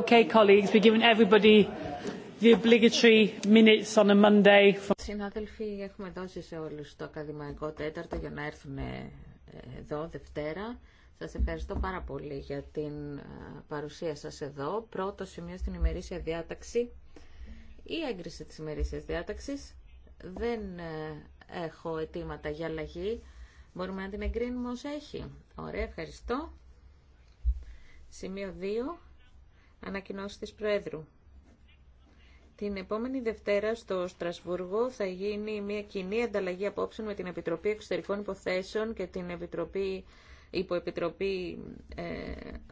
Okay, colleagues, we're giving everybody the obligatory minutes on a Monday. Συνάδελφοι, έχουμε δώσει σε όλους το ακαδημαϊκό τέταρτο για να έρθουν ε, εδώ Δευτέρα. Σας ευχαριστώ πάρα πολύ για την ε, παρουσία σας εδώ. Πρώτο σημείο στην ημερήσια διάταξη ή έγκριση της ημερήσιας διάταξης. Δεν ε, έχω αιτήματα για αλλαγή. Μπορούμε να την εγκρίνουμε όσο έχει. Ωραία, ευχαριστώ. Σημείο 2 Ανακοινώσει της Προέδρου. Την επόμενη Δευτέρα στο Στρασβούργο θα γίνει μια κοινή ανταλλαγή απόψεων με την Επιτροπή Εξωτερικών Υποθέσεων και την Επιτροπή Υποεπιτροπή ε,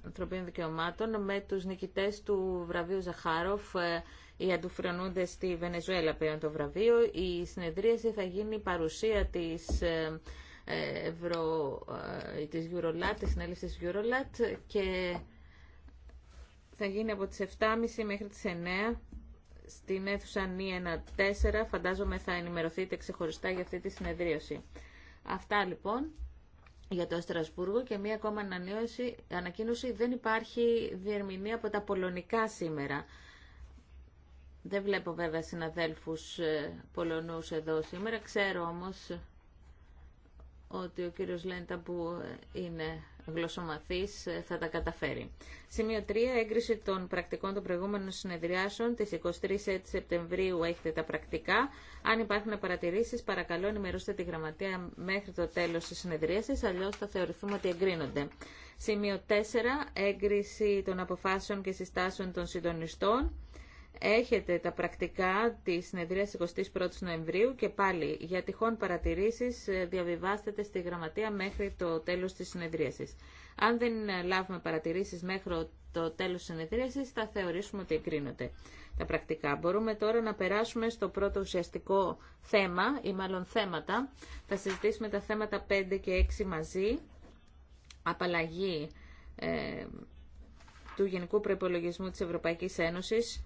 Ανθρωπίνων Δικαιωμάτων με τους νικητές του βραβείου Ζαχάροφ ε, οι αντουφρονούντες στη Βενεζουέλα πέραν το βραβείο. Η συνεδρίαση θα γίνει παρουσία της ε, ε Ευρω, ε, της Eurolat, της Eurolat και θα γίνει από τις 7.30 μέχρι τις 9 στην αίθουσα νη ΝΙΕΝΑ4. Φαντάζομαι θα ενημερωθείτε ξεχωριστά για αυτή τη συνεδρίωση. Αυτά λοιπόν για το Στρασβούργο και μία ακόμα ανακοίνωση. Δεν υπάρχει διερμηνία από τα πολωνικά σήμερα. Δεν βλέπω βέβαια συναδέλφους ε, Πολωνούς εδώ σήμερα. Ξέρω όμως ότι ο κύριος Λέντα που ε, είναι γλωσσομαθής ε, θα τα καταφέρει. Σημείο 3. Έγκριση των πρακτικών των προηγούμενων συνεδριάσεων τις 23 Σεπτεμβρίου έχετε τα πρακτικά. Αν υπάρχουν παρατηρήσεις παρακαλώ ενημερώστε τη γραμματεία μέχρι το τέλος της συνεδρίασης αλλιώς θα θεωρηθούμε ότι εγκρίνονται. Σημείο 4. Έγκριση των αποφάσεων και συστάσεων των συντονιστών. Έχετε τα πρακτικά τη συνεδρια 21 21η Νοεμβρίου και πάλι για τυχόν παρατηρήσει, ε, διαβιβάστε στη γραμματεία μέχρι το τέλο τη συνεδρίασης. Αν δεν ε, λάβουμε παρατηρήσει μέχρι το τέλο τη συνεδρίασης θα θεωρήσουμε ότι εγκρίνονται τα πρακτικά. Μπορούμε τώρα να περάσουμε στο πρώτο ουσιαστικό θέμα ή μάλλον θέματα. Θα συζητήσουμε τα θέματα 5 και 6 μαζί. Απαλλαγή ε, του Γενικού προπολογισμού της Ευρωπαϊκής Ένωσης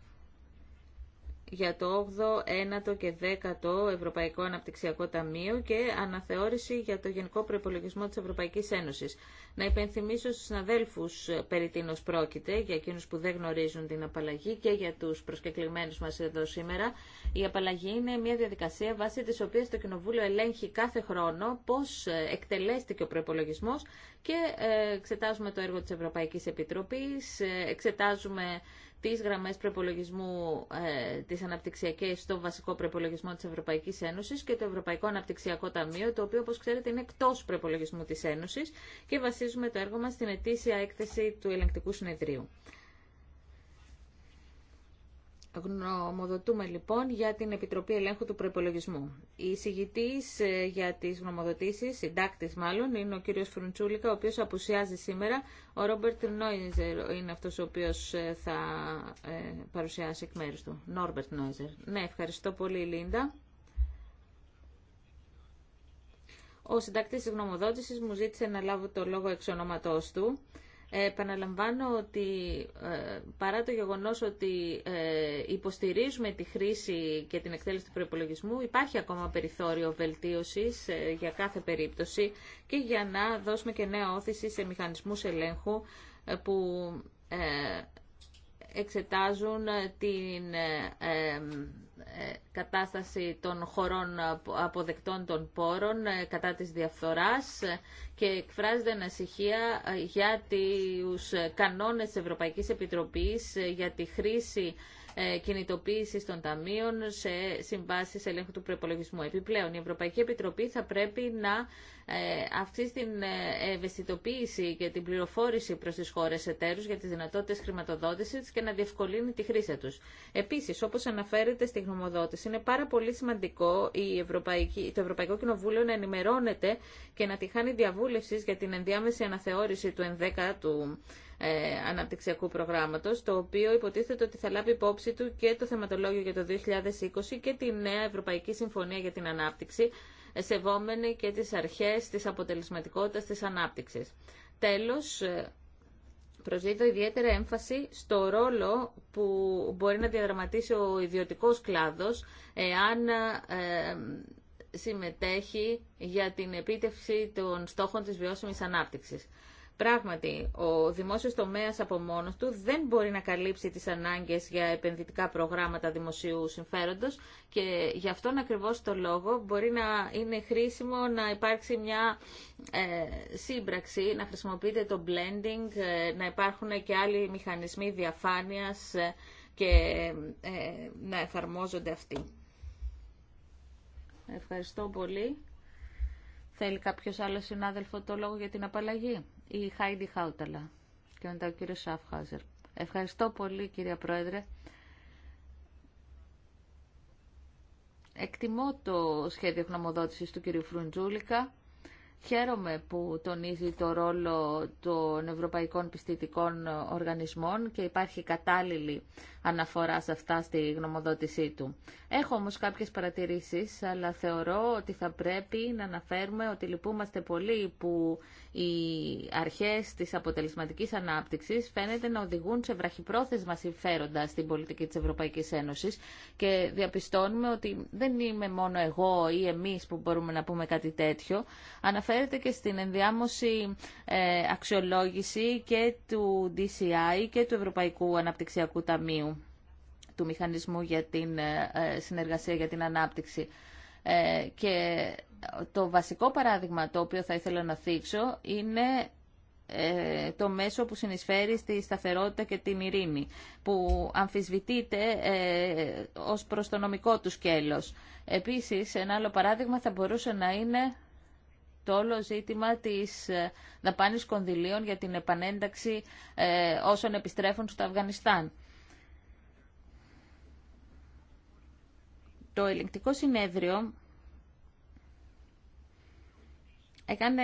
για το 8ο, 9ο και 10ο Ευρωπαϊκό Αναπτυξιακό Ταμείο και αναθεώρηση για το Γενικό Προπολογισμό της Ευρωπαϊκής Ένωσης. Να υπενθυμίσω στους συναδέλφους ε, περί τίνος πρόκειται, για εκείνους που δεν γνωρίζουν την απαλλαγή και για τους προσκεκλημένους μας εδώ σήμερα. Η απαλλαγή είναι μια διαδικασία βάσει της οποίας το Κοινοβούλιο ελέγχει κάθε χρόνο πώς ε, εκτελέστηκε ο προπολογισμό και ε, εξετάζουμε το έργο της Ευρωπαϊκής Επιτροπής, εξετάζουμε τις γραμμές προπολογισμού ε, της αναπτυξιακής στο βασικό προπολογισμό της Ευρωπαϊκής Ένωσης και το Ευρωπαϊκό Αναπτυξιακό Ταμείο, το οποίο όπως ξέρετε είναι εκτός προπολογισμού της Ένωσης και βασίζουμε το έργο μας στην ετήσια έκθεση του ελεγκτικού συνεδρίου. Γνωμοδοτούμε λοιπόν για την Επιτροπή Ελέγχου του Προπολογισμού. Η συγητή ε, για τι γνωμοδοτήσει, συντάκτη μάλλον, είναι ο κύριο Φρουντσούλικα, ο οποίο απουσιάζει σήμερα. Ο Ρόμπερτ Νόιζερ είναι αυτό ο οποίο ε, θα ε, παρουσιάσει εκ μέρου του. Νόρμπερτ Νόιζερ. Ναι, ευχαριστώ πολύ, Λίντα. Ο συντάκτη τη γνωμοδότηση μου ζήτησε να λάβω το λόγο εξ του. Επαναλαμβάνω ότι ε, παρά το γεγονός ότι ε, υποστηρίζουμε τη χρήση και την εκτέλεση του προϋπολογισμού, υπάρχει ακόμα περιθώριο βελτίωσης ε, για κάθε περίπτωση και για να δώσουμε και νέα όθηση σε μηχανισμούς ελέγχου που εξετάζουν ε, την ε, ε, κατάσταση των χωρών αποδεκτών των πόρων κατά της διαφθοράς και εκφράζεται ανασυχία για τους κανόνες της Ευρωπαϊκής Επιτροπής για τη χρήση ε, κινητοποίηση των ταμείων σε συμβάσει ελέγχου του προπολογισμού. Επιπλέον, η Ευρωπαϊκή Επιτροπή θα πρέπει να ε, αυξήσει την ε, ευαισθητοποίηση και την πληροφόρηση προ τι χώρε εταίρου για τι δυνατότητε χρηματοδότηση και να διευκολύνει τη χρήση του. Επίση, όπω αναφέρεται στη γνωμοδότηση, είναι πάρα πολύ σημαντικό η το Ευρωπαϊκό Κοινοβούλιο να ενημερώνεται και να τη χάνει διαβούλευση για την ενδιάμεση αναθεώρηση του 11ου ε, αναπτυξιακού προγράμματος, το οποίο υποτίθεται ότι θα λάβει υπόψη του και το θεματολόγιο για το 2020 και τη νέα Ευρωπαϊκή Συμφωνία για την Ανάπτυξη, ε, σεβόμενη και τις αρχές της αποτελεσματικότητας της ανάπτυξης. Τέλος, ε, προσδίδω ιδιαίτερη έμφαση στο ρόλο που μπορεί να διαδραματίσει ο ιδιωτικός κλάδος εάν συμμετέχει για την επίτευξη των στόχων της βιώσιμης ανάπτυξης. Πράγματι, ο δημόσιος τομέας από μόνος του δεν μπορεί να καλύψει τις ανάγκες για επενδυτικά προγράμματα δημοσίου συμφέροντος και γι' αυτόν ακριβώς το λόγο μπορεί να είναι χρήσιμο να υπάρξει μια ε, σύμπραξη, να χρησιμοποιείται το blending, ε, να υπάρχουν και άλλοι μηχανισμοί διαφάνειας ε, και να εφαρμόζονται αυτοί. Ευχαριστώ πολύ. Θέλει κάποιος άλλος συνάδελφο το λόγο για την απαλλαγή η Χάιντι Χάουταλα και ο κύριος Σαφχάζερ. Ευχαριστώ πολύ κυρία Πρόεδρε. Εκτιμώ το σχέδιο γνωμοδότησης του κύριου Φρουντζούλικα. Χαίρομαι που τονίζει το ρόλο των Ευρωπαϊκών Πιστητικών Οργανισμών και υπάρχει κατάλληλη αναφορά σε αυτά στη γνωμοδότησή του. Έχω όμως κάποιες παρατηρήσεις, αλλά θεωρώ ότι θα πρέπει να αναφέρουμε ότι λυπούμαστε πολύ που οι αρχές της αποτελεσματικής ανάπτυξης φαίνεται να οδηγούν σε βραχυπρόθεσμα συμφέροντα στην πολιτική της Ευρωπαϊκής Ένωσης και διαπιστώνουμε ότι δεν είμαι μόνο εγώ ή εμείς που μπορούμε να πούμε κάτι τέτοιο. Αναφέρεται και στην ενδιάμωση ε, αξιολόγηση και του DCI και του Ευρωπαϊκού Αναπτυξιακού Ταμείου του Μηχανισμού για την ε, Συνεργασία για την Ανάπτυξη. Ε, και το βασικό παράδειγμα το οποίο θα ήθελα να θίξω είναι ε, το μέσο που συνεισφέρει στη σταθερότητα και την ειρήνη, που αμφισβητείται ως προς το νομικό του σκέλος. Επίσης, ένα άλλο παράδειγμα θα μπορούσε να είναι το όλο ζήτημα της δαπάνης κονδυλίων για την επανένταξη όσων επιστρέφουν στο Αφγανιστάν. Το ελεγκτικό συνέδριο έκανε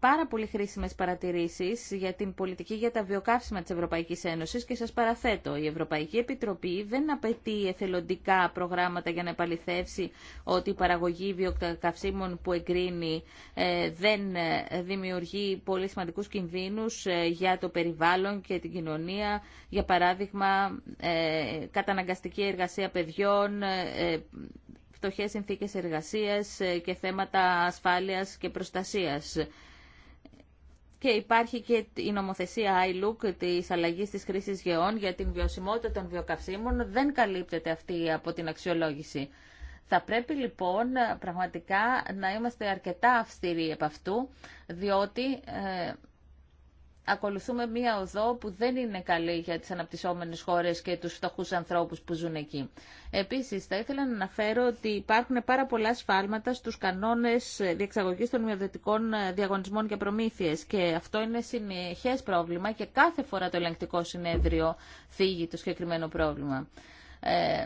πάρα πολύ χρήσιμες παρατηρήσεις για την πολιτική για τα βιοκαύσιμα της Ευρωπαϊκής Ένωσης και σας παραθέτω, η Ευρωπαϊκή Επιτροπή δεν απαιτεί εθελοντικά προγράμματα για να επαληθεύσει ότι η παραγωγή βιοκαυσίμων που εγκρίνει ε, δεν ε, δημιουργεί πολύ σημαντικούς κινδύνους ε, για το περιβάλλον και την κοινωνία, για παράδειγμα καταναγκαστική εργασία παιδιών, φτωχές συνθήκες εργασίας ε, και θέματα ασφάλειας και προστασίας. Και υπάρχει και η νομοθεσία iLook τη αλλαγή τη χρήση γεών για την βιωσιμότητα των βιοκαυσίμων. Δεν καλύπτεται αυτή από την αξιολόγηση. Θα πρέπει λοιπόν πραγματικά να είμαστε αρκετά αυστηροί επ' αυτού, διότι ε, ακολουθούμε μία οδό που δεν είναι καλή για τις αναπτυσσόμενες χώρες και τους φτωχού ανθρώπους που ζουν εκεί. Επίσης, θα ήθελα να αναφέρω ότι υπάρχουν πάρα πολλά σφάλματα στους κανόνες διεξαγωγής των μειοδετικών διαγωνισμών και προμήθειες και αυτό είναι συνεχές πρόβλημα και κάθε φορά το ελεγκτικό συνέδριο θίγει το συγκεκριμένο πρόβλημα. Ε,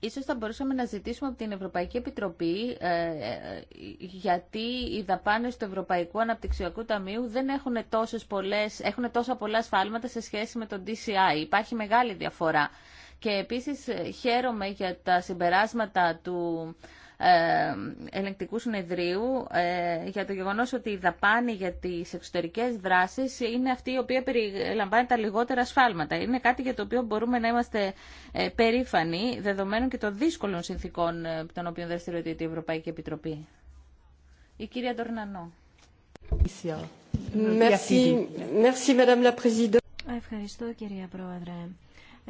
Ίσως θα μπορούσαμε να ζητήσουμε από την Ευρωπαϊκή Επιτροπή ε, ε, γιατί οι δαπάνες του Ευρωπαϊκού Αναπτυξιακού Ταμείου δεν έχουν, τόσες πολλές, έχουν τόσα πολλά σφάλματα σε σχέση με τον DCI. Υπάρχει μεγάλη διαφορά. Και επίσης ε, χαίρομαι για τα συμπεράσματα του ε, ελεγκτικού Συνεδρίου ε, για το γεγονός ότι η δαπάνη για τι εξωτερικές δράσεις είναι αυτή η οποία περιλαμβάνει τα λιγότερα σφάλματα. Είναι κάτι για το οποίο μπορούμε να είμαστε ε, περήφανοι δεδομένων και των δύσκολων συνθήκων των οποίων δραστηριοποιείται η Ευρωπαϊκή Επιτροπή. Η κυρία Ντορνανό. Ευχαριστώ κυρία Πρόεδρε.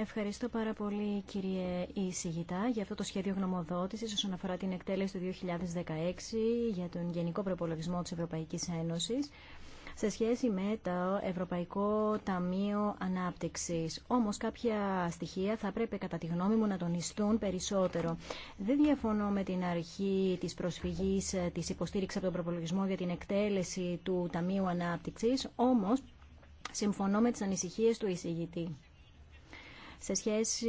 Ευχαριστώ πάρα πολύ κύριε Ισηγητά για αυτό το σχέδιο γνωμοδότησης όσον αφορά την εκτέλεση του 2016 για τον Γενικό Προπολογισμό της Ευρωπαϊκής Ένωσης σε σχέση με το Ευρωπαϊκό Ταμείο Ανάπτυξης. Όμως κάποια στοιχεία θα πρέπει κατά τη γνώμη μου να τονιστούν περισσότερο. Δεν διαφωνώ με την αρχή της προσφυγής ε, της υποστήριξης από τον προπολογισμό για την εκτέλεση του Ταμείου Ανάπτυξης, όμως συμφωνώ με τις ανησυχίες του εισηγητή σε σχέση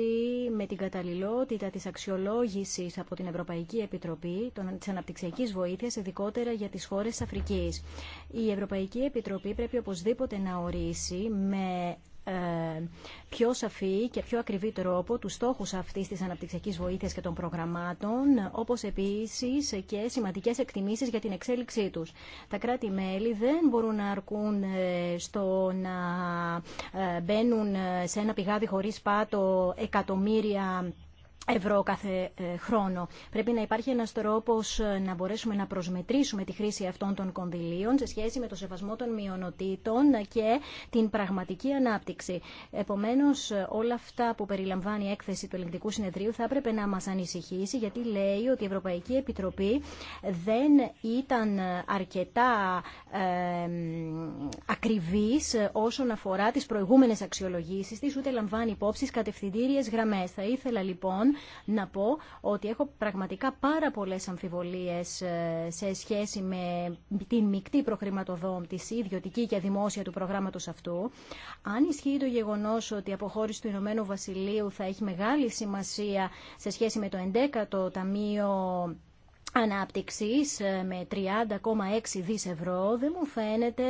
με την καταλληλότητα της αξιολόγησης από την Ευρωπαϊκή Επιτροπή της Αναπτυξιακής Βοήθειας, ειδικότερα για τις χώρες της Αφρικής. Η Ευρωπαϊκή Επιτροπή πρέπει οπωσδήποτε να ορίσει με ε, πιο σαφή και πιο ακριβή τρόπο τους στόχους αυτής της αναπτυξιακής βοήθειας και των προγραμμάτων, όπως επίσης και σημαντικές εκτιμήσεις για την εξέλιξή τους. Τα κράτη-μέλη δεν μπορούν να αρκούν ε, στο να ε, μπαίνουν σε ένα πηγάδι χωρίς πάτο εκατομμύρια ευρώ κάθε ε, χρόνο. Πρέπει να υπάρχει ένας τρόπος ε, να μπορέσουμε να προσμετρήσουμε τη χρήση αυτών των κονδυλίων σε σχέση με το σεβασμό των μειονοτήτων και την πραγματική ανάπτυξη. Επομένως, ε, όλα αυτά που περιλαμβάνει η έκθεση του Ελληνικού Συνεδρίου θα έπρεπε να μας ανησυχήσει γιατί λέει ότι η Ευρωπαϊκή Επιτροπή δεν ήταν αρκετά ε, ακριβής όσον αφορά τις προηγούμενες αξιολογήσεις της, ούτε λαμβάνει υπόψη κατευθυντήριες γραμμές. Θα ήθελα λοιπόν να πω ότι έχω πραγματικά πάρα πολλές αμφιβολίες ε, σε σχέση με την μεικτή προχρηματοδότηση ιδιωτική και δημόσια του προγράμματος αυτού. Αν ισχύει το γεγονός ότι η αποχώρηση του Ηνωμένου Βασιλείου θα έχει μεγάλη σημασία σε σχέση με το 11ο Ταμείο ανάπτυξης ε, με 30,6 δις ευρώ δεν μου φαίνεται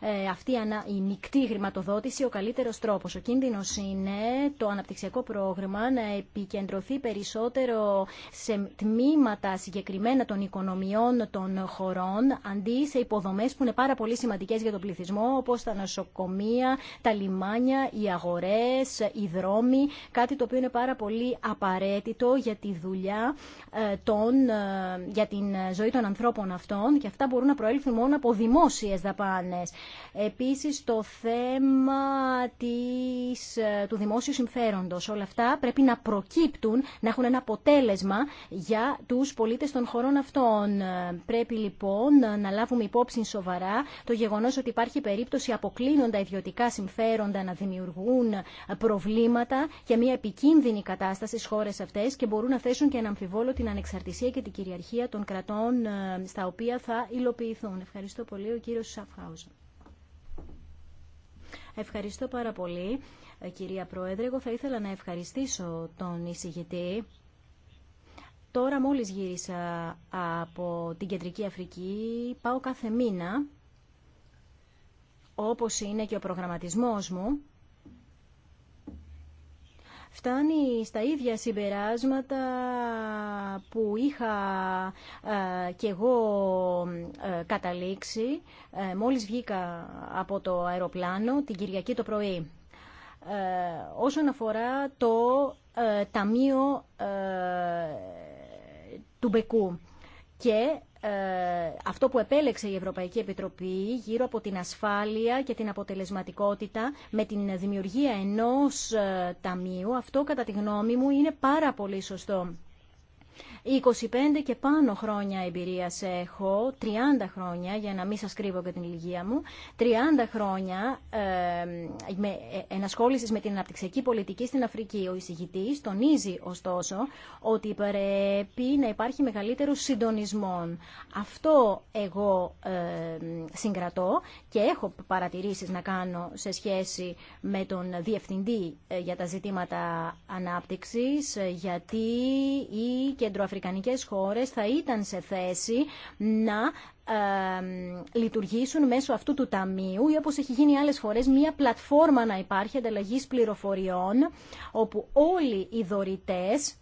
ε, αυτή η νικτή χρηματοδότηση ο καλύτερος τρόπος. Ο κίνδυνος είναι το αναπτυξιακό πρόγραμμα να επικεντρωθεί περισσότερο σε τμήματα συγκεκριμένα των οικονομιών των χωρών αντί σε υποδομές που είναι πάρα πολύ σημαντικές για τον πληθυσμό όπως τα νοσοκομεία, τα λιμάνια, οι αγορές, οι δρόμοι κάτι το οποίο είναι πάρα πολύ απαραίτητο για τη δουλειά ε, των για την ζωή των ανθρώπων αυτών και αυτά μπορούν να προέλθουν μόνο από δημόσιες δαπάνες. Επίσης το θέμα της, του δημόσιου συμφέροντος. Όλα αυτά πρέπει να προκύπτουν, να έχουν ένα αποτέλεσμα για τους πολίτες των χωρών αυτών. Πρέπει λοιπόν να λάβουμε υπόψη σοβαρά το γεγονός ότι υπάρχει περίπτωση αποκλίνοντα ιδιωτικά συμφέροντα να δημιουργούν προβλήματα για μια επικίνδυνη κατάσταση στι χώρες αυτές και μπορούν να θέσουν και ένα αμφιβόλο την ανεξαρτησία και την κυριαρχία στοιχεία των κρατών ε, στα οποία θα υλοποιηθούν. Ευχαριστώ πολύ ο κύριος Σαφχάουζα. Ευχαριστώ πάρα πολύ ε, κυρία Πρόεδρε. Εγώ θα ήθελα να ευχαριστήσω τον εισηγητή. Τώρα μόλις γύρισα από την Κεντρική Αφρική, πάω κάθε μήνα, όπως είναι και ο προγραμματισμός μου, φτάνει στα ίδια συμπεράσματα που είχα ε, και εγώ ε, καταλήξει ε, μόλις βγήκα από το αεροπλάνο την Κυριακή το πρωί. Όσον αφορά το Ταμείο του Μπεκού και ε, αυτό που επέλεξε η Ευρωπαϊκή Επιτροπή γύρω από την ασφάλεια και την αποτελεσματικότητα με την δημιουργία ενός ε, ταμείου, αυτό κατά τη γνώμη μου είναι πάρα πολύ σωστό. 25 και πάνω χρόνια εμπειρία έχω, 30 χρόνια, για να μην σα κρύβω και την ηλικία μου, 30 χρόνια ε, με, ενασχόλησης με την αναπτυξιακή πολιτική στην Αφρική. Ο εισηγητή τονίζει ωστόσο ότι πρέπει να υπάρχει μεγαλύτερο συντονισμό. Αυτό εγώ ε, συγκρατώ και έχω παρατηρήσεις να κάνω σε σχέση με τον Διευθυντή ε, για τα ζητήματα ανάπτυξης, ε, γιατί η Κεντροαφρική αφρικανικές χώρες θα ήταν σε θέση να λειτουργήσουν μέσω αυτού του ταμείου ή όπως έχει γίνει άλλες φορές μια πλατφόρμα να υπάρχει ανταλλαγή πληροφοριών όπου όλοι οι δωρητές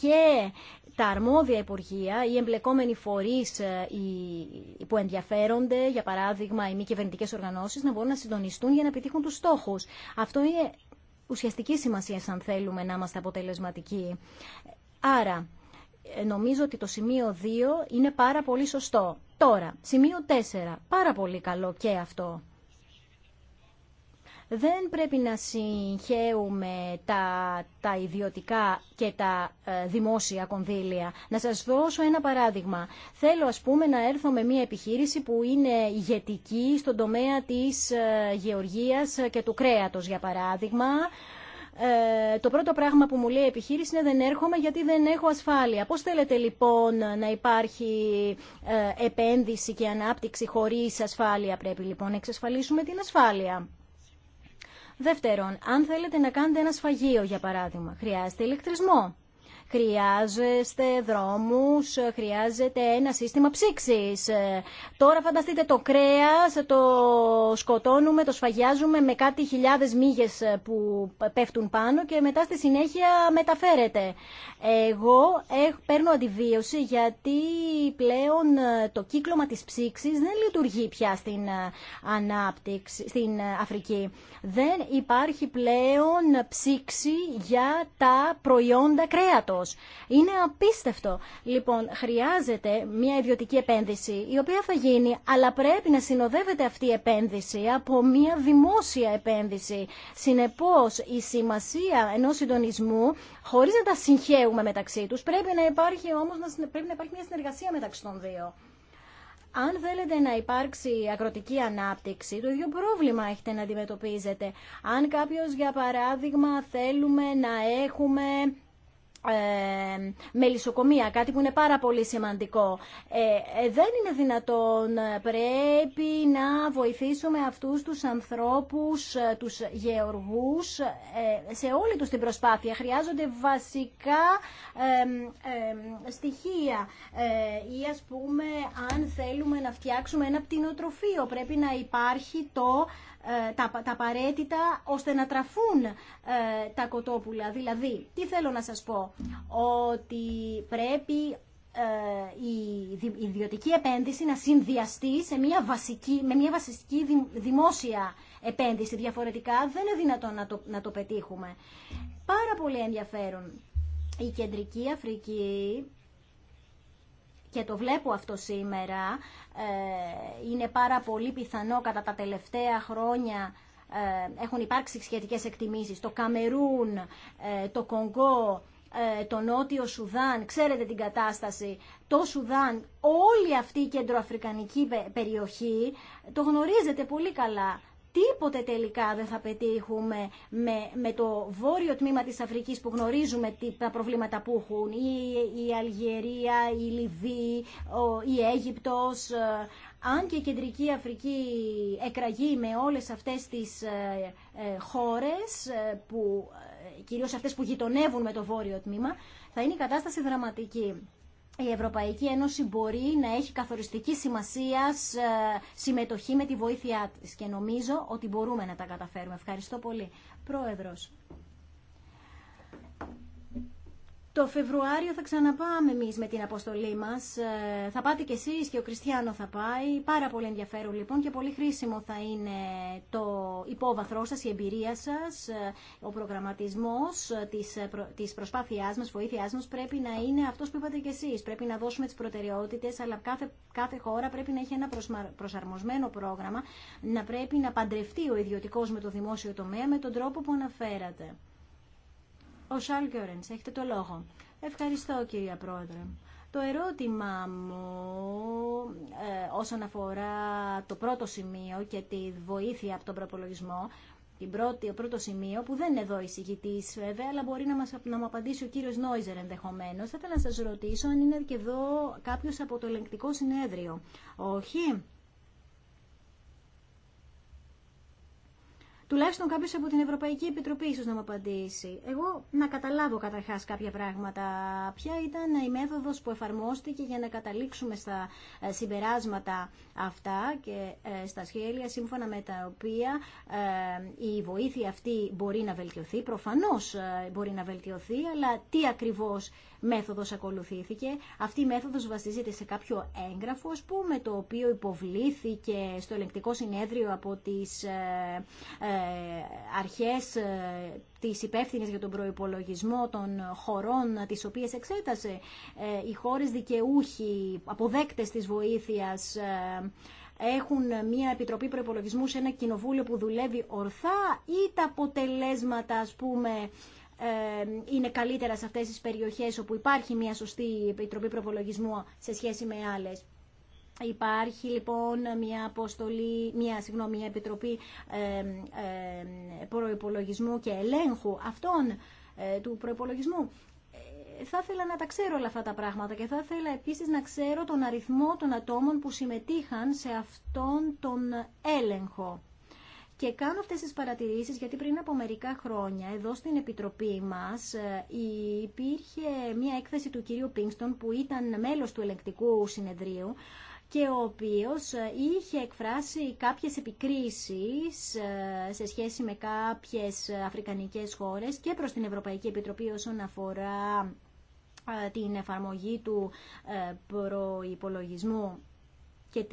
και τα αρμόδια υπουργεία, οι εμπλεκόμενοι φορεί ε, που ενδιαφέρονται, για παράδειγμα οι μη κυβερνητικέ οργανώσει, να μπορούν να συντονιστούν για να επιτύχουν του στόχου. Αυτό είναι ουσιαστική σημασία αν θέλουμε να είμαστε αποτελεσματικοί. Άρα, ε, νομίζω ότι το σημείο 2 είναι πάρα πολύ σωστό. Τώρα, σημείο 4, πάρα πολύ καλό και αυτό. Δεν πρέπει να συγχέουμε τα, τα ιδιωτικά και τα ε, δημόσια κονδύλια. Να σας δώσω ένα παράδειγμα. Θέλω, ας πούμε, να έρθω με μια επιχείρηση που είναι ηγετική στον τομέα της ε, γεωργίας και του κρέατος, για παράδειγμα. Ε, το πρώτο πράγμα που μου λέει η επιχείρηση είναι δεν έρχομαι γιατί δεν έχω ασφάλεια. Πώς θέλετε λοιπόν να υπάρχει ε, επένδυση και ανάπτυξη χωρίς ασφάλεια. Πρέπει λοιπόν να εξασφαλίσουμε την ασφάλεια. Δεύτερον, αν θέλετε να κάνετε ένα σφαγείο για παράδειγμα, χρειάζεται ηλεκτρισμό χρειάζεστε δρόμους, χρειάζεται ένα σύστημα ψήξης. Ε, τώρα φανταστείτε το κρέας, το σκοτώνουμε, το σφαγιάζουμε με κάτι χιλιάδες μύγες που πέφτουν πάνω και μετά στη συνέχεια μεταφέρεται. Εγώ παίρνω αντιβίωση γιατί πλέον ε, το κύκλωμα της ψήξης δεν λειτουργεί πια στην, ε, ανάπτυξη, στην Αφρική. Δεν υπάρχει πλέον ψήξη για τα προϊόντα κρέατος. Είναι απίστευτο. Λοιπόν, χρειάζεται μια ιδιωτική επένδυση, η οποία θα γίνει, αλλά πρέπει να συνοδεύεται αυτή η επένδυση από μια δημόσια επένδυση. Συνεπώς, η σημασία ενό συντονισμού, χωρίς να τα συγχαίουμε μεταξύ τους, πρέπει να υπάρχει όμως πρέπει να υπάρχει μια συνεργασία μεταξύ των δύο. Αν θέλετε να υπάρξει αγροτική ανάπτυξη, το ίδιο πρόβλημα έχετε να αντιμετωπίζετε. Αν κάποιος, για παράδειγμα, θέλουμε να έχουμε ε, μελισσοκομεία, κάτι που είναι πάρα πολύ σημαντικό. Ε, ε, δεν είναι δυνατόν. Πρέπει να βοηθήσουμε αυτούς τους ανθρώπους, ε, τους γεωργούς, σε όλη τους την προσπάθεια. Χρειάζονται βασικά στοιχεία. Ή ας πούμε, αν θέλουμε να φτιάξουμε ένα πτυνοτροφείο, πρέπει να υπάρχει το ε, τα, τα απαραίτητα ώστε να τραφούν ε, τα κοτόπουλα. Δηλαδή, τι θέλω να σας πω, ότι πρέπει ε, η ιδιωτική επένδυση να συνδυαστεί σε μια βασική, με μια βασική δημόσια επένδυση. Διαφορετικά δεν είναι δυνατόν να το, να το πετύχουμε. Πάρα πολύ ενδιαφέρον. Η Κεντρική Αφρική και το βλέπω αυτό σήμερα, ε, είναι πάρα πολύ πιθανό κατά τα τελευταία χρόνια ε, έχουν υπάρξει σχετικές εκτιμήσεις. Το Καμερούν, ε, το Κονγκό, το Νότιο Σουδάν, ξέρετε την κατάσταση, το Σουδάν, όλη αυτή η κεντροαφρικανική περιοχή, το γνωρίζετε πολύ καλά τίποτε τελικά δεν θα πετύχουμε με, με το βόρειο τμήμα της Αφρικής που γνωρίζουμε τα προβλήματα που έχουν η, η Αλγερία, η Λιβύη, η Αίγυπτος ε, αν και η Κεντρική Αφρική εκραγεί με όλες αυτές τις ε, ε, χώρες, που, κυρίως αυτές που γειτονεύουν με το βόρειο τμήμα, θα είναι η κατάσταση δραματική η Ευρωπαϊκή Ένωση μπορεί να έχει καθοριστική σημασία ε, συμμετοχή με τη βοήθειά της και νομίζω ότι μπορούμε να τα καταφέρουμε. Ευχαριστώ πολύ. Πρόεδρος, το Φεβρουάριο θα ξαναπάμε εμεί με την αποστολή μα. Ε, θα πάτε κι εσεί και ο Κριστιανό θα πάει. Πάρα πολύ ενδιαφέρον λοιπόν και πολύ χρήσιμο θα είναι το υπόβαθρό σα, η εμπειρία σα, ε, ο προγραμματισμό ε, τη προσπάθειά μα, βοήθειά μα πρέπει να είναι αυτό που είπατε κι εσεί. Πρέπει να δώσουμε τι προτεραιότητε, αλλά κάθε, κάθε χώρα πρέπει να έχει ένα προσαρμοσμένο πρόγραμμα, να πρέπει να παντρευτεί ο ιδιωτικό με το δημόσιο τομέα με τον τρόπο που αναφέρατε. Ο Σαλ έχετε το λόγο. Ευχαριστώ κυρία Πρόεδρε. Το ερώτημά μου ε, όσον αφορά το πρώτο σημείο και τη βοήθεια από τον προπολογισμό, το πρώτη, πρώτο σημείο που δεν είναι εδώ εισηγητή βέβαια, αλλά μπορεί να, μας, να μου απαντήσει ο κύριο Νόιζερ ενδεχομένω. Θα ήθελα να σα ρωτήσω αν είναι και εδώ κάποιο από το ελεγκτικό συνέδριο. Όχι. Τουλάχιστον κάποιο από την Ευρωπαϊκή Επιτροπή ίσω να μου απαντήσει. Εγώ να καταλάβω καταρχά κάποια πράγματα. Ποια ήταν η μέθοδο που εφαρμόστηκε για να καταλήξουμε στα ε, συμπεράσματα αυτά και ε, στα σχέδια σύμφωνα με τα οποία ε, η βοήθεια αυτή μπορεί να βελτιωθεί. Προφανώ μπορεί να βελτιωθεί, αλλά τι ακριβώ μέθοδος ακολουθήθηκε. Αυτή η μέθοδος βασίζεται σε κάποιο έγγραφο, που πούμε, το οποίο υποβλήθηκε στο ελεγκτικό συνέδριο από τις ε, ε, αρχές ε, τις υπεύθυνες για τον προϋπολογισμό των χωρών τις οποίες εξέτασε οι χώρες δικαιούχοι, αποδέκτες της βοήθειας έχουν μια επιτροπή προπολογισμού σε ένα κοινοβούλιο που δουλεύει ορθά ή τα αποτελέσματα ας πούμε ε, είναι καλύτερα σε αυτές τις περιοχές όπου υπάρχει μια σωστή επιτροπή προπολογισμού σε σχέση με άλλες. Υπάρχει λοιπόν μια αποστολή, μια, συγγνώμη, επιτροπή ε, ε και ελέγχου αυτών ε, του προπολογισμού. Θα ήθελα να τα ξέρω όλα αυτά τα πράγματα και θα ήθελα επίσης να ξέρω τον αριθμό των ατόμων που συμμετείχαν σε αυτόν τον έλεγχο. Και κάνω αυτές τις παρατηρήσεις γιατί πριν από μερικά χρόνια εδώ στην Επιτροπή μας ε, υπήρχε μια έκθεση του κύριου Πίνγκστον που ήταν μέλος του ελεκτικού συνεδρίου και ο οποίος ε, είχε εκφράσει κάποιες επικρίσεις ε, σε σχέση με κάποιες αφρικανικές χώρες και προς την Ευρωπαϊκή Επιτροπή όσον αφορά την εφαρμογή του προϋπολογισμού και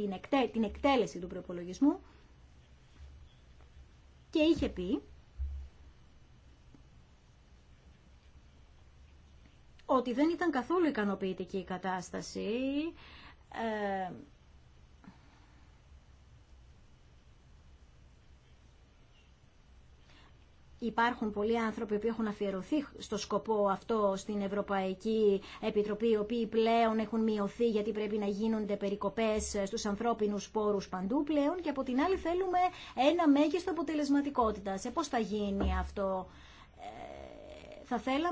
την εκτέλεση του προϋπολογισμού και είχε πει ότι δεν ήταν καθόλου ικανοποιητική η κατάσταση ε, υπάρχουν πολλοί άνθρωποι που έχουν αφιερωθεί στο σκοπό αυτό στην Ευρωπαϊκή Επιτροπή, οι οποίοι πλέον έχουν μειωθεί γιατί πρέπει να γίνονται περικοπέ στους ανθρώπινους πόρους παντού πλέον και από την άλλη θέλουμε ένα μέγιστο αποτελεσματικότητα. Ε, θα γίνει αυτό. Ε, θα θέλαμε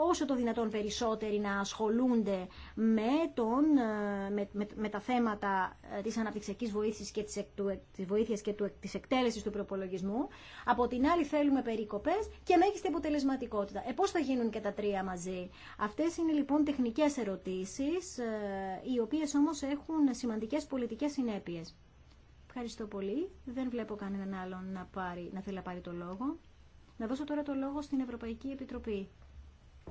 όσο το δυνατόν περισσότεροι να ασχολούνται με, τον, ε, με, τα θέματα ε, της αναπτυξιακής βοήθειας και της, του, ε, της βοήθειας και του, της εκτέλεσης του προπολογισμού. Από την άλλη θέλουμε περικοπές και μέγιστη αποτελεσματικότητα. Ε, πώς θα γίνουν και τα τρία μαζί. Αυτές είναι λοιπόν τεχνικές ερωτήσεις, οι οποίες όμως έχουν σημαντικές πολιτικές συνέπειες. Ευχαριστώ πολύ. Δεν βλέπω κανέναν άλλον να, πάρει, να θέλει να πάρει το λόγο. Να δώσω τώρα το λόγο στην Ευρωπαϊκή Επιτροπή.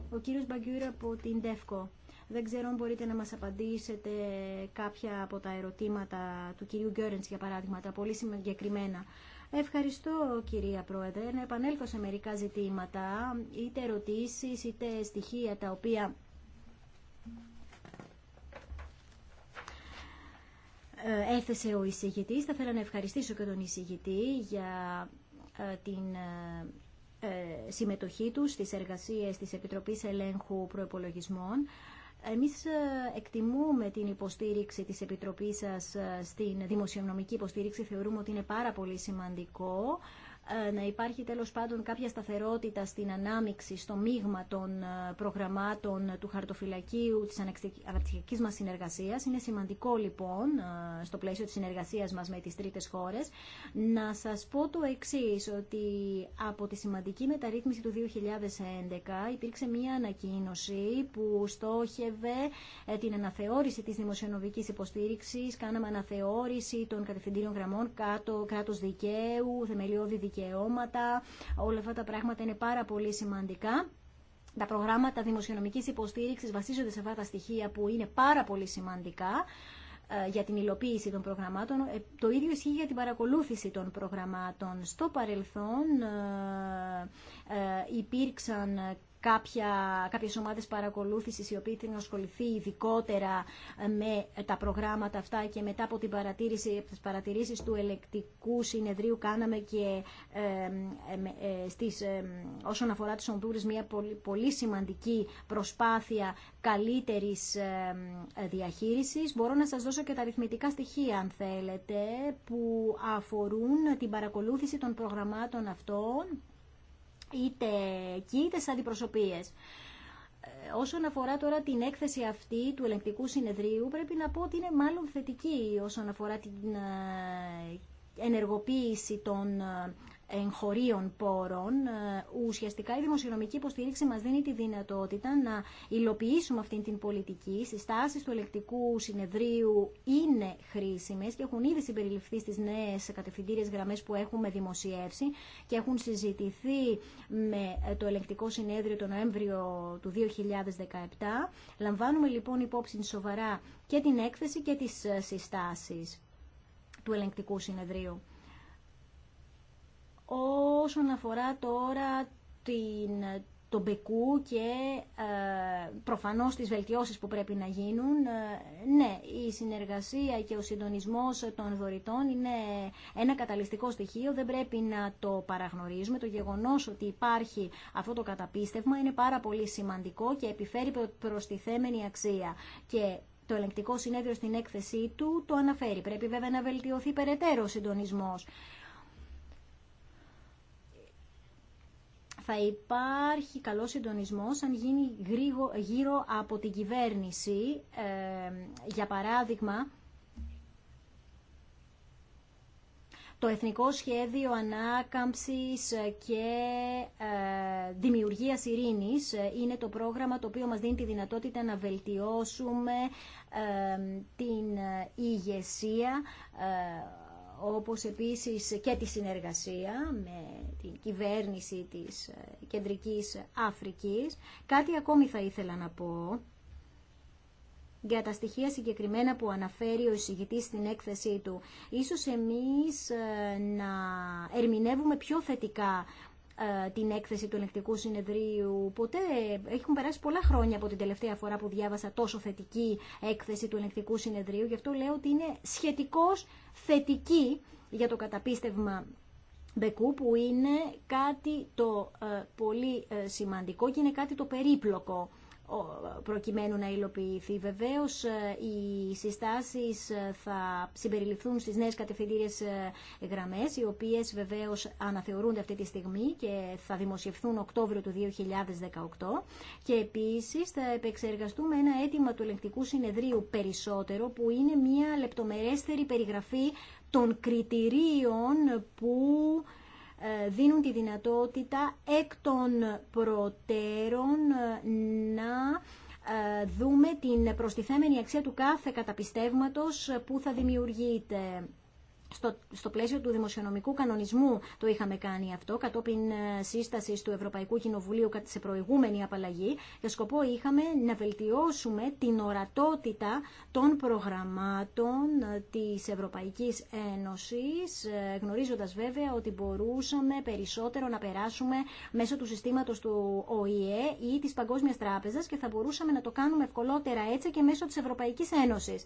Ο κύριος Μπαγκιούρα από την ΤΕΦΚΟ. Δεν ξέρω αν μπορείτε να μας απαντήσετε κάποια από τα ερωτήματα του κυρίου Γκέρεντς, για παράδειγμα, τα πολύ συγκεκριμένα. Ευχαριστώ κυρία Πρόεδρε. Να επανέλθω σε μερικά ζητήματα, είτε ερωτήσεις είτε στοιχεία τα οποία έθεσε ο εισηγητής. Θα ήθελα να ευχαριστήσω και τον εισηγητή για ε, την ε, ε, συμμετοχή τους στις εργασίες της Επιτροπής Ελέγχου Προεπολογισμών. Εμείς ε, εκτιμούμε την υποστήριξη της Επιτροπής σας ε, στην δημοσιονομική υποστήριξη. Θεωρούμε ότι είναι πάρα πολύ σημαντικό ε, να υπάρχει τέλος πάντων κάποια σταθερότητα στην ανάμιξη, στο μείγμα των ε, προγραμμάτων του χαρτοφυλακίου της αναπτυξιακής μας συνεργασίας. Είναι σημαντικό λοιπόν ε, στο πλαίσιο της συνεργασίας μας με τις τρίτες χώρες να σας πω το εξή ότι από τη σημαντική μεταρρύθμιση του 2011 υπήρξε μία ανακοίνωση που στόχευε την αναθεώρηση της δημοσιονομικής υποστήριξης, κάναμε αναθεώρηση των κατευθυντήριων γραμμών κάτω, κράτος δικαίου, θεμελιώδη δικαίου δικαιώματα, όλα αυτά τα πράγματα είναι πάρα πολύ σημαντικά. Τα προγράμματα δημοσιονομικής υποστήριξης βασίζονται σε αυτά τα στοιχεία που είναι πάρα πολύ σημαντικά ε, για την υλοποίηση των προγραμμάτων. Ε, το ίδιο ισχύει για την παρακολούθηση των προγραμμάτων. Στο παρελθόν ε, υπήρξαν κάποια, κάποιες ομάδες παρακολούθησης οι οποίοι την ασχοληθεί ειδικότερα ε, με τα προγράμματα αυτά και μετά από, την παρατήρηση, τις παρατηρήσεις του ελεκτικού συνεδρίου κάναμε και ε, ε, στις, όσον αφορά τις Ονδούρες μια πολύ, σημαντική προσπάθεια καλύτερης διαχείρισης. Μπορώ να σας δώσω και τα αριθμητικά στοιχεία αν θέλετε που αφορούν την παρακολούθηση των προγραμμάτων αυτών είτε εκεί είτε σε αντιπροσωπείες. Ε, όσον αφορά τώρα την έκθεση αυτή του ελεγκτικού συνεδρίου, πρέπει να πω ότι είναι μάλλον θετική όσον αφορά την ε, ενεργοποίηση των ε, εγχωρίων πόρων, ε, ουσιαστικά η δημοσιονομική υποστήριξη μας δίνει τη δυνατότητα να υλοποιήσουμε αυτή την πολιτική. Οι συστάσεις του ελεκτικού συνεδρίου είναι χρήσιμες και έχουν ήδη συμπεριληφθεί στις νέες κατευθυντήριες γραμμές που έχουμε δημοσιεύσει και έχουν συζητηθεί με το ελεκτικό συνέδριο το Νοέμβριο του 2017. Λαμβάνουμε λοιπόν υπόψη σοβαρά και την έκθεση και τις ε, συστάσεις του ελεγκτικού συνεδρίου. Όσον αφορά τώρα την, τον ΠΕΚΟΥ και ε, προφανώς τις βελτιώσεις που πρέπει να γίνουν. Ε, ναι, η συνεργασία και ο συντονισμός των δωρητών είναι ένα καταλυστικό στοιχείο, δεν πρέπει να το παραγνωρίζουμε. Το γεγονός ότι υπάρχει αυτό το καταπίστευμα είναι πάρα πολύ σημαντικό και επιφέρει τη θέμενη αξία. Και το ελεγκτικό συνέδριο στην έκθεσή του το αναφέρει. Πρέπει βέβαια να βελτιωθεί περαιτέρω ο συντονισμός. θα υπάρχει καλό συντονισμό αν γίνει γύρω από την κυβέρνηση. Ε, για παράδειγμα, το Εθνικό Σχέδιο Ανάκαμψης και ε, Δημιουργίας Ειρήνης ε, είναι το πρόγραμμα το οποίο μας δίνει τη δυνατότητα να βελτιώσουμε την ηγεσία όπως επίσης και τη συνεργασία με την κυβέρνηση της ε, Κεντρικής Αφρικής. Κάτι ακόμη θα ήθελα να πω για τα στοιχεία συγκεκριμένα που αναφέρει ο εισηγητής στην έκθεσή του. Ίσως εμείς ε, να ερμηνεύουμε πιο θετικά ε, την έκθεση του ελεκτικού συνεδρίου. Ποτέ έχουν περάσει πολλά χρόνια από την τελευταία φορά που διάβασα τόσο θετική έκθεση του ελεκτικού συνεδρίου. Γι' αυτό λέω ότι είναι σχετικώς θετική για το καταπίστευμα Μπεκού που είναι κάτι το ε, πολύ ε, σημαντικό και είναι κάτι το περίπλοκο προκειμένου να υλοποιηθεί. βεβαίω, ε, οι συστάσεις ε, θα συμπεριληφθούν στις νέες κατευθυντήριες ε, γραμμές, οι οποίες βεβαίω αναθεωρούνται αυτή τη στιγμή και θα δημοσιευθούν Οκτώβριο του 2018 και επίσης θα επεξεργαστούμε ένα αίτημα του ελεγκτικού συνεδρίου περισσότερο που είναι μια λεπτομερέστερη περιγραφή των κριτηρίων που ε, δίνουν τη δυνατότητα εκ των προτέρων ε, να ε, δούμε την προστιθέμενη αξία του κάθε καταπιστεύματος που θα δημιουργείται στο, στο πλαίσιο του δημοσιονομικού κανονισμού το είχαμε κάνει αυτό, κατόπιν ε, σύσταση του Ευρωπαϊκού Κοινοβουλίου σε προηγούμενη απαλλαγή. Για σκοπό είχαμε να βελτιώσουμε την ορατότητα των προγραμμάτων ε, της Ευρωπαϊκής Ένωσης, ε, γνωρίζοντας βέβαια ότι μπορούσαμε περισσότερο να περάσουμε μέσω του συστήματος του ΟΗΕ ή της Παγκόσμιας Τράπεζας και θα μπορούσαμε να το κάνουμε ευκολότερα έτσι και μέσω της Ευρωπαϊκή Ένωσης.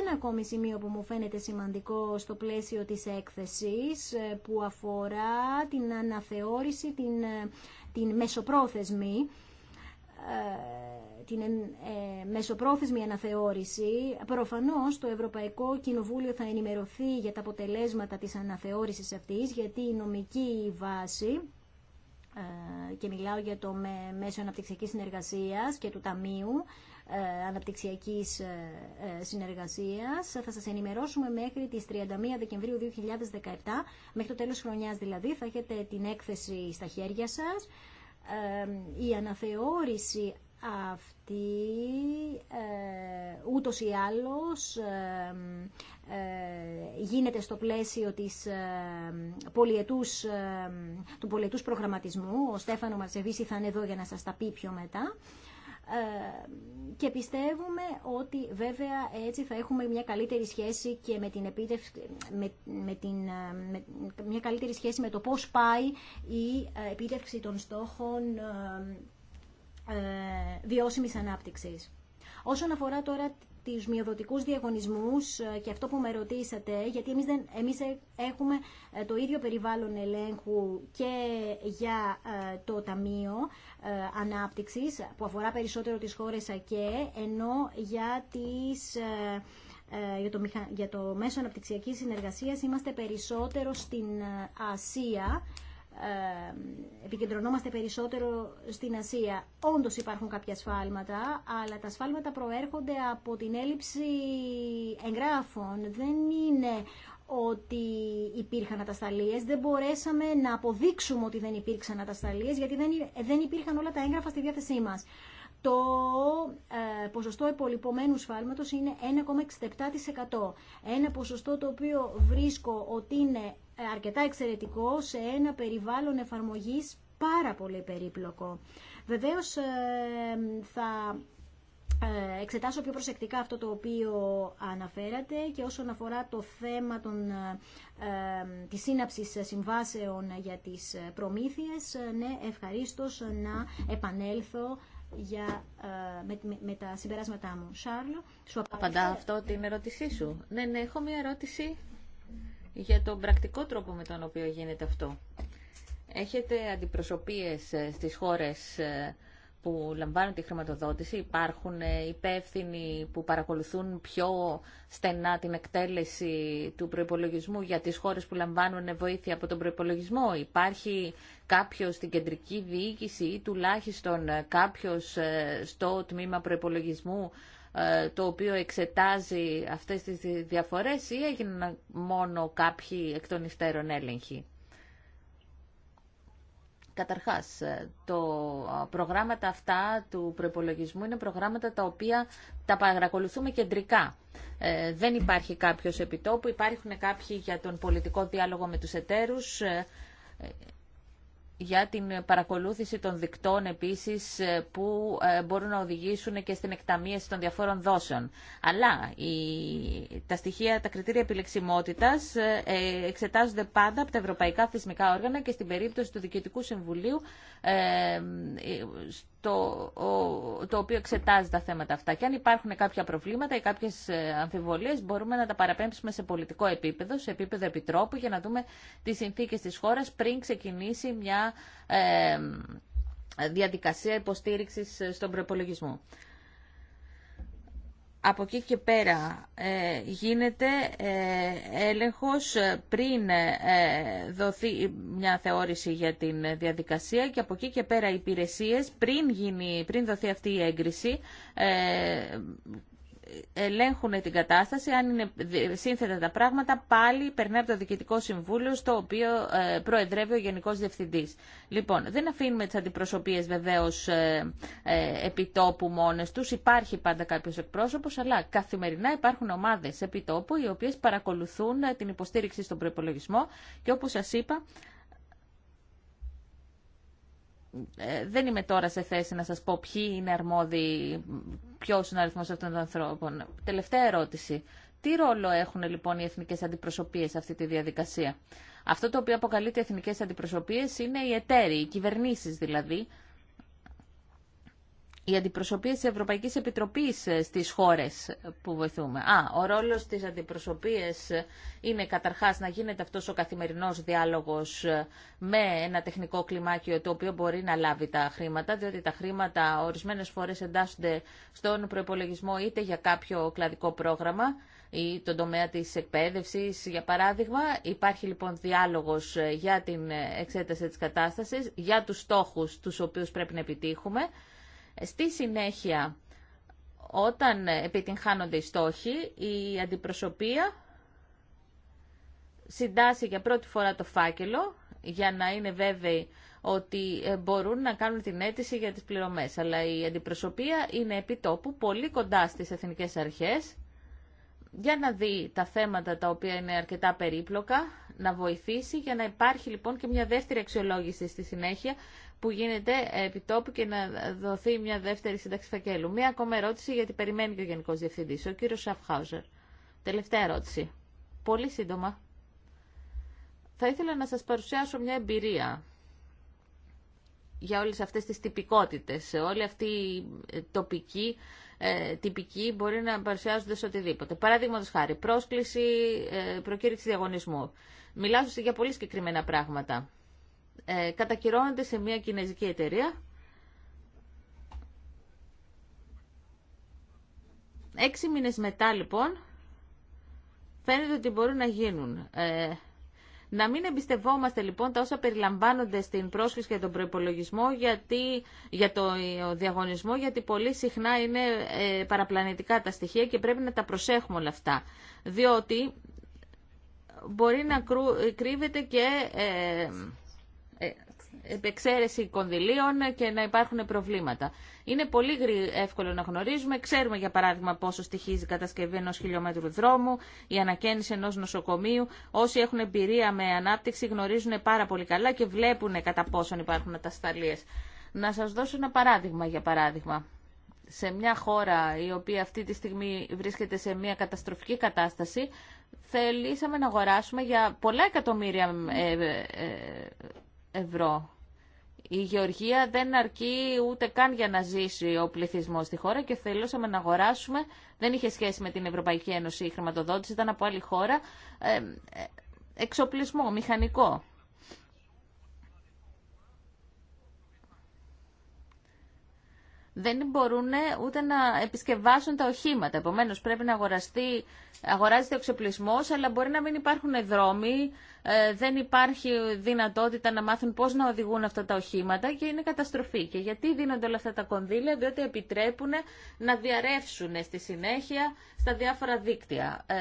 Ένα ακόμη σημείο που μου φαίνεται σημαντικό στο πλαίσιο πλαίσιο της έκθεσης ε, που αφορά την αναθεώρηση, την, ε, την μεσοπρόθεσμη ε, την μεσοπρόθεσμη αναθεώρηση. Προφανώς το Ευρωπαϊκό Κοινοβούλιο θα ενημερωθεί για τα αποτελέσματα της αναθεώρησης αυτής, γιατί η νομική βάση και μιλάω για το Μέσο Αναπτυξιακής Συνεργασίας και του Ταμείου ε, αναπτυξιακής ε, ε, συνεργασίας. Θα σας ενημερώσουμε μέχρι τις 31 Δεκεμβρίου 2017, μέχρι το τέλος χρονιάς δηλαδή, θα έχετε την έκθεση στα χέρια σας. Η αναθεώρηση αυτή ε, ούτως ή άλλως γίνεται στο πλαίσιο της, πολιετούς, του πολιετούς προγραμματισμού. Ο Στέφανο Μαρσεβίση θα είναι εδώ για να σας τα πει πιο μετά. Ε, και πιστεύουμε ότι βέβαια έτσι θα έχουμε μια καλύτερη σχέση και με την επίτευξη, με, με την, ε, μια καλύτερη σχέση με το πώς πάει η ε, επίτευξη των στόχων ε, βιώσιμης ανάπτυξης. Όσον αφορά τώρα του μειοδοτικού διαγωνισμούς ε, και αυτό που με ρωτήσατε, γιατί εμείς, εμείς ε, έχουμε ε, το ίδιο περιβάλλον ελέγχου και για το Ταμείο ανάπτυξη, που αφορά περισσότερο τις χώρες ΑΚΕ, ενώ για τις για το, για το μέσο αναπτυξιακή συνεργασίας είμαστε περισσότερο στην Ασία ε, επικεντρωνόμαστε περισσότερο στην Ασία. Όντως υπάρχουν κάποια σφάλματα, αλλά τα σφάλματα προέρχονται από την έλλειψη εγγράφων. Δεν είναι ότι υπήρχαν ατασταλίες, δεν μπορέσαμε να αποδείξουμε ότι δεν υπήρξαν ατασταλίες, γιατί δεν υπήρχαν όλα τα έγγραφα στη διάθεσή μας. Το ε, ποσοστό υπολοιπωμένου σφάλματος είναι 1,67%. Ένα ποσοστό το οποίο βρίσκω ότι είναι ε, αρκετά εξαιρετικό σε ένα περιβάλλον εφαρμογής πάρα πολύ περίπλοκο. Βεβαίως ε, θα ε, εξετάσω πιο προσεκτικά αυτό το οποίο αναφέρατε και όσον αφορά το θέμα των, της σύναψης συμβάσεων για τις προμήθειες, ναι, ευχαρίστως να επανέλθω για, με, τα συμπεράσματά μου. Σάρλο, σου απαντά αυτό την ερώτησή σου. Ναι, ναι, έχω μια ερώτηση για τον πρακτικό τρόπο με τον οποίο γίνεται αυτό. Έχετε αντιπροσωπείες ε, στις χώρες ε, που λαμβάνουν τη χρηματοδότηση, υπάρχουν ε, υπεύθυνοι που παρακολουθούν πιο στενά την εκτέλεση του προϋπολογισμού για τις χώρες που λαμβάνουν βοήθεια από τον προϋπολογισμό. Υπάρχει κάποιος στην κεντρική διοίκηση ή τουλάχιστον κάποιος στο τμήμα προϋπολογισμού ε, το οποίο εξετάζει αυτές τις διαφορές ή έγιναν μόνο κάποιοι εκ των υστέρων έλεγχοι. Καταρχάς, ε, το προγράμματα αυτά του προπολογισμού είναι προγράμματα τα οποία τα παρακολουθούμε κεντρικά. Ε, δεν υπάρχει κάποιος επιτόπου, υπάρχουν κάποιοι για τον πολιτικό διάλογο με τους εταίρους, για την παρακολούθηση των δικτών επίσης ε, που ε, μπορούν να οδηγήσουν και στην εκταμίεση των διαφόρων δόσεων. Αλλά η, τα στοιχεία, τα κριτήρια επιλεξιμότητας ε, εξετάζονται πάντα από τα ευρωπαϊκά θεσμικά όργανα και στην περίπτωση του Διοικητικού Συμβουλίου το, το οποίο εξετάζει τα θέματα αυτά. Και αν υπάρχουν κάποια προβλήματα ή κάποιε αμφιβολίε, μπορούμε να τα παραπέμψουμε σε πολιτικό επίπεδο, σε επίπεδο επιτρόπου, για να δούμε τι συνθήκε τη χώρα πριν ξεκινήσει μια ε, διαδικασία υποστήριξη στον προπολογισμό από εκεί και πέρα ε, γίνεται ε, έλεγχος ε, πριν ε, δοθεί μια θεώρηση για την διαδικασία και από εκεί και πέρα οι υπηρεσίες πριν, γίνει, πριν δοθεί αυτή η έγκριση ελέγχουν την κατάσταση. Αν είναι σύνθετα τα πράγματα, πάλι περνάει από το Διοικητικό Συμβούλιο, στο οποίο ε, προεδρεύει ο Γενικό Διευθυντή. Λοιπόν, δεν αφήνουμε τι αντιπροσωπείε βεβαίω ε, ε, επιτόπου μόνε του. Υπάρχει πάντα κάποιο εκπρόσωπο, αλλά καθημερινά υπάρχουν ομάδε επιτόπου, οι οποίε παρακολουθούν την υποστήριξη στον προπολογισμό και όπω σα είπα, δεν είμαι τώρα σε θέση να σας πω ποιοι είναι αρμόδιοι ποιο είναι ο αριθμό αυτών των ανθρώπων. Τελευταία ερώτηση. Τι ρόλο έχουν λοιπόν οι εθνικέ αντιπροσωπείε σε αυτή τη διαδικασία. Αυτό το οποίο αποκαλείται εθνικέ αντιπροσωπείε είναι οι εταίροι, οι κυβερνήσει δηλαδή, οι αντιπροσωπεία της Ευρωπαϊκής Επιτροπής ε, στις χώρες που βοηθούμε. Α, ο ρόλος της αντιπροσωπείας είναι καταρχάς να γίνεται αυτός ο καθημερινός διάλογος ε, με ένα τεχνικό κλιμάκιο το οποίο μπορεί να λάβει τα χρήματα, διότι τα χρήματα ορισμένες φορές εντάσσονται στον προπολογισμό είτε για κάποιο κλαδικό πρόγραμμα, ή τον τομέα της εκπαίδευσης, για παράδειγμα. Υπάρχει λοιπόν διάλογος ε, για την εξέταση της κατάστασης, για τους στόχους τους οποίους πρέπει να επιτύχουμε Στη συνέχεια, όταν επιτυγχάνονται οι στόχοι, η αντιπροσωπεία συντάσσει για πρώτη φορά το φάκελο για να είναι βέβαιοι ότι ε, μπορούν να κάνουν την αίτηση για τις πληρωμές. Αλλά η αντιπροσωπεία είναι επί τόπου, πολύ κοντά στις εθνικές αρχές για να δει τα θέματα τα οποία είναι αρκετά περίπλοκα να βοηθήσει για να υπάρχει λοιπόν και μια δεύτερη αξιολόγηση στη συνέχεια που γίνεται επί τόπου και να δοθεί μια δεύτερη σύνταξη φακέλου. Μία ακόμα ερώτηση γιατί περιμένει και ο Γενικός Διευθυντής, ο κύριος Σαφχάουζερ. Τελευταία ερώτηση. Πολύ σύντομα. Θα ήθελα να σας παρουσιάσω μια εμπειρία για όλες αυτές τις τυπικότητες. Όλη αυτή οι τοπικοί, ε, ε τυπικοί μπορεί να παρουσιάζονται σε οτιδήποτε. Παραδείγματος χάρη, πρόσκληση ε, προκήρυξη διαγωνισμού. Μιλάω για πολύ συγκεκριμένα πράγματα. Ε, κατακυρώνονται σε μια κινέζικη εταιρεία. Έξι μήνες μετά λοιπόν φαίνεται ότι μπορούν να γίνουν. Ε, να μην εμπιστευόμαστε λοιπόν τα όσα περιλαμβάνονται στην πρόσκληση για τον προπολογισμό, γιατί, για το διαγωνισμό, γιατί πολύ συχνά είναι ε, παραπλανητικά τα στοιχεία και πρέπει να τα προσέχουμε όλα αυτά. Διότι μπορεί να κρύβεται και ε, ε, επεξαίρεση κονδυλίων και να υπάρχουν προβλήματα. Είναι πολύ εύκολο να γνωρίζουμε. Ξέρουμε, για παράδειγμα, πόσο στοιχίζει η κατασκευή ενό χιλιόμετρου δρόμου, η ανακαίνιση ενό νοσοκομείου. Όσοι έχουν εμπειρία με ανάπτυξη γνωρίζουν πάρα πολύ καλά και βλέπουν κατά πόσον υπάρχουν ατασταλίε. Να σα δώσω ένα παράδειγμα, για παράδειγμα. Σε μια χώρα η οποία αυτή τη στιγμή βρίσκεται σε μια καταστροφική κατάσταση, θελήσαμε να αγοράσουμε για πολλά εκατομμύρια ε, ε, ευρώ. Η γεωργία δεν αρκεί ούτε καν για να ζήσει ο πληθυσμό στη χώρα και θελούσαμε να αγοράσουμε. Δεν είχε σχέση με την Ευρωπαϊκή Ένωση η χρηματοδότηση, ήταν από άλλη χώρα. Ε, εξοπλισμό, μηχανικό. δεν μπορούν ούτε να επισκευάσουν τα οχήματα. Επομένως πρέπει να αγοραστεί, αγοράζεται ο εξοπλισμό, αλλά μπορεί να μην υπάρχουν δρόμοι, ε, δεν υπάρχει δυνατότητα να μάθουν πώς να οδηγούν αυτά τα οχήματα και είναι καταστροφή. Και γιατί δίνονται όλα αυτά τα κονδύλια, διότι επιτρέπουν να διαρρεύσουν στη συνέχεια στα διάφορα δίκτυα. Ε,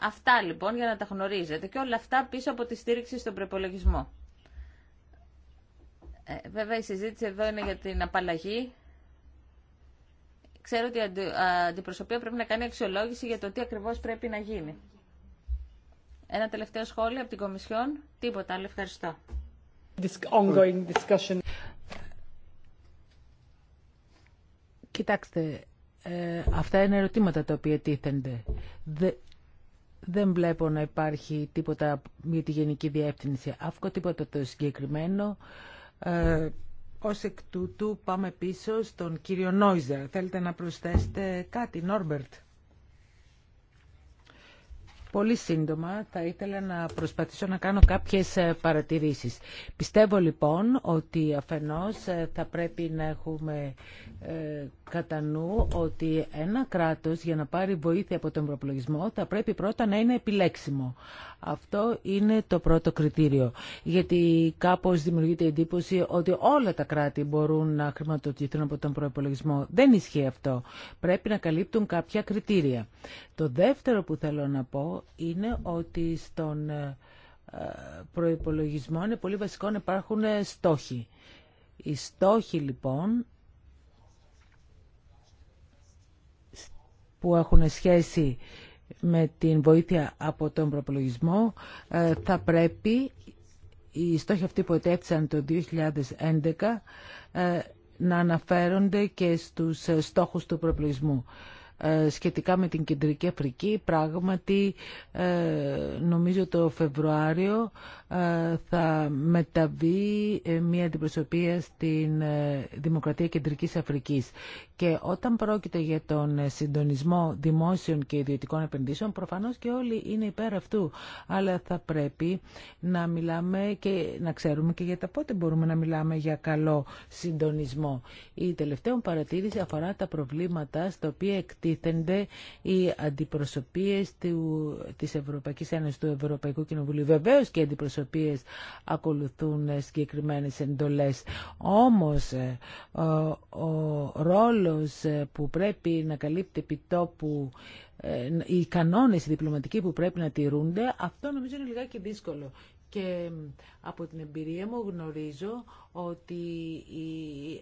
αυτά λοιπόν για να τα γνωρίζετε και όλα αυτά πίσω από τη στήριξη στον προπολογισμό. Ε, βέβαια η συζήτηση εδώ είναι για την απαλλαγή. Ξέρω ότι η αντιπροσωπεία πρέπει να κάνει αξιολόγηση για το τι ακριβώς πρέπει να γίνει. Ένα τελευταίο σχόλιο από την Κομισιόν. Τίποτα άλλο. Ευχαριστώ. Κοιτάξτε, ε, αυτά είναι ερωτήματα τα οποία τίθενται. Δε, δεν βλέπω να υπάρχει τίποτα για τη Γενική Διεύθυνση. Αύκο τίποτα το συγκεκριμένο. Ε, ως εκ τούτου πάμε πίσω στον κύριο Νόιζερ. Θέλετε να προσθέσετε κάτι, Νόρμπερτ. Πολύ σύντομα θα ήθελα να προσπαθήσω να κάνω κάποιες ε, παρατηρήσεις. Πιστεύω λοιπόν ότι αφενός ε, θα πρέπει να έχουμε ε, κατά νου ότι ένα κράτος για να πάρει βοήθεια από τον προπολογισμό θα πρέπει πρώτα να είναι επιλέξιμο. Αυτό είναι το πρώτο κριτήριο. Γιατί κάπως δημιουργείται η εντύπωση ότι όλα τα κράτη μπορούν να χρηματοδοτηθούν από τον προπολογισμό. Δεν ισχύει αυτό. Πρέπει να καλύπτουν κάποια κριτήρια. Το δεύτερο που θέλω να πω είναι ότι στον ε, προϋπολογισμό είναι πολύ βασικό να υπάρχουν ε, στόχοι. Οι στόχοι λοιπόν που έχουν σχέση με την βοήθεια από τον προπολογισμό ε, θα πρέπει οι στόχοι αυτοί που ετέθησαν το 2011 ε, να αναφέρονται και στους ε, στόχους του προπολογισμού. Σχετικά με την Κεντρική Αφρική, πράγματι νομίζω το Φεβρουάριο ε, θα μεταβεί ε, μια αντιπροσωπεία στην ε, Δημοκρατία Κεντρικής Αφρικής. Και όταν πρόκειται για τον συντονισμό δημόσιων και ιδιωτικών επενδύσεων, προφανώς και όλοι είναι υπέρ αυτού. Αλλά θα πρέπει να μιλάμε και να ξέρουμε και για τα πότε μπορούμε να μιλάμε για καλό συντονισμό. Η τελευταία παρατήρηση αφορά τα προβλήματα στα οποία εκτίθενται οι αντιπροσωπείες της Ευρωπαϊκής Ένωσης του Ευρωπαϊκού Κοινοβουλίου. Βεβαίως και αντιπροσωπείες οποίες ακολουθούν ε, συγκεκριμένες εντολές. Όμως ε, ο ρόλος ε, που πρέπει να καλύπτει επιτόπου οι κανόνες διπλωματικοί που πρέπει να τηρούνται, αυτό νομίζω είναι λιγάκι δύσκολο και από την εμπειρία μου γνωρίζω ότι οι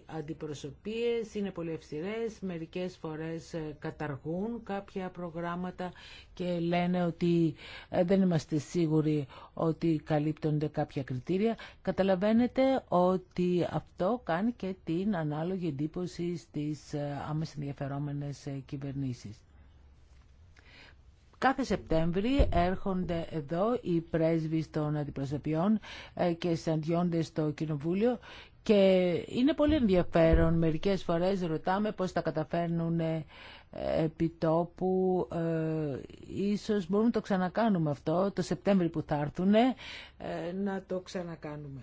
αντιπροσωπείες είναι πολύ αυστηρές, μερικές φορές ε, καταργούν κάποια προγράμματα και λένε ότι ε, δεν είμαστε σίγουροι ότι καλύπτονται κάποια κριτήρια. Καταλαβαίνετε ότι αυτό κάνει και την ανάλογη εντύπωση στις ε, άμεσα ενδιαφερόμενες κυβερνήσεις. Κάθε Σεπτέμβρη έρχονται εδώ οι πρέσβεις των αντιπροσωπιών ε, και συναντιόνται στο Κοινοβούλιο και είναι πολύ ενδιαφέρον. Μερικές φορές ρωτάμε πώς τα καταφέρνουν ε, επί τόπου. Ε, ίσως μπορούμε να το ξανακάνουμε αυτό, το Σεπτέμβρη που θα έρθουν, ε, να το ξανακάνουμε.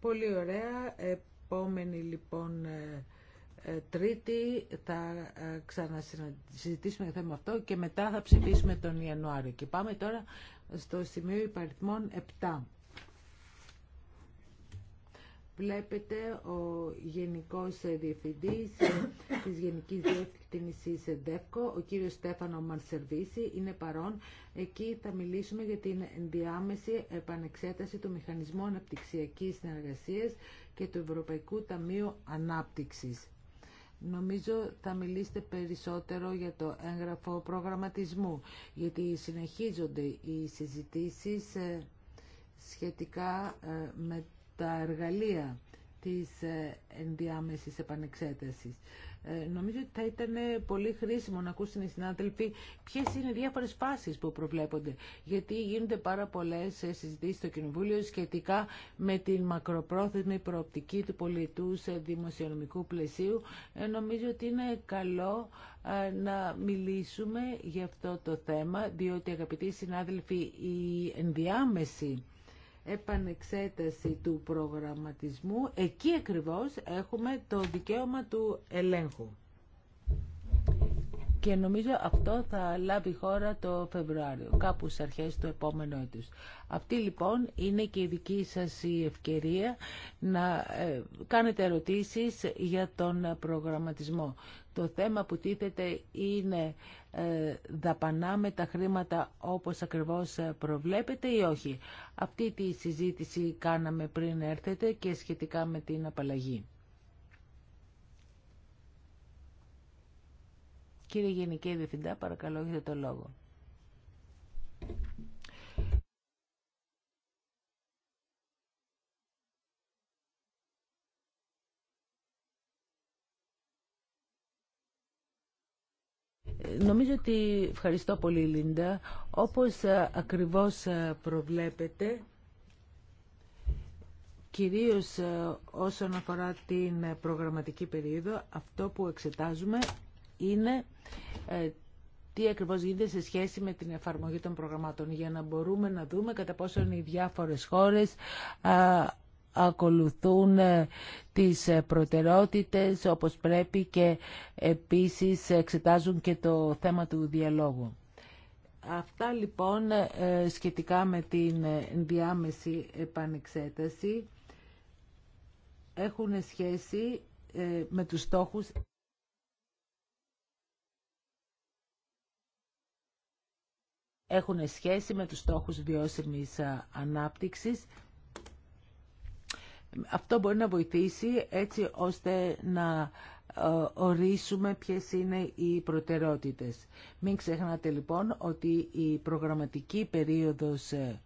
Πολύ ωραία. Επόμενη λοιπόν... Ε, τρίτη θα ε, ξανασυζητήσουμε το θέμα αυτό και μετά θα ψηφίσουμε τον Ιανουάριο. Και πάμε τώρα στο σημείο υπαριθμών 7. Βλέπετε ο Γενικός Διευθυντής της Γενικής Διεύθυνσης ΕΔΕΦΚΟ, ο κύριος Στέφανο Μανσερβίση, είναι παρόν. Εκεί θα μιλήσουμε για την ενδιάμεση επανεξέταση του Μηχανισμού Αναπτυξιακής Συνεργασίας και του Ευρωπαϊκού Ταμείου Ανάπτυξης. Νομίζω θα μιλήσετε περισσότερο για το έγγραφο προγραμματισμού, γιατί συνεχίζονται οι συζητήσεις ε, σχετικά ε, με τα εργαλεία της ε, ενδιάμεσης επανεξέτασης. Ε, νομίζω ότι θα ήταν πολύ χρήσιμο να ακούσουν οι συνάδελφοι ποιε είναι οι διάφορε φάσει που προβλέπονται. Γιατί γίνονται πάρα πολλέ ε, συζητήσει στο Κοινοβούλιο σχετικά με την μακροπρόθεσμη προοπτική του πολιτού σε δημοσιονομικού πλαισίου. Ε, νομίζω ότι είναι καλό να μιλήσουμε για αυτό το θέμα, διότι αγαπητοί συνάδελφοι, η ενδιάμεση επανεξέταση του προγραμματισμού, εκεί ακριβώς έχουμε το δικαίωμα του ελέγχου. Και νομίζω αυτό θα λάβει χώρα το Φεβρουάριο, κάπου στις αρχές του επόμενου έτους. Αυτή λοιπόν είναι και η δική σας ευκαιρία να ε, κάνετε ερωτήσεις για τον προγραμματισμό. Το θέμα που τίθεται είναι ε, δαπανάμε τα χρήματα όπως ακριβώς ε, προβλέπετε ή όχι. Αυτή τη συζήτηση κάναμε πριν έρθετε και σχετικά με την απαλλαγή. Κύριε Γενική Διευθυντά, παρακαλώ έχετε το λόγο. Νομίζω ότι ευχαριστώ πολύ Λίντα. Όπως ε, ακριβώς ε, προβλέπετε, κυρίως ε, όσον αφορά την προγραμματική περίοδο, αυτό που εξετάζουμε είναι τι ακριβώς γίνεται σε σχέση με την εφαρμογή των προγραμμάτων για να μπορούμε να δούμε κατά πόσο οι διάφορες χώρες ακολουθούν ε, τις ε, προτεραιότητες όπως πρέπει και επίσης εξετάζουν και το θέμα του διαλόγου. Αυτά λοιπόν ε, σχετικά με την διάμεση επανεξέταση έχουν σχέση με τους στόχους έχουν σχέση με τους στόχους βιώσιμης ανάπτυξης αυτό μπορεί να βοηθήσει έτσι ώστε να ε, ορίσουμε ποιες είναι οι προτεραιότητες. Μην ξεχνάτε λοιπόν ότι η προγραμματική περίοδος ε,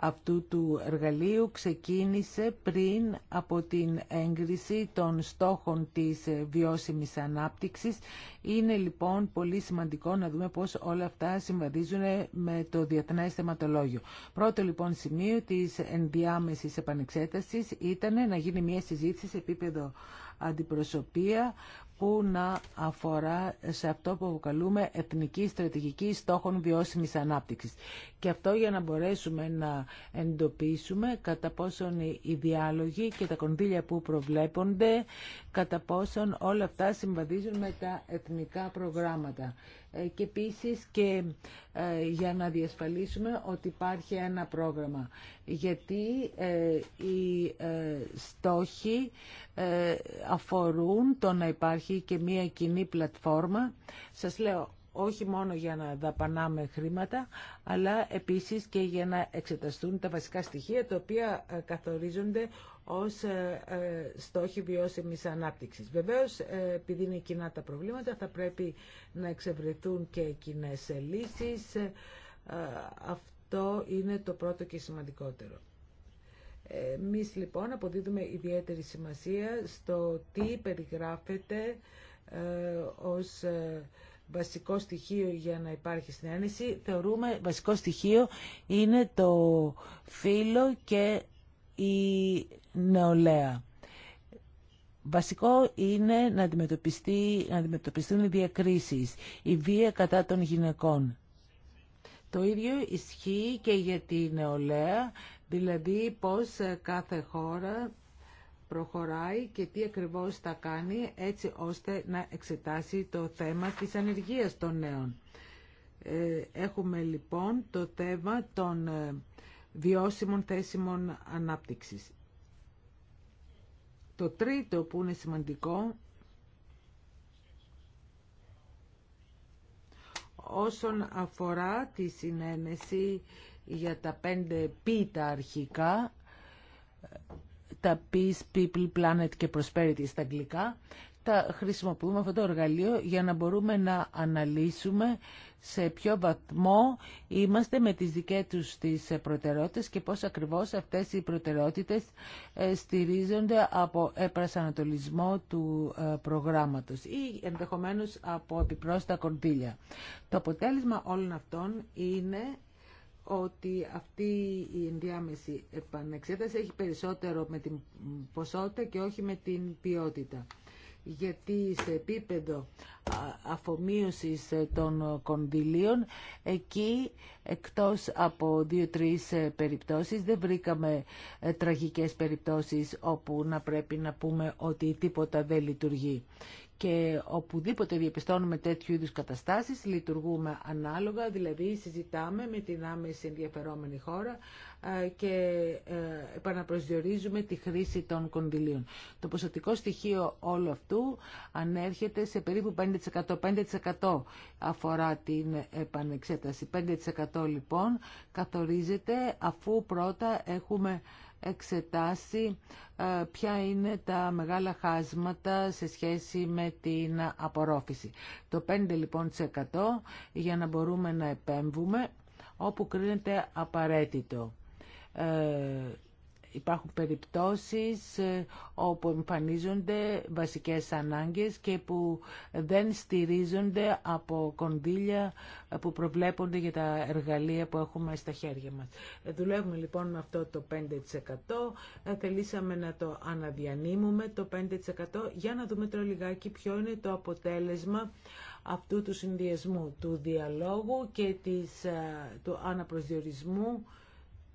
αυτού του εργαλείου ξεκίνησε πριν από την έγκριση των στόχων της βιώσιμης ανάπτυξης. Είναι λοιπόν πολύ σημαντικό να δούμε πώς όλα αυτά συμβαδίζουν με το διεθνές θεματολόγιο. Πρώτο λοιπόν σημείο της ενδιάμεσης επανεξέτασης ήταν να γίνει μια συζήτηση σε επίπεδο αντιπροσωπεία που να αφορά σε αυτό που αποκαλούμε εθνική στρατηγική στόχων βιώσιμης ανάπτυξης. Και αυτό για να μπορέσουμε να εντοπίσουμε κατά πόσον οι διάλογοι και τα κονδύλια που προβλέπονται κατά πόσον όλα αυτά συμβαδίζουν με τα εθνικά προγράμματα. Ε, και επίσης και ε, για να διασφαλίσουμε ότι υπάρχει ένα πρόγραμμα. Γιατί ε, οι στόχοι αφορούν το να υπάρχει και μία κοινή πλατφόρμα. Σας λέω, όχι μόνο για να δαπανάμε χρήματα, αλλά επίσης και για να εξεταστούν τα βασικά στοιχεία τα οποία ε, καθορίζονται ως ε, ε, στόχοι βιώσιμης ανάπτυξης. Βεβαίως, επειδή είναι κοινά τα προβλήματα, θα πρέπει να εξευρεθούν και κοινέ λύσεις. Αυτό είναι το πρώτο και σημαντικότερο. Εμεί λοιπόν αποδίδουμε ιδιαίτερη σημασία στο τι περιγράφεται ως βασικό στοιχείο για να υπάρχει συνένεση, θεωρούμε βασικό στοιχείο είναι το φύλλο και η νεολαία. Βασικό είναι να, αντιμετωπιστεί, να αντιμετωπιστούν οι διακρίσεις, η βία κατά των γυναικών. Το ίδιο ισχύει και για τη νεολαία, δηλαδή πως κάθε χώρα προχωράει και τι ακριβώς θα κάνει έτσι ώστε να εξετάσει το θέμα της ανεργίας των νέων. Ε, έχουμε λοιπόν το θέμα των ε, βιώσιμων θέσιμων ανάπτυξης. Το τρίτο που είναι σημαντικό όσον αφορά τη συνένεση για τα πέντε πίτα αρχικά τα Peace, People, Planet και Prosperity στα αγγλικά, τα χρησιμοποιούμε αυτό το εργαλείο για να μπορούμε να αναλύσουμε σε ποιο βαθμό είμαστε με τις δικές τους τις προτεραιότητες και πώς ακριβώς αυτές οι προτεραιότητες ε, στηρίζονται από επρασανατολισμό του ε, προγράμματος ή ενδεχομένως από επιπρόσθετα κορδίλια. Το αποτέλεσμα όλων αυτών είναι ότι αυτή η ενδιάμεση επανεξέταση έχει περισσότερο με την ποσότητα και όχι με την ποιότητα. Γιατί σε επίπεδο αφομοίωσης ε, των κονδυλίων, εκεί εκτός από δύο-τρεις ε, περιπτώσεις δεν βρήκαμε ε, τραγικές περιπτώσεις όπου να πρέπει να πούμε ότι τίποτα δεν λειτουργεί και οπουδήποτε διαπιστώνουμε τέτοιου είδους καταστάσεις λειτουργούμε ανάλογα, δηλαδή συζητάμε με την άμεση ενδιαφερόμενη χώρα και ε, επαναπροσδιορίζουμε τη χρήση των κονδυλίων. Το ποσοτικό στοιχείο όλου αυτού ανέρχεται σε περίπου 5%. 5% αφορά την επανεξέταση. 5% λοιπόν καθορίζεται αφού πρώτα έχουμε εξετάσει ε, ποια είναι τα μεγάλα χάσματα σε σχέση με την απορρόφηση. Το 5% λοιπόν για να μπορούμε να επέμβουμε όπου κρίνεται απαραίτητο. Ε, Υπάρχουν περιπτώσεις ε, όπου εμφανίζονται βασικές ανάγκες και που δεν στηρίζονται από κονδύλια ε, που προβλέπονται για τα εργαλεία που έχουμε στα χέρια μας. Ε, δουλεύουμε λοιπόν με αυτό το 5%. Θελήσαμε να το αναδιανύμουμε το 5% για να δούμε τώρα λιγάκι ποιο είναι το αποτέλεσμα αυτού του συνδυασμού, του διαλόγου και της, του αναπροσδιορισμού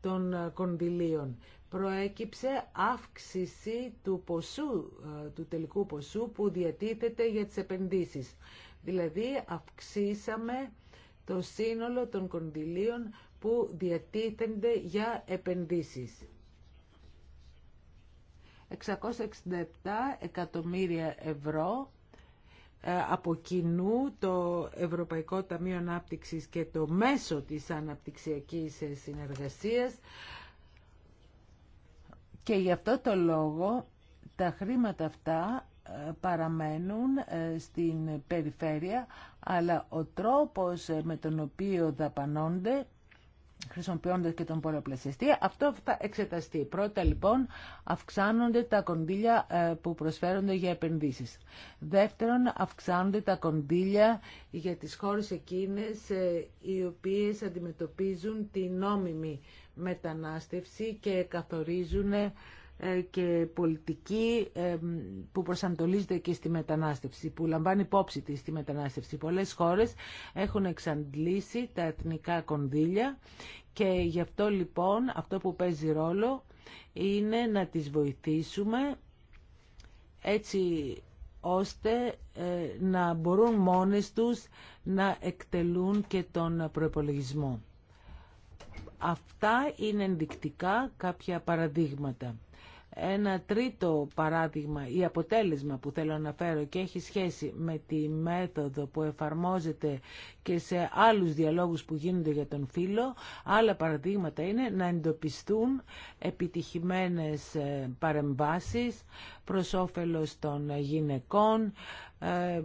των κονδυλίων προέκυψε αύξηση του ποσού, ε, του τελικού ποσού που διατίθεται για τις επενδύσεις. Δηλαδή αυξήσαμε το σύνολο των κονδυλίων που διατίθενται για επενδύσεις. 667 εκατομμύρια ευρώ ε, από κοινού το Ευρωπαϊκό Ταμείο Ανάπτυξης και το μέσο της αναπτυξιακής συνεργασίας και γι' αυτό το λόγο τα χρήματα αυτά ε, παραμένουν ε, στην περιφέρεια, αλλά ο τρόπος ε, με τον οποίο δαπανώνται χρησιμοποιώντα και τον πολλαπλασιαστή. Αυτό θα εξεταστεί. Πρώτα λοιπόν αυξάνονται τα κονδύλια ε, που προσφέρονται για επενδύσεις. Δεύτερον αυξάνονται τα κοντήλια για τις χώρες εκείνες ε, οι οποίες αντιμετωπίζουν την νόμιμη μετανάστευση και καθορίζουν ε, ε, και πολιτική ε, που προσανατολίζεται και στη μετανάστευση, που λαμβάνει υπόψη της στη μετανάστευση. Πολλές χώρες έχουν εξαντλήσει τα εθνικά κονδύλια και γι' αυτό λοιπόν αυτό που παίζει ρόλο είναι να τις βοηθήσουμε έτσι ώστε ε, να μπορούν μόνες τους να εκτελούν και τον προπολογισμό. Αυτά είναι ενδεικτικά κάποια παραδείγματα. Ένα τρίτο παράδειγμα ή αποτέλεσμα που θέλω να φέρω και έχει σχέση με τη μέθοδο που εφαρμόζεται και σε άλλους διαλόγους που γίνονται για τον φίλο άλλα παραδείγματα είναι να εντοπιστούν επιτυχημένες ε, παρεμβάσεις προς όφελος των γυναικών, ε,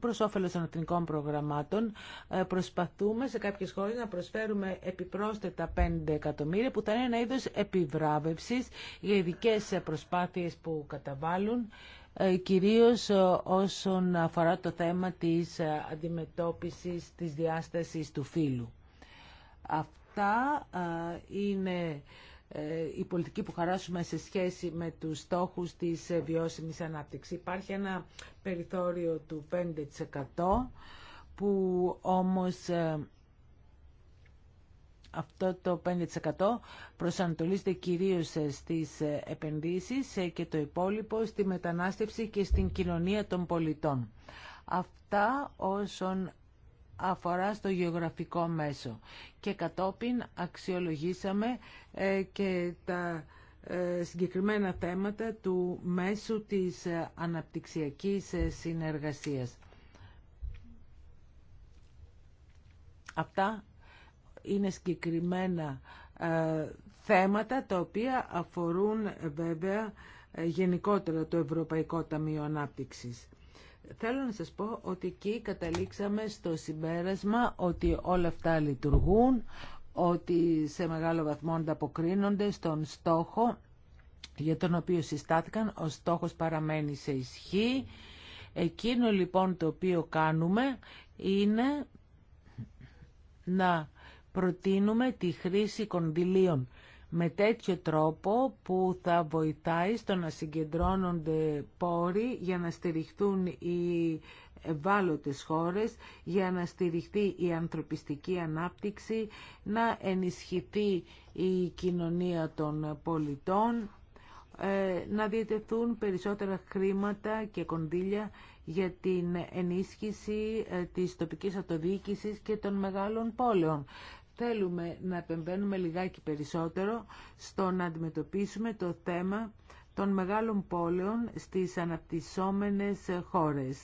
προς όφελος των εθνικών προγραμμάτων ε, προσπαθούμε σε κάποιες χώρες να προσφέρουμε επιπρόσθετα 5 εκατομμύρια που θα είναι ένα είδος επιβράβευσης για ειδικέ προσπάθειες που καταβάλουν ε, κυρίως ε, όσον αφορά το θέμα της αντιμετώπισης της διάστασης του φύλου. Αυτά είναι ε, η πολιτική που χαράσουμε σε σχέση με τους στόχους της ε, βιώσιμης ανάπτυξης. Υπάρχει ένα περιθώριο του 5% που όμως ε, αυτό το 5% προσανατολίζεται κυρίως στις επενδύσεις και το υπόλοιπο στη μετανάστευση και στην κοινωνία των πολιτών. Αυτά όσον αφορά στο γεωγραφικό μέσο. Και κατόπιν αξιολογήσαμε ε, και τα ε, συγκεκριμένα θέματα του μέσου της ε, αναπτυξιακής συνεργασίας. Αυτά είναι συγκεκριμένα θέματα τα οποία αφορούν βέβαια γενικότερα το Ευρωπαϊκό Ταμείο Ανάπτυξης. Θέλω να σας πω ότι εκεί καταλήξαμε στο συμπέρασμα ότι όλα αυτά λειτουργούν, ότι σε μεγάλο βαθμό ανταποκρίνονται στον στόχο για τον οποίο συστάθηκαν, ο στόχος παραμένει σε ισχύ. Εκείνο λοιπόν το οποίο κάνουμε είναι να προτείνουμε τη χρήση κονδυλίων με τέτοιο τρόπο που θα βοηθάει στο να συγκεντρώνονται πόροι για να στηριχτούν οι ευάλωτες χώρες για να στηριχτεί η ανθρωπιστική ανάπτυξη, να ενισχυθεί η κοινωνία των πολιτών, ε, να διατεθούν περισσότερα χρήματα και κονδύλια για την ενίσχυση ε, της τοπικής αυτοδιοίκησης και των μεγάλων πόλεων θέλουμε να επεμβαίνουμε λιγάκι περισσότερο στο να αντιμετωπίσουμε το θέμα των μεγάλων πόλεων στις αναπτυσσόμενες χώρες.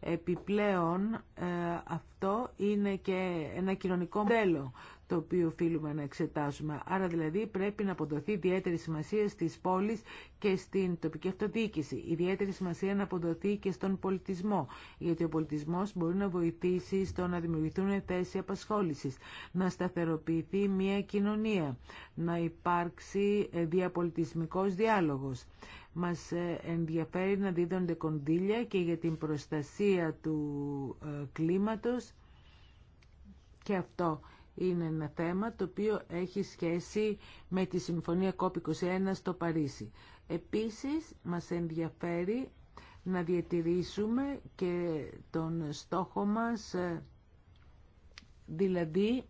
Επιπλέον ε, αυτό είναι και ένα κοινωνικό μοντέλο το οποίο οφείλουμε να εξετάσουμε. Άρα δηλαδή πρέπει να αποδοθεί ιδιαίτερη σημασία στις πόλεις και στην τοπική αυτοδιοίκηση. Ιδιαίτερη σημασία να αποδοθεί και στον πολιτισμό, γιατί ο πολιτισμός μπορεί να βοηθήσει στο να δημιουργηθούν θέσει απασχόλησης, να σταθεροποιηθεί μια κοινωνία, να υπάρξει διαπολιτισμικός διάλογος. Μας ε, ενδιαφέρει να δίδονται κονδύλια και για την προστασία του ε, κλίματος και αυτό είναι ένα θέμα το οποίο έχει σχέση με τη Συμφωνία COP21 στο Παρίσι. Επίσης, μας ενδιαφέρει να διατηρήσουμε και τον στόχο μας, ε, δηλαδή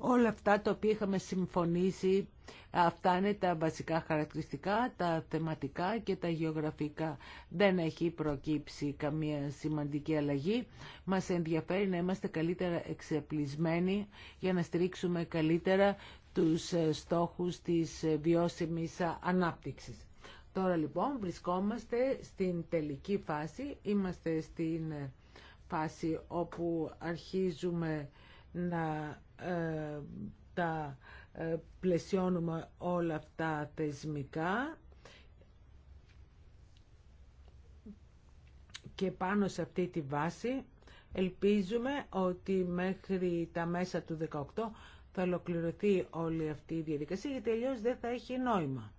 Όλα αυτά τα οποία είχαμε συμφωνήσει, αυτά είναι τα βασικά χαρακτηριστικά, τα θεματικά και τα γεωγραφικά. Δεν έχει προκύψει καμία σημαντική αλλαγή. Μας ενδιαφέρει να είμαστε καλύτερα εξεπλισμένοι για να στηρίξουμε καλύτερα τους ε, στόχους της ε, βιώσιμης ε, ανάπτυξης. Τώρα λοιπόν βρισκόμαστε στην τελική φάση, είμαστε στην φάση όπου αρχίζουμε να ε, τα ε, πλαισιώνουμε όλα αυτά θεσμικά και πάνω σε αυτή τη βάση ελπίζουμε ότι μέχρι τα μέσα του 18 θα ολοκληρωθεί όλη αυτή η διαδικασία γιατί αλλιώς δεν θα έχει νόημα.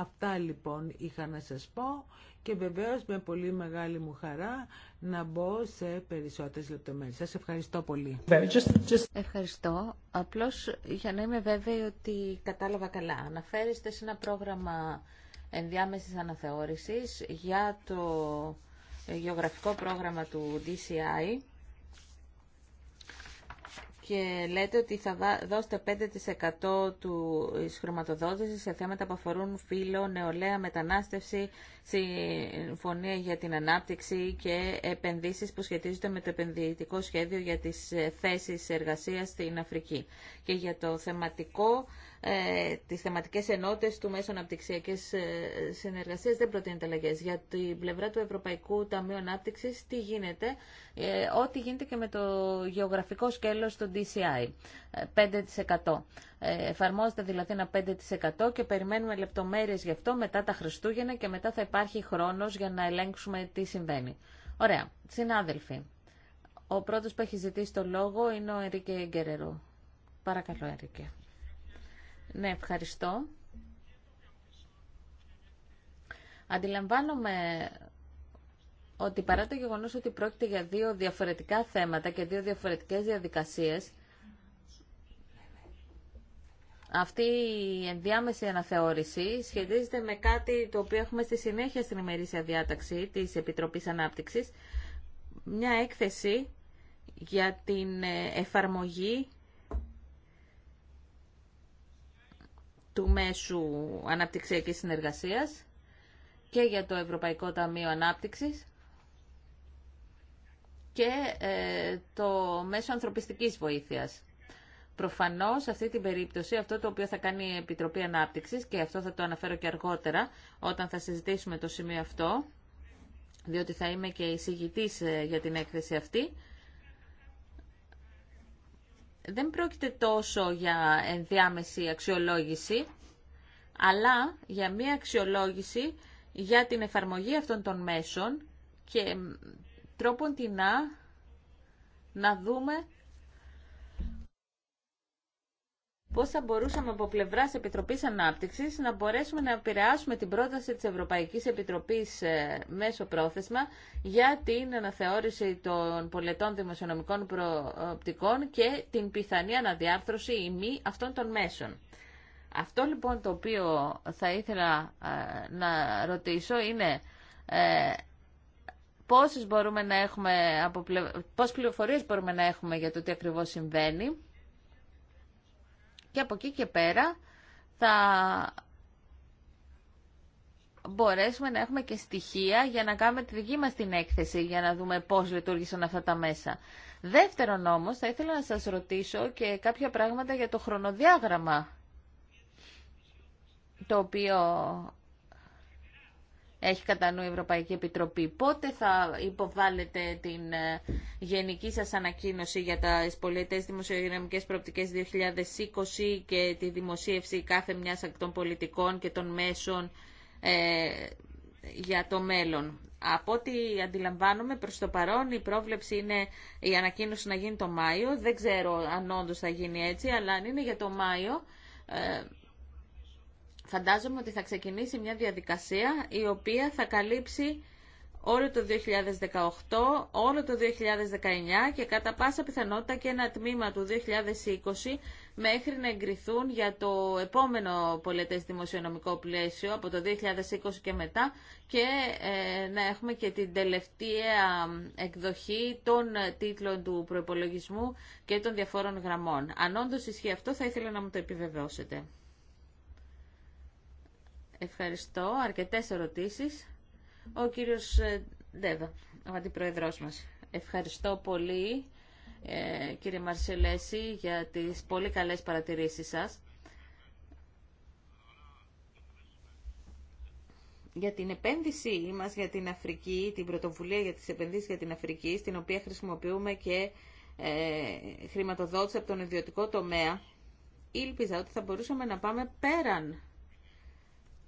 Αυτά λοιπόν είχα να σας πω και βεβαίως με πολύ μεγάλη μου χαρά να μπω σε περισσότερες λεπτομέρειες. Σας ευχαριστώ πολύ. Ευχαριστώ. Απλώς για να είμαι βέβαιη ότι κατάλαβα καλά. Αναφέρεστε σε ένα πρόγραμμα ενδιάμεσης αναθεώρησης για το γεωγραφικό πρόγραμμα του DCI και λέτε ότι θα δώσετε 5% του ε, χρηματοδότηση σε θέματα που αφορούν φύλλο, νεολαία, μετανάστευση, συμφωνία για την ανάπτυξη και επενδύσεις που σχετίζονται με το επενδυτικό σχέδιο για τις ε, θέσεις εργασίας στην Αφρική και για το θεματικό, ε, τις θεματικές ενότητες του Μέσου Αναπτυξιακής ε, Συνεργασίας δεν προτείνεται αλλαγέ. Για την πλευρά του Ευρωπαϊκού Ταμείου Ανάπτυξης τι γίνεται, ε, ό,τι γίνεται και με το γεωγραφικό σκέλος του DCI, 5%. Ε, εφαρμόζεται δηλαδή ένα 5% και περιμένουμε λεπτομέρειες γι' αυτό μετά τα Χριστούγεννα και μετά θα υπάρχει χρόνος για να ελέγξουμε τι συμβαίνει. Ωραία. Συνάδελφοι, ο πρώτος που έχει ζητήσει το λόγο είναι ο Ερίκε Γκερερού. Παρακαλώ, Ερίκε. Ναι, ευχαριστώ. Αντιλαμβάνομαι ότι παρά το γεγονός ότι πρόκειται για δύο διαφορετικά θέματα και δύο διαφορετικές διαδικασίες, αυτή η ενδιάμεση αναθεώρηση σχετίζεται με κάτι το οποίο έχουμε στη συνέχεια στην ημερήσια διάταξη της Επιτροπής Ανάπτυξης, μια έκθεση για την ε, εφαρμογή του μέσου αναπτυξιακής συνεργασίας και για το Ευρωπαϊκό Ταμείο Ανάπτυξης και ε, το μέσο ανθρωπιστικής βοήθειας. Προφανώ σε αυτή την περίπτωση αυτό το οποίο θα κάνει η Επιτροπή ανάπτυξη και αυτό θα το αναφέρω και αργότερα όταν θα συζητήσουμε το σημείο αυτό διότι θα είμαι και εισηγητή ε, για την έκθεση αυτή δεν πρόκειται τόσο για ενδιάμεση αξιολόγηση αλλά για μια αξιολόγηση για την εφαρμογή αυτών των μέσων και τρόπον την να δούμε πώς θα μπορούσαμε από πλευράς Επιτροπής Ανάπτυξης να μπορέσουμε να επηρεάσουμε την πρόταση της Ευρωπαϊκής Επιτροπής ε, μέσω πρόθεσμα για την αναθεώρηση των πολιτών δημοσιονομικών προοπτικών και την πιθανή αναδιάρθρωση ή μη αυτών των μέσων. Αυτό λοιπόν το οποίο θα ήθελα ε, να ρωτήσω είναι ε, πόσες μπορούμε να έχουμε, πώς πληροφορίες μπορούμε να έχουμε για το τι ακριβώς συμβαίνει και από εκεί και πέρα θα μπορέσουμε να έχουμε και στοιχεία για να κάνουμε τη δική μας την έκθεση, για να δούμε πώς λειτουργήσαν αυτά τα μέσα. Δεύτερον όμως, θα ήθελα να σας ρωτήσω και κάποια πράγματα για το χρονοδιάγραμμα, το οποίο έχει κατά νου η Ευρωπαϊκή Επιτροπή. Πότε θα υποβάλλετε την ε, γενική σας ανακοίνωση για τα πολιτές δημοσιογραμμικές προοπτικές 2020 και τη δημοσίευση κάθε μιας από των πολιτικών και των μέσων ε, για το μέλλον. Από ό,τι αντιλαμβάνομαι προς το παρόν η πρόβλεψη είναι η ανακοίνωση να γίνει το Μάιο. Δεν ξέρω αν όντω θα γίνει έτσι, αλλά αν είναι για το Μάιο... Ε, φαντάζομαι ότι θα ξεκινήσει μια διαδικασία η οποία θα καλύψει όλο το 2018, όλο το 2019 και κατά πάσα πιθανότητα και ένα τμήμα του 2020 μέχρι να εγκριθούν για το επόμενο πολιτές δημοσιονομικό πλαίσιο από το 2020 και μετά και ε, να έχουμε και την τελευταία εκδοχή των τίτλων του προϋπολογισμού και των διαφόρων γραμμών. Αν όντως ισχύει αυτό θα ήθελα να μου το επιβεβαιώσετε. Ευχαριστώ. Αρκετές ερωτήσεις. Ο κύριος ε, Ντέβα, ο αντιπροεδρός μας. Ευχαριστώ πολύ, ε, κύριε Μαρσελέση, για τις πολύ καλές παρατηρήσεις σας. για την επένδυσή μας για την Αφρική, την πρωτοβουλία για τις επενδύσεις για την Αφρική, στην οποία χρησιμοποιούμε και ε, χρηματοδότηση από τον ιδιωτικό τομέα, ήλπιζα ότι θα μπορούσαμε να πάμε πέραν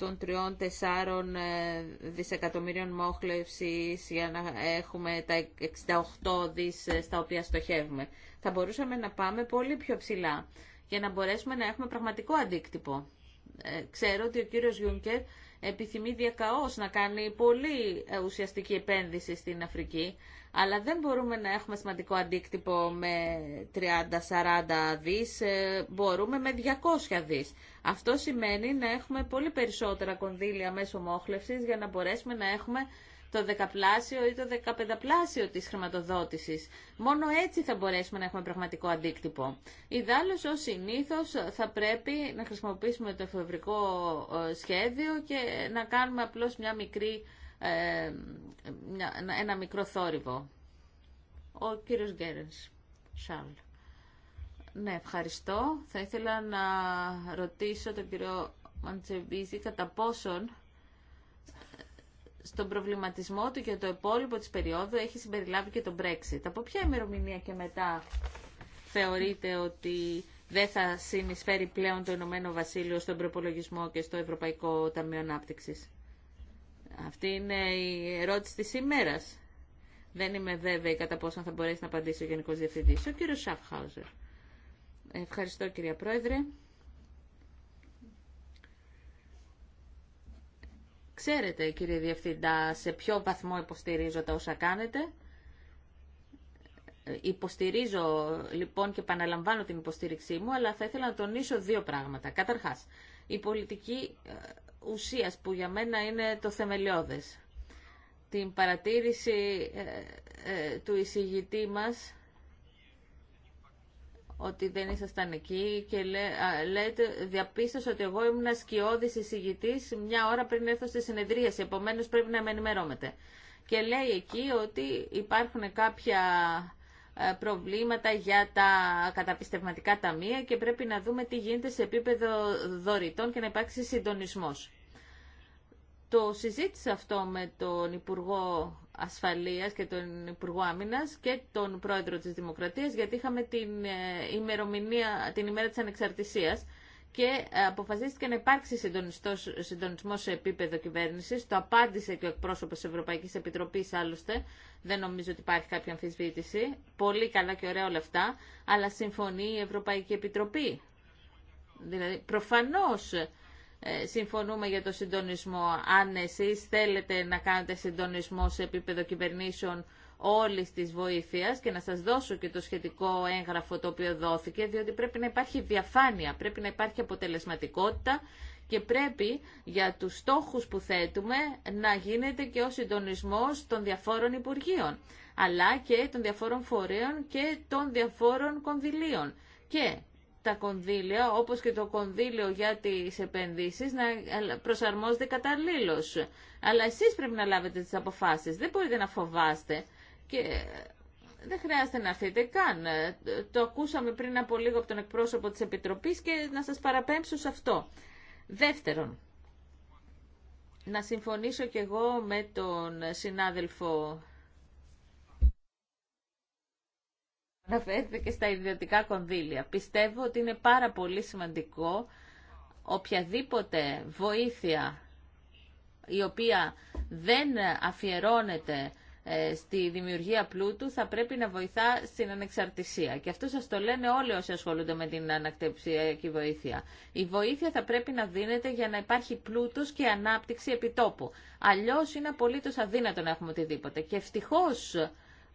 των 3-4 ε, δισεκατομμύριων μόχλευσης για να έχουμε τα 68 δις ε, στα οποία στοχεύουμε. Θα μπορούσαμε να πάμε πολύ πιο ψηλά για να μπορέσουμε να έχουμε πραγματικό αντίκτυπο. Ε, ξέρω ότι ο κύριος Γιούνκερ επιθυμεί διακαώς να κάνει πολύ ε, ουσιαστική επένδυση στην Αφρική, αλλά δεν μπορούμε να έχουμε σημαντικό αντίκτυπο με 30-40 δις, ε, μπορούμε με 200 δις. Αυτό σημαίνει να έχουμε πολύ περισσότερα κονδύλια μέσω μόχλευσης για να μπορέσουμε να έχουμε το δεκαπλάσιο ή το δεκαπενταπλάσιο της χρηματοδότησης. Μόνο έτσι θα μπορέσουμε να έχουμε πραγματικό αντίκτυπο. Ιδάλλως, ως συνήθως, θα πρέπει να χρησιμοποιήσουμε το εφευρικό ε, σχέδιο και να κάνουμε απλώς μια μικρή, ε, ένα μικρό θόρυβο. Ο κύριος Γκέρενς, Ναι, ευχαριστώ. Θα ήθελα να ρωτήσω τον κύριο Μαντσεβίζη κατά πόσον στον προβληματισμό του για το υπόλοιπο της περίοδου έχει συμπεριλάβει και το Brexit. Από ποια ημερομηνία και μετά θεωρείτε ότι δεν θα συνεισφέρει πλέον το Ηνωμένο Βασίλειο στον προπολογισμό και στο Ευρωπαϊκό Ταμείο Ανάπτυξη. Αυτή είναι η ερώτηση της ημέρας. Δεν είμαι βέβαιη κατά πόσο θα μπορέσει να απαντήσει ο Γενικός Διευθυντής, ο κύριος Σαφχάουζερ. Ευχαριστώ κυρία Πρόεδρε. Ξέρετε, κύριε Διευθυντά, σε ποιο βαθμό υποστηρίζω τα όσα κάνετε. Ε, υποστηρίζω, λοιπόν, και επαναλαμβάνω την υποστήριξή μου, αλλά θα ήθελα να τονίσω δύο πράγματα. Καταρχάς, η πολιτική ε, ουσίας, που για μένα είναι το θεμελιώδες. Την παρατήρηση ε, του εισηγητή μας ότι δεν ήσασταν εκεί και λέ, λέτε, διαπίστωσα ότι εγώ ήμουν σκιώδης εισηγητής μια ώρα πριν έρθω στη συνεδρίαση, επομένως πρέπει να με ενημερώνετε. Και λέει εκεί ότι υπάρχουν κάποια ε, προβλήματα για τα καταπιστευματικά ταμεία και πρέπει να δούμε τι γίνεται σε επίπεδο δωρητών και να υπάρξει συντονισμός. Το συζήτησα αυτό με τον Υπουργό Ασφαλείας και τον Υπουργό Άμυνας και τον Πρόεδρο της Δημοκρατίας γιατί είχαμε την ε, ημερομηνία, την ημέρα της ανεξαρτησίας και ε, αποφασίστηκε να υπάρξει συντονισμό σε επίπεδο κυβέρνηση. Το απάντησε και ο εκπρόσωπο τη Ευρωπαϊκή Επιτροπή, άλλωστε. Δεν νομίζω ότι υπάρχει κάποια αμφισβήτηση. Πολύ καλά και ωραία όλα αυτά. Αλλά συμφωνεί η Ευρωπαϊκή Επιτροπή. Δηλαδή, προφανώ. Ε, συμφωνούμε για το συντονισμό. Αν εσεί θέλετε να κάνετε συντονισμό σε επίπεδο κυβερνήσεων όλη τη βοήθεια και να σας δώσω και το σχετικό έγγραφο το οποίο δόθηκε, διότι πρέπει να υπάρχει διαφάνεια, πρέπει να υπάρχει αποτελεσματικότητα και πρέπει για τους στόχους που θέτουμε να γίνεται και ο συντονισμός των διαφόρων Υπουργείων, αλλά και των διαφόρων φορέων και των διαφόρων κονδυλίων. Και τα κονδύλια, όπως και το κονδύλιο για τις επενδύσεις, να προσαρμόζεται καταλήλως. Αλλά εσείς πρέπει να λάβετε τις αποφάσεις. Δεν μπορείτε να φοβάστε. Και δεν χρειάζεται να έρθετε καν. Το ακούσαμε πριν από λίγο από τον εκπρόσωπο της Επιτροπής και να σας παραπέμψω σε αυτό. Δεύτερον, να συμφωνήσω κι εγώ με τον συνάδελφο αναφέρεται και στα ιδιωτικά κονδύλια. Πιστεύω ότι είναι πάρα πολύ σημαντικό οποιαδήποτε βοήθεια η οποία δεν αφιερώνεται ε, στη δημιουργία πλούτου θα πρέπει να βοηθά στην ανεξαρτησία. Και αυτό σας το λένε όλοι όσοι ασχολούνται με την ανακτευσιακή βοήθεια. Η βοήθεια θα πρέπει να δίνεται για να υπάρχει πλούτος και ανάπτυξη επιτόπου. Αλλιώς είναι απολύτως αδύνατο να έχουμε οτιδήποτε. Και ευτυχώς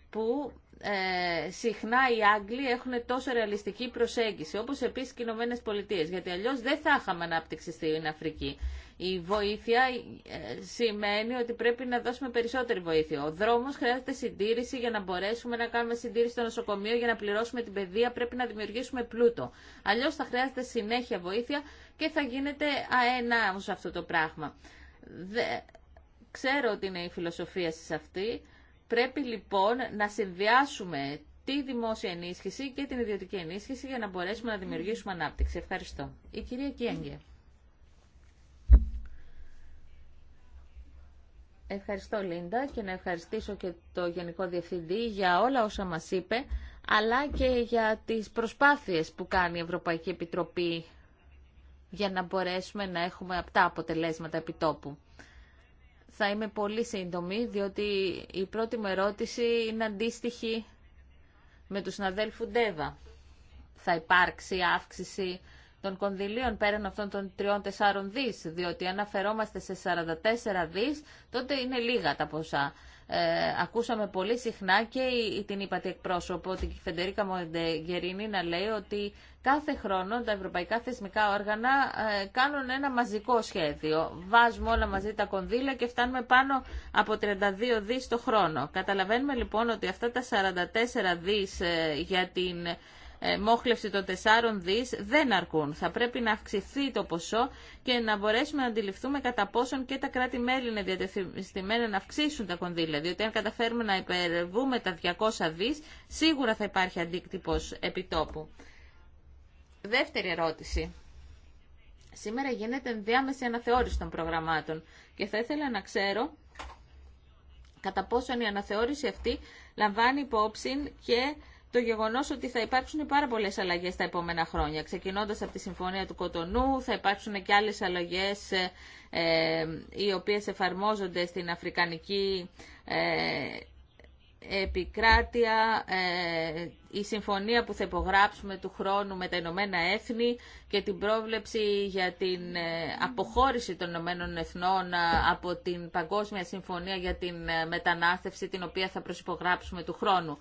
που ε, συχνά οι Άγγλοι έχουν τόσο ρεαλιστική προσέγγιση, όπως επίσης οι Ηνωμένες Πολιτείες, γιατί αλλιώς δεν θα είχαμε ανάπτυξη στην Αφρική. Η βοήθεια ε, σημαίνει ότι πρέπει να δώσουμε περισσότερη βοήθεια. Ο δρόμος χρειάζεται συντήρηση για να μπορέσουμε να κάνουμε συντήρηση στο νοσοκομείο, για να πληρώσουμε την παιδεία, πρέπει να δημιουργήσουμε πλούτο. Αλλιώς θα χρειάζεται συνέχεια βοήθεια και θα γίνεται αένα αυτό το πράγμα. Δε... Ξέρω ότι είναι η φιλοσοφία σας αυτή. Πρέπει λοιπόν να συνδυάσουμε τη δημόσια ενίσχυση και την ιδιωτική ενίσχυση για να μπορέσουμε να δημιουργήσουμε ανάπτυξη. Ευχαριστώ. Η κυρία Κιέγγε. Ευχαριστώ Λίντα και να ευχαριστήσω και το Γενικό Διευθυντή για όλα όσα μας είπε, αλλά και για τις προσπάθειες που κάνει η Ευρωπαϊκή Επιτροπή για να μπορέσουμε να έχουμε αυτά αποτελέσματα επιτόπου. Θα είμαι πολύ σύντομη, διότι η πρώτη μου ερώτηση είναι αντίστοιχη με του συναδέλφου Ντέβα. Θα υπάρξει αύξηση των κονδυλίων πέραν αυτών των 3-4 δις, διότι αν αφαιρόμαστε σε 44 δις, τότε είναι λίγα τα ποσά. Ε, ακούσαμε πολύ συχνά και την είπατε εκπρόσωπο, την Φεντερίκα Μοντεγκερίνη, να λέει ότι κάθε χρόνο τα ευρωπαϊκά θεσμικά όργανα ε, κάνουν ένα μαζικό σχέδιο. Βάζουμε όλα μαζί τα κονδύλια και φτάνουμε πάνω από 32 δις το χρόνο. Καταλαβαίνουμε λοιπόν ότι αυτά τα 44 δις ε, για την ε, μόχλευση των 4 δις δεν αρκούν. Θα πρέπει να αυξηθεί το ποσό και να μπορέσουμε να αντιληφθούμε κατά πόσον και τα κράτη-μέλη είναι διατεθειμένα να αυξήσουν τα κονδύλια. Διότι αν καταφέρουμε να υπερβούμε τα 200 δις, σίγουρα θα υπάρχει αντίκτυπος επιτόπου. Δεύτερη ερώτηση. Σήμερα γίνεται διάμεση αναθεώρηση των προγραμμάτων και θα ήθελα να ξέρω κατά πόσον η αναθεώρηση αυτή λαμβάνει υπόψη και το γεγονό ότι θα υπάρξουν πάρα πολλέ αλλαγέ τα επόμενα χρόνια. Ξεκινώντα από τη Συμφωνία του Κοτονού, θα υπάρξουν και άλλε αλλαγέ ε, ε, οι οποίε εφαρμόζονται στην Αφρικανική ε, επικράτεια, ε, η συμφωνία που θα υπογράψουμε του χρόνου με τα Ηνωμένα Έθνη και την πρόβλεψη για την ε, αποχώρηση των Ηνωμένων Εθνών ε, από την Παγκόσμια Συμφωνία για την Μετανάστευση, την οποία θα προσυπογράψουμε του χρόνου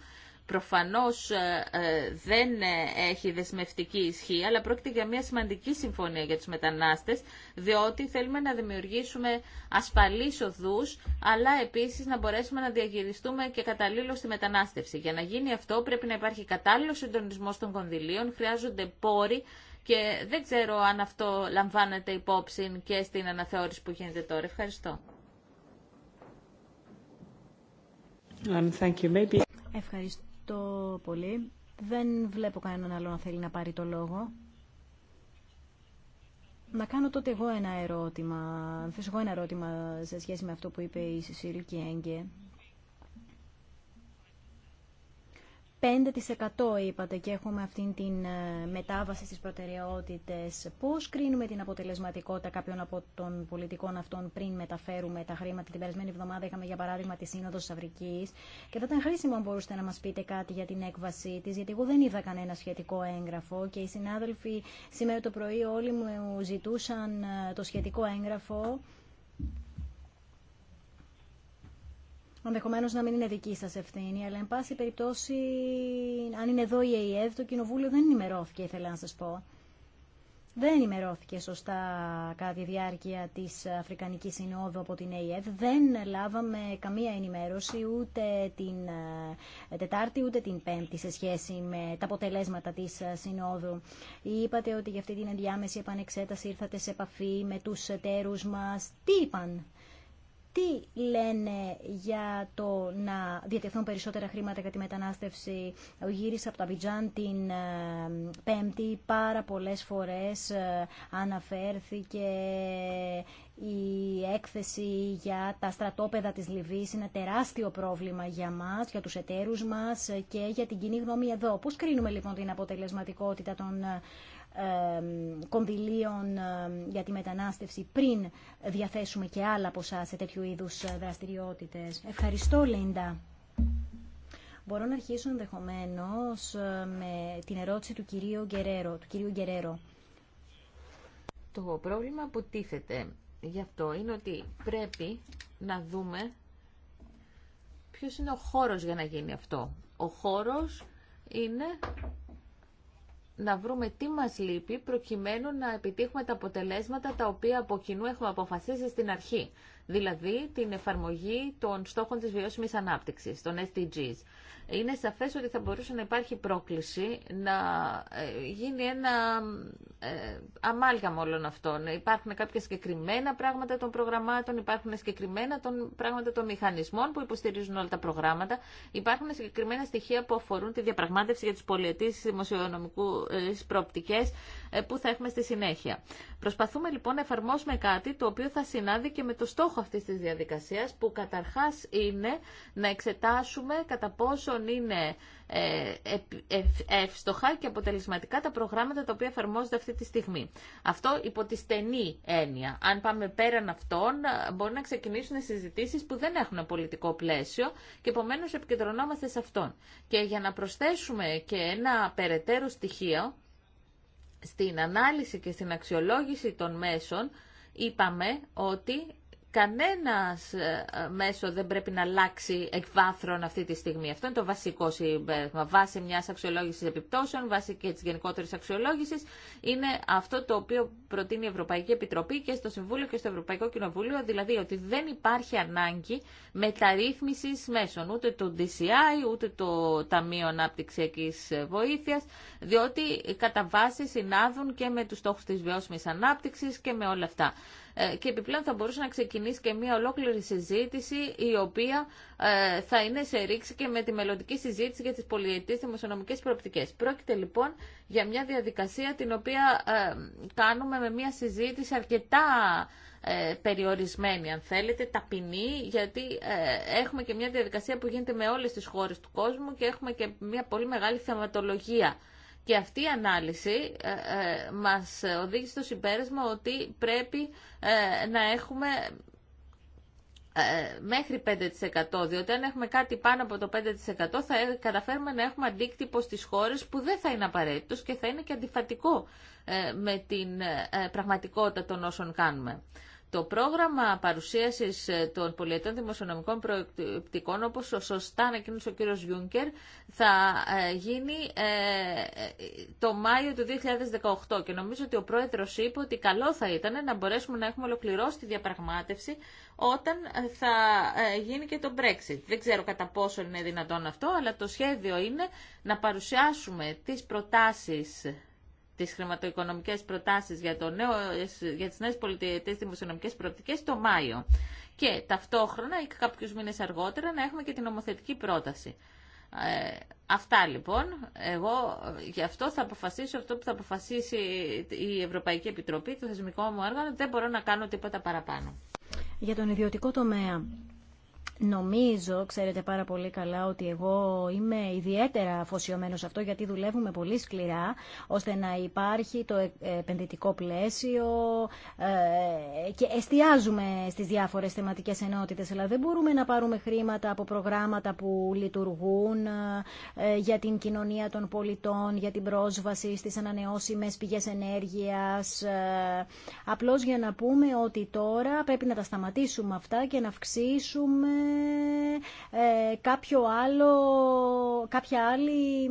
προφανώς ε, ε, δεν ε, έχει δεσμευτική ισχύ, αλλά πρόκειται για μια σημαντική συμφωνία για τους μετανάστες, διότι θέλουμε να δημιουργήσουμε ασφαλείς οδούς, αλλά επίσης να μπορέσουμε να διαχειριστούμε και καταλήλως τη μετανάστευση. Για να γίνει αυτό πρέπει να υπάρχει κατάλληλο συντονισμός των κονδυλίων, χρειάζονται πόροι, και δεν ξέρω αν αυτό λαμβάνεται υπόψη και στην αναθεώρηση που γίνεται τώρα. Ευχαριστώ. Um, Ευχαριστώ. Ευχαριστώ πολύ. Δεν βλέπω κανέναν άλλο να θέλει να πάρει το λόγο. Να κάνω τότε εγώ ένα ερώτημα, να θέσω εγώ ένα ερώτημα σε σχέση με αυτό που είπε η Σισίλ έγκε 5% είπατε και έχουμε αυτήν την ε, μετάβαση στις προτεραιότητες. Πώς κρίνουμε την αποτελεσματικότητα κάποιων από των πολιτικών αυτών πριν μεταφέρουμε τα χρήματα. Την περασμένη εβδομάδα είχαμε για παράδειγμα τη Σύνοδο της Αφρικής και θα ήταν χρήσιμο αν μπορούσατε να μας πείτε κάτι για την έκβασή της, γιατί εγώ δεν είδα κανένα σχετικό έγγραφο και οι συνάδελφοι σήμερα το πρωί όλοι μου ζητούσαν ε, το σχετικό έγγραφο ενδεχομένω να μην είναι δική σα ευθύνη, αλλά εν πάση περιπτώσει, αν είναι εδώ η ΕΕΔ, το Κοινοβούλιο δεν ενημερώθηκε, ήθελα να σας πω. Δεν ενημερώθηκε σωστά κατά διάρκεια της Αφρικανικής Συνόδου από την ΑΕΔ. Δεν λάβαμε καμία ενημέρωση ούτε την ε, Τετάρτη ούτε την Πέμπτη σε σχέση με τα αποτελέσματα της ε, Συνόδου. Είπατε ότι για αυτή την ενδιάμεση επανεξέταση ήρθατε σε επαφή με του εταίρου μα. Τι είπαν τι λένε για το να διατεθούν περισσότερα χρήματα για τη μετανάστευση. ο Γύρισα από τα Βιτζάν την ε, Πέμπτη, πάρα πολλές φορές ε, αναφέρθηκε η έκθεση για τα στρατόπεδα της Λιβύης είναι τεράστιο πρόβλημα για μας, για τους εταίρους μας και για την κοινή γνώμη εδώ. Πώς κρίνουμε λοιπόν την αποτελεσματικότητα των ε, κονδυλίων για τη μετανάστευση πριν διαθέσουμε και άλλα ποσά σε τέτοιου είδους ε, δραστηριότητες. Ευχαριστώ, Λίντα. Μπορώ να αρχίσω ενδεχομένω ε, με την ερώτηση του κυρίου Γκερέρο. Του κυρίου Γκερέρο. Το πρόβλημα που τίθεται γι' αυτό είναι ότι πρέπει να δούμε ποιος είναι ο χώρος για να γίνει αυτό. Ο χώρος είναι να βρούμε τι μας λείπει προκειμένου να επιτύχουμε τα αποτελέσματα τα οποία από κοινού έχουμε αποφασίσει στην αρχή, δηλαδή την εφαρμογή των στόχων της βιώσιμης ανάπτυξης, των SDGs είναι σαφές ότι θα μπορούσε να υπάρχει πρόκληση να ε, γίνει ένα ε, αμάλγαμα όλων αυτών. Υπάρχουν κάποια συγκεκριμένα πράγματα των προγραμμάτων, υπάρχουν συγκεκριμένα των πράγματα των μηχανισμών που υποστηρίζουν όλα τα προγράμματα, υπάρχουν συγκεκριμένα στοιχεία που αφορούν τη διαπραγμάτευση για τις πολιετήσεις δημοσιονομικού ε, προοπτικές που θα έχουμε στη συνέχεια. Προσπαθούμε λοιπόν να εφαρμόσουμε κάτι το οποίο θα συνάδει και με το στόχο αυτής της διαδικασίας που καταρχάς είναι να εξετάσουμε κατά πόσο πόσον είναι ευστοχά και αποτελεσματικά τα προγράμματα τα οποία εφαρμόζονται αυτή τη στιγμή. Αυτό υπό τη στενή έννοια. Αν πάμε πέραν αυτών, ε, μπορεί να ξεκινήσουν συζητήσει που δεν έχουν πολιτικό πλαίσιο και επομένω επικεντρωνόμαστε σε αυτόν. Και για να προσθέσουμε και ένα περαιτέρω στοιχείο στην ανάλυση και στην αξιολόγηση των μέσων, είπαμε ότι κανένας ε, μέσο δεν πρέπει να αλλάξει εκ βάθρων αυτή τη στιγμή. Αυτό είναι το βασικό συμπέρασμα. Βάση μιας αξιολόγησης επιπτώσεων, βάση και της γενικότερης αξιολόγησης, είναι αυτό το οποίο προτείνει η Ευρωπαϊκή Επιτροπή και στο Συμβούλιο και στο Ευρωπαϊκό Κοινοβούλιο, δηλαδή ότι δεν υπάρχει ανάγκη μεταρρύθμισης μέσων, ούτε το DCI, ούτε το Ταμείο Ανάπτυξης Βοήθειας, διότι κατά βάση συνάδουν και με τους στόχους της βιώσιμης ανάπτυξης και με όλα αυτά. Ε, και επιπλέον θα μπορούσε να ξεκινήσει και μια ολόκληρη συζήτηση η οποία ε, θα είναι σε ρήξη και με τη μελλοντική συζήτηση για τις πολιετές δημοσιονομικές προοπτικές. Πρόκειται λοιπόν για μια διαδικασία την οποία ε, κάνουμε με μια συζήτηση αρκετά περιορισμένη αν θέλετε, ταπεινή, γιατί έχουμε και μια διαδικασία που γίνεται με όλες τις χώρες του κόσμου και έχουμε και μια πολύ μεγάλη θεματολογία και αυτή η ανάλυση ε, ε, μας οδήγησε στο συμπέρασμα ότι πρέπει ε, να έχουμε μέχρι 5%, διότι αν έχουμε κάτι πάνω από το 5% θα καταφέρουμε να έχουμε αντίκτυπο στις χώρες που δεν θα είναι απαραίτητος και θα είναι και αντιφατικό με την πραγματικότητα των όσων κάνουμε. Το πρόγραμμα παρουσίασης ε, των πολιετών δημοσιονομικών προεπτικών, όπω σωστά ανακοίνωσε ο κύριος Γιούγκερ, θα ε, γίνει ε, το Μάιο του 2018 και νομίζω ότι ο πρόεδρος είπε ότι καλό θα ήταν να μπορέσουμε να έχουμε ολοκληρώσει τη διαπραγμάτευση όταν θα γίνει και το Brexit. Δεν ξέρω κατά πόσο είναι δυνατόν αυτό, αλλά το σχέδιο είναι να παρουσιάσουμε τι προτάσει τις χρηματοοικονομικές προτάσεις για, το νέο, για τις νέες πολιτιετές δημοσιονομικές προοπτικές το Μάιο. Και ταυτόχρονα ή κάποιους μήνες αργότερα να έχουμε και την νομοθετική πρόταση. Ε, αυτά λοιπόν. Εγώ γι' αυτό θα αποφασίσω αυτό που θα αποφασίσει η Ευρωπαϊκή Επιτροπή, το θεσμικό μου όργανο. Δεν μπορώ να κάνω τίποτα παραπάνω. Για τον ιδιωτικό τομέα, Νομίζω, ξέρετε πάρα πολύ καλά ότι εγώ είμαι ιδιαίτερα αφοσιωμένος σε αυτό γιατί δουλεύουμε πολύ σκληρά ώστε να υπάρχει το ε, επενδυτικό πλαίσιο ε, και εστιάζουμε στις διάφορες θεματικές ενότητες. Αλλά δεν μπορούμε να πάρουμε χρήματα από προγράμματα που λειτουργούν ε, για την κοινωνία των πολιτών, για την πρόσβαση στις ανανεώσιμες πηγές ενέργειας. Απλώ για να πούμε ότι τώρα πρέπει να τα σταματήσουμε αυτά και να αυξήσουμε ε, κάποιο άλλο, κάποια άλλη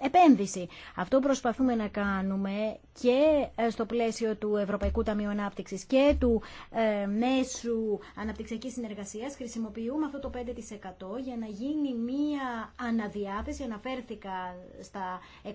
επένδυση. Αυτό προσπαθούμε να κάνουμε και ε, στο πλαίσιο του Ευρωπαϊκού Ταμείου Ανάπτυξη και του ε, Μέσου Αναπτυξιακή Συνεργασία χρησιμοποιούμε αυτό το 5% για να γίνει μία αναδιάθεση. Αναφέρθηκα στα 600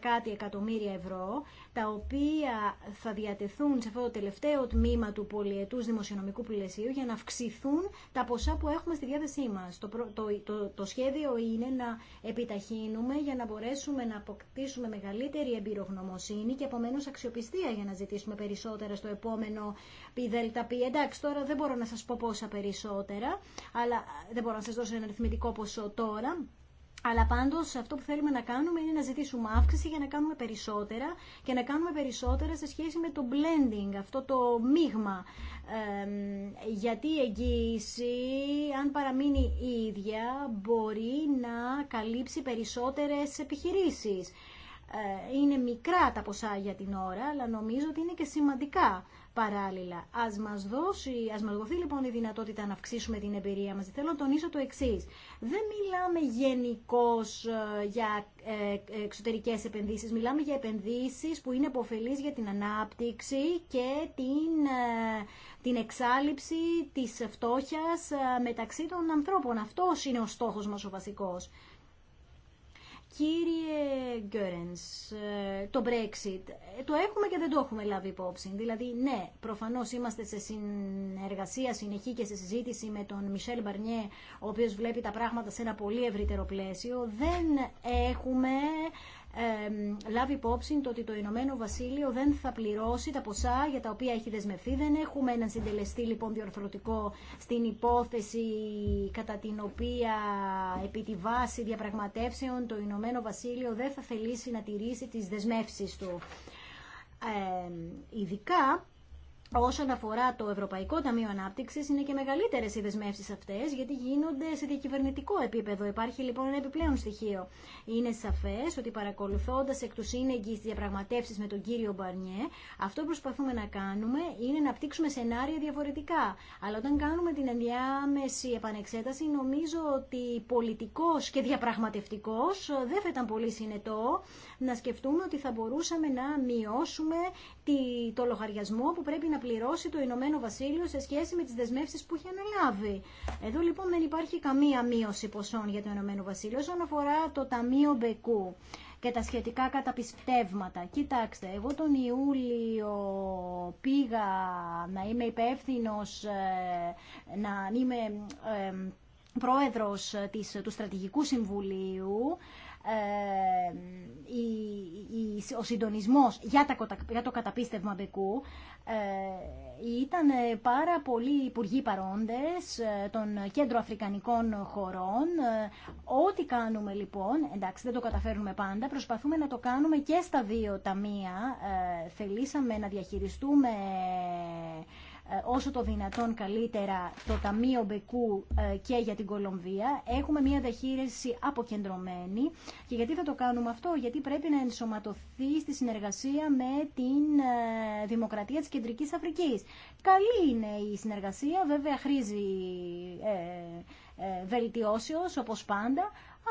κάτι εκατομμύρια ευρώ, τα οποία θα διατεθούν σε αυτό το τελευταίο τμήμα του πολιετού δημοσιονομικού πλαισίου για να αυξηθούν τα Όσα που έχουμε στη διάθεσή μας. Το, το, το, σχέδιο είναι να επιταχύνουμε για να μπορέσουμε να αποκτήσουμε μεγαλύτερη εμπειρογνωμοσύνη και επομένω αξιοπιστία για να ζητήσουμε περισσότερα στο επόμενο ΠΔΠ. Εντάξει, τώρα δεν μπορώ να σα πω πόσα περισσότερα, αλλά δεν μπορώ να σα δώσω ένα αριθμητικό ποσό τώρα. Αλλά πάντως αυτό που θέλουμε να κάνουμε είναι να ζητήσουμε αύξηση για να κάνουμε περισσότερα και να κάνουμε περισσότερα σε σχέση με το blending, αυτό το μείγμα. γιατί η εγγύηση, αν παραμείνει η ίδια, μπορεί να καλύψει περισσότερες επιχειρήσεις. Ε, είναι μικρά τα ποσά για την ώρα, αλλά νομίζω ότι είναι και σημαντικά παράλληλα. Ας μας δώσει, ας μας δοθεί λοιπόν η δυνατότητα να αυξήσουμε την εμπειρία μας. Θέλω να τονίσω το εξή. Δεν μιλάμε γενικώ ε, για ε, εξωτερικές επενδύσεις. Μιλάμε για επενδύσεις που είναι υποφελείς για την ανάπτυξη και την, ε, την εξάλληψη της φτώχεια μεταξύ των ανθρώπων. Αυτός είναι ο στόχος μας ο βασικός. Κύριε Γκέρενς, ε, το Brexit ε, το έχουμε και δεν το έχουμε λάβει υπόψη. Δηλαδή, ναι, προφανώς είμαστε σε συνεργασία συνεχή και σε συζήτηση με τον Μισελ Μπαρνιέ, ο οποίος βλέπει τα πράγματα σε ένα πολύ ευρύτερο πλαίσιο. Δεν έχουμε λάβει υπόψη το ότι το Ηνωμένο Βασίλειο δεν θα πληρώσει τα ποσά για τα οποία έχει δεσμευθεί. Δεν έχουμε έναν συντελεστή λοιπόν διορθωτικό στην υπόθεση κατά την οποία επί τη βάση διαπραγματεύσεων το Ηνωμένο Βασίλειο δεν θα θελήσει να τηρήσει τις δεσμεύσεις του. ειδικά Όσον αφορά το Ευρωπαϊκό Ταμείο Ανάπτυξη, είναι και μεγαλύτερε οι δεσμεύσει αυτέ, γιατί γίνονται σε διακυβερνητικό επίπεδο. Υπάρχει λοιπόν ένα επιπλέον στοιχείο. Είναι σαφέ ότι παρακολουθώντα εκ του σύνεγγυ τι διαπραγματεύσει με τον κύριο Μπαρνιέ, αυτό που προσπαθούμε να κάνουμε είναι να απτύξουμε σενάρια διαφορετικά. Αλλά όταν κάνουμε την ενδιάμεση επανεξέταση, νομίζω ότι πολιτικό και διαπραγματευτικό ε, δεν θα ήταν πολύ συνετό να σκεφτούμε ότι θα μπορούσαμε να μειώσουμε το λογαριασμό που πρέπει να πληρώσει το Ηνωμένο Βασίλειο σε σχέση με τις δεσμεύσεις που έχει αναλάβει. Εδώ λοιπόν δεν υπάρχει καμία μείωση ποσών για το Ηνωμένο Βασίλειο όσον αφορά το Ταμείο Μπεκού και τα σχετικά καταπιστεύματα. Κοιτάξτε, εγώ τον Ιούλιο πήγα να είμαι υπεύθυνο ε, να είμαι ε, πρόεδρος της, του Στρατηγικού Συμβουλίου ε, ε, ο συντονισμός για το καταπίστευμα Μπεκού ε, ήταν πάρα πολλοί υπουργοί παρόντες των κέντρο αφρικανικών χωρών. Ό,τι κάνουμε λοιπόν, εντάξει δεν το καταφέρνουμε πάντα, προσπαθούμε να το κάνουμε και στα δύο ταμεία. Θελήσαμε να διαχειριστούμε ε, όσο το δυνατόν καλύτερα το Ταμείο Μπεκού ε, και για την Κολομβία. Έχουμε μια διαχείριση αποκεντρωμένη. Και γιατί θα το κάνουμε αυτό, γιατί πρέπει να ενσωματωθεί στη συνεργασία με την ε, Δημοκρατία της Κεντρικής Αφρικής. Καλή είναι η συνεργασία, βέβαια χρήζει ε, ε, βελτιώσεως όπως πάντα,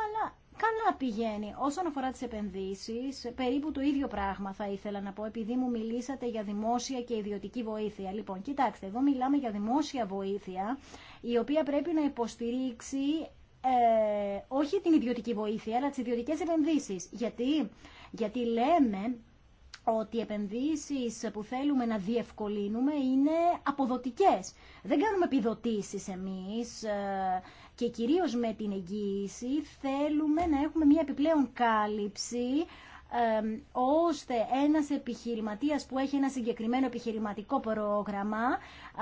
αλλά καλά πηγαίνει. Όσον αφορά τις επενδύσεις, περίπου το ίδιο πράγμα θα ήθελα να πω, επειδή μου μιλήσατε για δημόσια και ιδιωτική βοήθεια. Λοιπόν, κοιτάξτε, εδώ μιλάμε για δημόσια βοήθεια, η οποία πρέπει να υποστηρίξει ε, όχι την ιδιωτική βοήθεια, αλλά τις ιδιωτικέ επενδύσεις. Γιατί, Γιατί λέμε ότι οι επενδύσεις που θέλουμε να διευκολύνουμε είναι αποδοτικές. Δεν κάνουμε επιδοτήσεις εμείς, ε, και κυρίως με την εγγύηση θέλουμε να έχουμε μια επιπλέον κάλυψη ε, ώστε ένας επιχειρηματίας που έχει ένα συγκεκριμένο επιχειρηματικό πρόγραμμα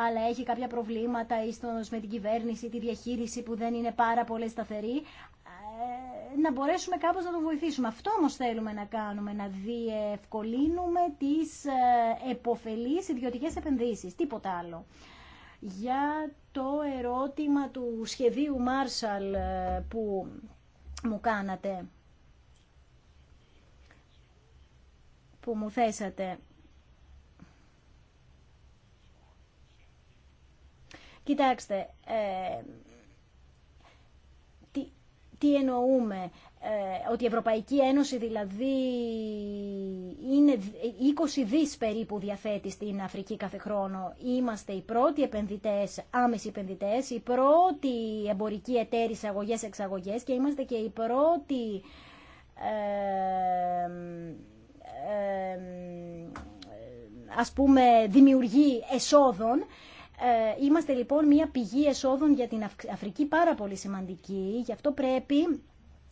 αλλά έχει κάποια προβλήματα ίσως με την κυβέρνηση, τη διαχείριση που δεν είναι πάρα πολύ σταθερή ε, να μπορέσουμε κάπως να τον βοηθήσουμε. Αυτό όμως θέλουμε να κάνουμε, να διευκολύνουμε τις ε, εποφελείς ιδιωτικές επενδύσεις, τίποτα άλλο. Για το ερώτημα του σχεδίου Μάρσαλ ε, που μου κάνατε, που μου θέσατε. Κοιτάξτε, ε, τι εννοούμε. Ε, ότι η Ευρωπαϊκή Ένωση δηλαδή είναι 20 ε, δις περίπου διαθέτει στην Αφρική κάθε χρόνο. Είμαστε οι πρώτοι επενδυτές, άμεση επενδυτές, οι πρώτοι εμπορικοί εταίροι σε αγωγές-εξαγωγές και είμαστε και οι πρώτοι ε, ε, ας πούμε δημιουργοί εσόδων ε, Είμαστε λοιπόν μια πηγή εσόδων για την Αφρική πάρα πολύ σημαντική, γι' αυτό πρέπει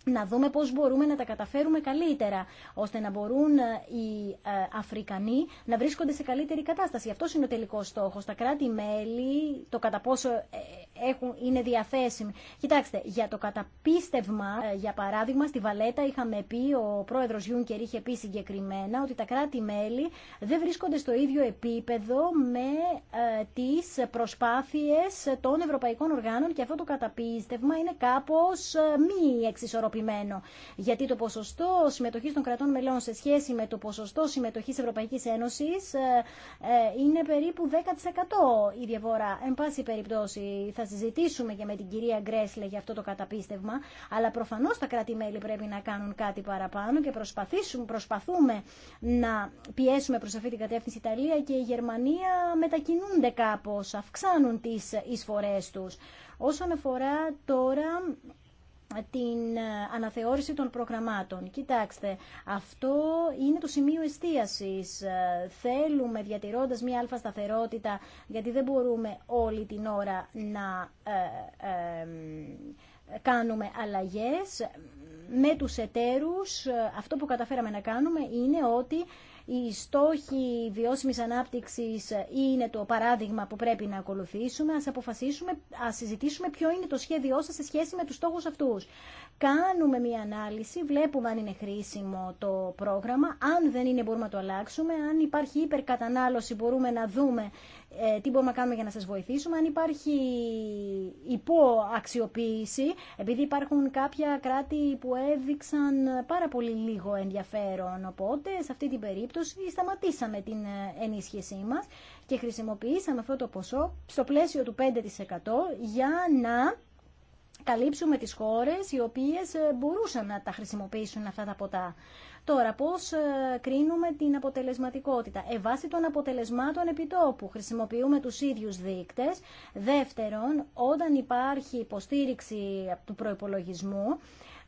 να δούμε πώς μπορούμε να τα καταφέρουμε καλύτερα, ώστε να μπορούν ε, οι ε, Αφρικανοί να βρίσκονται σε καλύτερη κατάσταση. Αυτό είναι ο τελικός στόχος. Τα κράτη-μέλη, το κατά πόσο ε, έχουν, είναι διαθέσιμοι. Κοιτάξτε, για το καταπίστευμα, για παράδειγμα, στη Βαλέτα είχαμε πει, ο πρόεδρος Γιούνκερ είχε πει συγκεκριμένα, ότι τα κράτη-μέλη δεν βρίσκονται στο ίδιο επίπεδο με τις προσπάθειες των ευρωπαϊκών οργάνων και αυτό το καταπίστευμα είναι κάπως μη εξισορροπημένο γιατί το ποσοστό συμμετοχή των κρατών μελών σε σχέση με το ποσοστό συμμετοχή Ευρωπαϊκή Ένωση ε, ε, είναι περίπου 10% η διαφορά. Εν πάση περιπτώσει, θα συζητήσουμε και με την κυρία Γκρέσλε για αυτό το καταπίστευμα, αλλά προφανώ τα κράτη-μέλη πρέπει να κάνουν κάτι παραπάνω και προσπαθούμε να πιέσουμε προ αυτή την κατεύθυνση. Η Ιταλία και η Γερμανία μετακινούνται κάπω, αυξάνουν τι εισφορέ του. Όσον αφορά τώρα την ε, αναθεώρηση των προγραμμάτων. Κοιτάξτε, αυτό είναι το σημείο εστίασης. Ε, θέλουμε, διατηρώντας μία αλφα σταθερότητα, γιατί δεν μπορούμε όλη την ώρα να ε, κάνουμε αλλαγές, με τους εταίρους αυτό που καταφέραμε να κάνουμε είναι ότι οι στόχοι βιώσιμης ανάπτυξης είναι το παράδειγμα που πρέπει να ακολουθήσουμε, ας αποφασίσουμε, ας συζητήσουμε ποιο είναι το σχέδιό σας σε σχέση με τους στόχους αυτούς. Κάνουμε μια ανάλυση, βλέπουμε αν είναι χρήσιμο το πρόγραμμα, αν δεν είναι μπορούμε να το αλλάξουμε, αν υπάρχει υπερκατανάλωση μπορούμε να δούμε ε, τι μπορούμε να κάνουμε για να σας βοηθήσουμε. Αν υπάρχει υποαξιοποίηση, επειδή υπάρχουν κάποια κράτη που έδειξαν πάρα πολύ λίγο ενδιαφέρον, οπότε σε αυτή την περίπτωση σταματήσαμε την ε, ενίσχυσή μας και χρησιμοποιήσαμε αυτό το ποσό στο πλαίσιο του 5% για να καλύψουμε τις χώρες οι οποίες ε, μπορούσαν να τα χρησιμοποιήσουν αυτά τα ποτά. Τώρα, πώς ε, κρίνουμε την αποτελεσματικότητα. Ε, βάσει των αποτελεσμάτων επιτόπου χρησιμοποιούμε τους ίδιου δείκτες. Δεύτερον, όταν υπάρχει υποστήριξη του προπολογισμού,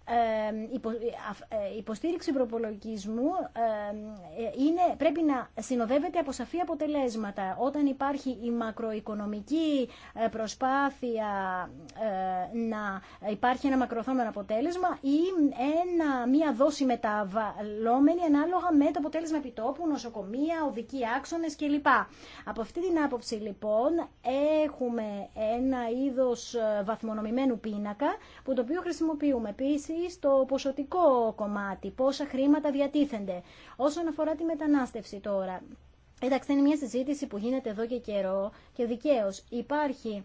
ε, ε, υποστήριξη προπολογισμού ε, είναι, πρέπει να συνοδεύεται από σαφή αποτελέσματα. Όταν υπάρχει η μακροοικονομική προσπάθεια να υπάρχει ένα μακροθόμενο αποτέλεσμα ή ένα, μία δόση μεταβαλλόμενη ανάλογα με το αποτέλεσμα επιτόπου, νοσοκομεία, οδικοί άξονες κλπ. Από αυτή την άποψη λοιπόν έχουμε ένα είδος βαθμονομημένου πίνακα που το οποίο χρησιμοποιούμε επίση στο ποσοτικό κομμάτι, πόσα χρήματα διατίθενται. Όσον αφορά τη μετανάστευση τώρα, εντάξει είναι μια συζήτηση που γίνεται εδώ και καιρό και δικαίω υπάρχει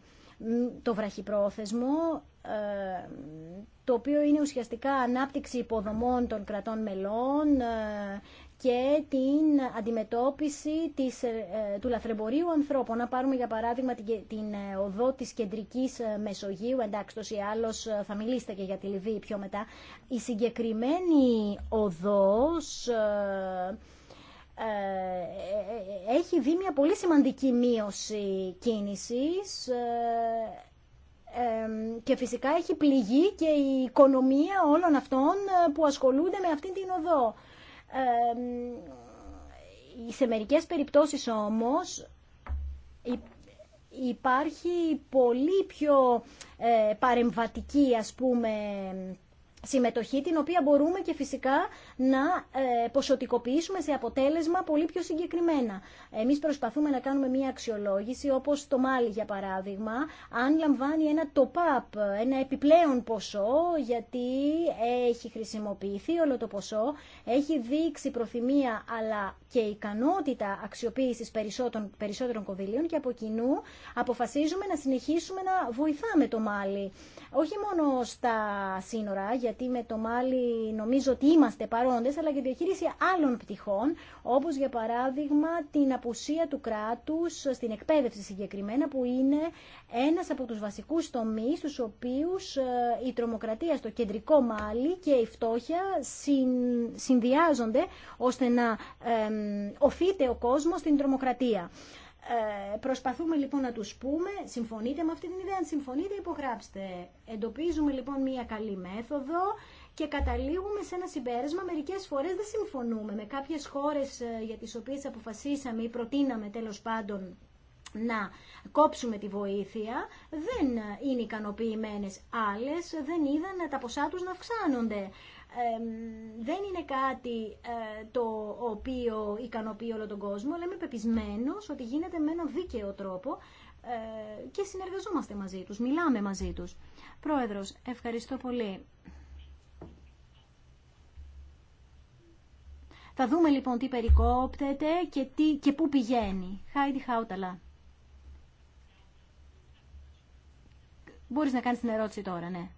το βραχυπρόθεσμο, ε, το οποίο είναι ουσιαστικά ανάπτυξη υποδομών των κρατών μελών ε, και την αντιμετώπιση ε, του λαθρεμπορίου ανθρώπων. Να πάρουμε για παράδειγμα την, ε, οδό της κεντρικής ε, Μεσογείου, εντάξει τόσοι άλλος θα μιλήσετε και για τη Λιβύη πιο μετά. Η συγκεκριμένη οδός έχει δει μια πολύ σημαντική μείωση κίνησης και φυσικά έχει πληγεί και η οικονομία όλων αυτών που ασχολούνται με αυτήν την οδό σε μερικές περιπτώσεις όμως υπάρχει πολύ πιο ε, παρεμβατική ας πούμε συμμετοχή την οποία μπορούμε και φυσικά να ε, ποσοτικοποιήσουμε σε αποτέλεσμα πολύ πιο συγκεκριμένα. Εμείς προσπαθούμε να κάνουμε μια αξιολόγηση όπως το Μάλι για παράδειγμα αν λαμβάνει ένα top-up, ένα επιπλέον ποσό γιατί έχει χρησιμοποιηθεί όλο το ποσό, έχει δείξει προθυμία αλλά και ικανότητα αξιοποίησης περισσότερων, περισσότερων και από κοινού αποφασίζουμε να συνεχίσουμε να βοηθάμε το Μάλι όχι μόνο στα σύνορα, γιατί με το Μάλι νομίζω ότι είμαστε παρόντες, αλλά και διαχείριση άλλων πτυχών, όπως για παράδειγμα την απουσία του κράτους στην εκπαίδευση συγκεκριμένα, που είναι ένας από τους βασικούς τομείς, στους οποίους ε, η τρομοκρατία στο κεντρικό Μάλι και η φτώχεια συνδυάζονται, ώστε να οφείται ο κόσμος στην τρομοκρατία. Ε, προσπαθούμε λοιπόν να τους πούμε, συμφωνείτε με αυτή την ιδέα, αν συμφωνείτε υπογράψτε. Εντοπίζουμε λοιπόν μια καλή μέθοδο και καταλήγουμε σε ένα συμπέρασμα. Μερικές φορές δεν συμφωνούμε με κάποιες χώρες ε, για τις οποίες αποφασίσαμε ή προτείναμε τέλος πάντων να κόψουμε τη βοήθεια, δεν ε, είναι ικανοποιημένες άλλες, δεν είδαν τα ποσά τους να αυξάνονται δεν είναι κάτι ε, το οποίο ικανοποιεί όλο τον κόσμο, αλλά είμαι ότι γίνεται με έναν δίκαιο τρόπο ε, και συνεργαζόμαστε μαζί τους, μιλάμε μαζί τους. Πρόεδρος, ευχαριστώ πολύ. Θα δούμε λοιπόν τι περικόπτεται και, τι, και πού πηγαίνει. Χάιντι Χάουταλα. Μπορείς να κάνεις την ερώτηση τώρα, ναι.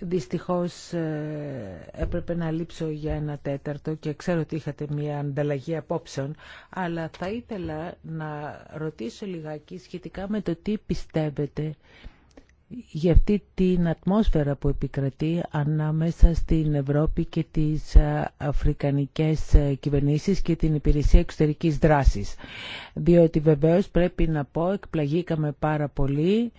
Δυστυχώς ε, έπρεπε να λείψω για ένα τέταρτο και ξέρω ότι είχατε μια ανταλλαγή απόψεων, αλλά θα ήθελα να ρωτήσω λιγάκι σχετικά με το τι πιστεύετε για αυτή την ατμόσφαιρα που επικρατεί ανάμεσα στην Ευρώπη και τις ε, αφρικανικές ε, κυβερνήσεις και την υπηρεσία εξωτερικής δράσης. Διότι βεβαίως πρέπει να πω, εκπλαγήκαμε πάρα πολύ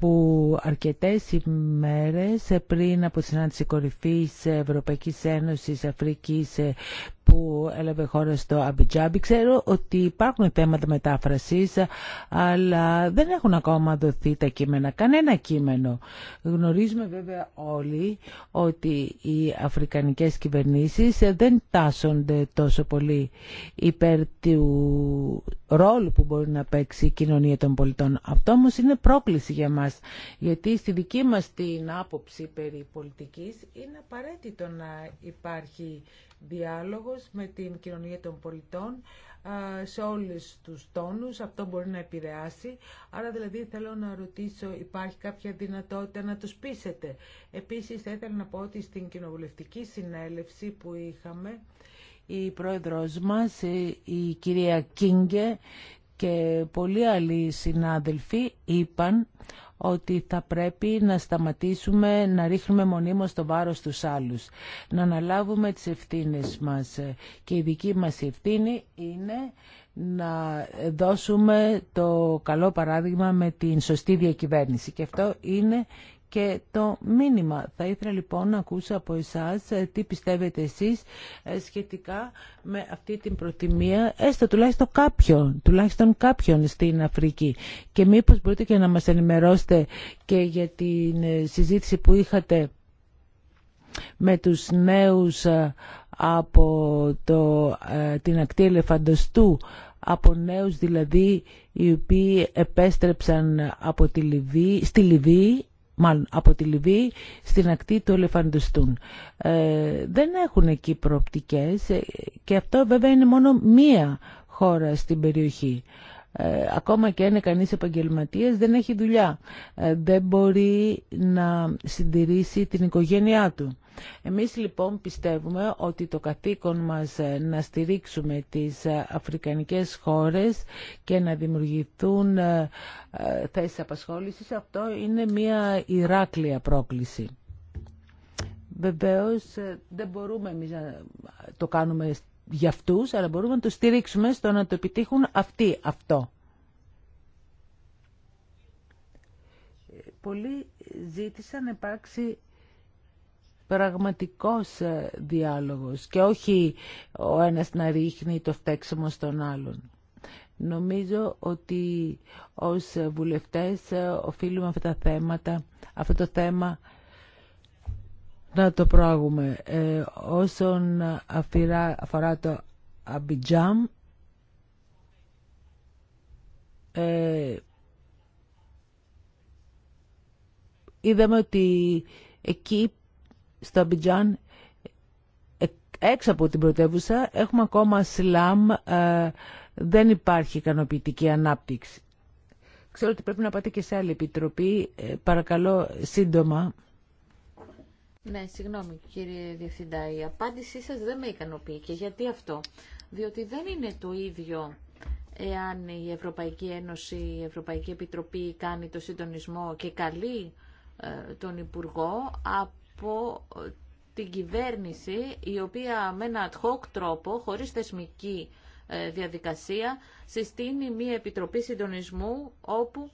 που αρκετές ημέρες πριν από συνάντηση κορυφής Ευρωπαϊκής Ένωσης Αφρικής ε, που έλαβε χώρα στο Αμπιτζάμπι. Ξέρω ότι υπάρχουν θέματα μετάφρασης, αλλά δεν έχουν ακόμα δοθεί τα κείμενα, κανένα κείμενο. Γνωρίζουμε βέβαια όλοι ότι οι αφρικανικές κυβερνήσεις δεν τάσσονται τόσο πολύ υπέρ του ρόλου που μπορεί να παίξει η κοινωνία των πολιτών. Αυτό όμως είναι πρόκληση για μας, γιατί στη δική μας την άποψη περί πολιτικής είναι απαραίτητο να υπάρχει διάλογος με την κοινωνία των πολιτών σε όλους τους τόνους. Αυτό μπορεί να επηρεάσει. Άρα δηλαδή θέλω να ρωτήσω υπάρχει κάποια δυνατότητα να τους πείσετε. Επίσης θα ήθελα να πω ότι στην κοινοβουλευτική συνέλευση που είχαμε η πρόεδρος μας, η κυρία Κίνγκε και πολλοί άλλοι συνάδελφοι είπαν ότι θα πρέπει να σταματήσουμε να ρίχνουμε μονίμως το βάρος στους άλλους, να αναλάβουμε τις ευθύνες μας και η δική μας ευθύνη είναι να δώσουμε το καλό παράδειγμα με την σωστή διακυβέρνηση και αυτό είναι και το μήνυμα. Θα ήθελα λοιπόν να ακούσω από εσάς ε, τι πιστεύετε εσείς ε, σχετικά με αυτή την προτιμία, έστω τουλάχιστον κάποιον, τουλάχιστον κάποιον στην Αφρική. Και μήπως μπορείτε και να μας ενημερώσετε και για την ε, συζήτηση που είχατε με τους νέους από το, την ακτή Ελεφαντοστού, από νέους δηλαδή οι οποίοι επέστρεψαν από τη στη Λιβύη μάλλον από τη Λιβύη στην ακτή του Ελεφαντιστούν. Ε, δεν έχουν εκεί προοπτικές ε, και αυτό βέβαια είναι μόνο μία χώρα στην περιοχή. Ε, ακόμα και αν είναι κανείς επαγγελματίας, δεν έχει δουλειά. Ε, δεν μπορεί να συντηρήσει την οικογένειά του. Εμείς λοιπόν πιστεύουμε ότι το καθήκον μας ε, να στηρίξουμε τις αφρικανικές χώρες και να δημιουργηθούν θέσεις απασχόλησης, αυτό είναι μια Ηράκλεια πρόκληση. Βεβαίως δεν μπορούμε εμείς να το κάνουμε για αυτούς, αλλά μπορούμε να τους στηρίξουμε στο να το επιτύχουν αυτοί αυτό. Πολλοί ζήτησαν να υπάρξει πραγματικός ε, διάλογος και όχι ο ένας να ρίχνει το φταίξιμο στον άλλον. Νομίζω ότι ως βουλευτές ε, οφείλουμε αυτά τα θέματα, αυτό το θέμα να το προάγουμε. Ε, όσον αφορά το Αμπιτζάμ, ε, είδαμε ότι εκεί στο Αμπιτζάν ε, έξω από την πρωτεύουσα έχουμε ακόμα σλάμ ε, δεν υπάρχει ικανοποιητική ανάπτυξη. Ξέρω ότι πρέπει να πάτε και σε άλλη επιτροπή. παρακαλώ σύντομα. Ναι, συγγνώμη κύριε Διευθυντά, η απάντησή σας δεν με ικανοποιεί και γιατί αυτό. Διότι δεν είναι το ίδιο εάν η Ευρωπαϊκή Ένωση, η Ευρωπαϊκή Επιτροπή κάνει το συντονισμό και καλεί ε, τον Υπουργό από την κυβέρνηση η οποία με ένα ad hoc τρόπο, χωρίς θεσμική ε, διαδικασία, συστήνει μία επιτροπή συντονισμού όπου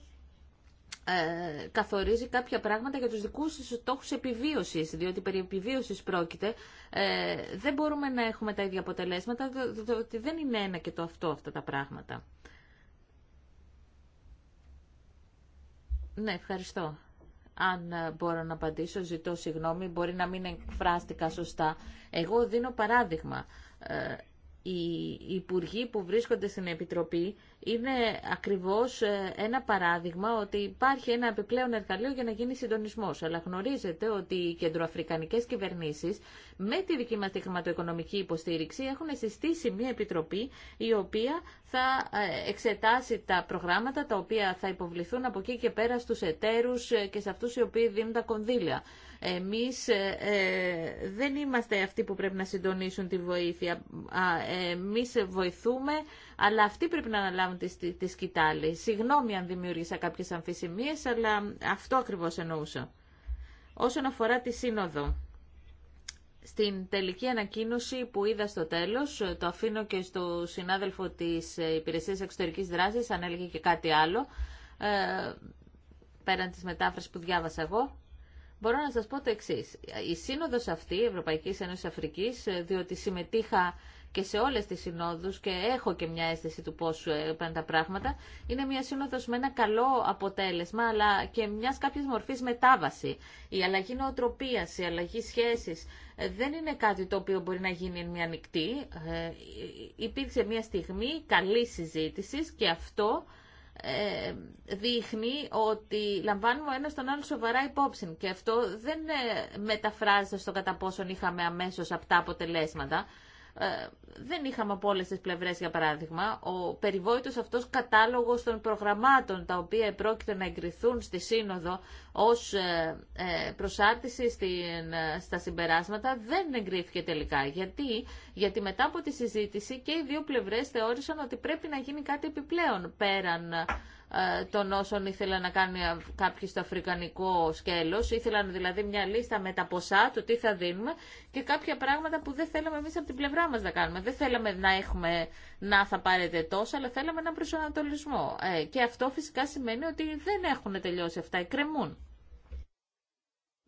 ε, καθορίζει κάποια πράγματα για τους δικούς τους στόχους επιβίωσης, διότι περί επιβίωσης πρόκειται. Ε, δεν μπορούμε να έχουμε τα ίδια αποτελέσματα, διότι δεν είναι ένα και το αυτό αυτά τα πράγματα. Ναι, ευχαριστώ. Αν ε, μπορώ να απαντήσω, ζητώ συγγνώμη, μπορεί να μην εκφράστηκα σωστά. Εγώ δίνω παράδειγμα. Ε, οι υπουργοί που βρίσκονται στην Επιτροπή είναι ακριβώς ε, ένα παράδειγμα ότι υπάρχει ένα επιπλέον εργαλείο για να γίνει συντονισμός. Αλλά γνωρίζετε ότι οι κεντροαφρικανικές κυβερνήσεις με τη δική μας τη χρηματοοικονομική υποστήριξη έχουν συστήσει μια επιτροπή η οποία θα ε, εξετάσει τα προγράμματα τα οποία θα υποβληθούν από εκεί και πέρα στους εταίρους ε, και σε αυτούς οι οποίοι δίνουν τα κονδύλια. Εμείς δεν είμαστε αυτοί που πρέπει να συντονίσουν τη βοήθεια. Εμείς βοηθούμε αλλά αυτοί πρέπει να αναλάβουν τη, τη, τη σκητάλη. Συγγνώμη αν δημιούργησα κάποιες αμφισημίε, αλλά αυτό ακριβώς εννοούσα. Όσον αφορά τη σύνοδο, στην τελική ανακοίνωση που είδα στο τέλος, το αφήνω και στο συνάδελφο της Υπηρεσίας Εξωτερικής Δράσης, αν έλεγε και κάτι άλλο, ε, πέραν της μετάφρασης που διάβασα εγώ, μπορώ να σας πω το εξής. Η σύνοδος αυτή, Ευρωπαϊκής Ένωσης Αφρικής, ε, διότι συμμετείχα και σε όλες τις συνόδους και έχω και μια αίσθηση του πώς ε, πάνε τα πράγματα, είναι μια σύνοδος με ένα καλό αποτέλεσμα αλλά και μιας κάποιες μορφής μετάβαση. Η αλλαγή νοοτροπίας, η αλλαγή σχέσης ε, δεν είναι κάτι το οποίο μπορεί να γίνει μια νυχτή. Ε, υπήρξε μια στιγμή καλή συζήτηση και αυτό δείχνει ότι λαμβάνουμε ένα τον άλλο σοβαρά υπόψη και αυτό δεν μεταφράζεται στο κατά πόσον είχαμε αμέσως αυτά αποτελέσματα ε, δεν είχαμε από όλε τι πλευρέ, για παράδειγμα, ο περιβόητο αυτό κατάλογο των προγραμμάτων τα οποία επρόκειτο να εγκριθούν στη Σύνοδο ω ε, ε, προσάρτηση στα συμπεράσματα δεν εγκρίθηκε τελικά. Γιατί? Γιατί μετά από τη συζήτηση και οι δύο πλευρέ θεώρησαν ότι πρέπει να γίνει κάτι επιπλέον πέραν ε, των όσων ήθελαν να κάνει κάποιο στο αφρικανικό σκέλος. Ήθελαν δηλαδή μια λίστα με τα ποσά του τι θα δίνουμε και κάποια πράγματα που δεν θέλαμε εμείς από την πλευρά μας να κάνουμε. Δεν θέλαμε να έχουμε να θα πάρετε τόσα, αλλά θέλαμε έναν προσανατολισμό. Ε, και αυτό φυσικά σημαίνει ότι δεν έχουν τελειώσει αυτά, εκκρεμούν.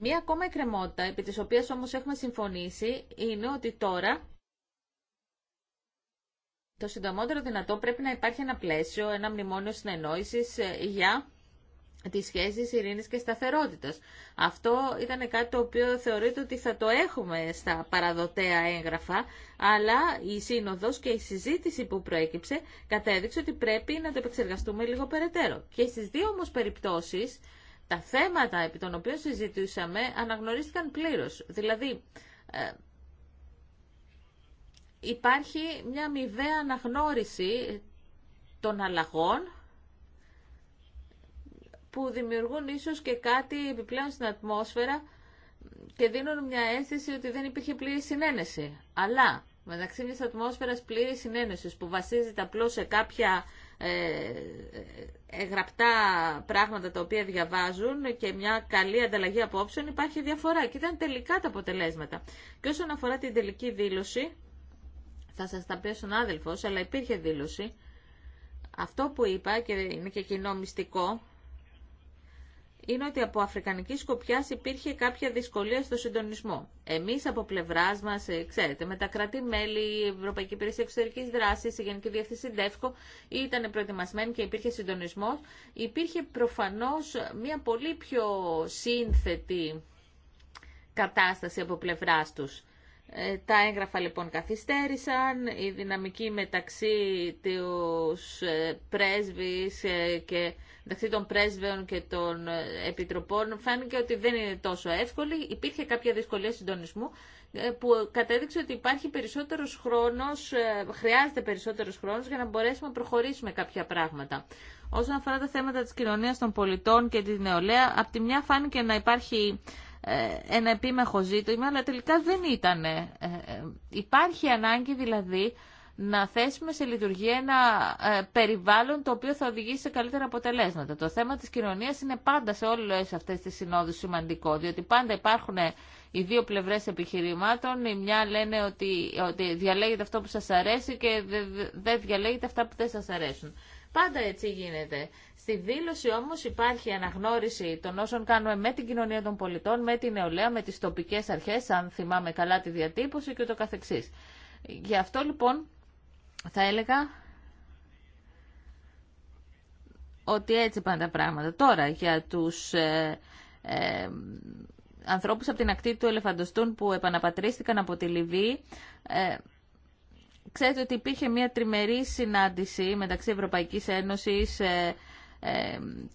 Μία ακόμα εκκρεμότητα, επί της οποίας όμως έχουμε συμφωνήσει, είναι ότι τώρα το συντομότερο δυνατό πρέπει να υπάρχει ένα πλαίσιο, ένα μνημόνιο συνεννόηση ε, για τις σχέσεις ειρήνης και σταθερότητας. Αυτό ήταν κάτι το οποίο θεωρείται ότι θα το έχουμε στα παραδοτέα έγγραφα, αλλά η σύνοδος και η συζήτηση που προέκυψε κατέδειξε ότι πρέπει να το επεξεργαστούμε λίγο περαιτέρω. Και στις δύο όμως περιπτώσεις, τα θέματα επί των οποίων συζητούσαμε αναγνωρίστηκαν πλήρως. Δηλαδή, ε, υπάρχει μια μηδέα αναγνώριση των αλλαγών που δημιουργούν ίσως και κάτι επιπλέον στην ατμόσφαιρα και δίνουν μια αίσθηση ότι δεν υπήρχε πλήρη συνένεση. Αλλά μεταξύ μιας ατμόσφαιρας πλήρης συνένεσης που βασίζεται απλώς σε κάποια ε, ε, γραπτά πράγματα τα οποία διαβάζουν και μια καλή ανταλλαγή απόψεων υπάρχει διαφορά και ήταν τελικά τα αποτελέσματα. Και όσον αφορά την τελική δήλωση θα σας τα πει στον συνάδελφος, αλλά υπήρχε δήλωση. Αυτό που είπα και είναι και κοινό μυστικό, είναι ότι από αφρικανική σκοπιά υπήρχε κάποια δυσκολία στο συντονισμό. Εμεί από πλευρά μα, ε, ξέρετε, με τα κράτη-μέλη, η Ευρωπαϊκή Υπηρεσία Εξωτερική Δράση, η Γενική Διευθύνση ΔΕΦΚΟ ήταν προετοιμασμένοι και υπήρχε συντονισμό. Υπήρχε προφανώ μια πολύ πιο σύνθετη κατάσταση από πλευρά του. Ε, τα έγγραφα λοιπόν καθυστέρησαν, η δυναμική μεταξύ τους ε, πρέσβης ε, και μεταξύ των πρέσβεων και των επιτροπών φάνηκε ότι δεν είναι τόσο εύκολη. Υπήρχε κάποια δυσκολία συντονισμού που κατέδειξε ότι υπάρχει περισσότερος χρόνος, χρειάζεται περισσότερος χρόνος για να μπορέσουμε να προχωρήσουμε κάποια πράγματα. Όσον αφορά τα θέματα της κοινωνίας των πολιτών και της νεολαία, από τη μια φάνηκε να υπάρχει ε, ένα επίμεχο ζήτημα, αλλά τελικά δεν ήταν. Ε, ε, υπάρχει ανάγκη δηλαδή να θέσουμε σε λειτουργία ένα περιβάλλον το οποίο θα οδηγήσει σε καλύτερα αποτελέσματα. Το θέμα της κοινωνίας είναι πάντα σε όλες αυτές τις συνόδους σημαντικό, διότι πάντα υπάρχουν οι δύο πλευρές επιχειρημάτων, η μια λένε ότι, ότι διαλέγετε αυτό που σας αρέσει και δεν διαλέγετε αυτά που δεν σας αρέσουν. Πάντα έτσι γίνεται. Στη δήλωση όμω υπάρχει αναγνώριση των όσων κάνουμε με την κοινωνία των πολιτών, με την νεολαία, με τις τοπικέ αρχές, αν θυμάμαι καλά τη διατύπωση και το καθεξής. Γι' αυτό λοιπόν θα έλεγα ότι έτσι πάνε τα πράγματα. Τώρα για τους ε, ε ανθρώπους από την ακτή του Ελεφαντοστούν που επαναπατρίστηκαν από τη Λιβύη, ε, ξέρετε ότι υπήρχε μια τριμερή συνάντηση μεταξύ Ευρωπαϊκής Ένωσης, ε,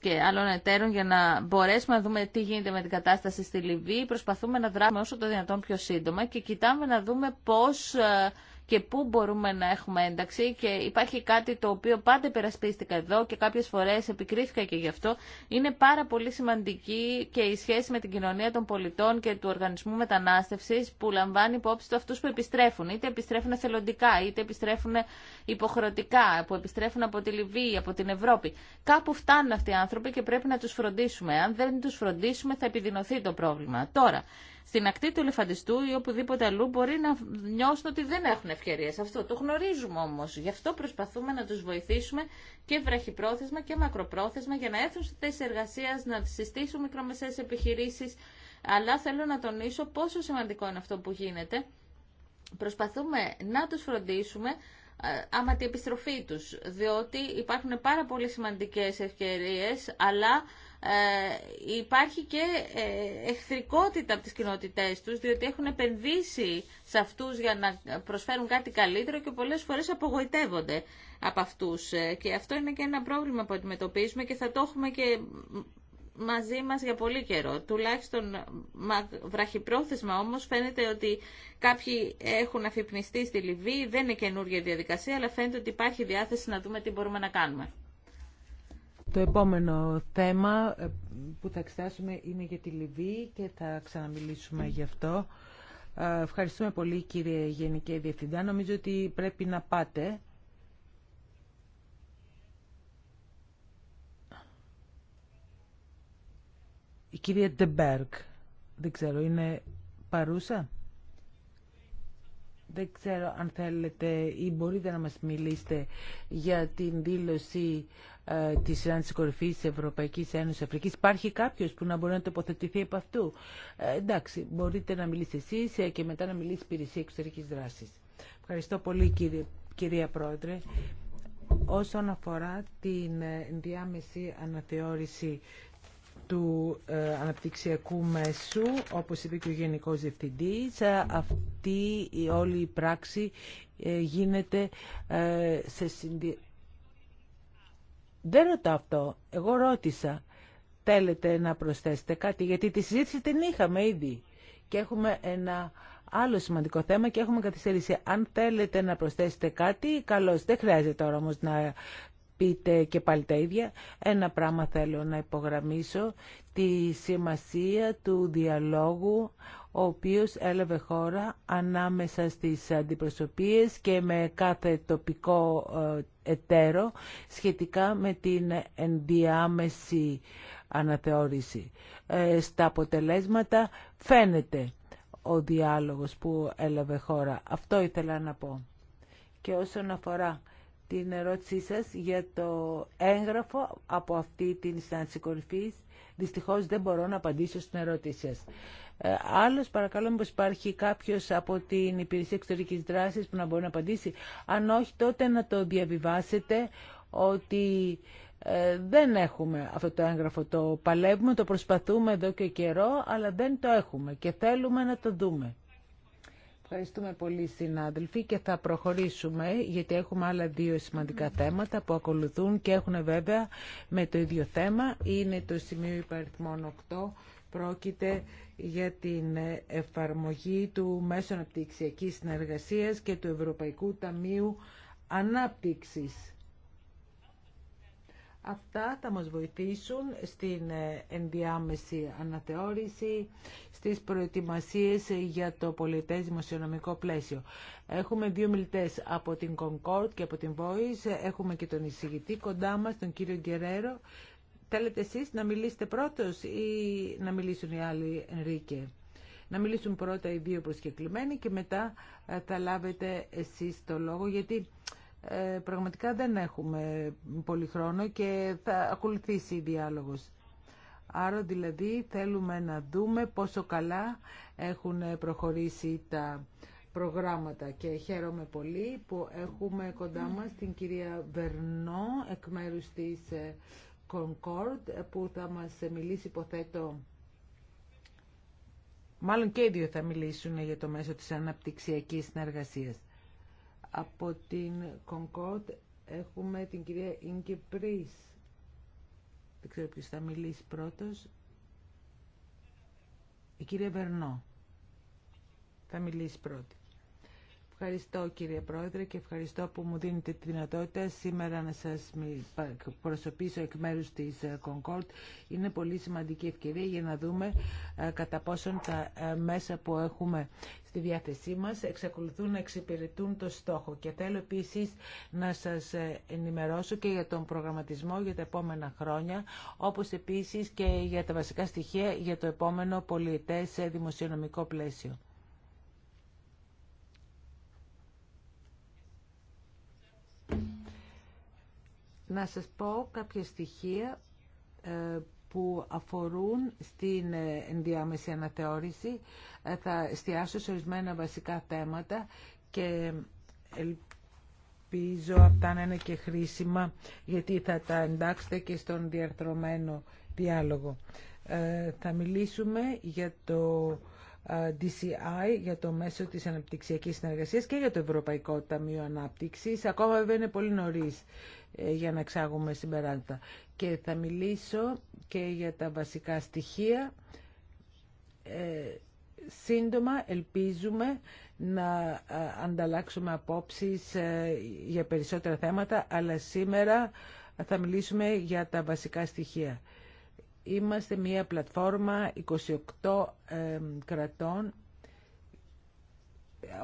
και άλλων εταίρων για να μπορέσουμε να δούμε τι γίνεται με την κατάσταση στη Λιβύη. Προσπαθούμε να δράσουμε όσο το δυνατόν πιο σύντομα και κοιτάμε να δούμε πώς ε, και πού μπορούμε να έχουμε ένταξη και υπάρχει κάτι το οποίο πάντα υπερασπίστηκα εδώ και κάποιες φορές επικρίθηκα και γι' αυτό. Είναι πάρα πολύ σημαντική και η σχέση με την κοινωνία των πολιτών και του Οργανισμού Μετανάστευσης που λαμβάνει υπόψη του αυτούς που επιστρέφουν. Είτε επιστρέφουν θελοντικά, είτε επιστρέφουν υποχρεωτικά, που επιστρέφουν από τη Λιβύη, από την Ευρώπη. Κάπου φτάνουν αυτοί οι άνθρωποι και πρέπει να τους φροντίσουμε. Αν δεν τους φροντίσουμε θα επιδεινωθεί το πρόβλημα. Τώρα, στην ακτή του ελεφαντιστού ή οπουδήποτε αλλού μπορεί να νιώσουν ότι δεν έχουν ευκαιρίε. Αυτό το γνωρίζουμε όμω. Γι' αυτό προσπαθούμε να του βοηθήσουμε και βραχυπρόθεσμα και μακροπρόθεσμα για να έρθουν στη θέση εργασία, να συστήσουν μικρομεσαίε επιχειρήσει. Αλλά θέλω να τονίσω πόσο σημαντικό είναι αυτό που γίνεται. Προσπαθούμε να τους φροντίσουμε ε, άμα τη επιστροφή τους, διότι υπάρχουν πάρα πολύ σημαντικές ευκαιρίες, αλλά ε, υπάρχει και ε, εχθρικότητα από τις κοινότητές τους, διότι έχουν επενδύσει σε αυτούς για να προσφέρουν κάτι καλύτερο και πολλές φορές απογοητεύονται από αυτούς. Ε, και αυτό είναι και ένα πρόβλημα που αντιμετωπίζουμε και θα το έχουμε και μαζί μας για πολύ καιρό. Τουλάχιστον βραχυπρόθεσμα όμως φαίνεται ότι κάποιοι έχουν αφυπνιστεί στη Λιβύη, δεν είναι καινούργια διαδικασία, αλλά φαίνεται ότι υπάρχει διάθεση να δούμε τι μπορούμε να κάνουμε. Το επόμενο θέμα ε, που θα εξετάσουμε είναι για τη Λιβύη και θα ξαναμιλήσουμε γι' αυτό. Ε, ευχαριστούμε πολύ κύριε Γενική Διευθυντά. Νομίζω ότι πρέπει να πάτε. Η κυρία Ντεμπέργκ, δεν ξέρω, είναι παρούσα. Δεν ξέρω αν θέλετε ή μπορείτε να μας μιλήσετε για την δήλωση ε, τη συνάντηση κορυφή τη Ευρωπαϊκή Ένωση Αφρική. Υπάρχει κάποιο που να μπορεί να τοποθετηθεί από αυτού. Ε, εντάξει, μπορείτε να μιλήσετε εσεί ε, και μετά να μιλήσει η Υπηρεσία Εξωτερική Δράση. Ευχαριστώ πολύ, κύριε, κυρία Πρόεδρε. Όσον αφορά την ε, διάμεση αναθεώρηση του αναπτυξιακού μέσου, όπως είπε και ο Γενικός Διευθυντής, αυτή η όλη η πράξη γίνεται σε συνδυασμό δεν ρωτάω αυτό. Εγώ ρώτησα. Θέλετε να προσθέσετε κάτι, γιατί τη συζήτηση την είχαμε ήδη. Και έχουμε ένα άλλο σημαντικό θέμα και έχουμε καθυστερήσει. Αν θέλετε να προσθέσετε κάτι, καλώς. Δεν χρειάζεται τώρα όμως να πείτε και πάλι τα ίδια. Ένα πράγμα θέλω να υπογραμμίσω, τη σημασία του διαλόγου ο οποίος έλαβε χώρα ανάμεσα στις αντιπροσωπείες και με κάθε τοπικό ε, εταίρο σχετικά με την ενδιάμεση αναθεώρηση. Ε, στα αποτελέσματα φαίνεται ο διάλογος που έλαβε χώρα. Αυτό ήθελα να πω. Και όσον αφορά την ερώτησή σας για το έγγραφο από αυτή την συνάντηση κορυφής, Δυστυχώ δεν μπορώ να απαντήσω στην ερώτησή σα. Ε, παρακαλώ μήπως υπάρχει κάποιο από την Υπηρεσία εξωτερική δράση που να μπορεί να απαντήσει. Αν όχι τότε να το διαβιβάσετε ότι ε, δεν έχουμε αυτό το έγγραφο. Το παλεύουμε, το προσπαθούμε εδώ και καιρό αλλά δεν το έχουμε και θέλουμε να το δούμε. Ευχαριστούμε πολύ συνάδελφοι και θα προχωρήσουμε γιατί έχουμε άλλα δύο σημαντικά θέματα που ακολουθούν και έχουν βέβαια με το ίδιο θέμα. Είναι το σημείο υπαριθμών 8. Πρόκειται για την εφαρμογή του Μέσων Αναπτυξιακής Συνεργασίας και του Ευρωπαϊκού Ταμείου Ανάπτυξης. Αυτά θα μας βοηθήσουν στην ε, ενδιάμεση αναθεώρηση, στις προετοιμασίες για το πολιτές δημοσιονομικό πλαίσιο. Έχουμε δύο μιλητές από την Concord και από την Voice. Έχουμε και τον εισηγητή κοντά μας, τον κύριο Γκερέρο. Θέλετε εσείς να μιλήσετε πρώτος ή να μιλήσουν οι άλλοι, Ενρίκε. Να μιλήσουν πρώτα οι δύο προσκεκλημένοι και μετά ε, θα λάβετε εσείς το λόγο, γιατί... Ε, πραγματικά δεν έχουμε πολύ χρόνο και θα ακολουθήσει η διάλογος. Άρα δηλαδή θέλουμε να δούμε πόσο καλά έχουν προχωρήσει τα προγράμματα και χαίρομαι πολύ που έχουμε κοντά μας την κυρία Βερνό εκ μέρους της ε, Concord που θα μας μιλήσει υποθέτω Μάλλον και οι δύο θα μιλήσουν για το μέσο της αναπτυξιακής συνεργασίας. Από την Κονκόρτ έχουμε την κυρία Ίνκη Δεν ξέρω ποιος θα μιλήσει πρώτος. Η κυρία Βερνό θα μιλήσει πρώτη. Ευχαριστώ κύριε Πρόεδρε και ευχαριστώ που μου δίνετε τη δυνατότητα σήμερα να σας προσωπήσω εκ μέρους της ε, Concord. Είναι πολύ σημαντική ευκαιρία για να δούμε ε, κατά πόσον τα ε, μέσα που έχουμε στη διάθεσή μας εξακολουθούν να εξυπηρετούν το στόχο. Και θέλω επίσης να σας ε, ενημερώσω και για τον προγραμματισμό για τα επόμενα χρόνια, όπως επίσης και για τα βασικά στοιχεία για το επόμενο σε δημοσιονομικό πλαίσιο. Να σας πω κάποια στοιχεία ε, που αφορούν στην ε, ενδιάμεση αναθεώρηση. Ε, θα εστιάσω σε ορισμένα βασικά θέματα και ελπίζω αυτά να είναι και χρήσιμα γιατί θα τα εντάξετε και στον διαρθρωμένο διάλογο. Ε, θα μιλήσουμε για το DCI, για το μέσο της αναπτυξιακής συνεργασίας και για το Ευρωπαϊκό Ταμείο Ανάπτυξης. Ακόμα βέβαια είναι πολύ νωρίς ε, για να εξάγουμε συμπεράσματα. Και θα μιλήσω και για τα βασικά στοιχεία. Ε, σύντομα ελπίζουμε να ε, ανταλλάξουμε απόψεις για περισσότερα θέματα, αλλά σήμερα θα μιλήσουμε για τα βασικά στοιχεία. Είμαστε μια πλατφόρμα 28 κρατών.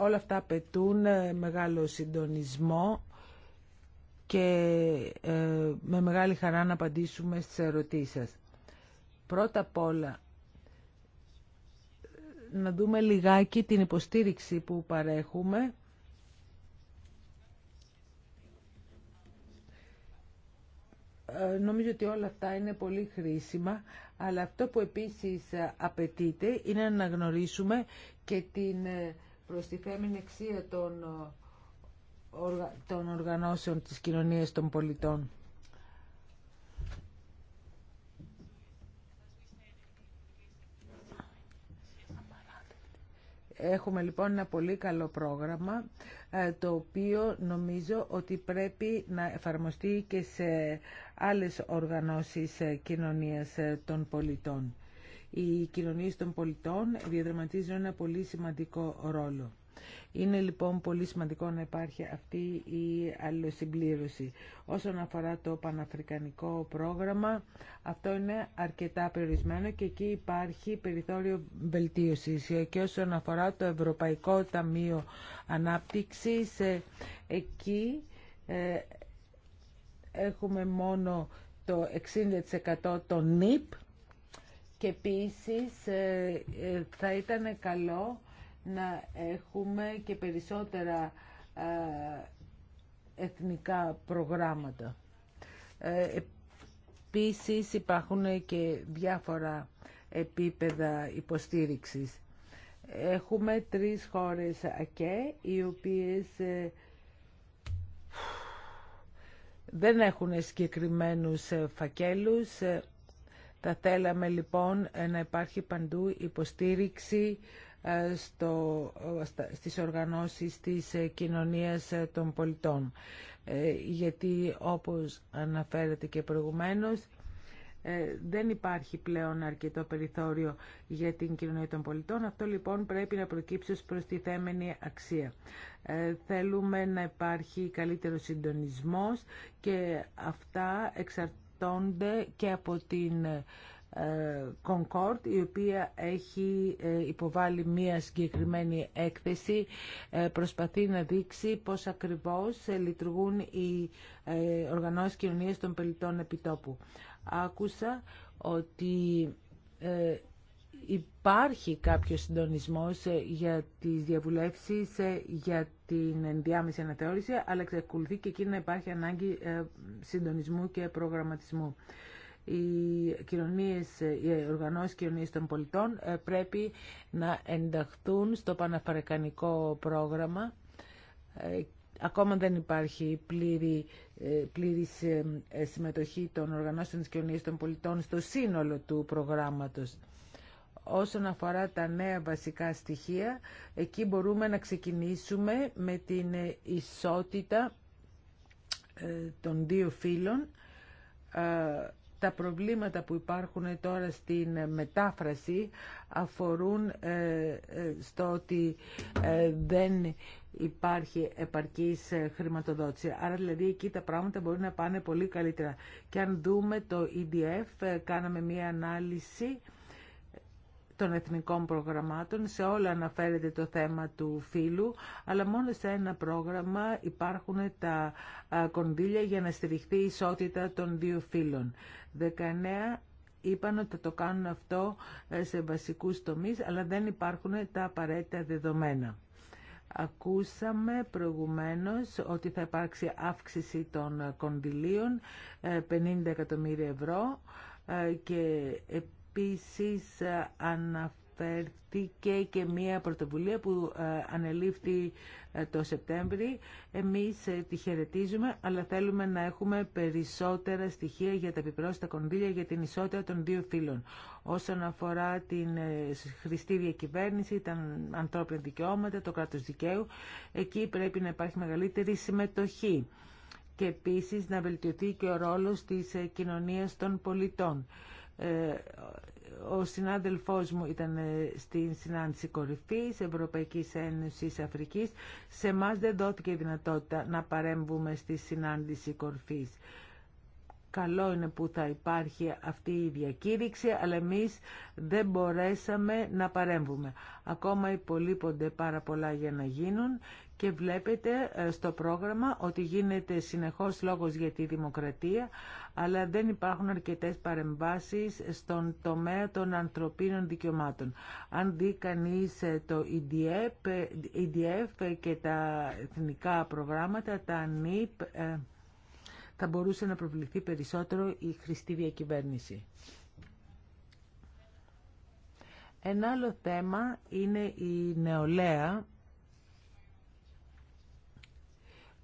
Όλα αυτά απαιτούν μεγάλο συντονισμό και ε, με μεγάλη χαρά να απαντήσουμε στις ερωτήσεις σας. Πρώτα απ' όλα, να δούμε λιγάκι την υποστήριξη που παρέχουμε ε, Νομίζω ότι όλα αυτά είναι πολύ χρήσιμα, αλλά αυτό που επίσης ε, απαιτείται είναι να γνωρίσουμε και την προστιθέμενη αξία των των οργανώσεων της κοινωνίας των πολιτών. Έχουμε λοιπόν ένα πολύ καλό πρόγραμμα, ε, το οποίο νομίζω ότι πρέπει να εφαρμοστεί και σε άλλες οργανώσεις ε, κοινωνίας ε, των πολιτών. Οι κοινωνίες των πολιτών διαδραματίζουν ένα πολύ σημαντικό ρόλο. Είναι λοιπόν πολύ σημαντικό να υπάρχει αυτή η αλληλοσυμπλήρωση. Όσον αφορά το Παναφρικανικό πρόγραμμα, αυτό είναι αρκετά περιορισμένο και εκεί υπάρχει περιθώριο βελτίωσης. Και όσον αφορά το Ευρωπαϊκό Ταμείο Ανάπτυξης, ε, εκεί ε, έχουμε μόνο το 60% των ΝΙΠ και επίσης ε, θα ήταν καλό να έχουμε και περισσότερα ε, εθνικά προγράμματα. Ε, επίσης υπάρχουν και διάφορα επίπεδα υποστήριξης. Έχουμε τρεις χώρες ΑΚΕ, οι οποίες ε, δεν έχουν συγκεκριμένους φακέλους. Θα θέλαμε λοιπόν να υπάρχει παντού υποστήριξη ε, στο, ε, στις οργανώσεις της ε, κοινωνίας των πολιτών. Γιατί όπως αναφέρεται και προηγουμένως, δεν υπάρχει πλέον αρκετό περιθώριο για την κοινωνία των πολιτών. Αυτό λοιπόν πρέπει να προκύψει ως προστιθέμενη αξία. Θέλουμε να υπάρχει καλύτερο συντονισμός και αυτά εξαρτώνται και από την ε, Concord, η οποία έχει ε, υποβάλει μία συγκεκριμένη έκθεση, ε, προσπαθεί να δείξει πώς ακριβώς λειτουργούν οι οργανώσεις κοινωνίας των πελητών επιτόπου. Άκουσα ότι υπάρχει κάποιο συντονισμός για τις διαβουλεύσεις για την ενδιάμεση αναθεώρηση, αλλά εξακολουθεί και εκεί να υπάρχει ανάγκη συντονισμού και προγραμματισμού οι, κοινωνίες, οι οργανώσεις κοινωνίας των πολιτών ε, πρέπει να ενταχθούν στο Παναφαρικανικό πρόγραμμα. Ε, ακόμα δεν υπάρχει πλήρη, ε, πλήρης συμμετοχή των οργανώσεων της κοινωνίας των πολιτών στο σύνολο του προγράμματος. Όσον αφορά τα νέα βασικά στοιχεία, εκεί μπορούμε να ξεκινήσουμε με την ισότητα των δύο φύλων τα προβλήματα που υπάρχουν τώρα στην μετάφραση αφορούν ε, ε, στο ότι ε, δεν υπάρχει επαρκής χρηματοδότηση. Άρα δηλαδή εκεί τα πράγματα μπορεί να πάνε πολύ καλύτερα. Και αν δούμε το EDF, κάναμε μία ανάλυση των εθνικών προγραμμάτων. Σε όλα αναφέρεται το θέμα του φύλου, αλλά μόνο σε ένα πρόγραμμα υπάρχουν τα κονδύλια για να στηριχθεί η ισότητα των δύο φύλων. 19 είπαν ότι το κάνουν αυτό ε, σε βασικούς τομείς, αλλά δεν υπάρχουν τα απαραίτητα δεδομένα. Ακούσαμε προηγουμένως ότι θα υπάρξει αύξηση των κονδυλίων 50 ε, εκατομμύρια ευρώ ε, και Επίσης ε, αναφέρθηκε και μία πρωτοβουλία που ε, ανελήφθη ε, το Σεπτέμβρη. Εμείς τη χαιρετίζουμε, αλλά θέλουμε να έχουμε περισσότερα στοιχεία για τα επιπρόσθετα κονδύλια για την ισότητα των δύο φύλων. Όσον αφορά την χρηστή διακυβέρνηση, τα ανθρώπινα δικαιώματα, το κράτος δικαίου, εκεί πρέπει να υπάρχει μεγαλύτερη συμμετοχή και επίσης να βελτιωθεί και ο ρόλος της κοινωνίας των πολιτών ο συνάδελφός μου ήταν ε, στην συνάντηση κορυφής Ευρωπαϊκής Ένωσης Αφρικής. Σε εμά δεν δόθηκε η δυνατότητα να παρέμβουμε στη συνάντηση κορυφής. Καλό είναι που θα υπάρχει αυτή η διακήρυξη, αλλά εμείς δεν μπορέσαμε να παρέμβουμε. Ακόμα υπολείπονται πάρα πολλά για να γίνουν και βλέπετε ε, στο πρόγραμμα ότι γίνεται συνεχώς λόγος για τη δημοκρατία, αλλά δεν υπάρχουν αρκετές παρεμβάσεις στον τομέα των ανθρωπίνων δικαιωμάτων. Αν δει κανείς ε, το EDF, EDF ε, και τα εθνικά προγράμματα, τα NIP, θα μπορούσε να προβληθεί περισσότερο η χρηστή διακυβέρνηση. Ένα άλλο θέμα είναι η νεολαία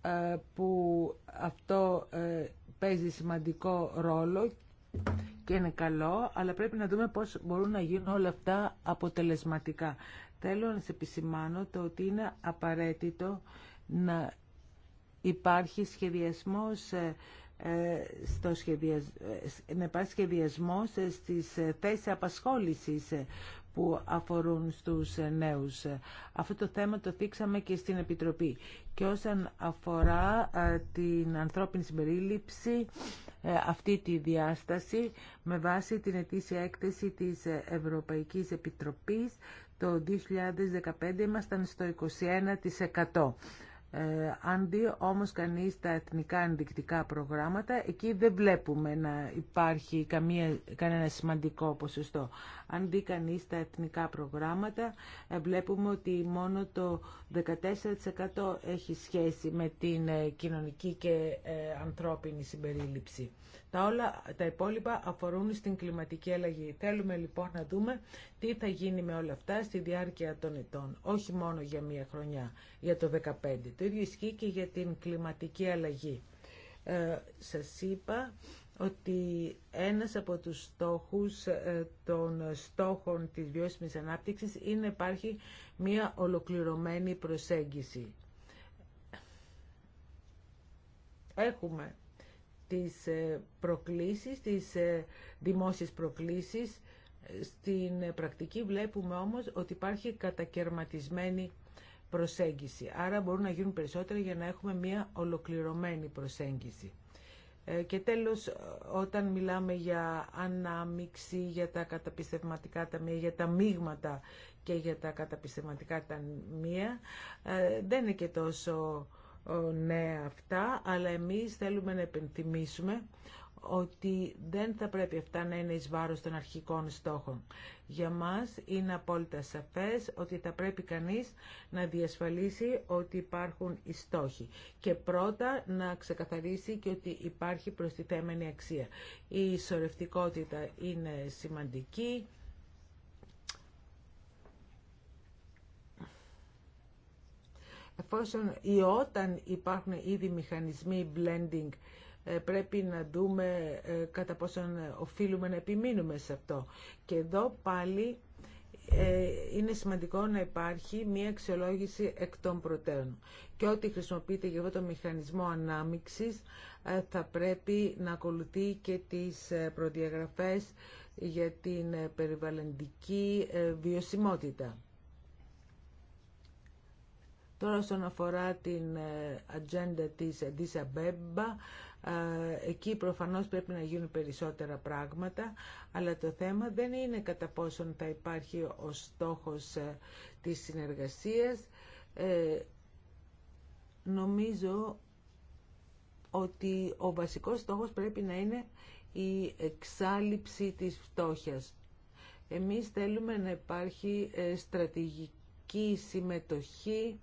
Ε, που αυτό ε, παίζει σημαντικό ρόλο και είναι καλό, αλλά πρέπει να δούμε πώς μπορούν να γίνουν όλα αυτά αποτελεσματικά. Θέλω να σε επισημάνω το ότι είναι απαραίτητο να υπάρχει σχεδιασμός ε, στο σχεδιασ... να υπάρχει σχεδιασμός στις θέσεις απασχόλησης που αφορούν στους ε, νέους. Αυτό το θέμα το θίξαμε και στην Επιτροπή. Και όσον αφορά ε, την ανθρώπινη συμπερίληψη, ε, αυτή τη διάσταση, με βάση την ετήσια έκθεση της Ευρωπαϊκής Επιτροπής, το 2015 ήμασταν στο 21%. Ε, αν δει όμως κανείς τα εθνικά ενδεικτικά προγράμματα, εκεί δεν βλέπουμε να υπάρχει καμία, κανένα σημαντικό ποσοστό. Αν δει κανείς τα εθνικά προγράμματα, ε, βλέπουμε ότι μόνο το 14% έχει σχέση με την ε, κοινωνική και ανθρώπινη συμπερίληψη. Τα, όλα, τα υπόλοιπα αφορούν στην κλιματική αλλαγή. Θέλουμε λοιπόν να δούμε τι θα γίνει με όλα αυτά στη διάρκεια των ετών, όχι μόνο για μία χρονιά, για το 2015. Το ίδιο ισχύει και για την κλιματική αλλαγή. Ε, σας είπα ότι ένας από τους στόχους ε, των στόχων της βιώσιμης ανάπτυξης είναι να υπάρχει μία ολοκληρωμένη προσέγγιση. Έχουμε τις ε, προκλήσεις, τις ε, δημόσιες προκλήσεις. Στην ε, πρακτική βλέπουμε όμως ότι υπάρχει κατακαιρματισμένη προσέγγιση. Άρα μπορούν να γίνουν περισσότερα για να έχουμε μια ολοκληρωμένη προσέγγιση. Και τέλος, όταν μιλάμε για ανάμιξη, για τα καταπιστευματικά ταμεία, για τα μείγματα και για τα καταπιστευματικά ταμεία, δεν είναι και τόσο ναι, αυτά, αλλά εμείς θέλουμε να επενθυμίσουμε ότι δεν θα πρέπει αυτά να είναι εις βάρος των αρχικών στόχων. Για μας είναι απόλυτα σαφές ότι θα πρέπει κανείς να διασφαλίσει ότι υπάρχουν οι στόχοι και πρώτα να ξεκαθαρίσει και ότι υπάρχει προστιθέμενη αξία. Η ισορρευτικότητα είναι σημαντική, εφόσον ή όταν υπάρχουν ήδη μηχανισμοί blending, ε, πρέπει να δούμε ε, κατά πόσον ε, οφείλουμε να επιμείνουμε σε αυτό. Και εδώ πάλι είναι σημαντικό να υπάρχει μία αξιολόγηση εκ των προτέρων. Και ό,τι χρησιμοποιείται για αυτό το μηχανισμό ανάμιξης θα πρέπει να ακολουθεί και τις προδιαγραφές για την περιβαλλοντική βιωσιμότητα. Τώρα όσον αφορά την ατζέντα ε, της Μπέμπα, ε, εκεί προφανώς πρέπει να γίνουν περισσότερα πράγματα, αλλά το θέμα δεν είναι κατά πόσον θα υπάρχει ο στόχος ε, της συνεργασίας. νομίζω ότι ο βασικός στόχος πρέπει να είναι η εξάλληψη της φτώχειας. Εμείς θέλουμε να υπάρχει στρατηγική συμμετοχή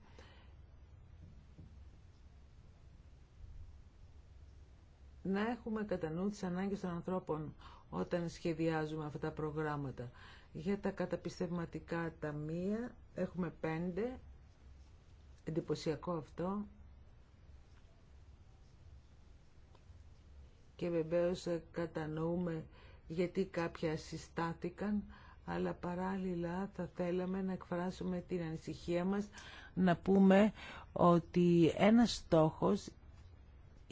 να έχουμε κατά νου τις ανάγκες των ανθρώπων όταν σχεδιάζουμε αυτά τα προγράμματα. Για τα καταπιστευματικά ταμεία έχουμε πέντε, εντυπωσιακό αυτό, και βεβαίως κατανοούμε γιατί κάποια συστάθηκαν, αλλά παράλληλα θα θέλαμε να εκφράσουμε την ανησυχία μας να πούμε ότι ένας στόχος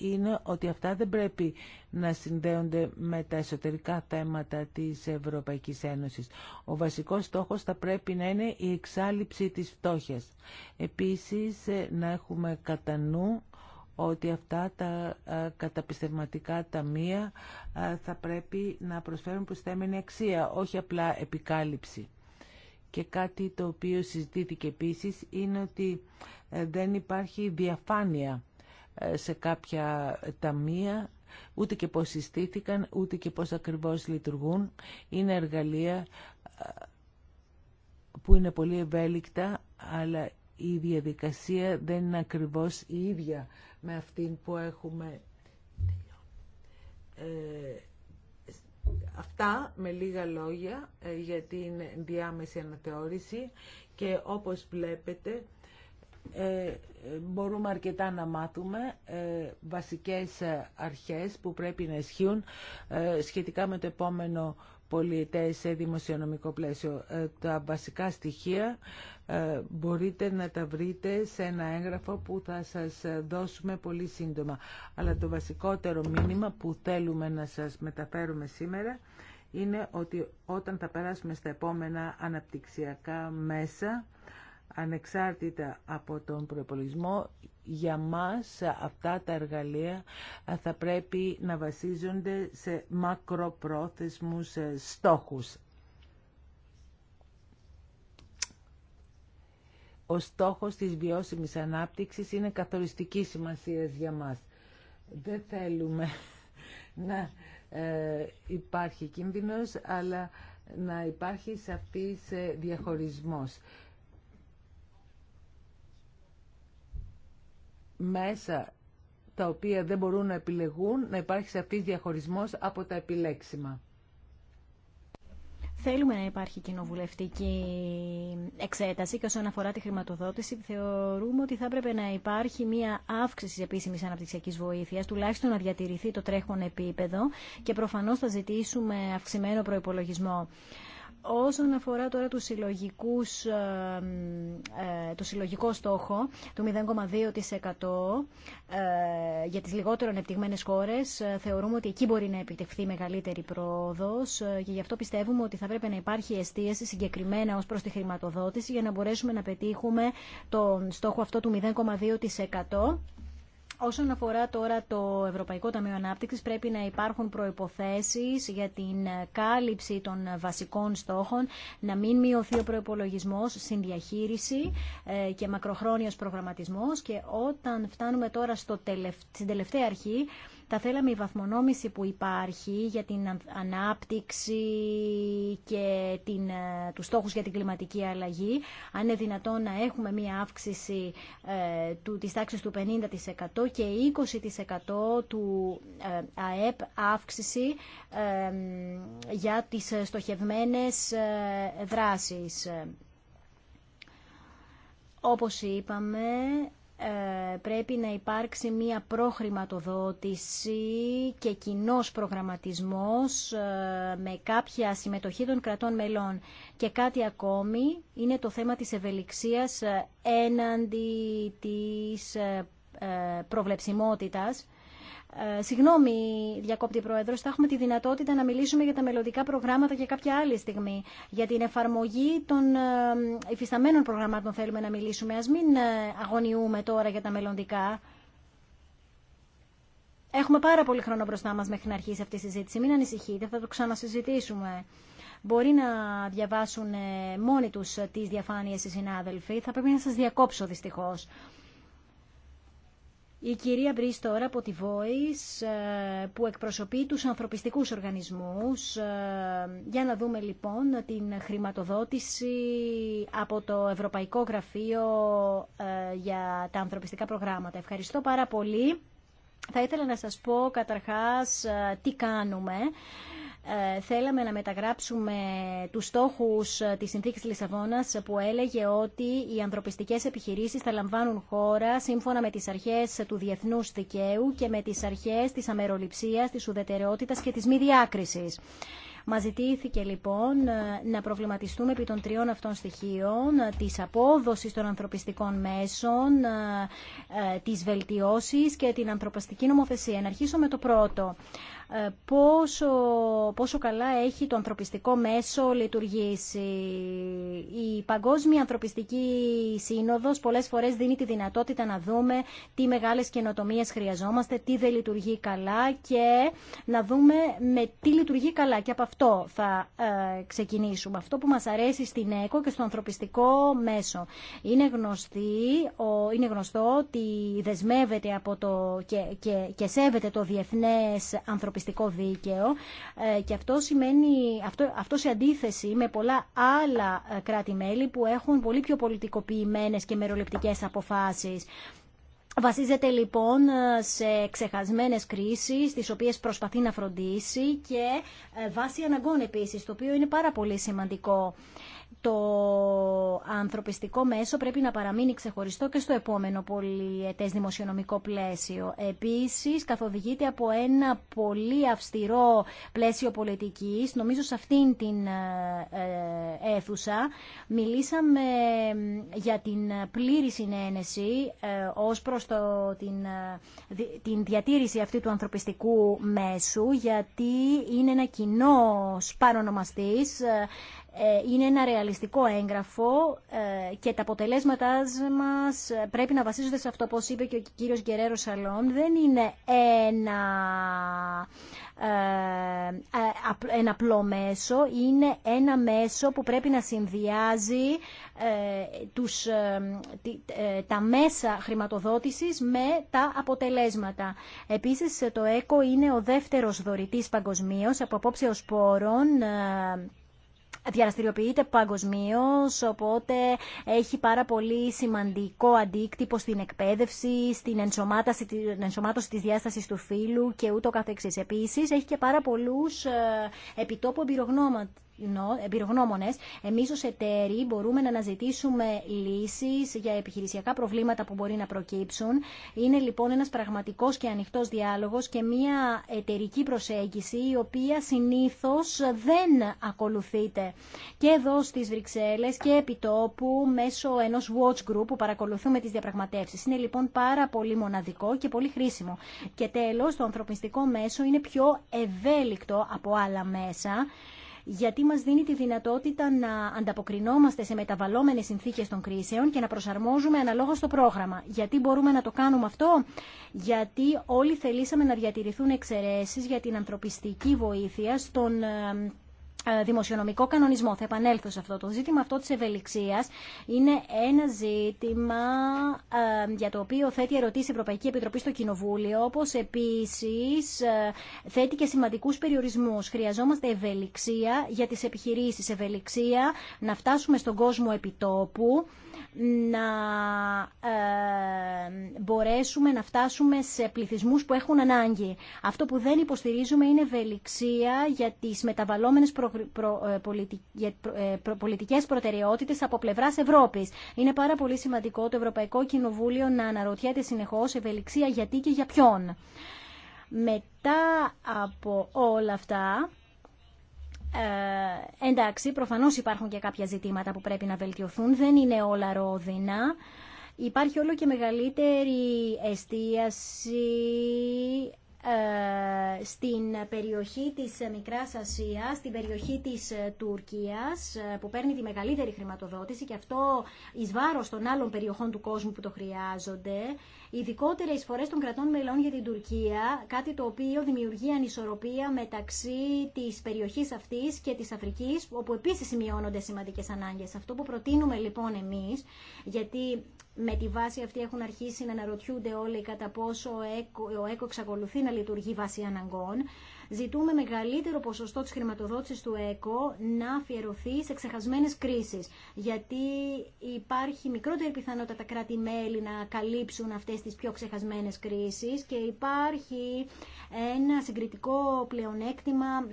είναι ότι αυτά δεν πρέπει να συνδέονται με τα εσωτερικά θέματα της Ευρωπαϊκής Ένωσης. Ο βασικός στόχος θα πρέπει να είναι η εξάλληψη της φτώχειας. Επίσης, ε, να έχουμε κατά νου ότι αυτά τα ε, καταπιστευματικά ταμεία ε, θα πρέπει να προσφέρουν προσθέμενη αξία, όχι απλά επικάλυψη. Και κάτι το οποίο συζητήθηκε επίσης είναι ότι δεν υπάρχει διαφάνεια ε, σε κάποια ταμεία, ούτε και πώς συστήθηκαν, ούτε και πώς ακριβώς λειτουργούν. Είναι εργαλεία ε, που είναι πολύ ευέλικτα, αλλά η διαδικασία δεν είναι ακριβώς η ίδια με αυτήν που έχουμε. Ε, αυτά με λίγα λόγια για την διάμεση αναθεώρηση και όπως βλέπετε ε, μπορούμε αρκετά να μάθουμε ε, βασικές αρχές που πρέπει να ισχύουν ε, σχετικά με το επόμενο σε δημοσιονομικό πλαίσιο. Ε, τα βασικά στοιχεία μπορείτε να τα βρείτε σε ένα έγγραφο που θα σας δώσουμε πολύ σύντομα. Αλλά το βασικότερο μήνυμα που θέλουμε να σας μεταφέρουμε σήμερα είναι ότι όταν θα περάσουμε στα επόμενα αναπτυξιακά μέσα ανεξάρτητα από τον προπολογισμό, για μας αυτά τα εργαλεία θα πρέπει να βασίζονται σε μακροπρόθεσμους στόχους. Ο στόχος της βιώσιμης ανάπτυξης είναι καθοριστική σημασία για μας. Δεν θέλουμε να ε, υπάρχει κίνδυνος, αλλά να υπάρχει σαφής ε, διαχωρισμός. μέσα τα οποία δεν μπορούν να επιλεγούν, να υπάρχει αυτή διαχωρισμός από τα επιλέξιμα. Θέλουμε να υπάρχει κοινοβουλευτική εξέταση και όσον αφορά τη χρηματοδότηση θεωρούμε ότι θα έπρεπε να υπάρχει μια αύξηση της επίσημη αναπτυξιακή βοήθειας, τουλάχιστον να διατηρηθεί το τρέχον επίπεδο και προφανώς θα ζητήσουμε αυξημένο προπολογισμό. Όσον αφορά τώρα τους συλλογικούς, ε, ε, το συλλογικό στόχο του 0,2% ε, για τις λιγότερο ανεπτυγμένες χώρες, θεωρούμε ότι εκεί μπορεί να επιτευχθεί μεγαλύτερη πρόοδος και γι' αυτό πιστεύουμε ότι θα πρέπει να υπάρχει εστίαση συγκεκριμένα ως προς τη χρηματοδότηση για να μπορέσουμε να πετύχουμε τον στόχο αυτό του 0,2% Όσον αφορά τώρα το Ευρωπαϊκό Ταμείο Ανάπτυξης, πρέπει να υπάρχουν προϋποθέσεις για την κάλυψη των βασικών στόχων, να μην μειωθεί ο προπολογισμό, συνδιαχείριση ε, και μακροχρόνιο προγραμματισμός. Και όταν φτάνουμε τώρα στο στην τελευταία αρχή, θα θέλαμε η βαθμονόμηση που υπάρχει για την ανάπτυξη και την, ε, τους στόχους για την κλιματική αλλαγή, αν είναι δυνατόν να έχουμε μία αύξηση ε, του, της τάξης του 50% και 20% του ε, ΑΕΠ αύξηση ε, για τις στοχευμένες δράσεις. Όπως είπαμε, ε, πρέπει να υπάρξει μία προχρηματοδότηση και κοινός προγραμματισμός ε, με κάποια συμμετοχή των κρατών μελών. Και κάτι ακόμη είναι το θέμα της ευελιξίας ε, έναντι της προβλεψιμότητας ε, συγγνώμη, διακόπτη Πρόεδρο, θα έχουμε τη δυνατότητα να μιλήσουμε για τα μελλοντικά προγράμματα για κάποια άλλη στιγμή. Για την εφαρμογή των ε, υφισταμένων προγραμμάτων θέλουμε να μιλήσουμε. Α μην ε, αγωνιούμε τώρα για τα μελλοντικά. Έχουμε πάρα πολύ χρόνο μπροστά μα μέχρι να αρχίσει αυτή η συζήτηση. Μην ανησυχείτε, θα το ξανασυζητήσουμε. Μπορεί να διαβάσουν ε, μόνοι του τι διαφάνειε οι συνάδελφοι. Θα πρέπει να σα διακόψω δυστυχώ η κυρία Μπρίς τώρα από τη Voice ε, που εκπροσωπεί τους ανθρωπιστικούς οργανισμούς. Ε, για να δούμε λοιπόν την χρηματοδότηση από το Ευρωπαϊκό Γραφείο ε, για τα ανθρωπιστικά προγράμματα. Ευχαριστώ πάρα πολύ. Θα ήθελα να σας πω καταρχάς τι κάνουμε. Ε, θέλαμε να μεταγράψουμε τους στόχους ε, της συνθήκης Λισαβόνας ε, που έλεγε ότι οι ανθρωπιστικές επιχειρήσεις θα λαμβάνουν χώρα σύμφωνα με τις αρχές του διεθνούς δικαίου και με τις αρχές της αμεροληψίας, της ουδετεραιότητας και της μη διάκρισης. Μα ζητήθηκε λοιπόν να προβληματιστούμε επί των τριών αυτών στοιχείων, της απόδοσης των ανθρωπιστικών μέσων, της βελτιώσης και την ανθρωπιστική νομοθεσία. Να αρχίσω με το πρώτο. Ε, πόσο, πόσο καλά έχει το ανθρωπιστικό μέσο λειτουργήσει. Η Παγκόσμια Ανθρωπιστική Σύνοδος πολλές φορές δίνει τη δυνατότητα να δούμε τι μεγάλες καινοτομίες χρειαζόμαστε, τι δεν λειτουργεί καλά και να δούμε με τι λειτουργεί καλά. Και από αυτό θα ε, ξεκινήσουμε. Αυτό που μας αρέσει στην ΕΚΟ και στο ανθρωπιστικό μέσο. Είναι, γνωστή, ο, είναι γνωστό ότι δεσμεύεται από και, και, και σέβεται το διεθνές ανθρωπιστικό ανθρωπιστικό δίκαιο ε, και αυτό, σημαίνει, αυτό, αυτό σε αντίθεση με πολλά άλλα ε, κράτη-μέλη που έχουν πολύ πιο πολιτικοποιημένες και μεροληπτικές αποφάσεις. Βασίζεται λοιπόν ε, σε ξεχασμένες κρίσεις τις οποίες προσπαθεί να φροντίσει και βάσει αναγκών επίσης, το οποίο είναι πάρα πολύ σημαντικό το ανθρωπιστικό μέσο πρέπει να παραμείνει ξεχωριστό και στο επόμενο πολιετές δημοσιονομικό πλαίσιο. Επίσης, καθοδηγείται από ένα πολύ αυστηρό πλαίσιο πολιτικής. Νομίζω σε αυτήν την ε, ε, αίθουσα μιλήσαμε για την πλήρη συνένεση ε, ως προς το, την, διατήρηση αυτή του ανθρωπιστικού μέσου, γιατί είναι ένα κοινό παρονομαστής ε, είναι ένα ρεαλιστικό έγγραφο ε, και τα αποτελέσματά μας πρέπει να βασίζονται σε αυτό, όπως είπε και ο κύριος Γκερέρο Σαλόν. Δεν είναι ένα, ε, ένα απλό μέσο, είναι ένα μέσο που πρέπει να συνδυάζει τα μέσα χρηματοδότησης με τα αποτελέσματα. Επίσης, το ΕΚΟ είναι ο δεύτερος δωρητής παγκοσμίως από απόψε πόρων Διαραστηριοποιείται παγκοσμίω, οπότε έχει πάρα πολύ σημαντικό αντίκτυπο στην εκπαίδευση, στην ενσωμάτωση, την ενσωμάτωση της διάστασης του φύλου και ούτω καθεξής. Επίσης, έχει και πάρα πολλούς ε, επιτόπου εμπειρογνώματος εμπειρογνώμονες, εμείς ως εταίροι μπορούμε να αναζητήσουμε λύσεις για επιχειρησιακά προβλήματα που μπορεί να προκύψουν. Είναι λοιπόν ένας πραγματικός και ανοιχτός διάλογος και μια εταιρική προσέγγιση η οποία συνήθως δεν ακολουθείται. Και εδώ στις Βρυξέλλες και επί τόπου μέσω ενός watch group που παρακολουθούμε τις διαπραγματεύσεις. Είναι λοιπόν πάρα πολύ μοναδικό και πολύ χρήσιμο. Και τέλος, το ανθρωπιστικό μέσο είναι πιο ευέλικτο από άλλα μέσα γιατί μας δίνει τη δυνατότητα να ανταποκρινόμαστε σε μεταβαλλόμενες συνθήκες των κρίσεων και να προσαρμόζουμε αναλόγως το πρόγραμμα. Γιατί μπορούμε να το κάνουμε αυτό? Γιατί όλοι θελήσαμε να διατηρηθούν εξαιρέσεις για την ανθρωπιστική βοήθεια στον ε, ε, δημοσιονομικό κανονισμό. Θα επανέλθω σε αυτό το ζήτημα. Αυτό της ευελιξίας είναι ένα ζήτημα ε, για το οποίο θέτει ερωτήσει η Ευρωπαϊκή Επιτροπή στο Κοινοβούλιο, όπως επίσης ε, θέτει και σημαντικούς περιορισμούς. Χρειαζόμαστε ευελιξία για τις επιχειρήσεις, ευελιξία να φτάσουμε στον κόσμο επιτόπου, να ε, μπορέσουμε να φτάσουμε σε πληθυσμούς που έχουν ανάγκη. Αυτό που δεν υποστηρίζουμε είναι ευελιξία για τις μεταβαλλόμενες προ, ε, ε, προ, πολιτικές προτεραιότητες από πλευράς Ευρώπης. Είναι πάρα πολύ σημαντικό το Ευρωπαϊκό Κοινοβούλιο να αναρωτιέται συνεχώς ευελιξία γιατί και για ποιον. Μετά από όλα αυτά, ε, εντάξει, προφανώς υπάρχουν και κάποια ζητήματα που πρέπει να βελτιωθούν. Δεν είναι όλα ρόδινα. Υπάρχει όλο και μεγαλύτερη εστίαση ε, στην περιοχή της Μικράς Ασίας, στην περιοχή της ε, Τουρκίας ε, που παίρνει τη μεγαλύτερη χρηματοδότηση και αυτό εις βάρος των άλλων περιοχών του κόσμου που το χρειάζονται. Ειδικότερα φορές των κρατών μελών για την Τουρκία, κάτι το οποίο δημιουργεί ανισορροπία μεταξύ της περιοχής αυτής και της Αφρικής, όπου επίσης σημειώνονται σημαντικές ανάγκες. Αυτό που προτείνουμε λοιπόν εμείς, γιατί με τη βάση αυτή έχουν αρχίσει να αναρωτιούνται όλοι κατά πόσο ο ΕΚΟ εξακολουθεί να λειτουργεί βάση αναγκών. Ζητούμε μεγαλύτερο ποσοστό της χρηματοδότησης του ΕΚΟ να αφιερωθεί σε ξεχασμένες κρίσεις. Γιατί υπάρχει μικρότερη πιθανότητα τα κράτη-μέλη να καλύψουν αυτές τις πιο ξεχασμένες κρίσεις και υπάρχει ένα συγκριτικό πλεονέκτημα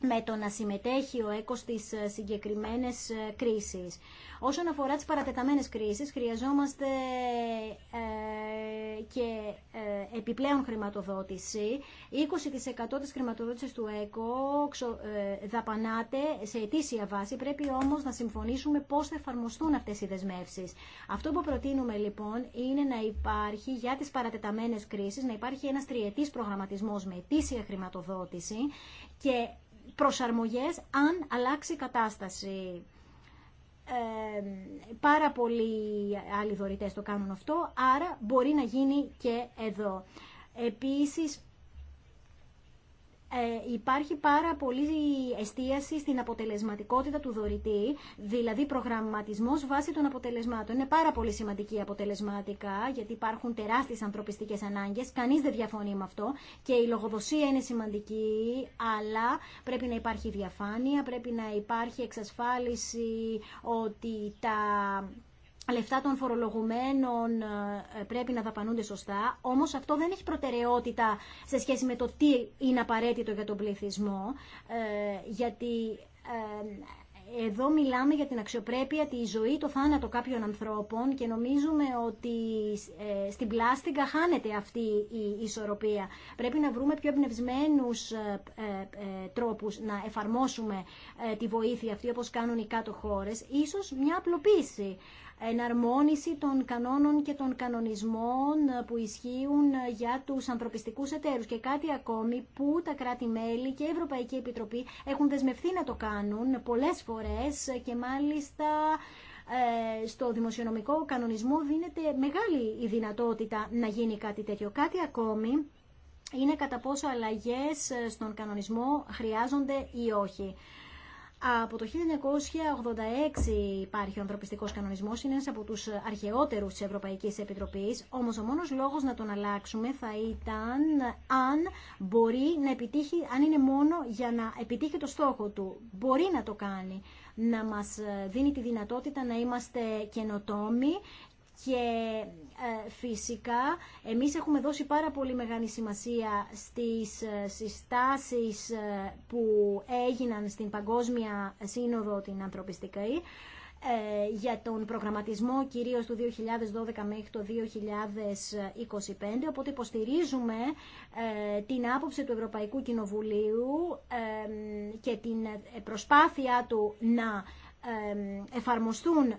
με το να συμμετέχει ο ΕΚΟ στις ε, συγκεκριμένες ε, κρίσεις. Όσον αφορά τις παρατεταμένες κρίσεις, χρειαζόμαστε ε, και επιπλέον χρηματοδότηση. 20% της χρηματοδότησης του ΕΚΟ δαπανάται σε ετήσια βάση, πρέπει όμως να συμφωνήσουμε πώς θα εφαρμοστούν αυτές οι δεσμεύσεις. Αυτό που προτείνουμε λοιπόν είναι να υπάρχει για τις παρατεταμένες κρίσεις, να υπάρχει ένας τριετής προγραμματισμός με ετήσια χρηματοδότηση και προσαρμογές αν αλλάξει η κατάσταση. Ε, πάρα πολλοί άλλοι δωρητές το κάνουν αυτό, άρα μπορεί να γίνει και εδώ. Επίσης, ε, υπάρχει πάρα πολύ εστίαση στην αποτελεσματικότητα του δωρητή, δηλαδή προγραμματισμός βάσει των αποτελεσμάτων. Είναι πάρα πολύ σημαντική αποτελεσματικά, γιατί υπάρχουν τεράστιες ανθρωπιστικές ανάγκες, κανείς δεν διαφωνεί με αυτό και η λογοδοσία είναι σημαντική, αλλά πρέπει να υπάρχει διαφάνεια, πρέπει να υπάρχει εξασφάλιση ότι τα λεφτά των φορολογουμένων ε, πρέπει να δαπανούνται σωστά, όμως αυτό δεν έχει προτεραιότητα σε σχέση με το τι είναι απαραίτητο για τον πληθυσμό, ε, γιατί ε, εδώ μιλάμε για την αξιοπρέπεια, τη ζωή, το θάνατο κάποιων ανθρώπων και νομίζουμε ότι στην πλάστικα χάνεται αυτή η ισορροπία. Πρέπει να βρούμε πιο εμπνευσμένου τρόπους να εφαρμόσουμε τη βοήθεια αυτή όπως κάνουν οι κάτω χώρες, ίσως μια απλοποίηση εναρμόνιση των κανόνων και των κανονισμών που ισχύουν για τους ανθρωπιστικούς εταίρους και κάτι ακόμη που τα κράτη-μέλη και η Ευρωπαϊκή Επιτροπή έχουν δεσμευθεί να το κάνουν πολλές φορές και μάλιστα ε, στο δημοσιονομικό κανονισμό δίνεται μεγάλη η δυνατότητα να γίνει κάτι τέτοιο. Κάτι ακόμη είναι κατά πόσο αλλαγές στον κανονισμό χρειάζονται ή όχι. Από το 1986 υπάρχει ο ανθρωπιστικός κανονισμός, είναι ένα από τους αρχαιότερους τη Ευρωπαϊκή Επιτροπή. όμως ο μόνος λόγος να τον αλλάξουμε θα ήταν αν μπορεί να επιτύχει, αν είναι μόνο για να επιτύχει το στόχο του. Μπορεί να το κάνει, να μας δίνει τη δυνατότητα να είμαστε καινοτόμοι, και ε, φυσικά εμείς έχουμε δώσει πάρα πολύ μεγάλη σημασία στις ε, συστάσεις ε, που έγιναν στην Παγκόσμια Σύνοδο την Ανθρωπιστική για τον προγραμματισμό κυρίως του 2012 μέχρι το 2025 οπότε υποστηρίζουμε την άποψη του Ευρωπαϊκού Κοινοβουλίου και την προσπάθεια του να εφαρμοστούν ε,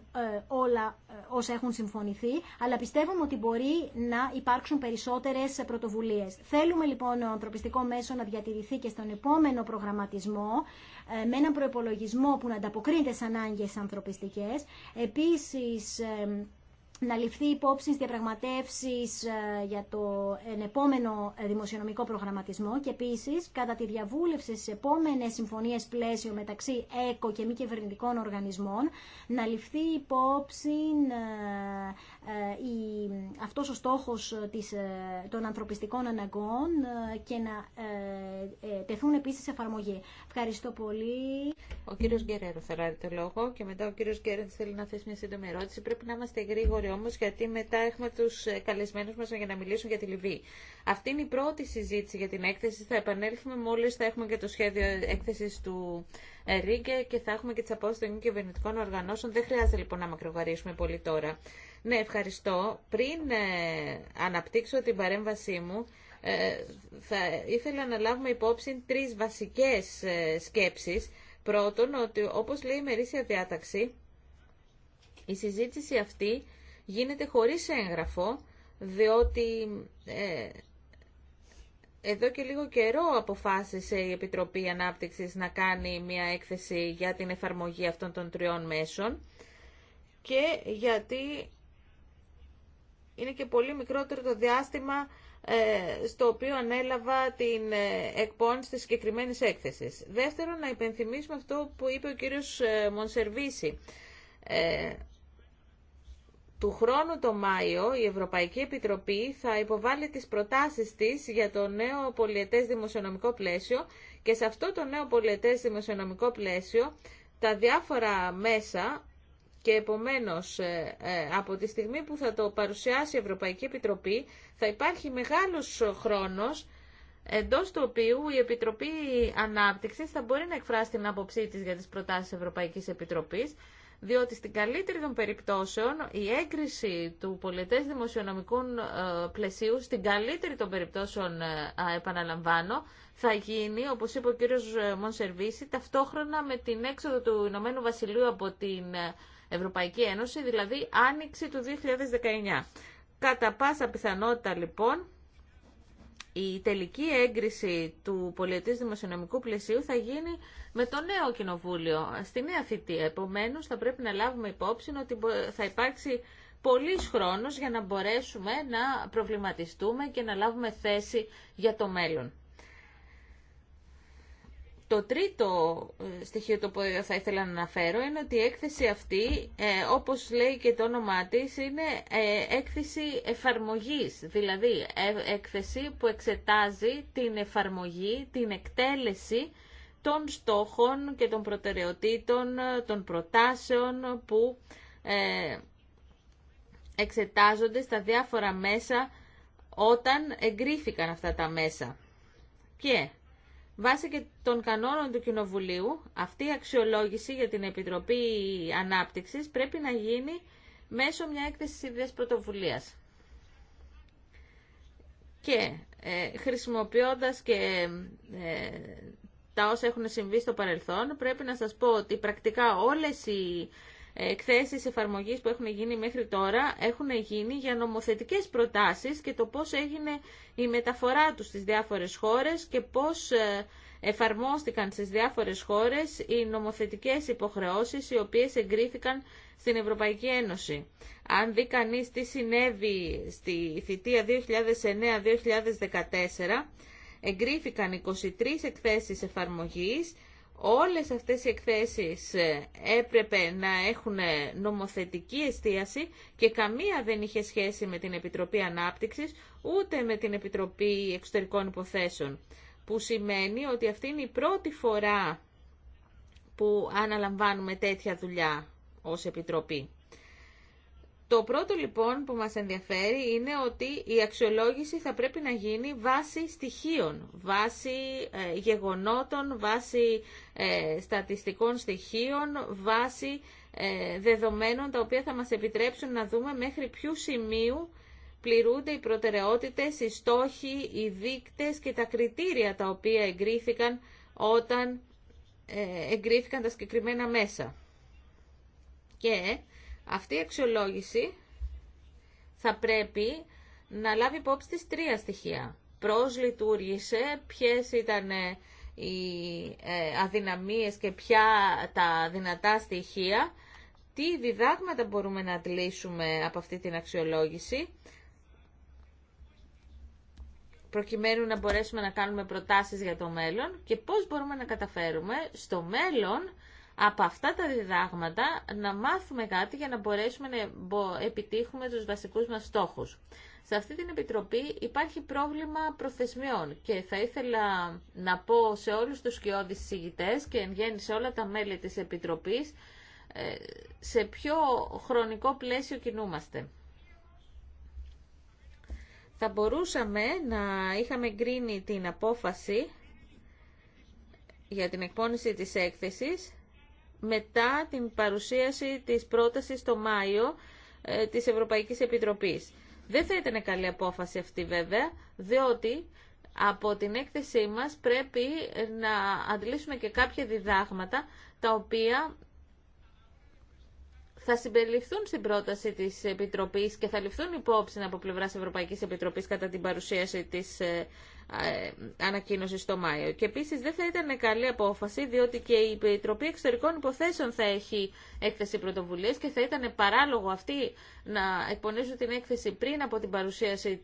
όλα ε, όσα έχουν συμφωνηθεί, αλλά πιστεύουμε ότι μπορεί να υπάρξουν περισσότερες πρωτοβουλίες. Θέλουμε λοιπόν ο ανθρωπιστικό μέσο να διατηρηθεί και στον επόμενο προγραμματισμό ε, με έναν προπολογισμό που να ανταποκρίνεται σε ανάγκες ανθρωπιστικές. Επίσης, να ληφθεί υπόψη στις διαπραγματεύσεις ε, για το επόμενο ε, δημοσιονομικό προγραμματισμό και επίσης κατά τη διαβούλευση στις επόμενες συμφωνίες πλαίσιο μεταξύ ΕΚΟ και μη κυβερνητικών οργανισμών να ληφθεί υπόψη ε, ε, η, αυτός ο στόχος ε, της, ε, των ανθρωπιστικών αναγκών και να τεθούν επίσης σε εφαρμογή. Ευχαριστώ πολύ. Ο κύριος Γκερέρο ράρει το λόγο και μετά ο κύριος Γκερέρο θέλει να θέσει μια σύντομη ερώτηση. Πρέπει να είμαστε γρήγοροι όμως γιατί μετά έχουμε τους καλεσμένους μας για να μιλήσουν για τη Λιβύη. Αυτή είναι η πρώτη συζήτηση για την έκθεση. Θα επανέλθουμε μόλις θα έχουμε και το σχέδιο έκθεσης του Ρίγκε και θα έχουμε και τις απόψεις των κυβερνητικών οργανώσεων. Δεν χρειάζεται λοιπόν να μακρογαρίσουμε πολύ τώρα. Ναι, ευχαριστώ. Πριν ε, αναπτύξω την παρέμβασή μου, ε, θα ήθελα να λάβουμε υπόψη τρεις βασικές ε, σκέψεις. Πρώτον, ότι όπως λέει η μερίσια διάταξη, η συζήτηση αυτή γίνεται χωρίς έγγραφο, διότι εδώ και λίγο καιρό αποφάσισε η Επιτροπή Ανάπτυξης να κάνει μια έκθεση για την εφαρμογή αυτών των τριών μέσων και γιατί είναι και πολύ μικρότερο το διάστημα ε, στο οποίο ανέλαβα την ε, εκπόνηση της συγκεκριμένη έκθεση. Δεύτερον, να υπενθυμίσουμε αυτό που είπε ο κύριος ε, Μονσερβίση. του χρόνου το Μάιο η Ευρωπαϊκή Επιτροπή θα υποβάλει τις προτάσεις της για το νέο πολιετές δημοσιονομικό πλαίσιο και σε αυτό το νέο πολιετές δημοσιονομικό πλαίσιο τα διάφορα μέσα και επομένως, ε, ε, από τη στιγμή που θα το παρουσιάσει η Ευρωπαϊκή Επιτροπή, θα υπάρχει μεγάλος χρόνος εντός του οποίου η Επιτροπή Ανάπτυξης θα μπορεί να εκφράσει την άποψή της για τις προτάσεις Ευρωπαϊκής Επιτροπής, διότι στην καλύτερη των περιπτώσεων η έγκριση του πολιτές δημοσιονομικού ε, πλαισίου, στην καλύτερη των περιπτώσεων, επαναλαμβάνω, θα γίνει, όπως είπε ο κύριος Μονσερβίση, ταυτόχρονα με την έξοδο του Ηνωμένου Βασιλείου από την Ευρωπαϊκή Ένωση, δηλαδή άνοιξη του 2019. Κατά πάσα πιθανότητα λοιπόν η τελική έγκριση του πολιετής δημοσιονομικού πλαισίου θα γίνει με το νέο κοινοβούλιο, στη νέα θητεία. Επομένως θα πρέπει να λάβουμε υπόψη ότι θα υπάρξει πολύς χρόνος για να μπορέσουμε να προβληματιστούμε και να λάβουμε θέση για το μέλλον. Το τρίτο ε, στοιχείο το οποίο θα ήθελα να αναφέρω είναι ότι η έκθεση αυτή, ε, όπως λέει και το όνομά της, είναι ε, έκθεση εφαρμογής, δηλαδή έκθεση που εξετάζει την εφαρμογή, την εκτέλεση των στόχων και των προτεραιοτήτων, των προτάσεων που εξετάζονται στα διάφορα μέσα όταν εγκρίθηκαν αυτά τα μέσα. Και Βάσει και των κανόνων του Κοινοβουλίου, αυτή η αξιολόγηση για την Επιτροπή Ανάπτυξης πρέπει να γίνει μέσω μια έκθεση ιδέας πρωτοβουλίας. Και ε, χρησιμοποιώντας και ε, τα όσα έχουν συμβεί στο παρελθόν, πρέπει να σας πω ότι πρακτικά όλες οι εκθέσεις εφαρμογής που έχουν γίνει μέχρι τώρα έχουν γίνει για νομοθετικές προτάσεις και το πώς έγινε η μεταφορά τους στις διάφορες χώρες και πώς ε, εφαρμόστηκαν στις διάφορες χώρες οι νομοθετικές υποχρεώσεις οι οποίες εγκρίθηκαν στην Ευρωπαϊκή Ένωση. Αν δει κανείς τι συνέβη στη θητεία 2009-2014, εγκρίθηκαν 23 εκθέσεις εφαρμογής όλες αυτές οι εκθέσεις ε, έπρεπε να έχουν ε, νομοθετική εστίαση και καμία δεν είχε σχέση με την Επιτροπή Ανάπτυξης ούτε με την Επιτροπή Εξωτερικών Υποθέσεων που σημαίνει ότι αυτή είναι η πρώτη φορά που αναλαμβάνουμε τέτοια δουλειά ως Επιτροπή. Το πρώτο λοιπόν που μας ενδιαφέρει είναι ότι η αξιολόγηση θα πρέπει να γίνει βάσει στοιχείων, βάσει γεγονότων, βάσει στατιστικών στοιχείων, βάσει δεδομένων τα οποία θα μας επιτρέψουν να δούμε μέχρι ποιου σημείου πληρούνται οι προτεραιότητες, οι στόχοι, οι δείκτες και τα κριτήρια τα οποία εγκρίθηκαν όταν ε, εγκρίθηκαν τα συγκεκριμένα μέσα. Και αυτή η αξιολόγηση θα πρέπει να λάβει υπόψη τις τρία στοιχεία. Πώς λειτουργήσε, ποιες ήταν ε, οι ε, αδυναμίες και ποια τα δυνατά στοιχεία, τι διδάγματα μπορούμε να αντλήσουμε από αυτή την αξιολόγηση, προκειμένου να μπορέσουμε να κάνουμε προτάσεις για το μέλλον και πώς μπορούμε να καταφέρουμε στο μέλλον από αυτά τα διδάγματα να μάθουμε κάτι για να μπορέσουμε να επιτύχουμε τους βασικούς μας στόχους. Σε αυτή την Επιτροπή υπάρχει πρόβλημα προθεσμιών και θα ήθελα να πω σε όλους τους σκιώδεις συγητές και εν γέννη σε όλα τα μέλη της Επιτροπής ε, σε ποιο χρονικό πλαίσιο κινούμαστε. Θα μπορούσαμε να είχαμε γκρίνει την απόφαση για την εκπόνηση της έκθεσης μετά την παρουσίαση της πρότασης το Μάιο ε, της Ευρωπαϊκής Επιτροπής. Δεν θα ήταν καλή απόφαση αυτή βέβαια, διότι από την έκθεσή μας πρέπει να αντλήσουμε και κάποια διδάγματα τα οποία θα συμπεριληφθούν στην πρόταση της Επιτροπής και θα ληφθούν υπόψη από πλευράς Ευρωπαϊκής Επιτροπής κατά την παρουσίαση της ε, ε, ανακοίνωση στο Μάιο. Και επίση δεν θα ήταν καλή απόφαση, διότι και η Επιτροπή Εξωτερικών Υποθέσεων θα έχει έκθεση πρωτοβουλίε και θα ήταν παράλογο αυτή να εκπονήσουν την έκθεση πριν από την παρουσίαση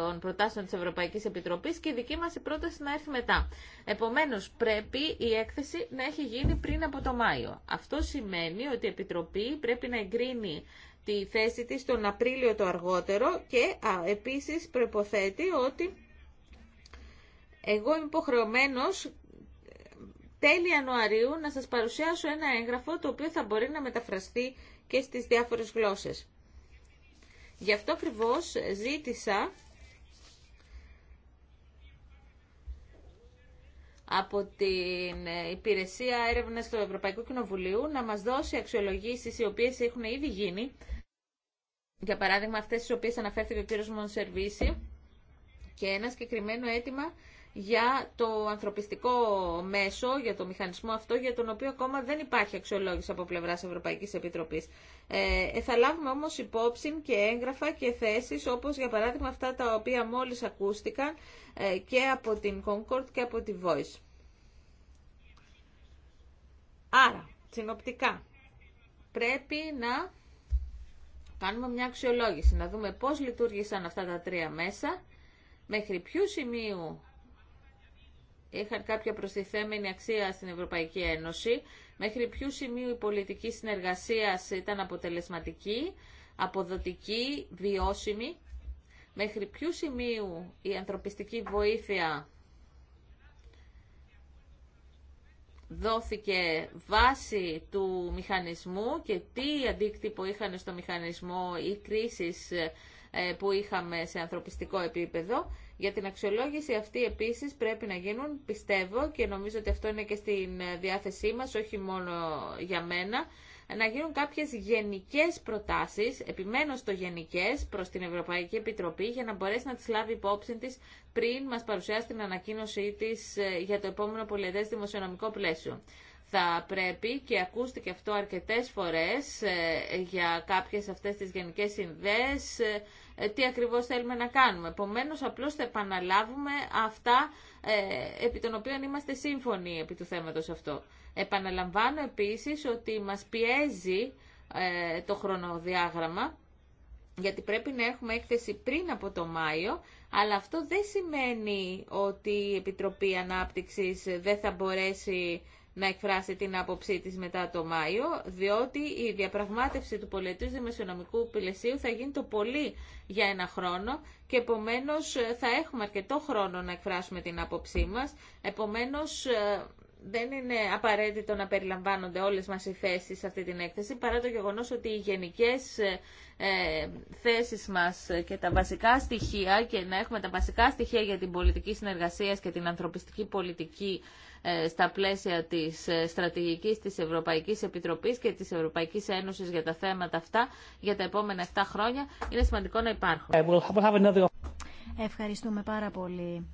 των προτάσεων τη Ευρωπαϊκή Επιτροπή και η δική μα πρόταση να έρθει μετά. Επομένω, πρέπει η έκθεση να έχει γίνει πριν από το Μάιο. Αυτό σημαίνει ότι η Επιτροπή πρέπει να εγκρίνει τη θέση της τον Απρίλιο το αργότερο και α, επίσης προϋποθέτει ότι εγώ είμαι υποχρεωμένο τέλη Ιανουαρίου να σας παρουσιάσω ένα έγγραφο το οποίο θα μπορεί να μεταφραστεί και στις διάφορες γλώσσες. Γι' αυτό ακριβώ ζήτησα από την Υπηρεσία Έρευνας του Ευρωπαϊκού Κοινοβουλίου να μας δώσει αξιολογήσεις οι οποίες έχουν ήδη γίνει. Για παράδειγμα αυτές τις οποίες αναφέρθηκε ο κύριος Μονσερβίση και ένα συγκεκριμένο αίτημα για το ανθρωπιστικό μέσο, για το μηχανισμό αυτό, για τον οποίο ακόμα δεν υπάρχει αξιολόγηση από πλευράς Ευρωπαϊκής Επιτροπής. Ε, ε θα λάβουμε όμως υπόψη και έγγραφα και θέσει όπως για παράδειγμα αυτά τα οποία μόλις ακούστηκαν ε, και από την Concord και από τη Voice. Άρα, συνοπτικά, πρέπει να κάνουμε μια αξιολόγηση, να δούμε πώς λειτουργήσαν αυτά τα τρία μέσα, μέχρι ποιου σημείου είχαν κάποια προστιθέμενη αξία στην Ευρωπαϊκή Ένωση, μέχρι ποιου σημείου η πολιτική συνεργασία ήταν αποτελεσματική, αποδοτική, βιώσιμη, μέχρι ποιου σημείου η ανθρωπιστική βοήθεια δόθηκε βάση του μηχανισμού και τι αντίκτυπο είχαν στο μηχανισμό οι κρίσεις ε, που είχαμε σε ανθρωπιστικό επίπεδο για την αξιολόγηση αυτή επίση πρέπει να γίνουν, πιστεύω, και νομίζω ότι αυτό είναι και στην ε, διάθεσή μας, όχι μόνο για μένα, να γίνουν κάποιες γενικές προτάσεις, επιμένω στο γενικές, προς την Ευρωπαϊκή Επιτροπή για να μπορέσει να τις λάβει υπόψη της πριν μας παρουσιάσει την ανακοίνωσή της ε, για το επόμενο πολιετές δημοσιονομικό πλαίσιο. Θα πρέπει, και ακούστηκε αυτό αρκετές φορές ε, για κάποιες αυτές τις γενικές συνδέες, ε, τι ακριβώς θέλουμε να κάνουμε. Επομένως, απλώς θα επαναλάβουμε αυτά ε, επί των οποίων είμαστε σύμφωνοι επί του θέματος αυτό. Επαναλαμβάνω επίσης ότι μας πιέζει ε, το χρονοδιάγραμμα γιατί πρέπει να έχουμε έκθεση πριν από το Μάιο, αλλά αυτό δεν σημαίνει ότι η Επιτροπή Ανάπτυξης δεν θα μπορέσει να εκφράσει την άποψή της μετά το Μάιο, διότι η διαπραγμάτευση του πολιτικού δημοσιονομικού πλαισίου θα γίνει το πολύ για ένα χρόνο και επομένως ε, θα έχουμε αρκετό χρόνο να εκφράσουμε την άποψή μας. Επομένως ε, δεν είναι απαραίτητο να περιλαμβάνονται όλες μας οι θέσεις σε αυτή την έκθεση, παρά το γεγονός ότι οι γενικές ε, ε, θέσεις μας και τα βασικά στοιχεία και να έχουμε τα βασικά στοιχεία για την πολιτική συνεργασία και την ανθρωπιστική πολιτική ε, στα πλαίσια της ε, στρατηγικής της Ευρωπαϊκής Επιτροπής και της Ευρωπαϊκής Ένωσης για τα θέματα αυτά για τα επόμενα 7 χρόνια είναι σημαντικό να υπάρχουν. Ε, Ευχαριστούμε πάρα πολύ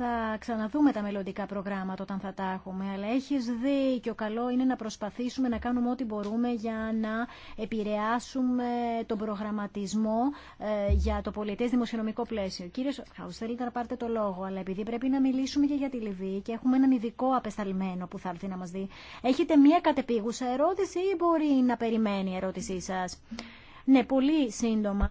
θα ξαναδούμε τα μελλοντικά προγράμματα όταν θα τα έχουμε. Αλλά έχεις δει ο Καλό είναι να προσπαθήσουμε να κάνουμε ό,τι μπορούμε για να επηρεάσουμε τον προγραμματισμό ε, για το πολιτές δημοσιονομικό πλαίσιο. Κύριε Σοφχάους, θέλετε να πάρετε το λόγο, αλλά επειδή πρέπει να μιλήσουμε και για τη Λιβύη και έχουμε έναν ειδικό απεσταλμένο που θα έρθει να μας δει, έχετε μία κατεπίγουσα ερώτηση ή μπορεί να περιμένει η ερώτησή σας. Ναι, πολύ σύντομα.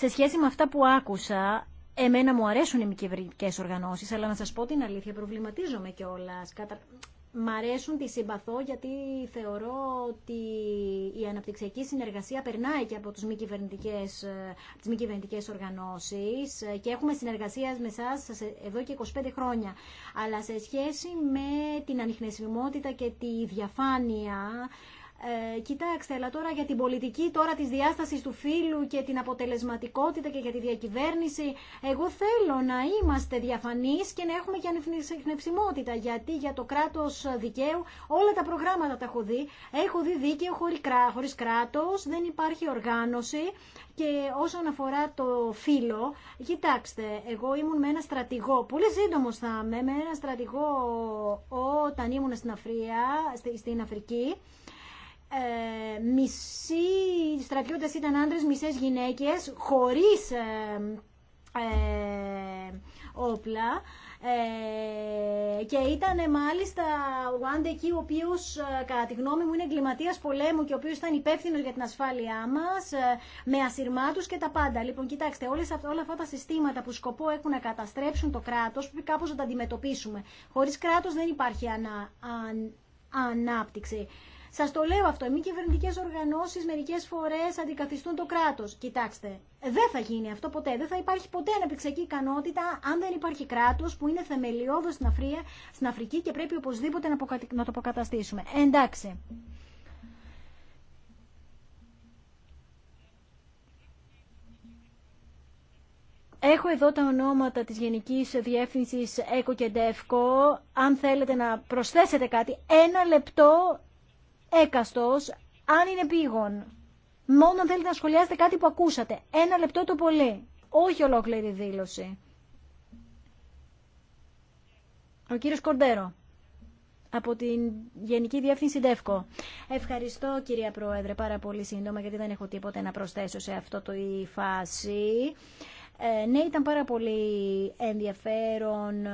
Σε σχέση με αυτά που άκουσα, εμένα μου αρέσουν οι μη κυβερνητικέ οργανώσει, αλλά να σα πω την αλήθεια, προβληματίζομαι κιόλα. Κατα... Μ' αρέσουν, τη συμπαθώ, γιατί θεωρώ ότι η αναπτυξιακή συνεργασία περνάει και από τους μη κυβερνητικές, ε, τις μη οργανώσεις ε, και έχουμε συνεργασία με εσά εδώ και 25 χρόνια. Αλλά σε σχέση με την ανιχνεσιμότητα και τη διαφάνεια, ε, κοιτάξτε, αλλά τώρα για την πολιτική τώρα της διάστασης του φύλου και την αποτελεσματικότητα και για τη διακυβέρνηση, εγώ θέλω να είμαστε διαφανείς και να έχουμε και ανευνευσιμότητα, γιατί για το κράτος δικαίου όλα τα προγράμματα τα έχω δει. Έχω δει δίκαιο χωρίς κράτος, δεν υπάρχει οργάνωση και όσον αφορά το φίλο κοιτάξτε, εγώ ήμουν με ένα στρατηγό, πολύ σύντομο θα είμαι, με ένα στρατηγό όταν ήμουν στην, Αφρία, στην Αφρική, ε, μισοί στρατιώτες ήταν άντρες, μισές γυναίκες, χωρίς ε, ε όπλα ε, και ήταν μάλιστα ο Άντε εκεί ο οποίος ε, κατά τη γνώμη μου είναι εγκληματία πολέμου και ο οποίος ήταν υπεύθυνο για την ασφάλειά μας ε, με ασυρμάτους και τα πάντα. Λοιπόν, κοιτάξτε, όλες, όλα αυτά τα συστήματα που σκοπό έχουν να καταστρέψουν το κράτος πρέπει κάπως να τα αντιμετωπίσουμε. Χωρίς κράτος δεν υπάρχει ανα, ανάπτυξη. Σας το λέω αυτό. Οι μη κυβερνητικέ οργανώσεις μερικές φορέ αντικαθιστούν το κράτος. Κοιτάξτε, δεν θα γίνει αυτό ποτέ. Δεν θα υπάρχει ποτέ αναπτυξιακή ικανότητα αν δεν υπάρχει κράτος που είναι θεμελιώδο στην, στην Αφρική και πρέπει οπωσδήποτε να το αποκαταστήσουμε. Εντάξει. Έχω εδώ τα ονόματα της Γενικής Διεύθυνσης ΕΚΟ και ΔΕΦΚΟ. Αν θέλετε να προσθέσετε κάτι, ένα λεπτό έκαστος αν είναι πήγον. Μόνο αν θέλετε να σχολιάσετε κάτι που ακούσατε. Ένα λεπτό το πολύ. Όχι ολόκληρη δήλωση. Ο κύριος Κορντέρο από την Γενική Διεύθυνση ΔΕΦΚΟ. Ευχαριστώ κυρία Πρόεδρε πάρα πολύ σύντομα γιατί δεν έχω τίποτα να προσθέσω σε αυτό το η φάση. Ε, ναι, ήταν πάρα πολύ ενδιαφέρον, ε,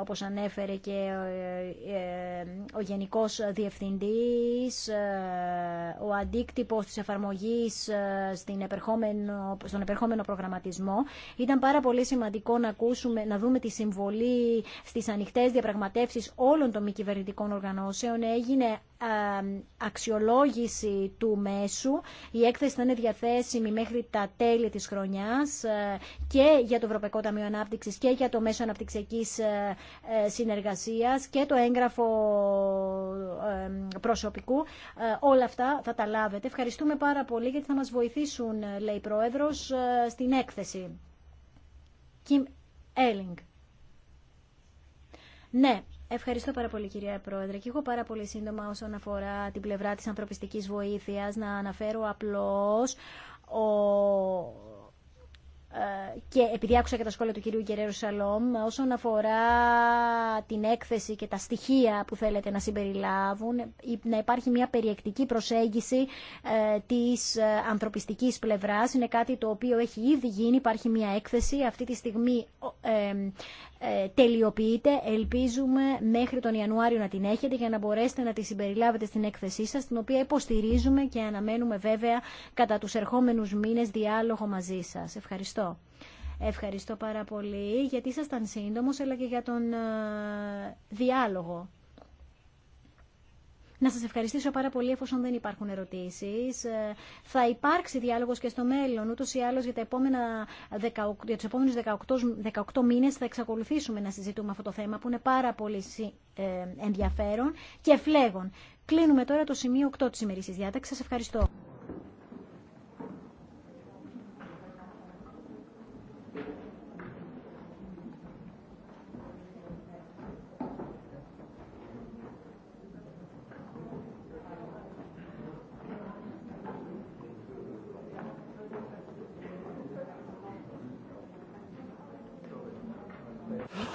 όπως ανέφερε και ε, ο Γενικός Διευθυντής, ο αντίκτυπος της εφαρμογής στην στον επερχόμενο προγραμματισμό. Ήταν πάρα πολύ σημαντικό να, ακούσουμε, να δούμε τη συμβολή στις ανοιχτές διαπραγματεύσεις όλων των μη κυβερνητικών οργανώσεων. Έγινε αξιολόγηση του μέσου. Η έκθεση θα είναι διαθέσιμη μέχρι τα τέλη της χρονιάς ε, και για το Ευρωπαϊκό Ταμείο Ανάπτυξης και για το Μέσο Αναπτυξιακής ε, ε, Συνεργασίας και το έγγραφο προσωπικού. Όλα αυτά θα τα λάβετε. Ευχαριστούμε πάρα πολύ γιατί θα μας βοηθήσουν, λέει η Πρόεδρος, στην έκθεση. Kim Ναι, Ευχαριστώ πάρα πολύ κυρία Πρόεδρε και εγώ πάρα πολύ σύντομα όσον αφορά την πλευρά της ανθρωπιστικής βοήθειας να αναφέρω απλώς ο... Ε, και επειδή άκουσα και τα σχόλια του κυρίου Γκερέρου Σαλόμ όσον αφορά την έκθεση και τα στοιχεία που θέλετε να συμπεριλάβουν να υπάρχει μια περιεκτική προσέγγιση ε, της ε, ανθρωπιστικής πλευράς είναι κάτι το οποίο έχει ήδη γίνει, υπάρχει μια έκθεση αυτή τη στιγμή ε, τελειοποιείται. Ελπίζουμε μέχρι τον Ιανουάριο να την έχετε για να μπορέσετε να τη συμπεριλάβετε στην έκθεσή σας, την οποία υποστηρίζουμε και αναμένουμε βέβαια κατά τους ερχόμενους μήνες διάλογο μαζί σας. Ευχαριστώ. Ευχαριστώ πάρα πολύ γιατί ήσασταν σύντομος αλλά και για τον ε, διάλογο. Να σας ευχαριστήσω πάρα πολύ εφόσον δεν υπάρχουν ερωτήσεις. Ε, θα υπάρξει διάλογος και στο μέλλον, ούτως ή άλλως για, τα επόμενα 18, για τους επόμενους 18, μήνες θα εξακολουθήσουμε να συζητούμε αυτό το θέμα που είναι πάρα πολύ ε, ενδιαφέρον και φλέγον. Κλείνουμε τώρα το σημείο 8 της ημερήσης διάταξης. Σας ευχαριστώ.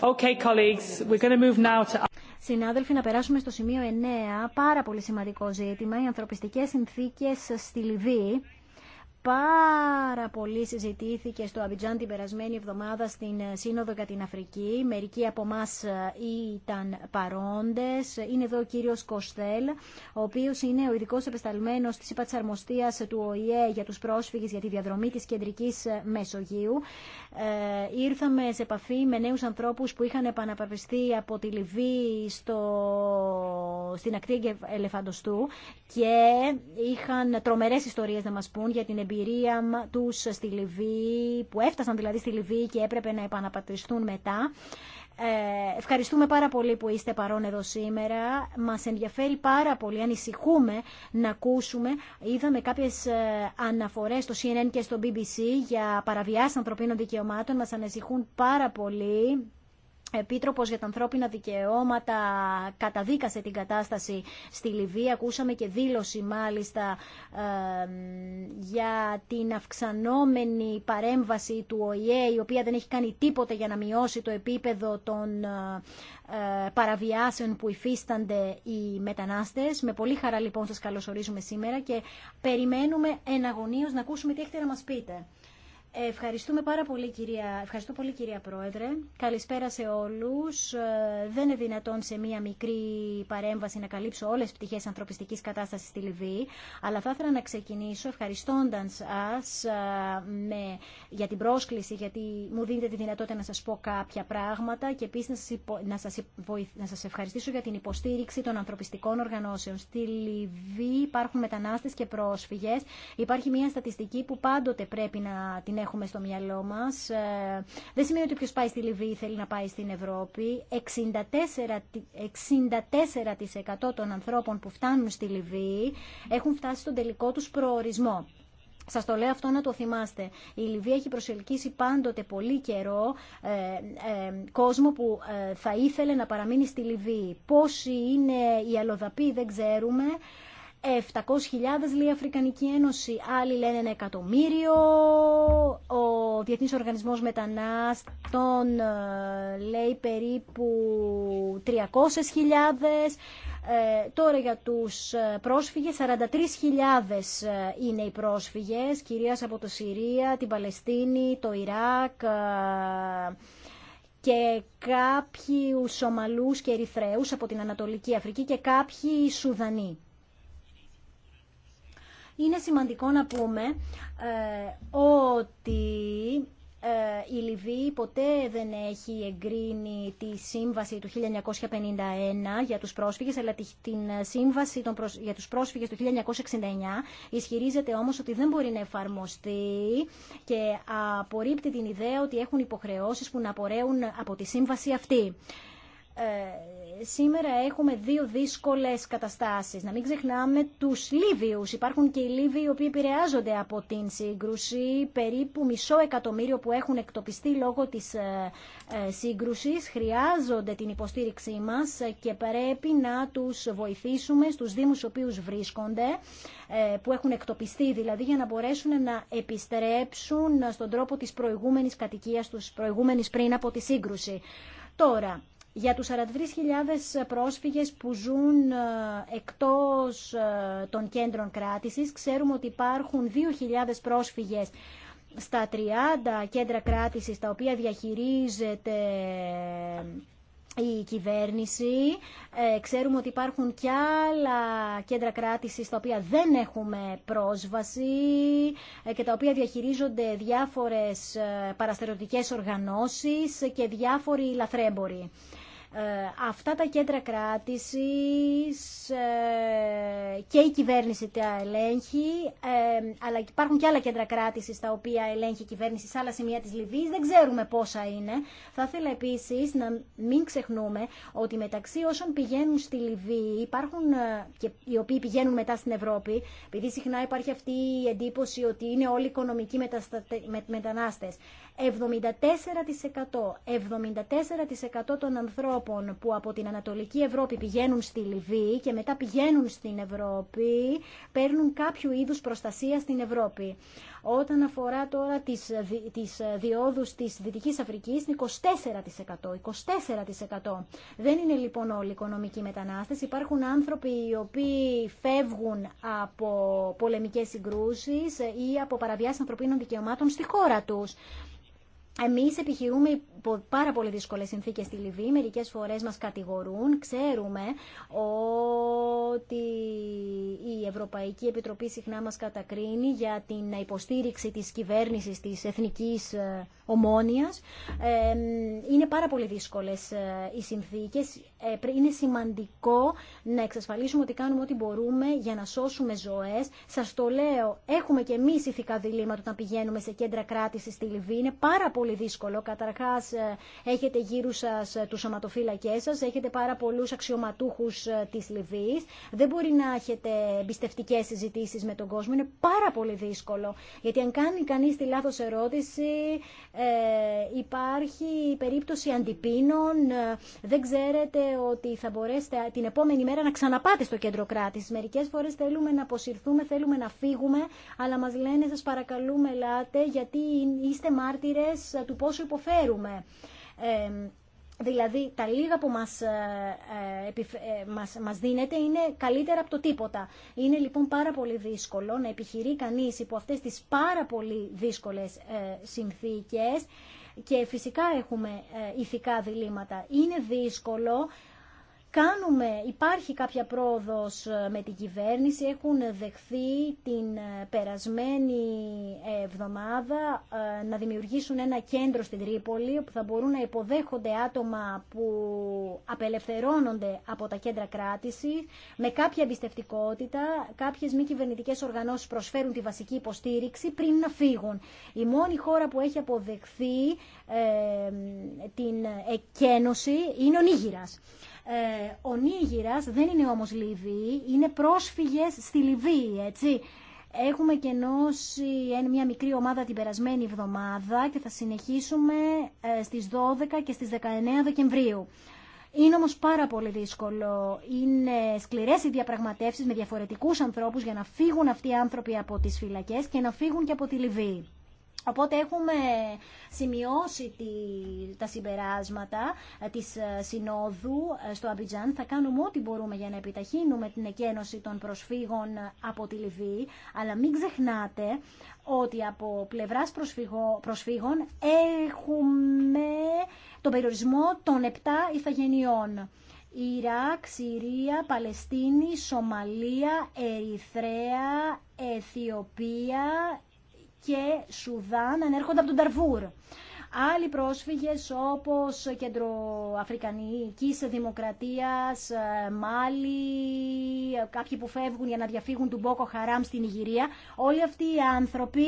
Okay, colleagues, we're going to move now to... Συνάδελφοι, να περάσουμε στο σημείο 9, πάρα πολύ σημαντικό ζήτημα, οι ανθρωπιστικές συνθήκες στη Λιβύη πάρα πολύ συζητήθηκε στο Αμπιτζάν την περασμένη εβδομάδα στην ε, Σύνοδο για την Αφρική. Μερικοί από εμά ε, ήταν παρόντε. Είναι εδώ ο κύριο Κοστέλ, ο οποίο είναι ο ειδικό επεσταλμένο τη ΥΠΑ του ΟΗΕ για του πρόσφυγε για τη διαδρομή τη κεντρική ε, Μεσογείου. Ε, ήρθαμε σε επαφή με νέου ανθρώπου που είχαν επαναπαυριστεί από τη Λιβύη στο... στην ακτή Ελεφαντοστού και είχαν τρομερέ ιστορίε να μα πούν για την εμπειρία τους στη Λιβύη, που έφτασαν δηλαδή στη Λιβύη και έπρεπε να επαναπατριστούν μετά. Ε, ευχαριστούμε πάρα πολύ που είστε παρόν εδώ σήμερα. Μας ενδιαφέρει πάρα πολύ, ανησυχούμε να ακούσουμε. Είδαμε κάποιες ε, αναφορές στο CNN και στο BBC για παραβιάσεις ανθρωπίνων δικαιωμάτων. Μας ανησυχούν πάρα πολύ Επίτροπος για τα ανθρώπινα δικαιώματα καταδίκασε την κατάσταση στη Λιβύη. Ακούσαμε και δήλωση μάλιστα για την αυξανόμενη παρέμβαση του ΟΗΕ η οποία δεν έχει κάνει τίποτα για να μειώσει το επίπεδο των ε, ε, παραβιάσεων που υφίστανται οι μετανάστες. Με πολύ χαρά λοιπόν σας καλωσορίζουμε σήμερα και περιμένουμε εναγωνίως να ακούσουμε τι έχετε να μας πείτε. Ευχαριστούμε πάρα πολύ κυρία, ευχαριστώ πολύ κυρία Πρόεδρε. Καλησπέρα σε όλους. Ε, δεν είναι δυνατόν σε μία μικρή παρέμβαση να καλύψω όλες τις πτυχές ανθρωπιστικής κατάστασης στη Λιβύη, αλλά θα ήθελα να ξεκινήσω ευχαριστώντας σας ε, με, για την πρόσκληση, γιατί μου δίνετε τη δυνατότητα να σας πω κάποια πράγματα και επίσης να σας, να σας, ευχαριστήσω για την υποστήριξη των ανθρωπιστικών οργανώσεων. Στη Λιβύη υπάρχουν μετανάστες και πρόσφυγες. Υπάρχει μία στατιστική που πάντοτε πρέπει να την έχουμε στο μυαλό μας. Ε, δεν σημαίνει ότι ποιο πάει στη Λιβύη θέλει να πάει στην Ευρώπη. 64%, 64 των ανθρώπων που φτάνουν στη Λιβύη έχουν φτάσει στον τελικό τους προορισμό. Σας το λέω αυτό να το θυμάστε. Η Λιβύη έχει προσελκύσει πάντοτε πολύ καιρό ε, ε κόσμο που ε, θα ήθελε να παραμείνει στη Λιβύη. Πόσοι είναι οι αλλοδαποί δεν ξέρουμε. 700.000 λέει η Αφρικανική Ένωση, άλλοι λένε ένα εκατομμύριο, ο Διεθνής Οργανισμός Μετανάστων ε, λέει περίπου 300.000, ε, τώρα για τους ε, πρόσφυγες, 43.000 ε, είναι οι πρόσφυγες, κυρίως από το Συρία, την Παλαιστίνη, το Ιράκ, και κάποιους Σομαλούς και Ερυθρέους από την Ανατολική Αφρική και κάποιοι Σουδανοί. Είναι σημαντικό να πούμε ε, ότι ε, η Λιβύη ποτέ δεν έχει εγκρίνει τη σύμβαση του 1951 για τους πρόσφυγες, αλλά την σύμβαση για τους πρόσφυγες του 1969 ισχυρίζεται όμως ότι δεν μπορεί να εφαρμοστεί και απορρίπτει την ιδέα ότι έχουν υποχρεώσεις που να απορρέουν από τη σύμβαση αυτή. Ε, σήμερα έχουμε δύο δύσκολε καταστάσει. Να μην ξεχνάμε του Λίβιου. Υπάρχουν και οι Λίβοι οι οποίοι επηρεάζονται από την σύγκρουση. Περίπου μισό εκατομμύριο που έχουν εκτοπιστεί λόγω της ε, ε, σύγκρουση, χρειάζονται την υποστήριξή μας και πρέπει να τους βοηθήσουμε δήμου δήμους οποίους βρίσκονται, ε, που έχουν εκτοπιστεί δηλαδή, για να μπορέσουν να επιστρέψουν στον τρόπο της προηγούμενη κατοικία τους, προηγούμενη πριν από τη σύγκρουση. Τώρα, για τους 43.000 πρόσφυγες που ζουν ε, εκτός ε, των κέντρων κράτησης. Ξέρουμε ότι υπάρχουν 2.000 πρόσφυγες στα 30 κέντρα κράτησης τα οποία διαχειρίζεται η κυβέρνηση. Ε, ξέρουμε ότι υπάρχουν και άλλα κέντρα κράτησης στα οποία δεν έχουμε πρόσβαση ε, και τα οποία διαχειρίζονται διάφορες ε, παραστερωτικές οργανώσεις και διάφοροι λαθρέμποροι. Ε, αυτά τα κέντρα κράτησης ε, και η κυβέρνηση τα ελέγχει, ε, αλλά υπάρχουν και άλλα κέντρα κράτησης τα οποία ελέγχει η κυβέρνηση σε άλλα σημεία της Λιβύης. Δεν ξέρουμε πόσα είναι. Θα ήθελα επίσης να μην ξεχνούμε ότι μεταξύ όσων πηγαίνουν στη Λιβύη υπάρχουν και οι οποίοι πηγαίνουν μετά στην Ευρώπη, επειδή συχνά υπάρχει αυτή η εντύπωση ότι είναι όλοι οικονομικοί μετανάστες. 74%, 74% των ανθρώπων που από την Ανατολική Ευρώπη πηγαίνουν στη Λιβύη και μετά πηγαίνουν στην Ευρώπη, παίρνουν κάποιο είδους προστασία στην Ευρώπη. Όταν αφορά τώρα τις, τις διόδους της Δυτικής Αφρικής, 24%. 24%. Δεν είναι λοιπόν όλοι οικονομικοί μετανάστες. Υπάρχουν άνθρωποι οι οποίοι φεύγουν από πολεμικές συγκρούσεις ή από παραβιάσεις ανθρωπίνων δικαιωμάτων στη χώρα τους. Εμεί επιχειρούμε υπό πάρα πολύ δύσκολες συνθήκε στη Λιβύη, μερικές φορές μας κατηγορούν. Ξέρουμε ότι η Ευρωπαϊκή Επιτροπή συχνά μα κατακρίνει για την υποστήριξη της κυβέρνησης της Εθνικής ε, Ομόνιας. Είναι πάρα πολύ δύσκολες ε, οι συνθήκε. Ε, είναι σημαντικό να εξασφαλίσουμε ότι κάνουμε ό,τι μπορούμε για να σώσουμε ζωέ. Σα το λέω, έχουμε και εμεί ηθικά διλήμματα όταν πηγαίνουμε σε κέντρα κράτηση στη Λιβύη. Είναι πάρα πολύ δύσκολο. Καταρχά, ε, έχετε γύρω σα ε, του σωματοφύλακέ σα, έχετε πάρα πολλού αξιωματούχου ε, τη Λιβύη. Δεν μπορεί να έχετε εμπιστευτικέ συζητήσει με τον κόσμο. Είναι πάρα πολύ δύσκολο. Γιατί αν κάνει κανεί τη λάθο ερώτηση, ε, υπάρχει περίπτωση αντιπίνων. Δεν ξέρετε ότι θα μπορέσετε την επόμενη μέρα να ξαναπάτε στο κέντρο κράτη. Μερικέ φορέ θέλουμε να αποσυρθούμε, θέλουμε να φύγουμε, αλλά μα λένε σα παρακαλούμε, ελάτε, γιατί είστε μάρτυρες ε, του πόσο υποφέρουμε. Ε, δηλαδή τα λίγα που ε, μας, μας, δίνεται είναι καλύτερα από το τίποτα. Είναι λοιπόν πάρα πολύ δύσκολο να επιχειρεί κανείς υπό αυτές τις πάρα πολύ δύσκολες συνθήκες και φυσικά έχουμε ηθικά διλήμματα. Είναι δύσκολο Κάνουμε, υπάρχει κάποια πρόοδος ε, με την κυβέρνηση, έχουν δεχθεί την ε, περασμένη εβδομάδα ε, να δημιουργήσουν ένα κέντρο στην Τρίπολη όπου θα μπορούν να υποδέχονται άτομα που απελευθερώνονται από τα κέντρα κράτηση με κάποια εμπιστευτικότητα, κάποιες μη κυβερνητικέ οργανώσεις προσφέρουν τη βασική υποστήριξη πριν να φύγουν. Η μόνη χώρα που έχει αποδεχθεί την εκένωση είναι ο Νίγηρας. Ε, ο Νίγηρας δεν είναι όμως Λιβύη, είναι πρόσφυγες στη Λιβύη, έτσι. Έχουμε κενώσει μια μικρή ομάδα την περασμένη εβδομάδα και θα συνεχίσουμε ε, στις 12 και στις 19 Δεκεμβρίου. Είναι όμως πάρα πολύ δύσκολο. Είναι σκληρές οι διαπραγματεύσεις με διαφορετικούς ανθρώπους για να φύγουν αυτοί οι άνθρωποι από τις φυλακές και να φύγουν και από τη Λιβύη. Οπότε έχουμε σημειώσει τη, τα συμπεράσματα ε, της ε, Συνόδου ε, στο Αμπιτζάν. Θα κάνουμε ό,τι μπορούμε για να επιταχύνουμε την εκένωση των προσφύγων από τη Λιβύη. Αλλά μην ξεχνάτε ότι από πλευράς προσφύγων έχουμε τον περιορισμό των 7 ηθαγενειών. Ιράκ, Συρία, Παλαιστίνη, Σομαλία, Ερυθρέα, Αιθιοπία, και Σουδάν ανέρχονται από τον Ταρβούρ. Άλλοι πρόσφυγες όπως κεντροαφρικανικής δημοκρατίας, ε, Μάλι, ε, κάποιοι που φεύγουν για να διαφύγουν του Μπόκο Χαράμ στην Ιγυρία, όλοι αυτοί οι άνθρωποι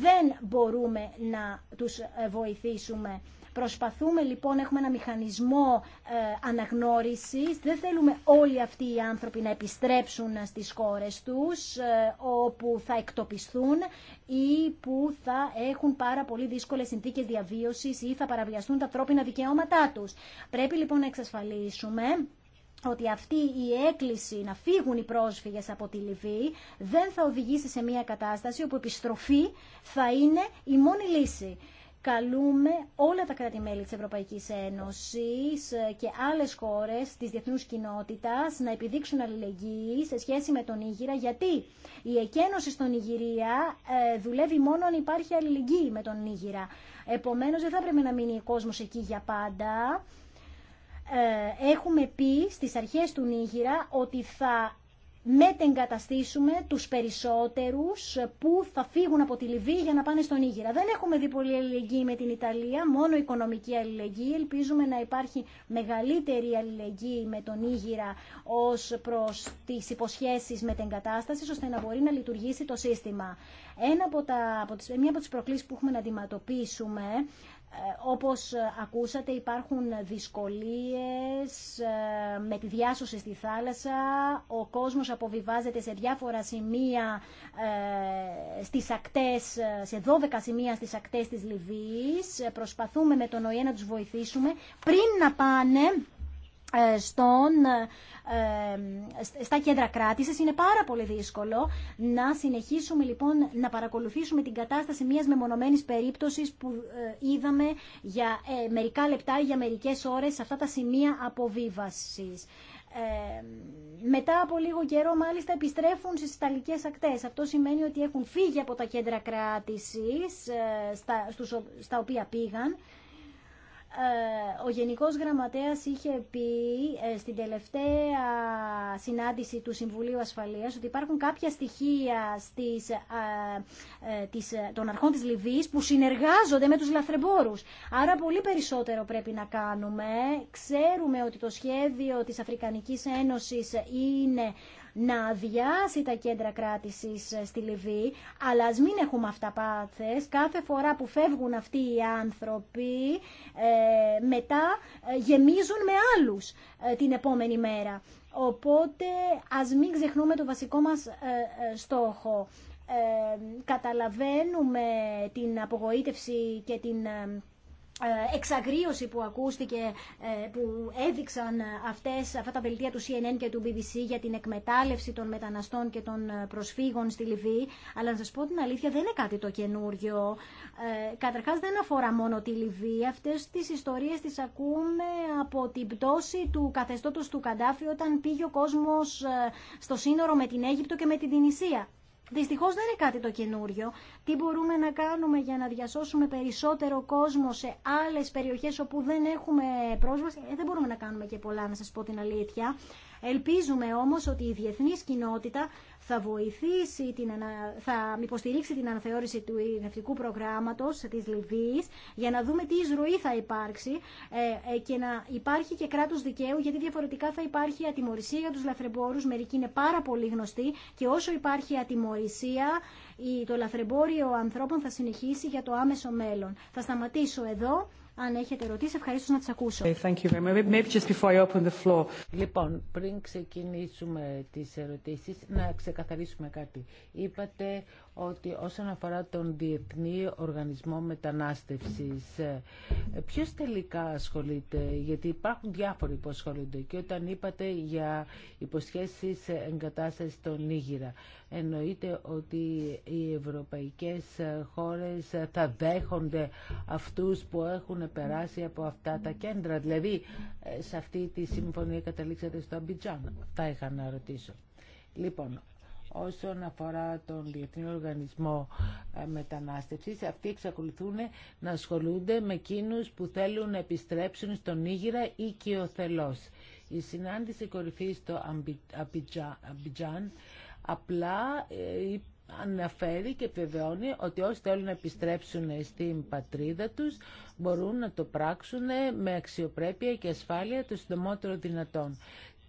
δεν μπορούμε να τους βοηθήσουμε. Προσπαθούμε λοιπόν, έχουμε ένα μηχανισμό ε, αναγνώρισης. Δεν θέλουμε όλοι αυτοί οι άνθρωποι να επιστρέψουν στις χώρες τους ε, όπου θα εκτοπιστούν ή που θα έχουν πάρα πολύ δύσκολες συνθήκες διαβίωσης ή θα παραβιαστούν τα τρόπινα δικαιώματά τους. Πρέπει λοιπόν να εξασφαλίσουμε ότι αυτή η έκκληση να φύγουν οι πρόσφυγες από τη Λιβύη δεν θα οδηγήσει σε μια κατάσταση όπου επιστροφή θα είναι η μόνη λύση καλούμε όλα τα κράτη-μέλη της Ευρωπαϊκής Ένωσης ε, και άλλες χώρες της διεθνούς κοινότητας να επιδείξουν αλληλεγγύη σε σχέση με τον Ήγηρα, γιατί η εκένωση στον Ιγυρία ε, δουλεύει μόνο αν υπάρχει αλληλεγγύη με τον Ήγηρα. Επομένως δεν θα πρέπει να μείνει ο κόσμος εκεί για πάντα. Ε, έχουμε πει στις αρχές του Νίγηρα ότι θα μετεγκαταστήσουμε τους περισσότερους που θα φύγουν από τη Λιβύη για να πάνε στον Ήγηρα. Δεν έχουμε δει πολλή αλληλεγγύη με την Ιταλία, μόνο οικονομική αλληλεγγύη. Ελπίζουμε να υπάρχει μεγαλύτερη αλληλεγγύη με τον Ήγηρα ως προς τις υποσχέσεις μετεγκατάσταση, ώστε να μπορεί να λειτουργήσει το σύστημα. Ένα από τα, από τις, μία από τι προκλήσεις που έχουμε να αντιμετωπίσουμε ε, όπως ε, ακούσατε υπάρχουν δυσκολίες ε, με τη διάσωση στη θάλασσα, ο κόσμος αποβιβάζεται σε διάφορα σημεία στις ακτές, σε 12 σημεία στις ακτές της Λιβύης. Προσπαθούμε με τον ΟΗΕ να τους βοηθήσουμε πριν να πάνε ε, στον, ε, ε, στα κέντρα κράτησης. Είναι πάρα πολύ δύσκολο να συνεχίσουμε λοιπόν να παρακολουθήσουμε την κατάσταση μιας μεμονωμένης περίπτωσης που είδαμε για μερικά λεπτά ή για μερικές ώρες σε αυτά τα σημεία αποβίβασης. μετά από λίγο καιρό μάλιστα επιστρέφουν στις Ιταλικές ακτές. Αυτό σημαίνει ότι έχουν φύγει από τα κέντρα κράτησης στα, στα οποία πήγαν ε, ο Γενικός Γραμματέας είχε πει ε, στην τελευταία συνάντηση του Συμβουλίου Ασφαλείας ότι υπάρχουν κάποια στοιχεία στις, ε, της, των αρχών της Λιβύης που συνεργάζονται με τους λαθρεμπόρους. Άρα πολύ περισσότερο πρέπει να κάνουμε. Ξέρουμε ότι το σχέδιο της Αφρικανικής Ένωσης είναι να αδειάσει τα κέντρα κράτηση ε, στη Λιβύη, αλλά ας μην έχουμε αυταπάθε. Κάθε φορά που φεύγουν αυτοί οι άνθρωποι, ε, μετά ε, γεμίζουν με άλλους την επόμενη μέρα. Οπότε ας μην ξεχνούμε το βασικό μας στόχο. Καταλαβαίνουμε την απογοήτευση και την ε, εξαγρίωση που ακούστηκε, ε, που έδειξαν αυτές, αυτά τα δελτία του CNN και του BBC για την εκμετάλλευση των μεταναστών και των ε, προσφύγων στη Λιβύη. Αλλά να σας πω την αλήθεια, δεν είναι κάτι το καινούριο. Καταρχάς δεν αφορά μόνο τη Λιβύη. Αυτές τις ιστορίες τις ακούμε από την πτώση του καθεστώτος του Καντάφη όταν πήγε ο κόσμος στο σύνορο με την Αίγυπτο και με την Τινησία. Δυστυχώ δεν είναι κάτι το καινούριο. Τι μπορούμε να κάνουμε για να διασώσουμε περισσότερο κόσμο σε άλλε περιοχές όπου δεν έχουμε πρόσβαση. Ε, δεν μπορούμε να κάνουμε και πολλά, να σα πω την αλήθεια. Ελπίζουμε όμως ότι η διεθνής κοινότητα θα βοηθήσει, την, θα υποστηρίξει την αναθεώρηση του ειρηνευτικού προγράμματος της Λιβύης για να δούμε τι εισρωή θα υπάρξει ε, ε, και να υπάρχει και κράτος δικαίου γιατί διαφορετικά θα υπάρχει ατιμορρησία για τους λαθρεμπόρους, μερικοί είναι πάρα πολύ γνωστοί και όσο υπάρχει ατιμορρησία το λαθρεμπόριο ανθρώπων θα συνεχίσει για το άμεσο μέλλον. Θα σταματήσω εδώ. Αν έχετε ερωτήσει, ευχαρίστω να τι ακούσω. Λοιπόν, πριν ξεκινήσουμε τι ερωτήσει, να ξεκαθαρίσουμε κάτι. Είπατε ότι όσον αφορά τον Διεθνή Οργανισμό Μετανάστευσης, ε, ποιος τελικά ασχολείται, γιατί υπάρχουν διάφοροι που ασχολούνται και όταν είπατε για υποσχέσεις εγκατάστασης στο Νίγηρα, εννοείται ότι οι ευρωπαϊκές χώρες θα δέχονται αυτούς που έχουν περάσει από αυτά τα κέντρα. Δηλαδή, ε, σε αυτή τη συμφωνία καταλήξατε στο Αμπιτζάν. θα είχα να ρωτήσω. Λοιπόν, όσον αφορά τον Διεθνή Οργανισμό ε, Μετανάστευσης, αυτοί εξακολουθούν να ασχολούνται με εκείνους που θέλουν να επιστρέψουν στον Ήγηρα ή κοιοθελώς. Η και ο θελός. η κορυφής στο Αμπιτζάν απλά ε, αναφέρει και επιβεβαιώνει ότι όσοι θέλουν να επιστρέψουν στην πατρίδα τους μπορούν να το πράξουν με αξιοπρέπεια και ασφάλεια το συντομότερο δυνατόν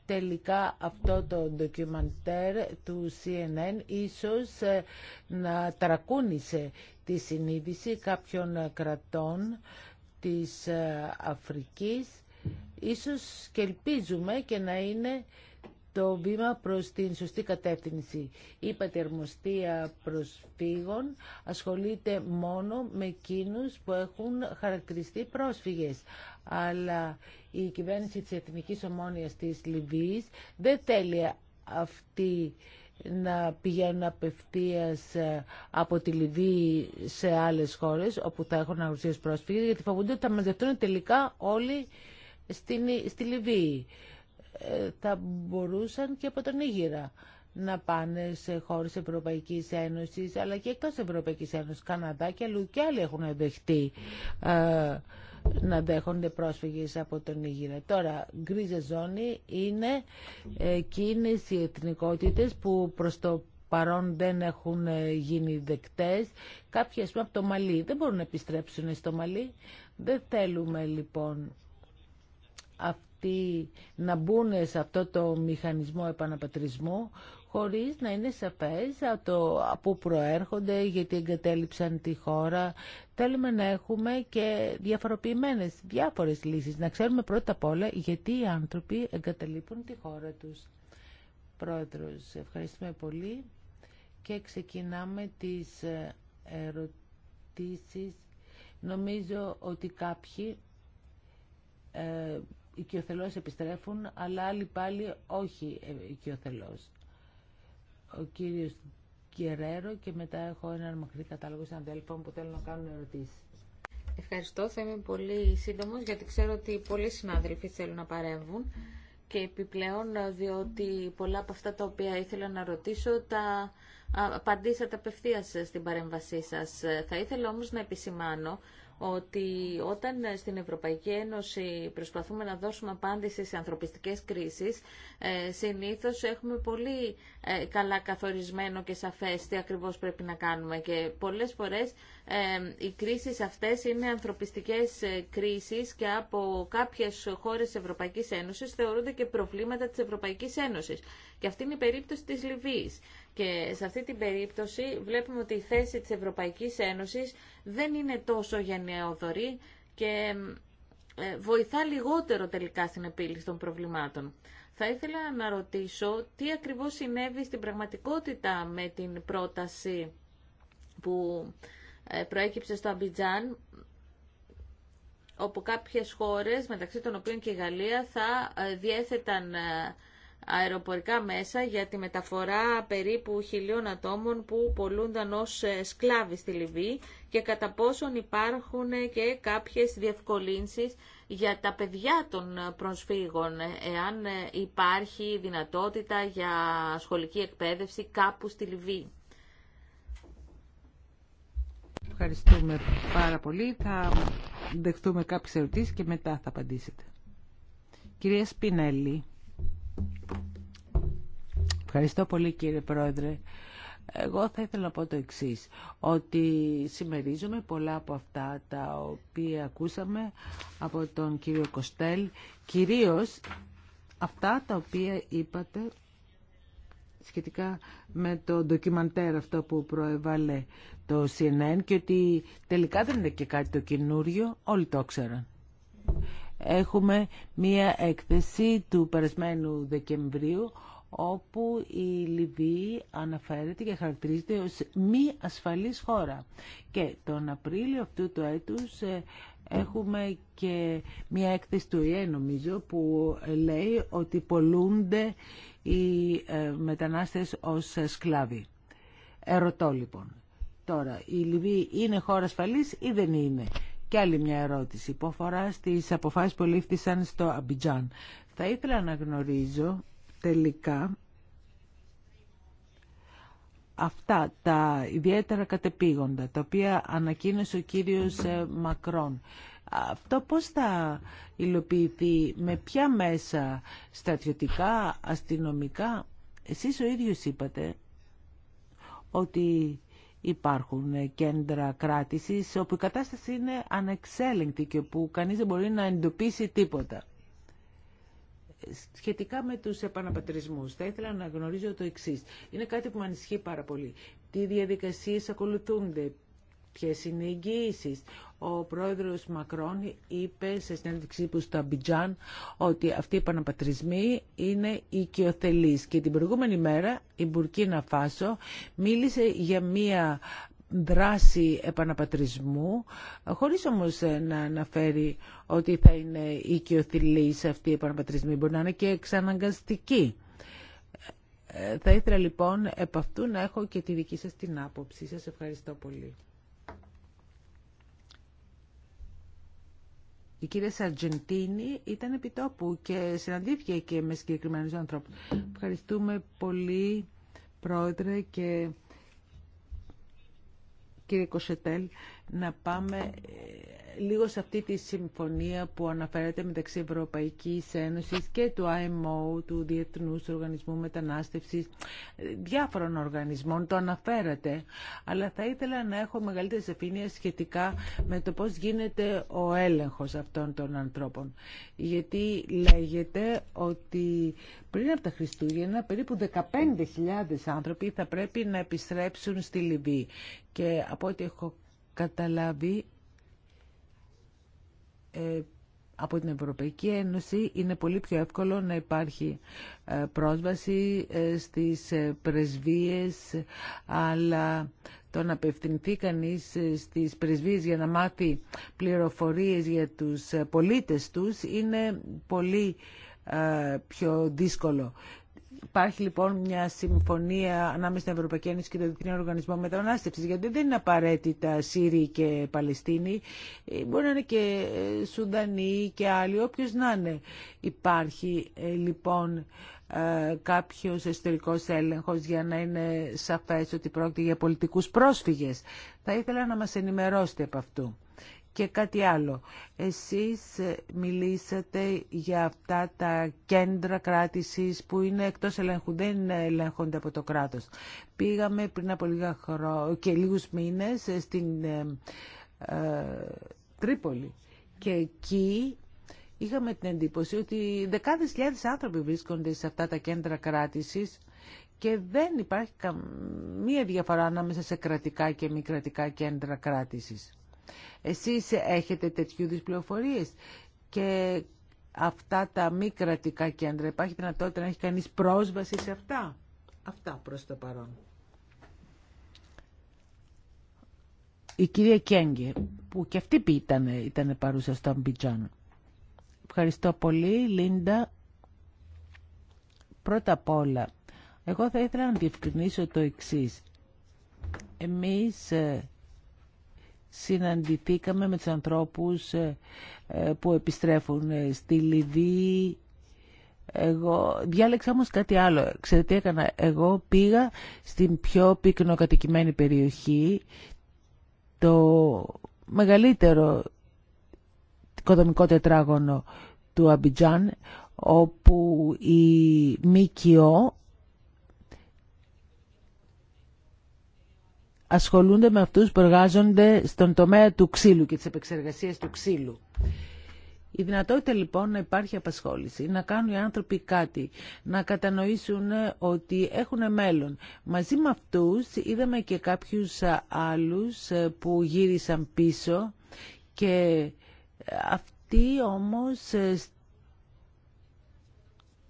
τελικά αυτό το ντοκιμαντέρ του CNN ίσως ε, να τρακούνησε τη συνείδηση κάποιων κρατών της ε, Αφρικής. Ίσως και ελπίζουμε και να είναι το βήμα προς την σωστή κατεύθυνση. Η πατερμοστία προσφύγων ασχολείται μόνο με εκείνους που έχουν χαρακτηριστεί πρόσφυγες. Αλλά η κυβέρνηση της Εθνικής Ομόνοιας της Λιβύης δεν θέλει αυτή να πηγαίνουν απευθείας ε, από τη Λιβύη σε άλλες χώρες όπου θα έχουν αγροσίες πρόσφυγες γιατί φοβούνται ότι θα μαζευτούν τελικά όλοι στη Λιβύη. Ε, θα μπορούσαν και από τον Ήγυρα να πάνε σε χώρες Ευρωπαϊκής Ένωσης αλλά και εκτός Ευρωπαϊκής Ένωσης, Καναδά και αλλού και άλλοι έχουν δεχτεί ε, να δέχονται πρόσφυγες από τον Ήγηρα. Τώρα, γκρίζε ζώνη είναι εκείνες οι εθνικότητες που προς το παρόν δεν έχουν ε, γίνει δεκτές. Κάποιοι, ας από το Μαλί δεν μπορούν να επιστρέψουν στο Μαλί. Δεν θέλουμε, λοιπόν, αυτοί να μπουν σε αυτό το μηχανισμό επαναπατρισμού χωρίς να είναι σαφές από πού προέρχονται, γιατί εγκατέλειψαν τη χώρα. Θέλουμε να έχουμε και διαφοροποιημένες, διάφορες λύσεις. Να ξέρουμε πρώτα απ' όλα γιατί οι άνθρωποι εγκαταλείπουν τη χώρα τους. Πρόεδρος, ευχαριστούμε πολύ και ξεκινάμε τις ε, ερωτήσεις. Νομίζω ότι κάποιοι ε, οικειοθελώς επιστρέφουν, αλλά άλλοι πάλι όχι ε, οικειοθελώς ο κύριος Κεραίρο και μετά έχω ένα μακρύ κατάλογο που θέλουν να κάνουν ερωτήσεις. Ευχαριστώ. Θα είμαι πολύ σύντομο γιατί ξέρω ότι πολλοί συνάδελφοι θέλουν να παρέμβουν και επιπλέον διότι πολλά από αυτά τα οποία ήθελα να ρωτήσω τα απαντήσατε απευθεία στην παρέμβασή σας. Θα ήθελα όμως να επισημάνω ότι όταν στην Ευρωπαϊκή Ένωση προσπαθούμε να δώσουμε απάντηση σε ανθρωπιστικές κρίσεις, ε, συνήθως έχουμε πολύ ε, καλά καθορισμένο και σαφές τι ακριβώς πρέπει να κάνουμε και πολλές φορές ε, οι κρίσεις αυτές είναι ανθρωπιστικές κρίσεις και από κάποιες χώρες της Ευρωπαϊκής Ένωσης θεωρούνται και προβλήματα της Ευρωπαϊκής Ένωσης. Και αυτή είναι η περίπτωση της Λιβύης. Και σε αυτή την περίπτωση βλέπουμε ότι η θέση της Ευρωπαϊκής Ένωσης δεν είναι τόσο γενναιοδορή και ε, βοηθά λιγότερο τελικά στην επίλυση των προβλημάτων. Θα ήθελα να ρωτήσω τι ακριβώς συνέβη στην πραγματικότητα με την πρόταση που ε, προέκυψε στο Αμπιτζάν όπου κάποιες χώρες, μεταξύ των οποίων και η Γαλλία, θα ε, διέθεταν αεροπορικά μέσα για τη μεταφορά περίπου χιλίων ατόμων που πολλούνταν ως ε, σκλάβοι στη Λιβύη και κατά πόσον υπάρχουν ε, και κάποιες διευκολύνσεις για τα παιδιά των ε, προσφύγων, εάν υπάρχει δυνατότητα για σχολική εκπαίδευση κάπου στη Λιβύη. Ευχαριστούμε πάρα πολύ. Θα δεχτούμε κάποιες ερωτήσεις και μετά θα απαντήσετε. Κυρία Σπινέλη. Ευχαριστώ πολύ κύριε Πρόεδρε. Εγώ θα ήθελα να πω το εξή ότι συμμερίζομαι πολλά από αυτά τα οποία ακούσαμε από τον κύριο Κοστέλ, κυρίως αυτά τα οποία είπατε σχετικά με το ντοκιμαντέρ αυτό που προέβαλε το CNN και ότι τελικά δεν είναι και κάτι το καινούριο, όλοι το ξέραν έχουμε μία έκθεση του περασμένου Δεκεμβρίου όπου η Λιβύη αναφέρεται και χαρακτηρίζεται ως μη ασφαλής χώρα. Και τον Απρίλιο αυτού του έτους ε, έχουμε και μια έκθεση του ΙΕ νομίζω που λέει ότι πολλούνται οι ε, μετανάστες ως σκλάβοι. Ερωτώ λοιπόν τώρα, η Λιβύη είναι χώρα ασφαλής ή δεν είναι. Και άλλη μια ερώτηση που αφορά στις αποφάσεις που λήφθησαν στο Αμπιτζάν. Θα ήθελα να γνωρίζω τελικά αυτά τα ιδιαίτερα κατεπήγοντα, τα οποία ανακοίνωσε ο κύριος ε, Μακρόν. Αυτό πώς θα υλοποιηθεί, με ποια μέσα, στρατιωτικά, αστυνομικά. Εσείς ο ίδιος είπατε ότι Υπάρχουν κέντρα κράτησης όπου η κατάσταση είναι ανεξέλεγκτη και όπου κανείς δεν μπορεί να εντοπίσει τίποτα. Σχετικά με τους επαναπατρισμούς, θα ήθελα να γνωρίζω το εξής. Είναι κάτι που με ανισχύει πάρα πολύ. Τι διαδικασίες ακολουθούνται, ποιες είναι οι Ο πρόεδρος Μακρόν είπε σε συνέντευξή του στο Αμπιτζάν ότι αυτοί οι παναπατρισμοί είναι οικειοθελείς. Και την προηγούμενη μέρα η Μπουρκίνα Φάσο μίλησε για μία δράση επαναπατρισμού, χωρίς όμως να αναφέρει ότι θα είναι οικειοθελείς αυτή οι επαναπατρισμή, μπορεί να είναι και εξαναγκαστική. Ε, θα ήθελα λοιπόν επ' αυτού να έχω και τη δική σας την άποψη. Σας ευχαριστώ πολύ. Η κυρία Σαρτζεντίνη ήταν επιτόπου και συναντήθηκε και με συγκεκριμένου ανθρώπου. Ευχαριστούμε πολύ, Πρόεδρε και κύριε Κοσετέλ, να πάμε ε, λίγο σε αυτή τη συμφωνία που αναφέρεται μεταξύ Ευρωπαϊκής Ένωσης και του IMO, του Διεθνούς Οργανισμού Μετανάστευσης, διάφορων οργανισμών, το αναφέρατε. Αλλά θα ήθελα να έχω μεγαλύτερη σαφήνεια σχετικά με το πώς γίνεται ο έλεγχος αυτών των ανθρώπων. Γιατί λέγεται ότι πριν από τα Χριστούγεννα περίπου 15.000 άνθρωποι θα πρέπει να επιστρέψουν στη Λιβύη. Και από ό,τι έχω καταλάβει ε, από την Ευρωπαϊκή Ένωση είναι πολύ πιο εύκολο να υπάρχει ε, πρόσβαση ε, στις πρεσβείες, αλλά το να απευθυνθεί κανείς στις πρεσβείες για να μάθει πληροφορίες για τους πολίτες τους είναι πολύ πιο δύσκολο. Υπάρχει λοιπόν μια συμφωνία ανάμεσα στην Ευρωπαϊκή Ένωση και το Διεθνή Οργανισμό Μετανάστευση, γιατί δεν είναι απαραίτητα Σύριοι και Παλαιστίνοι. Ε, μπορεί να είναι και ε, Σουδανοί και άλλοι, όποιο να είναι. Υπάρχει ε, λοιπόν κάποιος εσωτερικό έλεγχος για να είναι σαφές ότι πρόκειται για πολιτικούς πρόσφυγες. Θα ήθελα να μα ενημερώσετε από αυτού. Και κάτι άλλο. Εσείς ε, μιλήσατε για αυτά τα κέντρα κράτησης που είναι εκτός ελέγχου, δεν ελέγχονται από το κράτος. Πήγαμε πριν από λίγα και λίγους μήνες ε, στην ε, Τρίπολη και εκεί είχαμε την εντύπωση ότι δεκάδες χιλιάδες άνθρωποι βρίσκονται σε αυτά τα κέντρα κράτησης και δεν υπάρχει καμία διαφορά ανάμεσα σε κρατικά και μη κρατικά κέντρα κράτησης. Εσείς έχετε τέτοιου πληροφορίες και αυτά τα μη κρατικά κέντρα υπάρχει δυνατότητα να έχει κανείς πρόσβαση σε αυτά. Αυτά προς το παρόν. Η κυρία Κέγγε, που και αυτή ήταν, ήταν παρούσα στο Αμπιτζάν. Ευχαριστώ πολύ, Λίντα. Πρώτα απ' όλα, εγώ θα ήθελα να διευκρινίσω το εξής. Εμείς ε, συναντηθήκαμε με τους ανθρώπους ε, ε, που επιστρέφουν ε, στη Λιβύη. Εγώ διάλεξα όμως κάτι άλλο. Ξέρετε τι έκανα. Εγώ πήγα στην πιο πυκνοκατοικημένη περιοχή, το μεγαλύτερο οικονομικό τετράγωνο του Αμπιτζάν, όπου η ΜΚΟ ασχολούνται με αυτούς που εργάζονται στον τομέα του ξύλου και της επεξεργασίας του ξύλου. Η δυνατότητα λοιπόν να υπάρχει απασχόληση, να κάνουν οι άνθρωποι κάτι, να κατανοήσουν ότι έχουν μέλλον. Μαζί με αυτούς είδαμε και κάποιους άλλους που γύρισαν πίσω και αυτοί όμως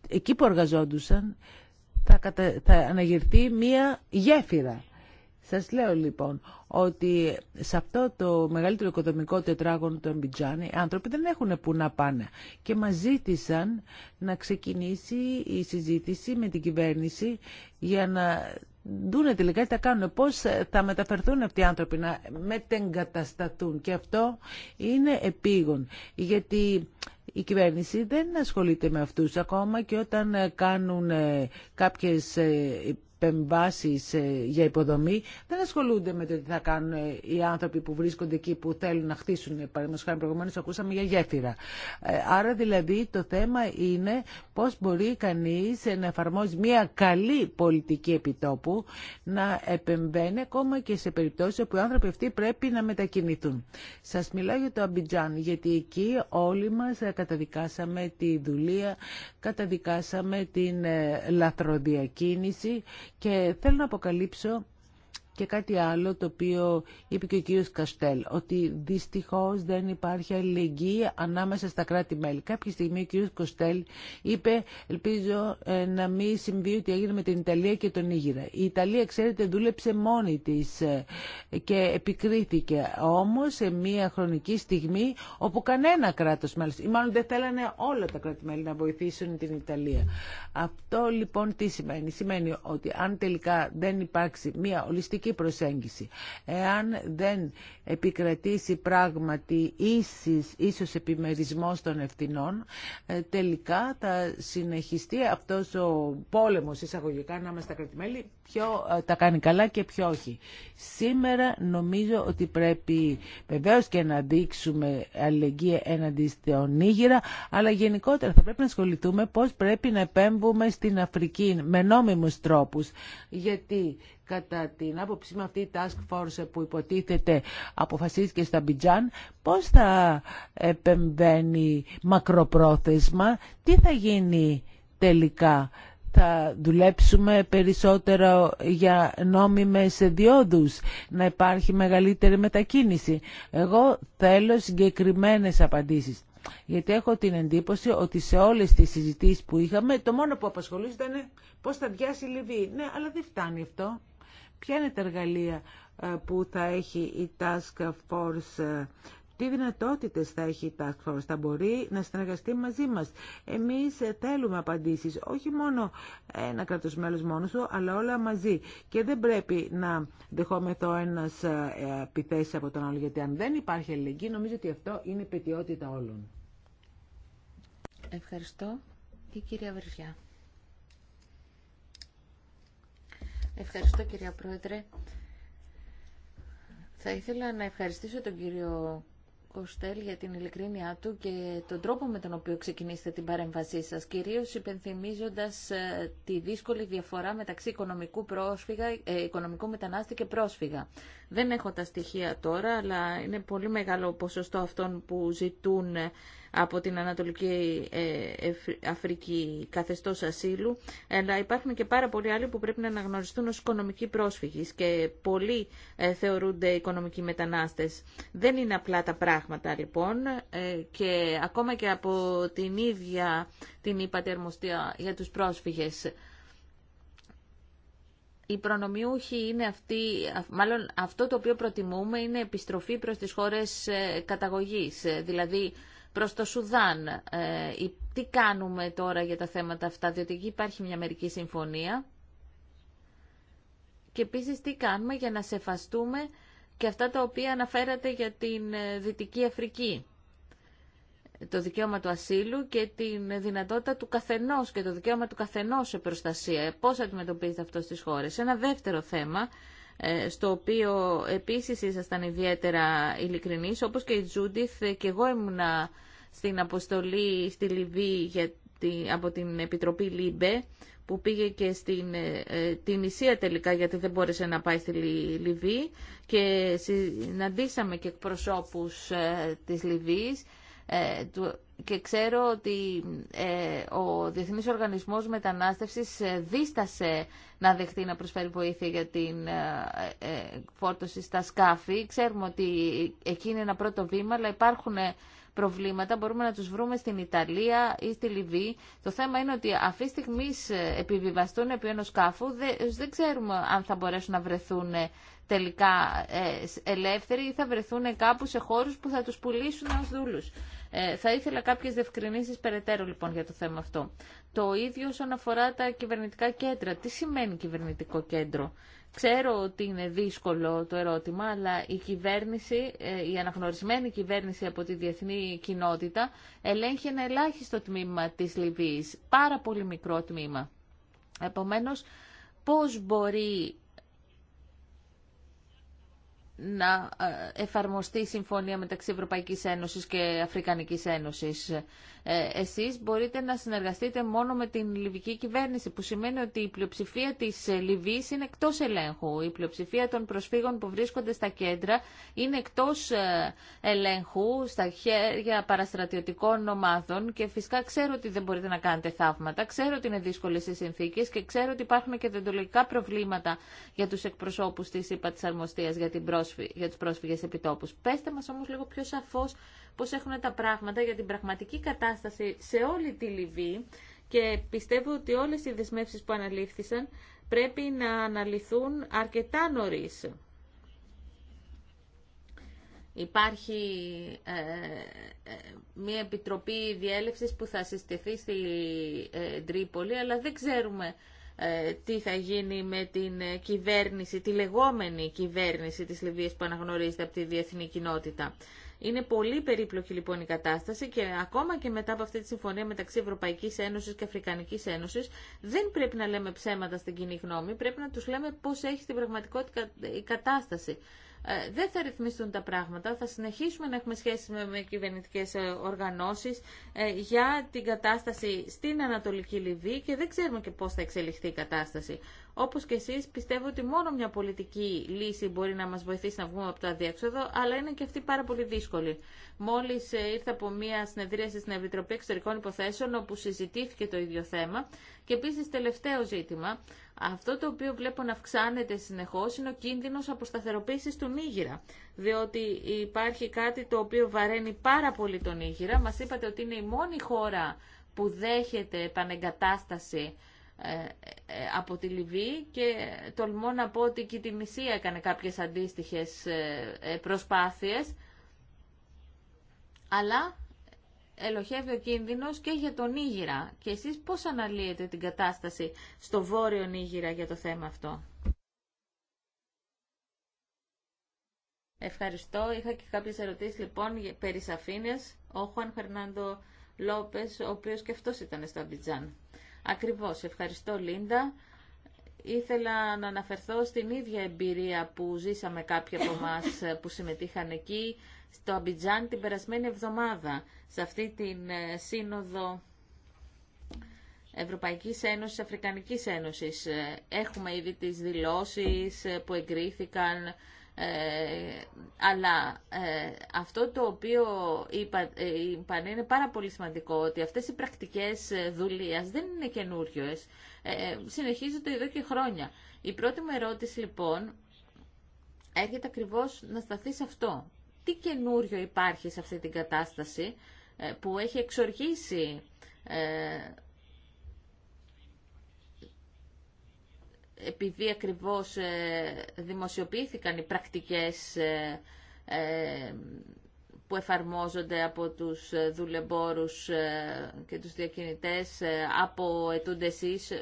εκεί που εργαζόντουσαν θα, κατα... αναγερθεί μία γέφυρα σας λέω λοιπόν ότι σε αυτό το μεγαλύτερο οικοδομικό τετράγωνο του Αμπιτζάνη οι άνθρωποι δεν έχουν που να πάνε και μας ζήτησαν να ξεκινήσει η συζήτηση με την κυβέρνηση για να δούνε τελικά τι θα κάνουν, πώς θα μεταφερθούν αυτοί οι άνθρωποι, να μετεγκατασταθούν και αυτό είναι επίγον γιατί η κυβέρνηση δεν ασχολείται με αυτούς ακόμα και όταν κάνουν ε, κάποιες ε, ε, για υποδομή δεν ασχολούνται με το τι θα κάνουν ε, οι άνθρωποι που βρίσκονται εκεί που θέλουν να χτίσουν. Ε, παραδείγματος χάρη προηγουμένως ακούσαμε για γέφυρα. Ε, άρα δηλαδή το θέμα είναι πώς μπορεί κανείς να εφαρμόζει μια καλή πολιτική επιτόπου να επεμβαίνει ακόμα και σε περιπτώσεις όπου οι άνθρωποι αυτοί πρέπει να μετακινηθούν. Σας μιλάω για το Αμπιτζάν γιατί εκεί όλοι μας καταδικάσαμε τη δουλεία, καταδικάσαμε την λαθροδιακίνηση και θέλω να αποκαλύψω και κάτι άλλο το οποίο είπε και ο κύριος Καστέλ, ότι δυστυχώς δεν υπάρχει αλληλεγγύη ανάμεσα στα κράτη-μέλη. Κάποια στιγμή ο κύριος Καστέλ είπε, ελπίζω ε, να μην συμβεί ότι έγινε με την Ιταλία και τον Ήγηρα. Η Ιταλία, ξέρετε, δούλεψε μόνη της ε, και επικρίθηκε όμως σε μια χρονική στιγμή όπου κανένα κράτος μάλιστα, ή μάλλον δεν θέλανε όλα τα κράτη-μέλη να βοηθήσουν την Ιταλία. Αυτό λοιπόν τι σημαίνει. Σημαίνει ότι αν τελικά δεν υπάρξει μια ολιστική διαφορετική προσέγγιση. Εάν δεν επικρατήσει πράγματι ίσης, ίσως επιμερισμός των ευθυνών, ε, τελικά θα συνεχιστεί αυτός ο πόλεμος εισαγωγικά να είμαστε κρατημέλη, ποιο ε, τα κάνει καλά και ποιο όχι. Σήμερα νομίζω ότι πρέπει βεβαίω και να δείξουμε αλληλεγγύη έναντι στον Νίγηρα, αλλά γενικότερα θα πρέπει να ασχοληθούμε πώς πρέπει να επέμβουμε στην Αφρική με νόμιμους τρόπους. Γιατί Κατά την άποψή με αυτή η task force που υποτίθεται αποφασίστηκε στα Μπιτζάν, πώς θα επεμβαίνει μακροπρόθεσμα, τι θα γίνει τελικά. Θα δουλέψουμε περισσότερο για νόμιμες διόδους, να υπάρχει μεγαλύτερη μετακίνηση. Εγώ θέλω συγκεκριμένες απαντήσεις. Γιατί έχω την εντύπωση ότι σε όλες τις συζητήσεις που είχαμε, το μόνο που απασχολούσε ήταν πώς θα βιάσει η Λιβύη. Ναι, αλλά δεν φτάνει αυτό. Ποια είναι τα εργαλεία ε, που θα έχει η Task Force ε, τι δυνατότητες θα έχει η Task Force, θα μπορεί να συνεργαστεί μαζί μας. Εμείς ε, θέλουμε απαντήσεις, όχι μόνο ένα κράτος μέλος μόνος του, αλλά όλα μαζί. Και δεν πρέπει να δεχόμεθο ένας επιθέσει από τον άλλο, γιατί αν δεν υπάρχει ελληνική, νομίζω ότι αυτό είναι πετιότητα όλων. Ευχαριστώ. Η κυρία Βερφιά. Ευχαριστώ κυρία Πρόεδρε. Θα ήθελα να ευχαριστήσω τον κύριο Κοστέλ για την ειλικρίνειά του και τον τρόπο με τον οποίο ξεκινήσετε την παρέμβασή σας, κυρίως υπενθυμίζοντας ε, τη δύσκολη διαφορά μεταξύ οικονομικού, πρόσφυγα, ε, οικονομικού μετανάστη και πρόσφυγα. Δεν έχω τα στοιχεία τώρα, αλλά είναι πολύ μεγάλο ποσοστό αυτών που ζητούν από την Ανατολική ε, Αφρική καθεστώς ασύλου, αλλά υπάρχουν και πάρα πολλοί άλλοι που πρέπει να αναγνωριστούν ως οικονομικοί πρόσφυγες και πολλοί ε, θεωρούνται οικονομικοί μετανάστες. Δεν είναι απλά τα πράγματα λοιπόν ε, και ακόμα και από την ίδια την υπατερμοστία για τους πρόσφυγες οι προνομιούχοι είναι αυτοί, μάλλον αυτό το οποίο προτιμούμε είναι επιστροφή προς τις χώρες ε, καταγωγής, ε, δηλαδή προς το Σουδάν. Ε, τι κάνουμε τώρα για τα θέματα αυτά, διότι εκεί υπάρχει μια μερική συμφωνία. Και επίσης τι κάνουμε για να σεφαστούμε και αυτά τα οποία αναφέρατε για την Δυτική Αφρική το δικαίωμα του ασύλου και τη δυνατότητα του καθενό και το δικαίωμα του καθενό σε προστασία. πώ αντιμετωπίζεται αυτό στις χώρες. Ένα δεύτερο θέμα, ε, στο οποίο επίσης ήσασταν ιδιαίτερα ειλικρινείς, όπως και η Τζούντιθ και εγώ ήμουνα στην αποστολή στη Λιβύη για από την Επιτροπή Λίμπε, που πήγε και στην ε, ε, την Ισία τελικά γιατί δεν μπόρεσε να πάει στη Λιβύη και συναντήσαμε και εκπροσώπους ε, της Λιβύης ε, και ξέρω ότι ε, ο Διεθνής Οργανισμός Μετανάστευσης ε, δίστασε να δεχτεί να προσφέρει βοήθεια για την φόρτωση στα σκάφη. Ξέρουμε ότι εκεί είναι ένα πρώτο βήμα, αλλά υπάρχουν προβλήματα μπορούμε να τους βρούμε στην Ιταλία ή στη Λιβύη. Το θέμα είναι ότι αυτή τη στιγμή επιβιβαστούν επί ενός σκάφου, δεν ξέρουμε αν θα μπορέσουν να βρεθούν ε, τελικά ε, ελεύθεροι ή θα βρεθούν κάπου σε χώρους που θα τους πουλήσουν ως δούλους. Ε, θα ήθελα κάποιες διευκρινήσεις περαιτέρω λοιπόν για το θέμα αυτό. Το ίδιο όσον αφορά τα κυβερνητικά κέντρα. Τι σημαίνει κυβερνητικό κέντρο. Ξέρω ότι είναι δύσκολο το ερώτημα, αλλά η κυβέρνηση, ε, η αναγνωρισμένη κυβέρνηση από τη διεθνή κοινότητα ελέγχει ένα ελάχιστο τμήμα της Λιβύης, πάρα πολύ μικρό τμήμα. Επομένως, πώς μπορεί να ε, εφαρμοστεί η συμφωνία μεταξύ Ευρωπαϊκής Ένωσης και Αφρικανικής Ένωσης. Ε, εσείς μπορείτε να συνεργαστείτε μόνο με την Λιβική κυβέρνηση, που σημαίνει ότι η πλειοψηφία της ε, Λιβύης είναι εκτός ελέγχου. Η πλειοψηφία των προσφύγων που βρίσκονται στα κέντρα είναι εκτός ε, ελέγχου, στα χέρια παραστρατιωτικών ομάδων και φυσικά ξέρω ότι δεν μπορείτε να κάνετε θαύματα, ξέρω ότι είναι δύσκολε οι συνθήκες και ξέρω ότι υπάρχουν και δεντολογικά προβλήματα για τους εκπροσώπους της ΥΠΑ της Αρμοστίας για την πρόσφυγη για τους πρόσφυγες επιτόπους. Πέστε μας όμως λίγο πιο σαφώς πώς έχουν τα πράγματα για την πραγματική κατάσταση σε όλη τη Λιβύη και πιστεύω ότι όλες οι δεσμεύσεις που αναλήφθησαν πρέπει να αναλυθούν αρκετά νωρίς. Υπάρχει ε, ε, μια επιτροπή διέλευσης που θα συστηθεί στη ε, Τρίπολη, αλλά δεν ξέρουμε ε, τι θα γίνει με την ε, κυβέρνηση, τη λεγόμενη κυβέρνηση της Λιβύης που αναγνωρίζεται από τη διεθνή κοινότητα. Είναι πολύ περίπλοκη λοιπόν η κατάσταση και ακόμα και μετά από αυτή τη συμφωνία μεταξύ Ευρωπαϊκής Ένωσης και Αφρικανικής Ένωσης δεν πρέπει να λέμε ψέματα στην κοινή γνώμη, πρέπει να τους λέμε πώς έχει στην πραγματικότητα η κατάσταση. Ε, δεν θα ρυθμιστούν τα πράγματα. Θα συνεχίσουμε να έχουμε σχέσεις με κυβερνητικές ε, οργανώσεις ε, για την κατάσταση στην Ανατολική Λιβύη και δεν ξέρουμε και πώς θα εξελιχθεί η κατάσταση. Όπως και εσείς πιστεύω ότι μόνο μια πολιτική λύση μπορεί να μας βοηθήσει να βγούμε από το αδιέξοδο, αλλά είναι και αυτή πάρα πολύ δύσκολη. Μόλις ήρθα από μια συνεδρίαση στην Επιτροπή Εξωτερικών Υποθέσεων όπου συζητήθηκε το ίδιο θέμα και επίσης τελευταίο ζήτημα αυτό το οποίο βλέπω να αυξάνεται συνεχώς είναι ο κίνδυνος αποσταθεροποίησης του Νίγηρα, διότι υπάρχει κάτι το οποίο βαραίνει πάρα πολύ τον Νίγηρα. Μας είπατε ότι είναι η μόνη χώρα που δέχεται επανεγκατάσταση ε, ε, από τη Λιβύη και τολμώ να πω ότι και η Τινησία έκανε κάποιες αντίστοιχες ε, προσπάθειες αλλά ελοχεύει ο κίνδυνος και για τον Ήγηρα. Και εσείς πώς αναλύετε την κατάσταση στο βόρειο Ήγηρα για το θέμα αυτό. Ευχαριστώ. Είχα και κάποιες ερωτήσεις λοιπόν περί σαφήνες. Ο Χουαν Φερνάντο Λόπες, ο οποίος και αυτός ήταν στο Αμπιτζάν. Ακριβώς. Ευχαριστώ Λίντα. Ήθελα να αναφερθώ στην ίδια εμπειρία που ζήσαμε κάποιοι από εμά που συμμετείχαν εκεί στο Αμπιτζάν την περασμένη εβδομάδα, σε αυτή την ε, σύνοδο Ευρωπαϊκής Ένωσης, Αφρικανικής Ένωσης. Ε, έχουμε ήδη τις δηλώσεις ε, που εγκρίθηκαν, αλλά αυτό το οποίο είπα, είναι πάρα πολύ σημαντικό ότι αυτές οι πρακτικές δουλείας δεν είναι καινούριες, συνεχίζονται εδώ και χρόνια. Η πρώτη μου ερώτηση λοιπόν έρχεται ακριβώς να σταθεί σε αυτό τι καινούριο υπάρχει σε αυτή την κατάσταση ε, που έχει εξοργήσει ε, επειδή ακριβώς ε, δημοσιοποιήθηκαν οι πρακτικές που εφαρμόζονται από τους δουλεμπόρους και τους διακινητές, από ετούντες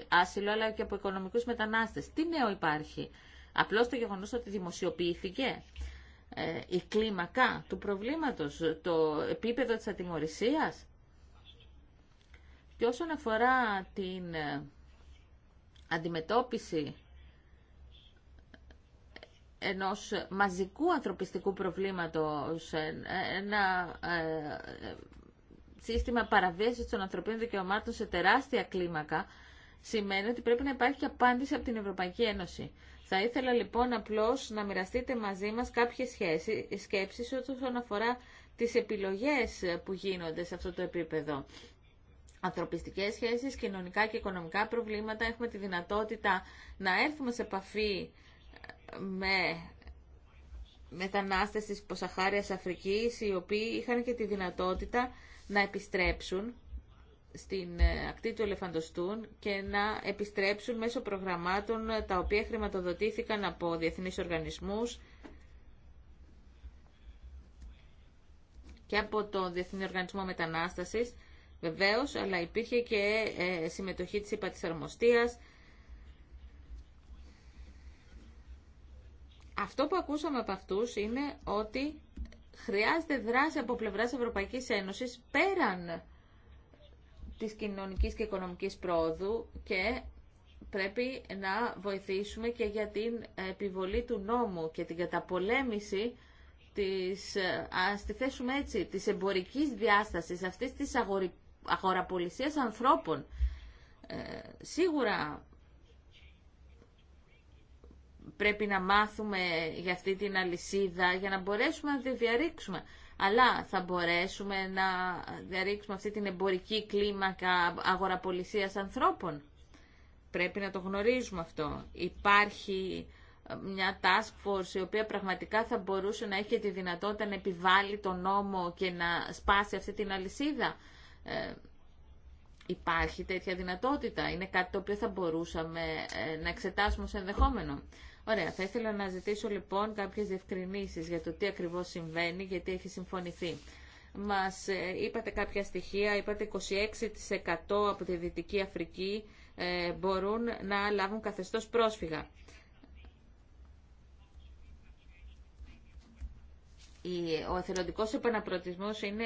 άσυλο, αλλά και από οικονομικούς μετανάστες. Τι νέο υπάρχει. Απλώς το γεγονός ότι δημοσιοποιήθηκε. Ε, η κλίμακα του προβλήματος, το επίπεδο της ατιμορρησίας. Και όσον αφορά την ε, αντιμετώπιση ενός μαζικού ανθρωπιστικού προβλήματος, ε, ένα σύστημα παραβίασης των ανθρωπίνων δικαιωμάτων σε τεράστια κλίμακα, σημαίνει ότι πρέπει να υπάρχει και απάντηση από την Ευρωπαϊκή Ένωση. Θα ήθελα λοιπόν απλώς να μοιραστείτε μαζί μας κάποιες σχέσεις, σκέψεις όσον αφορά τις επιλογές που γίνονται σε αυτό το επίπεδο. Ανθρωπιστικές σχέσεις, κοινωνικά και οικονομικά προβλήματα. Έχουμε τη δυνατότητα να έρθουμε σε επαφή ε, με μετανάστες της Ποσαχάριας Αφρικής, οι οποίοι είχαν και τη δυνατότητα να επιστρέψουν στην ε, ακτή του Ελεφαντοστούν και να επιστρέψουν μέσω προγραμμάτων ε, τα οποία χρηματοδοτήθηκαν από διεθνείς οργανισμούς και από το Διεθνή Οργανισμό Μετανάστασης βεβαίως, αλλά υπήρχε και ε, συμμετοχή της ΥΠΑ Αυτό που ακούσαμε από αυτούς είναι ότι χρειάζεται δράση από πλευράς Ευρωπαϊκής Ένωσης πέραν της κοινωνικής και οικονομικής πρόοδου και πρέπει να βοηθήσουμε και για την επιβολή του νόμου και την καταπολέμηση της, ας τη έτσι, της εμπορικής διάστασης αυτής της αγοραπολισίας ανθρώπων. Ε, σίγουρα πρέπει να μάθουμε για αυτή την αλυσίδα για να μπορέσουμε να τη διαρρήξουμε αλλά θα μπορέσουμε να διαρρήξουμε αυτή την εμπορική κλίμακα αγοραπολισίας ανθρώπων. Πρέπει να το γνωρίζουμε αυτό. Υπάρχει ε, μια task force η οποία πραγματικά θα μπορούσε να έχει τη δυνατότητα να επιβάλλει τον νόμο και να σπάσει αυτή την αλυσίδα. Ε, υπάρχει τέτοια δυνατότητα. Είναι κάτι το οποίο θα μπορούσαμε ε, να εξετάσουμε σε ενδεχόμενο. Ωραία, θα ήθελα να ζητήσω λοιπόν κάποιες διευκρινήσεις για το τι ακριβώς συμβαίνει, γιατί έχει συμφωνηθεί. Μας ε, είπατε κάποια στοιχεία, είπατε 26% από τη Δυτική Αφρική ε, μπορούν να λάβουν καθεστώς πρόσφυγα. ο εθελοντικό επαναπροτισμός είναι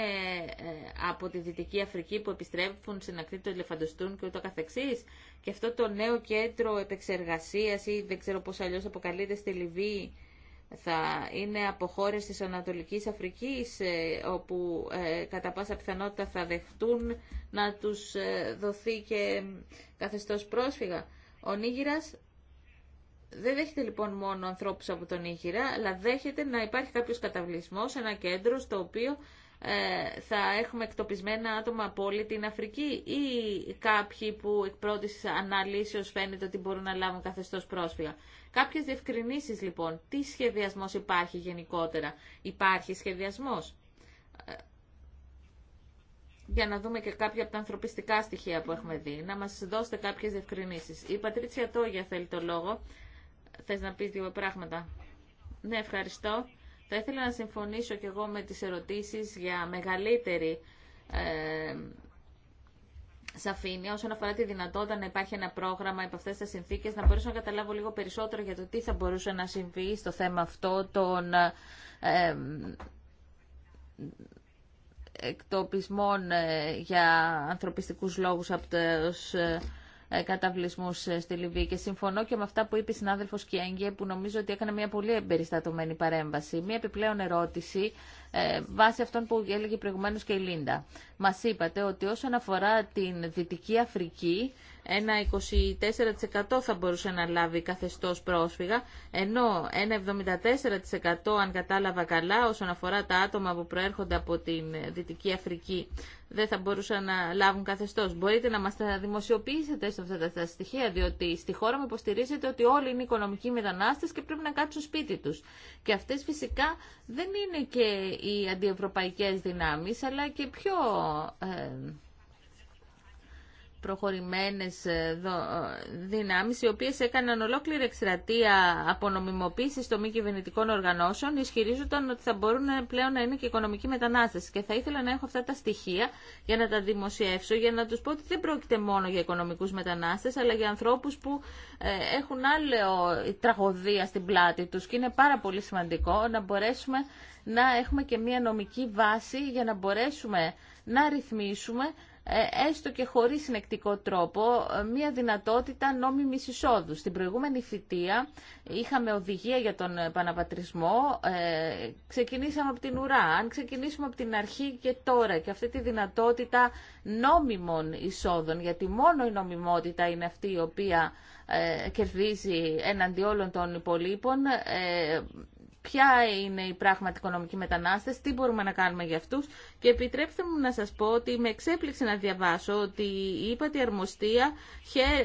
ε, από τη Δυτική Αφρική που επιστρέφουν στην ακτή του ελεφαντοστούν και ούτω καθεξής. Και αυτό το νέο κέντρο επεξεργασίας ή δεν ξέρω πώς αλλιώς αποκαλείται στη Λιβύη θα είναι από χώρε της Ανατολικής Αφρικής ε, όπου ε, κατά πάσα πιθανότητα θα δεχτούν να τους δοθεί και καθεστώς πρόσφυγα. Ο Νίγηρας δεν δέχεται λοιπόν μόνο ανθρώπους από τον Ήγηρα, αλλά δέχεται να υπάρχει κάποιος καταβλισμός, ένα κέντρο στο οποίο ε, θα έχουμε εκτοπισμένα άτομα από όλη την Αφρική ή κάποιοι που εκ πρώτης αναλύσεως φαίνεται ότι μπορούν να λάβουν καθεστώς πρόσφυγα. Κάποιες διευκρινήσεις λοιπόν. Τι σχεδιασμός υπάρχει γενικότερα. Υπάρχει σχεδιασμός. Ε, για να δούμε και κάποια από τα ανθρωπιστικά στοιχεία που έχουμε δει. Να μας δώσετε κάποιες διευκρινήσει. Η Πατρίτσια Τόγια θέλει το λόγο. Θες να πεις δύο πράγματα. Ναι, ευχαριστώ. Θα ήθελα να συμφωνήσω και εγώ με τις ερωτήσεις για μεγαλύτερη ε, σαφήνεια όσον αφορά τη δυνατότητα να υπάρχει ένα πρόγραμμα υπό αυτές τις συνθήκες να μπορέσω να καταλάβω λίγο περισσότερο για το τι θα μπορούσε να συμβεί στο θέμα αυτό των ε, εκτοπισμών ε, για ανθρωπιστικούς λόγους από τους ε, ε, καταβλισμού ε, στη Λιβύη και συμφωνώ και με αυτά που είπε η συνάδελφος Κιέγγε που νομίζω ότι έκανε μια πολύ εμπεριστατωμένη παρέμβαση. Μια επιπλέον ερώτηση ε, βάσει αυτών που έλεγε προηγουμένω και η Λίντα. Μα είπατε ότι όσον αφορά την Δυτική Αφρική ένα 24% θα μπορούσε να λάβει καθεστώς πρόσφυγα, ενώ ένα 74% αν κατάλαβα καλά όσον αφορά τα άτομα που προέρχονται από την Δυτική Αφρική δεν θα μπορούσαν να λάβουν καθεστώς. Μπορείτε να μας τα δημοσιοποιήσετε σε αυτά τα στοιχεία, διότι στη χώρα μου υποστηρίζετε ότι όλοι είναι οικονομικοί μετανάστες και πρέπει να κάτσουν σπίτι τους. Και αυτές φυσικά δεν είναι και οι αντιευρωπαϊκές δυνάμεις, αλλά και πιο... Ε, προχωρημένες ε, ε, δυνάμεις οι οποίες έκαναν ολόκληρη εκστρατεία απονομιμοποίησης των μη κυβερνητικών οργανώσεων ισχυρίζονταν ότι θα μπορούν ε, πλέον να είναι και οικονομικοί μετανάστες και θα ήθελα να έχω αυτά τα στοιχεία για να τα δημοσιεύσω για να τους πω ότι δεν πρόκειται μόνο για οικονομικούς μετανάστες αλλά για ανθρώπους που έχουν άλλη τραγωδία στην πλάτη τους και είναι πάρα πολύ σημαντικό να μπορέσουμε να έχουμε και μια νομική βάση για να μπορέσουμε να ρυθμίσουμε ε, έστω και χωρίς συνεκτικό τρόπο, ε, μια δυνατότητα νόμιμης εισόδου. Στην προηγούμενη θητεία είχαμε οδηγία για τον επαναπατρισμό, ε, ξεκινήσαμε από την ουρά. Αν ξεκινήσουμε από την αρχή και τώρα και αυτή τη δυνατότητα νόμιμων εισόδων, γιατί μόνο η νομιμότητα είναι αυτή η οποία κερδίζει έναντι όλων των υπολείπων, ποια είναι η πράγματι οικονομική μετανάστες, τι μπορούμε να κάνουμε για αυτούς και επιτρέψτε μου να σας πω ότι με εξέπληξε να διαβάσω ότι η ύπατη αρμοστία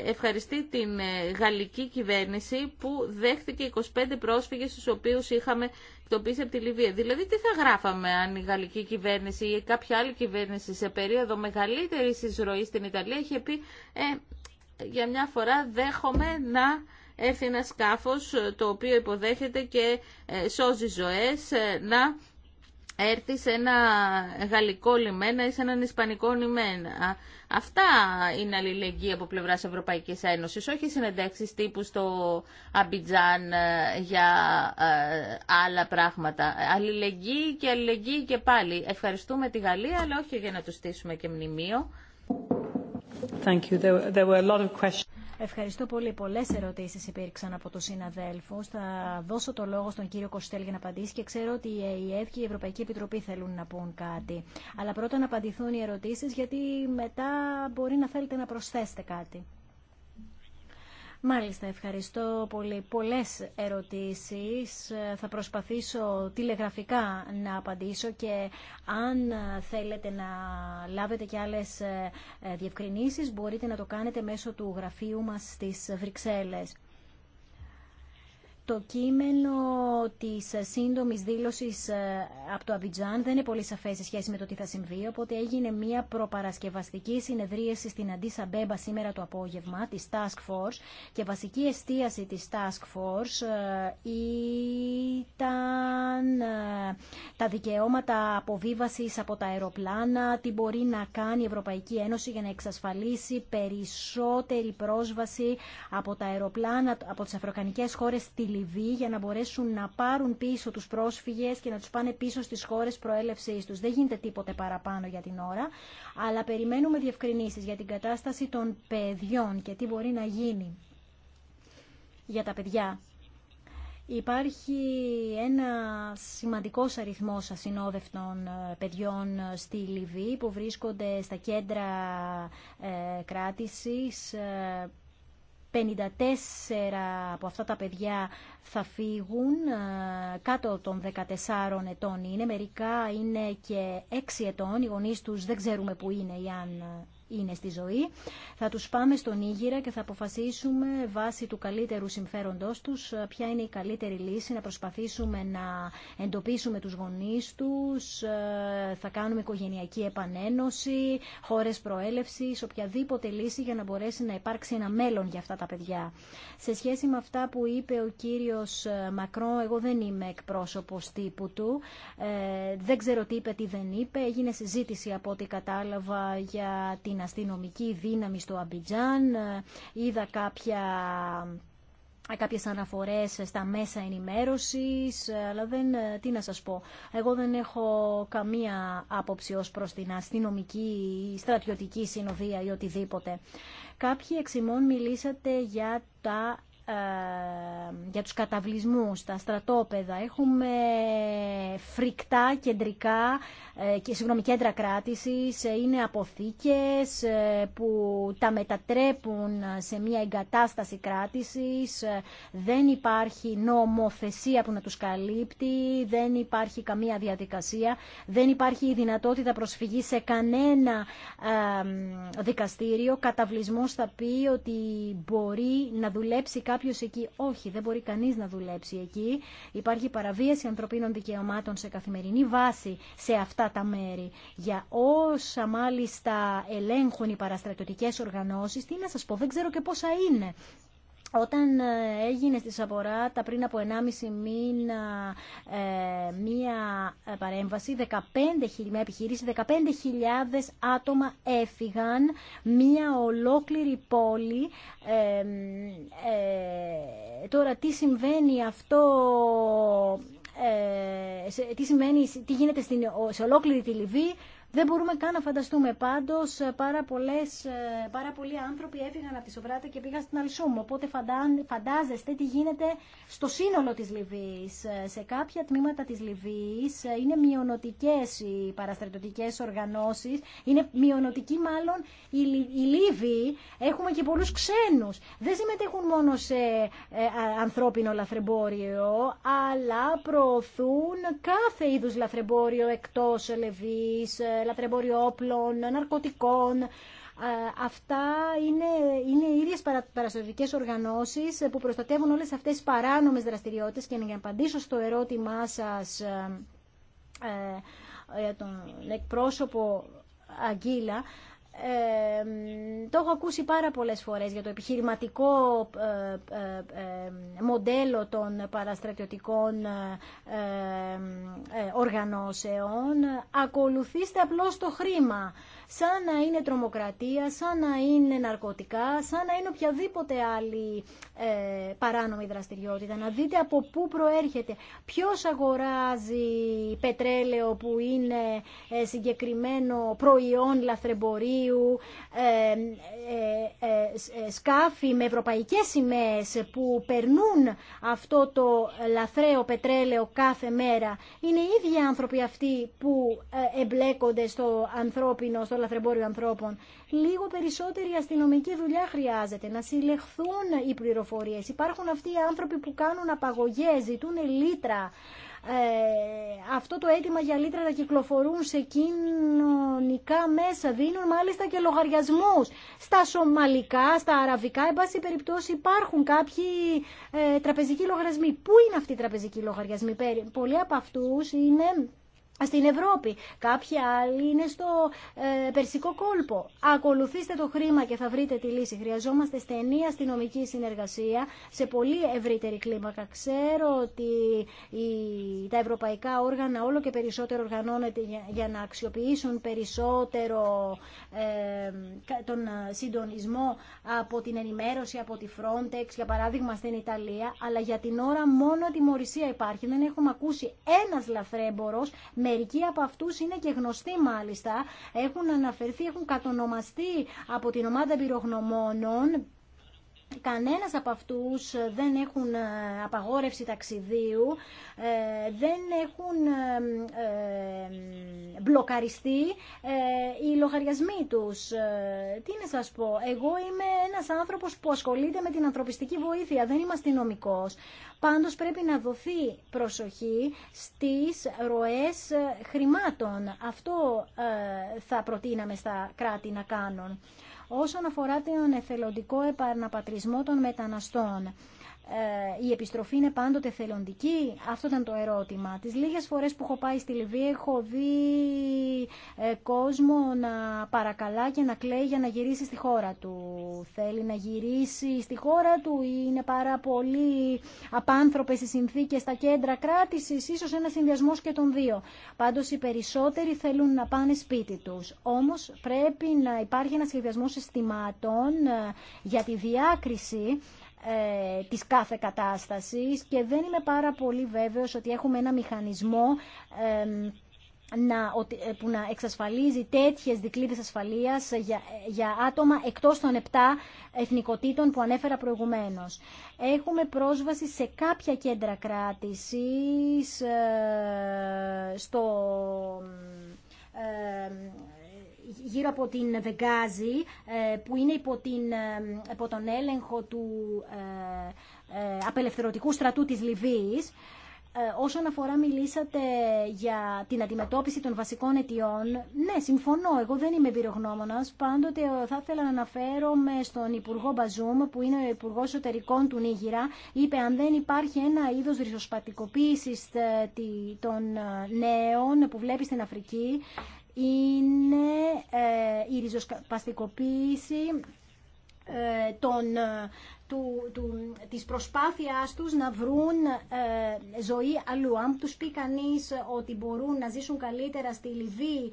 ευχαριστεί την ε, γαλλική κυβέρνηση που δέχτηκε 25 πρόσφυγες στους οποίους είχαμε εκτοπίσει από τη Λιβύη. Δηλαδή τι θα γράφαμε αν η γαλλική κυβέρνηση ή κάποια άλλη κυβέρνηση σε περίοδο μεγαλύτερης εισρωής στην Ιταλία είχε πει «Ε, για μια φορά δέχομαι να έρθει ένα σκάφος ε, το οποίο υποδέχεται και ε, σώζει ζωές ε, να έρθει σε ένα γαλλικό λιμένα ή σε έναν ισπανικό λιμένα. Αυτά είναι αλληλεγγύη από πλευρά Ευρωπαϊκή Ένωση, όχι συνεντέξει τύπου στο Αμπιτζάν για άλλα πράγματα. Αλληλεγγύη και αλληλεγγύη και πάλι. Ευχαριστούμε τη Γαλλία, αλλά όχι για να του στήσουμε και μνημείο. Thank you. There were a lot of questions. Ευχαριστώ πολύ. Πολλέ ερωτήσει υπήρξαν από του συναδέλφου. Θα δώσω το λόγο στον κύριο Κοστέλ για να απαντήσει και ξέρω ότι η ΕΕ και η Ευρωπαϊκή Επιτροπή θέλουν να πούν κάτι. Αλλά πρώτα να απαντηθούν οι ερωτήσει γιατί μετά μπορεί να θέλετε να προσθέσετε κάτι. Μάλιστα, ευχαριστώ πολύ. Πολλές ερωτήσεις. Θα προσπαθήσω τηλεγραφικά να απαντήσω και αν θέλετε να λάβετε και άλλες ε, ε, διευκρινήσεις μπορείτε να το κάνετε μέσω του γραφείου μας στις Βρυξέλλες το κείμενο τη σύντομη δήλωση ε, από το Αμπιτζάν δεν είναι πολύ σαφέ σε σχέση με το τι θα συμβεί, οπότε έγινε μια προπαρασκευαστική συνεδρίαση στην Αντίσα Μπέμπα σήμερα το απόγευμα τη Task Force και βασική εστίαση τη Task Force ε, ήταν ε, τα δικαιώματα αποβίβαση από τα αεροπλάνα, τι μπορεί να κάνει η Ευρωπαϊκή Ένωση για να εξασφαλίσει περισσότερη πρόσβαση από τα αεροπλάνα από τις αφροκανικές χώρες στη ακριβή για να μπορέσουν να πάρουν πίσω τους πρόσφυγες και να τους πάνε πίσω στις χώρες προέλευσής τους. Δεν γίνεται τίποτε παραπάνω για την ώρα, αλλά περιμένουμε διευκρινήσεις για την κατάσταση των παιδιών και τι μπορεί να γίνει για τα παιδιά. Υπάρχει ένα σημαντικός αριθμός ασυνόδευτων ε, παιδιών ε, στη Λιβύη που βρίσκονται στα κέντρα ε, κράτησης 54 από αυτά τα παιδιά θα φύγουν, ε, κάτω των 14 ετών είναι, μερικά είναι και 6 ετών, οι γονείς τους δεν ξέρουμε που είναι ή αν ε, είναι στη ζωή. Θα τους πάμε στον Ήγηρα και θα αποφασίσουμε βάσει του καλύτερου συμφέροντός τους ε, ποια είναι η καλύτερη λύση, να προσπαθήσουμε να εντοπίσουμε τους γονείς τους, ε, θα κάνουμε οικογενειακή επανένωση, χώρες προέλευσης, οποιαδήποτε λύση για να μπορέσει να υπάρξει ένα μέλλον για αυτά τα παιδιά. Σε σχέση με αυτά που είπε ο κύριος ε, Μακρό, εγώ δεν είμαι εκπρόσωπος τύπου του, δεν ξέρω τι είπε, τι δεν είπε, έγινε συζήτηση από ό,τι κατάλαβα για την αστυνομική δύναμη στο Αμπιτζάν, ε, είδα κάποια κάποιες αναφορές στα μέσα ενημέρωσης, ε, αλλά δεν, ε, τι να σας πω, εγώ δεν έχω καμία άποψη ως προς την αστυνομική ή στρατιωτική συνοδεία ή οτιδήποτε. Κάποιοι εξημών μιλήσατε για τα ε, για τους καταβλισμούς, στα στρατόπεδα. Έχουμε φρικτά κεντρικά ε, και συγγνώμη, κέντρα κράτησης, ε, είναι αποθήκες που τα μετατρέπουν σε μια εγκατάσταση κράτησης. Δεν υπάρχει νομοθεσία που να τους καλύπτει, δεν υπάρχει καμία διαδικασία, δεν υπάρχει η δυνατότητα προσφυγής σε κανένα δικαστήριο. Καταβλισμός θα πει ότι μπορεί να δουλέψει κάποιο εκεί. Όχι, δεν μπορεί κανείς να δουλέψει εκεί. Υπάρχει παραβίαση ανθρωπίνων δικαιωμάτων σε καθημερινή βάση σε αυτά τα μέρη. Για όσα μάλιστα ελέγχουν οι παραστρατιωτικές οργανώσεις, τι να σα πω, δεν ξέρω και πόσα είναι όταν ε, έγινε στη Σαπορά τα πριν από 1,5 μήνα ε, μία ε, παρέμβαση, 15, μια επιχείρηση, 15.000 άτομα έφυγαν, μία ολόκληρη πόλη. τώρα τι συμβαίνει αυτό τι, σημαίνει, τι γίνεται στην, σε ολόκληρη τη Λιβύη, δεν μπορούμε καν να φανταστούμε. Πάντως ε, πάρα, ε, πάρα πολλοί άνθρωποι έφυγαν από τη Σοβράτα και πήγαν στην Αλσούμ. Οπότε φαντάζεστε τι γίνεται στο σύνολο τη Λιβύη. Ε, σε κάποια τμήματα τη Λιβύη είναι μειωνοτικέ οι παραστρατιωτικέ οργανώσει. Είναι μειονοτικοί μάλλον οι, οι Έχουμε και πολλού ξένου. Δεν συμμετέχουν μόνο σε ανθρώπινο λαθρεμπόριο, αλλά προωθούν κάθε είδου λαθρεμπόριο εκτός Λιβύη λατρεμπόριο όπλων, ναρκωτικών. Ε, αυτά είναι, είναι οι ίδιες παραστατικές οργανώσεις που προστατεύουν όλες αυτές τις παράνομες δραστηριότητες και για να απαντήσω στο ερώτημά σας ε, ε, για τον εκπρόσωπο Αγγίλα, το έχω ακούσει πάρα πολλές φορές για το επιχειρηματικό ε, ε, ε, μοντέλο των παραστρατιωτικών οργανώσεων. Ακολουθήστε απλώς το χρήμα, σαν να είναι τρομοκρατία, σαν να είναι ναρκωτικά, σαν να είναι οποιαδήποτε άλλη παράνομη δραστηριότητα. Να δείτε από πού προέρχεται, ποιος αγοράζει πετρέλαιο που είναι συγκεκριμένο προϊόν προιον λαθρεμπορία, ε, ε, ε, ε, σκάφη με ευρωπαϊκές σημαίες που περνούν αυτό το λαθρέο πετρέλαιο κάθε μέρα. Είναι οι ίδιοι άνθρωποι αυτοί που εμπλέκονται στο ανθρώπινο, στο λαθρεμπόριο ανθρώπων. Λίγο περισσότερη αστυνομική δουλειά χρειάζεται, να συλλεχθούν οι πληροφορίες. Υπάρχουν αυτοί οι άνθρωποι που κάνουν απαγωγές, ζητούν λίτρα, ε, αυτό το αίτημα για λίτρα να κυκλοφορούν σε κοινωνικά μέσα δίνουν μάλιστα και λογαριασμούς στα σομαλικά, στα αραβικά εν πάση περιπτώσει υπάρχουν κάποιοι ε, τραπεζικοί λογαριασμοί πού είναι αυτοί οι τραπεζικοί λογαριασμοί πολλοί από αυτούς είναι στην Ευρώπη. Κάποιοι άλλοι είναι στο ε, περσικό κόλπο. Ακολουθήστε το χρήμα και θα βρείτε τη λύση. Χρειαζόμαστε στενή αστυνομική συνεργασία σε πολύ ευρύτερη κλίμακα. Ξέρω ότι η, τα ευρωπαϊκά όργανα όλο και περισσότερο οργανώνεται για, να αξιοποιήσουν περισσότερο ε, τον ε, συντονισμό από την ενημέρωση, από τη Frontex, για παράδειγμα στην Ιταλία, αλλά για την ώρα μόνο Μωρισία υπάρχει. Δεν έχουμε ακούσει ένας λαθρέμπορος Μερικοί από αυτούς είναι και γνωστοί μάλιστα, έχουν αναφερθεί, έχουν κατονομαστεί από την ομάδα πυρογνωμόνων Κανένας από αυτούς ε, δεν έχουν ε, απαγόρευση ταξιδίου, ε, δεν έχουν μπλοκαριστεί οι λογαριασμοί τους. Τι να σας πω, εγώ είμαι ένας άνθρωπος που ασχολείται με την ανθρωπιστική βοήθεια, δεν είμαι αστυνομικός. Πάντως πρέπει να δοθεί προσοχή στις ροές χρημάτων. Αυτό θα προτείναμε στα κράτη να κάνουν όσον αφορά τον εθελοντικό επαναπατρισμό των μεταναστών. Ε, η επιστροφή είναι πάντοτε θελοντική. Αυτό ήταν το ερώτημα. Τις λίγες φορές που έχω πάει στη Λιβύη έχω δει ε, κόσμο να παρακαλά και να κλαίει για να γυρίσει στη χώρα του. Θέλει να γυρίσει στη χώρα του ή είναι πάρα πολύ απάνθρωπες οι συνθήκες στα κέντρα κράτησης, ίσως ένα συνδυασμό και των δύο. Πάντως οι περισσότεροι θέλουν να πάνε σπίτι τους. Όμως πρέπει να υπάρχει ένα σχεδιασμό συστημάτων ε, για τη διάκριση ε, της κάθε κατάστασης και δεν είμαι πάρα πολύ βέβαιος ότι έχουμε ένα μηχανισμό να, ε, που να εξασφαλίζει τέτοιες δικλείδες ασφαλείας για, για άτομα εκτός των 7 εθνικοτήτων που ανέφερα προηγουμένως. Έχουμε πρόσβαση σε κάποια κέντρα κράτησης, ε, στο, ε, γύρω από την Βεγγάζη ε, που είναι υπό, την, ε, υπό τον έλεγχο του ε, απελευθερωτικού στρατού της Λιβύης όσον αφορά μιλήσατε για την αντιμετώπιση των βασικών αιτιών, ναι, συμφωνώ, εγώ δεν είμαι εμπειρογνώμονας, πάντοτε θα ήθελα να αναφέρομαι στον Υπουργό Μπαζούμ, που είναι ο Υπουργός Εσωτερικών του Νίγηρα, είπε αν δεν υπάρχει ένα είδος ριζοσπατικοποίησης των νέων που βλέπει στην Αφρική, είναι ε, η ριζοσπαστικοποίηση ε, των, ε, του, του, της προσπάθειάς τους να βρουν ζωή αλλού. Αν τους πει κανείς ότι μπορούν να ζήσουν καλύτερα στη Λιβύη,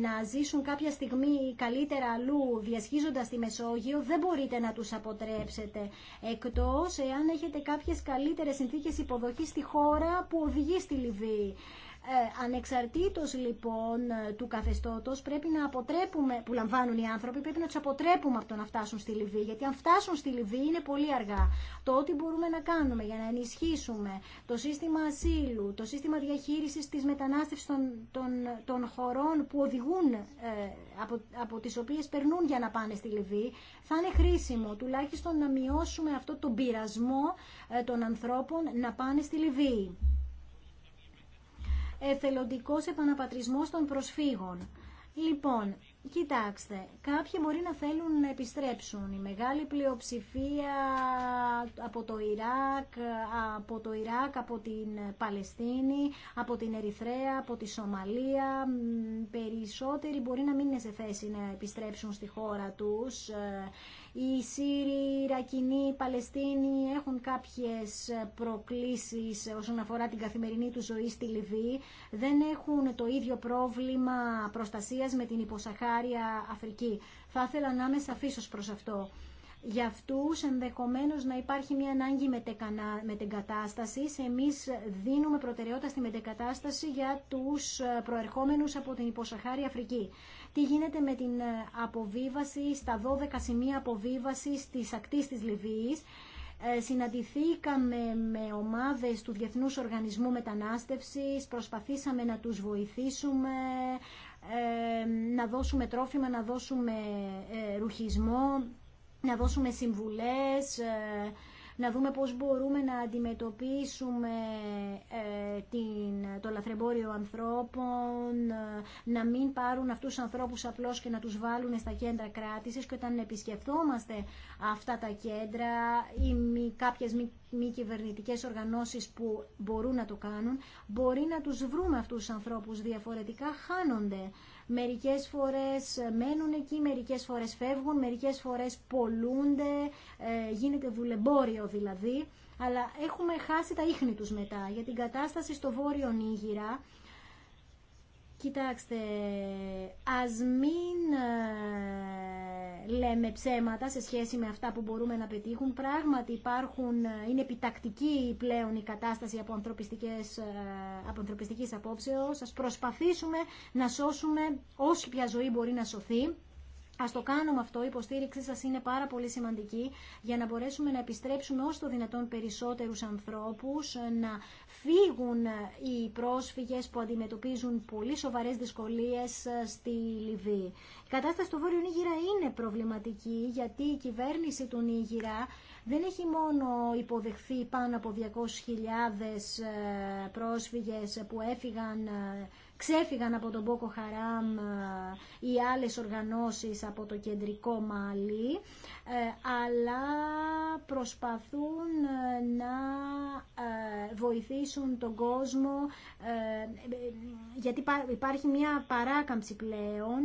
να ζήσουν κάποια στιγμή καλύτερα αλλού, διασχίζοντας τη Μεσόγειο, δεν μπορείτε να τους αποτρέψετε. Εκτός εάν έχετε κάποιες καλύτερες συνθήκες υποδοχής στη χώρα που οδηγεί στη Λιβύη. Ε, ανεξαρτήτως λοιπόν του καθεστώτος πρέπει να αποτρέπουμε, που λαμβάνουν οι άνθρωποι, πρέπει να τους αποτρέπουμε από το να φτάσουν στη Λιβύη, γιατί αν φτάσουν στη Λιβύη είναι πολύ αργά. Το ότι μπορούμε να κάνουμε για να ενισχύσουμε το σύστημα ασύλου, το σύστημα διαχείρισης της μετανάστευσης των, των, των χωρών που οδηγούν, ε, από, από τις οποίες περνούν για να πάνε στη Λιβύη, θα είναι χρήσιμο τουλάχιστον να μειώσουμε αυτό τον πειρασμό ε, των ανθρώπων να πάνε στη Λιβύη εθελοντικός επαναπατρισμός των προσφύγων. Λοιπόν, Κοιτάξτε, κάποιοι μπορεί να θέλουν να επιστρέψουν. Η μεγάλη πλειοψηφία από το Ιράκ, από το Ιράκ, από την Παλαιστίνη, από την Ερυθρέα, από τη Σομαλία, περισσότεροι μπορεί να μην είναι σε θέση να επιστρέψουν στη χώρα τους. Ε, οι Σύριοι, οι Ιρακινοί, οι Παλαιστίνοι έχουν κάποιες προκλήσεις όσον αφορά την καθημερινή του ζωή στη Λιβύη. Δεν έχουν το ίδιο πρόβλημα προστασίας με την υποσαχά. Αφρική. Θα ήθελα να είμαι σαφή ω προ αυτό. Για αυτού ενδεχομένω να υπάρχει μια ανάγκη μετεγκατάσταση. Εμεί δίνουμε προτεραιότητα στη μετεγκατάσταση για τους προερχόμενου από την υποσαχάρη Αφρική. Τι γίνεται με την αποβίβαση στα 12 σημεία αποβίβασης της ακτής της Λιβύης. Ε, συναντηθήκαμε με ομάδες του Διεθνούς Οργανισμού Μετανάστευσης, προσπαθήσαμε να τους βοηθήσουμε, ε, να δώσουμε τρόφιμα, να δώσουμε ε, ρουχισμό, να δώσουμε συμβουλές, ε, να δούμε πώς μπορούμε να αντιμετωπίσουμε ε, την, το λαθρεμπόριο ανθρώπων, ε, να μην πάρουν αυτούς τους ανθρώπους απλώς και να τους βάλουν στα κέντρα κράτησης και όταν επισκεφτόμαστε αυτά τα κέντρα ή μη, κάποιες μη, μη κυβερνητικέ οργανώσεις που μπορούν να το κάνουν, μπορεί να τους βρούμε αυτούς τους ανθρώπους διαφορετικά, χάνονται. Μερικές φορές μένουν εκεί, μερικές φορές φεύγουν, μερικές φορές πολλούνται, ε, γίνεται βουλεμπόριο δηλαδή. Αλλά έχουμε χάσει τα ίχνη τους μετά για την κατάσταση στο Βόρειο Νίγηρα Κοιτάξτε, ας μην ε, λέμε ψέματα σε σχέση με αυτά που μπορούμε να πετύχουν. Πράγματι υπάρχουν, ε, είναι επιτακτική πλέον η κατάσταση από, ανθρωπιστικές, ε, από ανθρωπιστικής απόψεως. Ας προσπαθήσουμε να σώσουμε όση πια ζωή μπορεί να σωθεί. Ας το κάνουμε αυτό, η υποστήριξή σας είναι πάρα πολύ σημαντική για να μπορέσουμε να επιστρέψουμε όσο το δυνατόν περισσότερους ανθρώπους, να φύγουν οι πρόσφυγες που αντιμετωπίζουν πολύ σοβαρές δυσκολίες ε, στη Λιβύη. Η κατάσταση στο Βόρειο Νίγηρα είναι προβληματική γιατί η κυβέρνηση του Νίγηρα δεν έχει μόνο υποδεχθεί πάνω από 200.000 ε, πρόσφυγες που έφυγαν ε, ξέφυγαν από τον Μπόκο Χαράμ ε, οι άλλες οργανώσεις από το κεντρικό Μάλι, ε, αλλά προσπαθούν ε, να βοηθήσουν τον κόσμο, γιατί υπάρχει μια παράκαμψη πλέον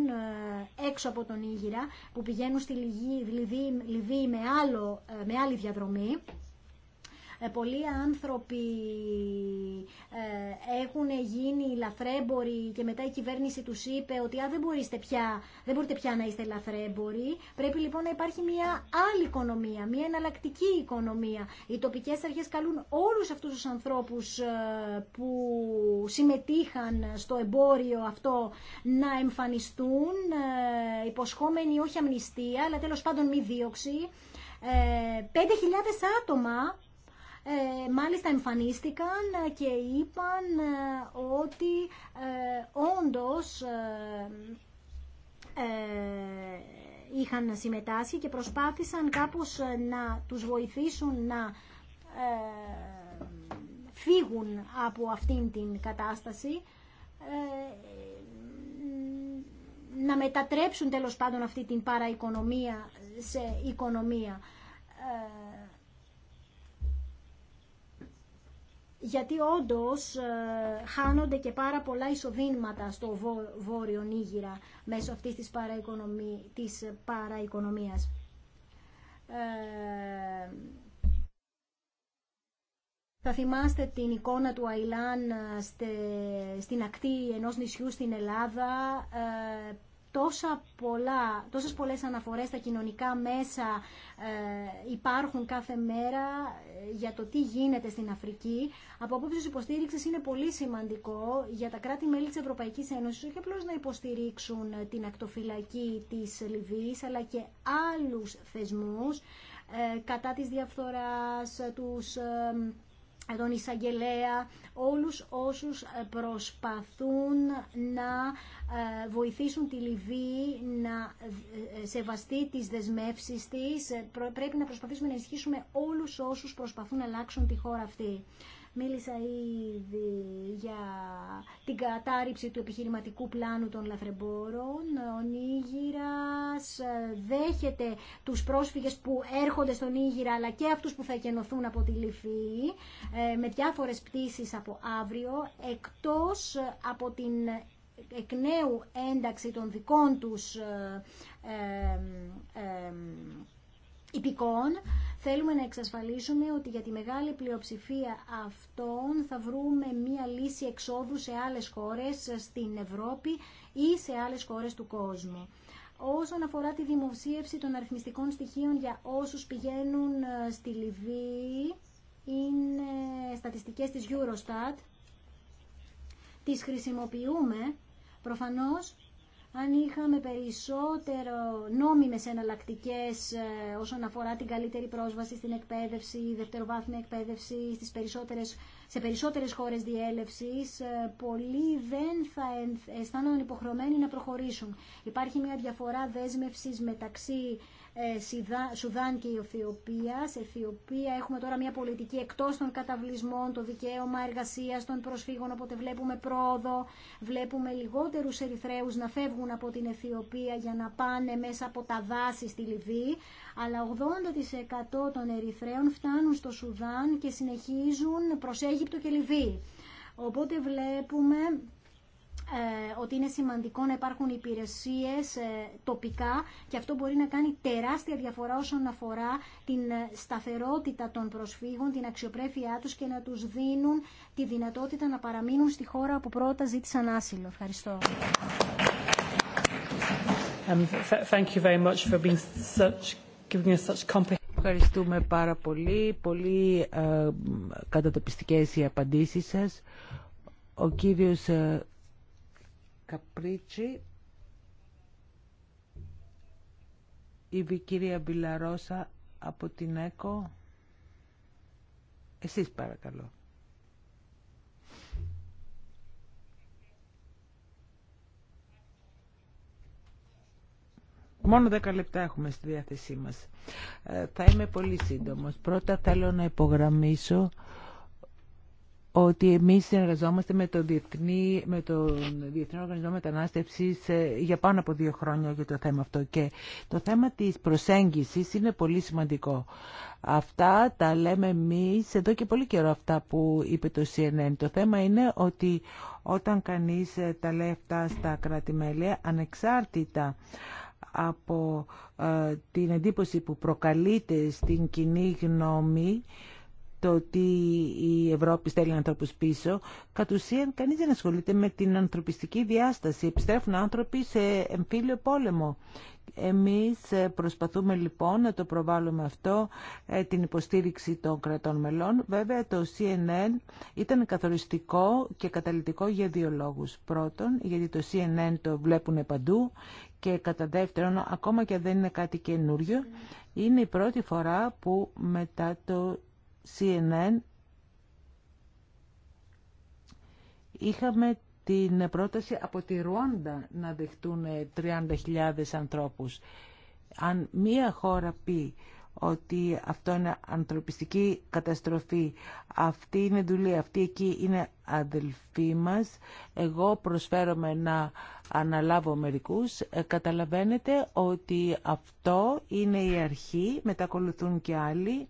έξω από τον ήγυρα που πηγαίνουν στη Λιβύη, με, άλλο, με άλλη διαδρομή. Ε, πολλοί άνθρωποι ε, έχουν γίνει λαθρέμποροι και μετά η κυβέρνηση τους είπε ότι α, δεν, μπορείτε πια, δεν μπορείτε πια να είστε λαθρέμποροι. Πρέπει λοιπόν να υπάρχει μια άλλη οικονομία, μια εναλλακτική οικονομία. Οι τοπικές αρχές καλούν όλους αυτούς τους ανθρώπους ε, που συμμετείχαν στο εμπόριο αυτό να εμφανιστούν, υποσχόμενοι όχι αμνηστία, αλλά τέλος πάντων μη δίωξη. 5.000 άτομα ε, μάλιστα εμφανίστηκαν και είπαν ε, ότι ε, όντως ε, είχαν συμμετάσχει και προσπάθησαν κάπως να τους βοηθήσουν να φύγουν από αυτήν την κατάσταση να μετατρέψουν τέλος πάντων αυτή την παραοικονομία σε οικονομία. γιατί όντως ε, χάνονται και πάρα πολλά εισοδήματα στο Βόρειο Νίγηρα μέσω αυτής της, παραοικονομία. της παραοικονομίας. Ε, θα θυμάστε την εικόνα του Αιλάν ε, στην ακτή ενός νησιού στην Ελλάδα τόσα πολλά, τόσες πολλές αναφορές στα κοινωνικά μέσα ε, υπάρχουν κάθε μέρα ε, για το τι γίνεται στην Αφρική. Από απόψεις υποστήριξης είναι πολύ σημαντικό για τα κράτη-μέλη της Ευρωπαϊκής Ένωσης όχι απλώς να υποστηρίξουν ε, την ακτοφυλακή της Λιβύης αλλά και άλλους θεσμούς ε, κατά της διαφθοράς, τους τον εισαγγελέα, όλους όσους ε, προσπαθούν να ε, βοηθήσουν τη Λιβύη να ε, σεβαστεί τις δεσμεύσεις της. Πρέπει να προσπαθήσουμε να ενισχύσουμε όλους όσους προσπαθούν να αλλάξουν τη χώρα αυτή. Μίλησα ήδη για την κατάρριψη του επιχειρηματικού πλάνου των λαθρεμπόρων. Ο Νίγηρας ε, δέχεται τους πρόσφυγες που έρχονται στον Νίγηρα αλλά και αυτούς που θα εκενωθούν από τη Λυφή, ε, με διάφορες πτήσεις από αύριο εκτός ε, από την εκ νέου ένταξη των δικών τους υπηκών, θέλουμε να εξασφαλίσουμε ότι για τη μεγάλη πλειοψηφία αυτών θα βρούμε μία λύση εξόδου σε άλλες χώρες στην Ευρώπη ή σε άλλες χώρες του κόσμου. Όσον αφορά τη δημοσίευση των αριθμιστικών στοιχείων για όσους πηγαίνουν ε, στη Λιβύη, είναι στατιστικές της Eurostat. Τις χρησιμοποιούμε. Προφανώς αν είχαμε περισσότερο νόμιμες εναλλακτικέ ε, όσον αφορά την καλύτερη πρόσβαση στην εκπαίδευση, δευτεροβάθμια εκπαίδευση, στις περισσότερες, σε περισσότερες χώρες διέλευσης, ε, πολλοί δεν θα αισθάνονταν υποχρεωμένοι να προχωρήσουν. Υπάρχει μια διαφορά δέσμευσης μεταξύ ε, Σουδάν και η Αιθιοπία. Σε Αιθιοπία έχουμε τώρα μια πολιτική εκτός των καταβλισμών, το δικαίωμα εργασία των προσφύγων, οπότε βλέπουμε πρόοδο, βλέπουμε λιγότερους Ερυθρέου να φεύγουν από την Αιθιοπία για να πάνε μέσα από τα δάση στη Λιβύη, αλλά 80% των Ερυθρέων φτάνουν στο Σουδάν και συνεχίζουν προ Αίγυπτο και Λιβύη. Οπότε βλέπουμε ε, ότι είναι σημαντικό να υπάρχουν υπηρεσίες ε, τοπικά και αυτό μπορεί να κάνει τεράστια διαφορά όσον αφορά την ε, σταθερότητα των προσφύγων, την αξιοπρέπειά τους και να τους δίνουν τη δυνατότητα να παραμείνουν στη χώρα που πρώτα ζήτησαν άσυλο. Ευχαριστώ. Ευχαριστούμε πάρα πολύ. Πολύ ε, οι απαντήσεις σας. Ο κύριος Καπρίτσι, η Βικυρία Μπιλαρόσα από την ΕΚΟ. Εσείς παρακαλώ. Μόνο 10 λεπτά έχουμε στη διάθεσή μας. Ε, θα είμαι πολύ σύντομος. Πρώτα θέλω να υπογραμμίσω ότι εμείς συνεργαζόμαστε με, το Διεθνή, με τον Διεθνή Οργανισμό Μετανάστευσης ε, για πάνω από δύο χρόνια για το θέμα αυτό και το θέμα της προσέγγισης είναι πολύ σημαντικό. Αυτά τα λέμε εμείς εδώ και πολύ καιρό αυτά που είπε το CNN. Το θέμα είναι ότι όταν κανείς ε, τα λέει αυτά στα κράτη-μέλη ανεξάρτητα από ε, την εντύπωση που προκαλείται στην κοινή γνώμη το ότι η Ευρώπη στέλνει ανθρώπου πίσω, κατ' ουσίαν κανεί δεν ασχολείται με την ανθρωπιστική διάσταση. Επιστρέφουν άνθρωποι σε εμφύλιο πόλεμο. Εμείς ε, προσπαθούμε λοιπόν να το προβάλλουμε αυτό, ε, την υποστήριξη των κρατών μελών. Βέβαια το CNN ήταν καθοριστικό και καταλητικό για δύο λόγους. Πρώτον, γιατί το CNN το βλέπουν παντού και κατά δεύτερον, ακόμα και δεν είναι κάτι καινούριο, είναι η πρώτη φορά που μετά το CNN είχαμε την πρόταση από τη Ρουάντα να δεχτούν 30.000 ανθρώπους. Αν μία χώρα πει ότι αυτό είναι ανθρωπιστική καταστροφή, αυτή είναι δουλεία, αυτή εκεί είναι αδελφοί μας, εγώ προσφέρομαι να αναλάβω μερικούς, ε, καταλαβαίνετε ότι αυτό είναι η αρχή, μετακολουθούν και άλλοι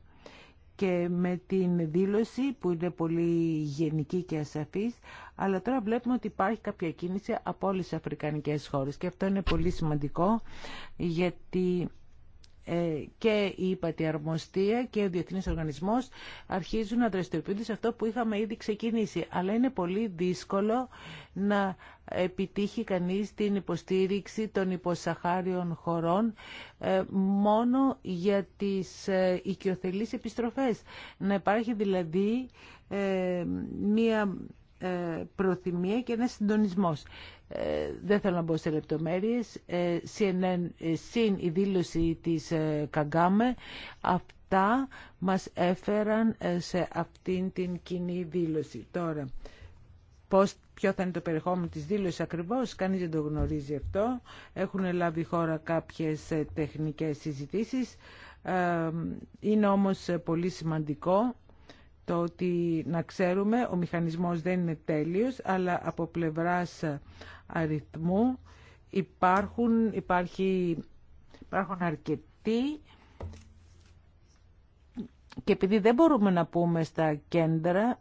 και με την δήλωση που είναι πολύ γενική και ασαφής, αλλά τώρα βλέπουμε ότι υπάρχει κάποια κίνηση από όλες τις αφρικανικές χώρες και αυτό είναι πολύ σημαντικό γιατί ε, και η αρμοστία και ο Διεθνής Οργανισμός αρχίζουν να δραστηριοποιούνται σε αυτό που είχαμε ήδη ξεκινήσει. Αλλά είναι πολύ δύσκολο να επιτύχει κανείς την υποστήριξη των υποσαχάριων χωρών ε, μόνο για τις ε, οικειοθελείς επιστροφές. Να υπάρχει δηλαδή μία προθυμία και ένα συντονισμός. Ε, δεν θέλω να μπω σε λεπτομέρειες. Ε, ε, συν η δήλωση της Καγκάμε, αυτά μας έφεραν σε αυτήν την κοινή δήλωση. Τώρα, πώς, ποιο θα είναι το περιεχόμενο της δήλωσης ακριβώς, κανείς δεν το γνωρίζει αυτό. Έχουν λάβει χώρα κάποιες τεχνικές συζητήσεις. Είναι όμως πολύ σημαντικό το ότι να ξέρουμε ο μηχανισμός δεν είναι τέλειος, αλλά από πλευράς αριθμού υπάρχουν, υπάρχει, υπάρχουν αρκετοί και επειδή δεν μπορούμε να πούμε στα κέντρα,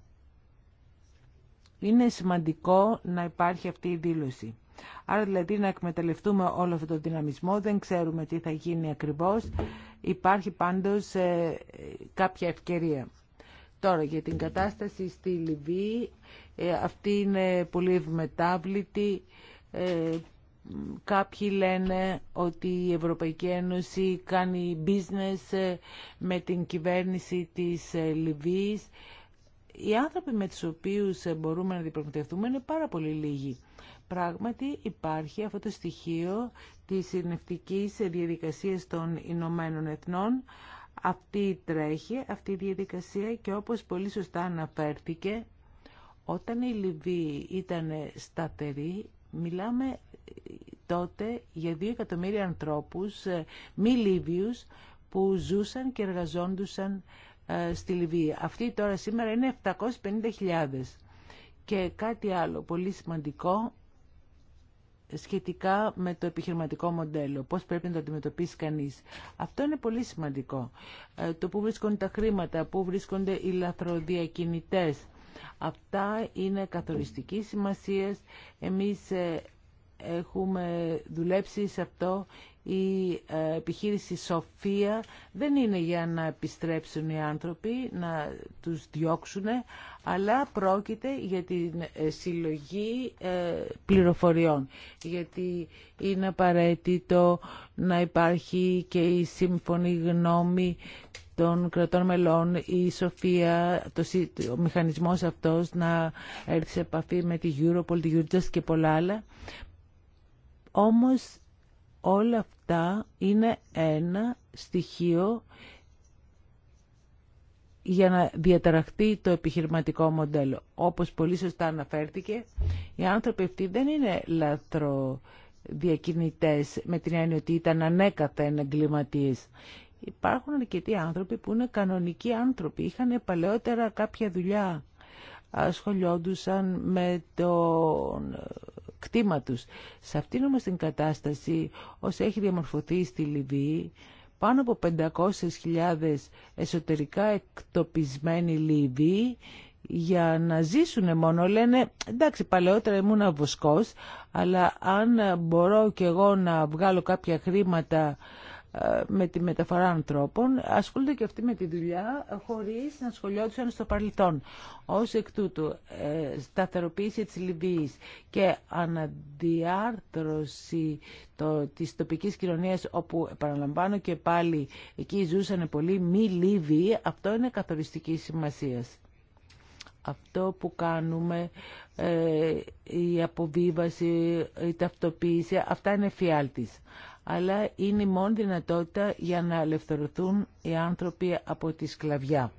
είναι σημαντικό να υπάρχει αυτή η δήλωση. Άρα δηλαδή να εκμεταλλευτούμε όλο αυτό το δυναμισμό, δεν ξέρουμε τι θα γίνει ακριβώς. Υπάρχει πάντως ε, κάποια ευκαιρία. Τώρα για την κατάσταση στη Λιβύη, ε, αυτή είναι πολύ ευμετάβλητη. Ε, κάποιοι λένε ότι η Ευρωπαϊκή Ένωση κάνει business ε, με την κυβέρνηση της Λιβύης. Οι άνθρωποι με τους οποίους μπορούμε να διπραγματευτούμε είναι πάρα πολύ λίγοι. Πράγματι υπάρχει αυτό το στοιχείο της συνευτικής διαδικασίας των Ηνωμένων Εθνών, αυτή τρέχει, αυτή η διαδικασία και όπως πολύ σωστά αναφέρθηκε, όταν η Λιβύη ήταν σταθερή, μιλάμε τότε για δύο εκατομμύρια ανθρώπους, ε, μη Λιβύους που ζούσαν και εργαζόντουσαν ε, στη Λιβύη. Αυτή τώρα σήμερα είναι 750.000. Και κάτι άλλο πολύ σημαντικό, σχετικά με το επιχειρηματικό μοντέλο, πώς πρέπει να το αντιμετωπίσει κανείς. Αυτό είναι πολύ σημαντικό. Ε, το πού βρίσκονται τα χρήματα, πού βρίσκονται οι λαθροδιακινητές. Αυτά είναι καθοριστική σημασία. Εμείς ε, έχουμε δουλέψει σε αυτό η ε, επιχείρηση Σοφία δεν είναι για να επιστρέψουν οι άνθρωποι, να τους διώξουν, αλλά πρόκειται για την ε, συλλογή ε, πληροφοριών. Γιατί είναι απαραίτητο να υπάρχει και η σύμφωνη γνώμη των κρατών μελών, η Σοφία, το, ο μηχανισμός αυτός να έρθει σε επαφή με τη Europol, τη Eurojust και πολλά άλλα. Όμως όλα αυτά είναι ένα στοιχείο για να διαταραχθεί το επιχειρηματικό μοντέλο. Όπως πολύ σωστά αναφέρθηκε, οι άνθρωποι αυτοί δεν είναι λαθροδιακινητές με την έννοια ότι ήταν ανέκαθεν εγκληματίε. Υπάρχουν αρκετοί άνθρωποι που είναι κανονικοί άνθρωποι, είχαν παλαιότερα κάποια δουλειά ασχολιόντουσαν με το ε, κτήμα τους. Σε αυτήν όμως την κατάσταση, όσο έχει διαμορφωθεί στη Λιβύη, πάνω από 500.000 εσωτερικά εκτοπισμένοι Λιβύοι για να ζήσουν μόνο λένε εντάξει παλαιότερα ήμουν βοσκός αλλά αν μπορώ και εγώ να βγάλω κάποια χρήματα ε, με τη μεταφορά ανθρώπων ασχολούνται και αυτοί με τη δουλειά χωρίς να ασχολιόντουσαν στο παρελθόν. Ως εκ τούτου, ε, σταθεροποίηση της Λιβύης και αναδιάρθρωση το, της τοπικής κοινωνίας όπου επαναλαμβάνω και πάλι εκεί ζούσαν πολλοί μη Λίβοι, αυτό είναι καθοριστική σημασία. Αυτό που κάνουμε, ε, η αποβίβαση, η ταυτοποίηση, αυτά είναι φιάλτης αλλά είναι η μόνη δυνατότητα για να ελευθερωθούν οι άνθρωποι από τη σκλαβιά.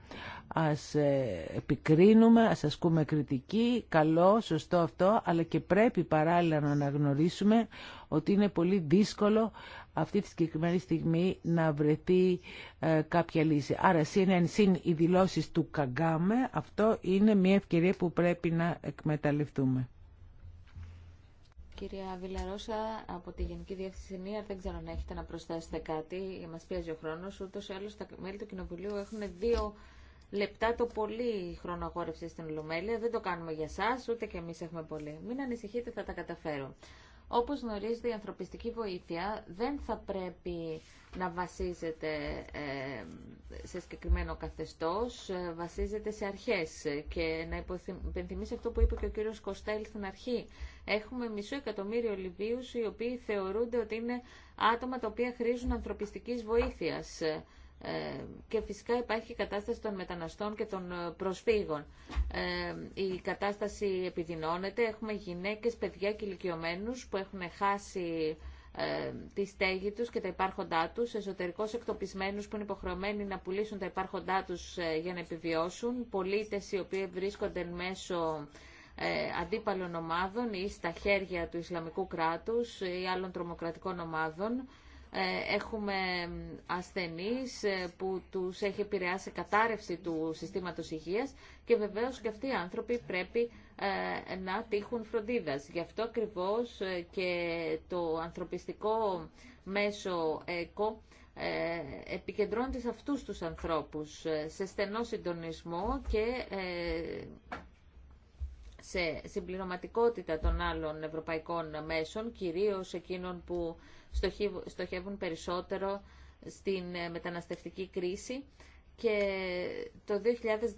Ας ε, επικρίνουμε, ας ασκούμε κριτική, καλό, σωστό αυτό, αλλά και πρέπει παράλληλα να αναγνωρίσουμε ότι είναι πολύ δύσκολο αυτή τη συγκεκριμένη στιγμή να βρεθεί ε, κάποια λύση. Άρα, σύν συν οι δηλώσεις του Καγκάμε, αυτό είναι μια ευκαιρία που πρέπει να εκμεταλλευτούμε. Κυρία Βιλαρόσα, από τη Γενική Διεύθυνση δεν ξέρω αν έχετε να προσθέσετε κάτι. Μα πιέζει ο χρόνο. Ούτω ή άλλω, τα μέλη του Κοινοβουλίου έχουν δύο λεπτά το πολύ χρόνο αγόρευση στην Ολομέλεια. Δεν το κάνουμε για εσά, ούτε και εμεί έχουμε πολύ. Μην ανησυχείτε, θα τα καταφέρω. Όπως γνωρίζετε, η ανθρωπιστική βοήθεια δεν θα πρέπει να βασίζεται ε, σε συγκεκριμένο καθεστώς, ε, βασίζεται σε αρχές. Και να υπενθυμίσει αυτό που είπε και ο κύριος Κοστέλ στην αρχή. Έχουμε μισό εκατομμύριο Λιβύους οι οποίοι θεωρούνται ότι είναι άτομα τα οποία χρήζουν ανθρωπιστικής βοήθειας ε, και φυσικά υπάρχει η κατάσταση των μεταναστών και των προσφύγων. η κατάσταση επιδεινώνεται. Έχουμε γυναίκες, παιδιά και ηλικιωμένους που έχουν χάσει ε, τη στέγη τους και τα υπάρχοντά τους, εσωτερικώς εκτοπισμένους που είναι υποχρεωμένοι να πουλήσουν τα υπάρχοντά τους ε, για να επιβιώσουν, πολίτες οι οποίοι βρίσκονται μέσω ε, αντίπαλων ομάδων ή στα χέρια του Ισλαμικού κράτους ή άλλων τρομοκρατικών ομάδων. Έχουμε ασθενείς που τους έχει επηρεάσει κατάρρευση του συστήματος υγείας και βεβαίως και αυτοί οι άνθρωποι πρέπει ε, να τύχουν φροντίδας. Γι' αυτό ακριβώς ε, και το ανθρωπιστικό μέσο ΕΚΟ ε, επικεντρώνεται σε αυτούς τους ανθρώπους, σε στενό συντονισμό και σε συμπληρωματικότητα των άλλων ευρωπαϊκών μέσων, κυρίως εκείνων που στοχεύουν περισσότερο στην μεταναστευτική κρίση και το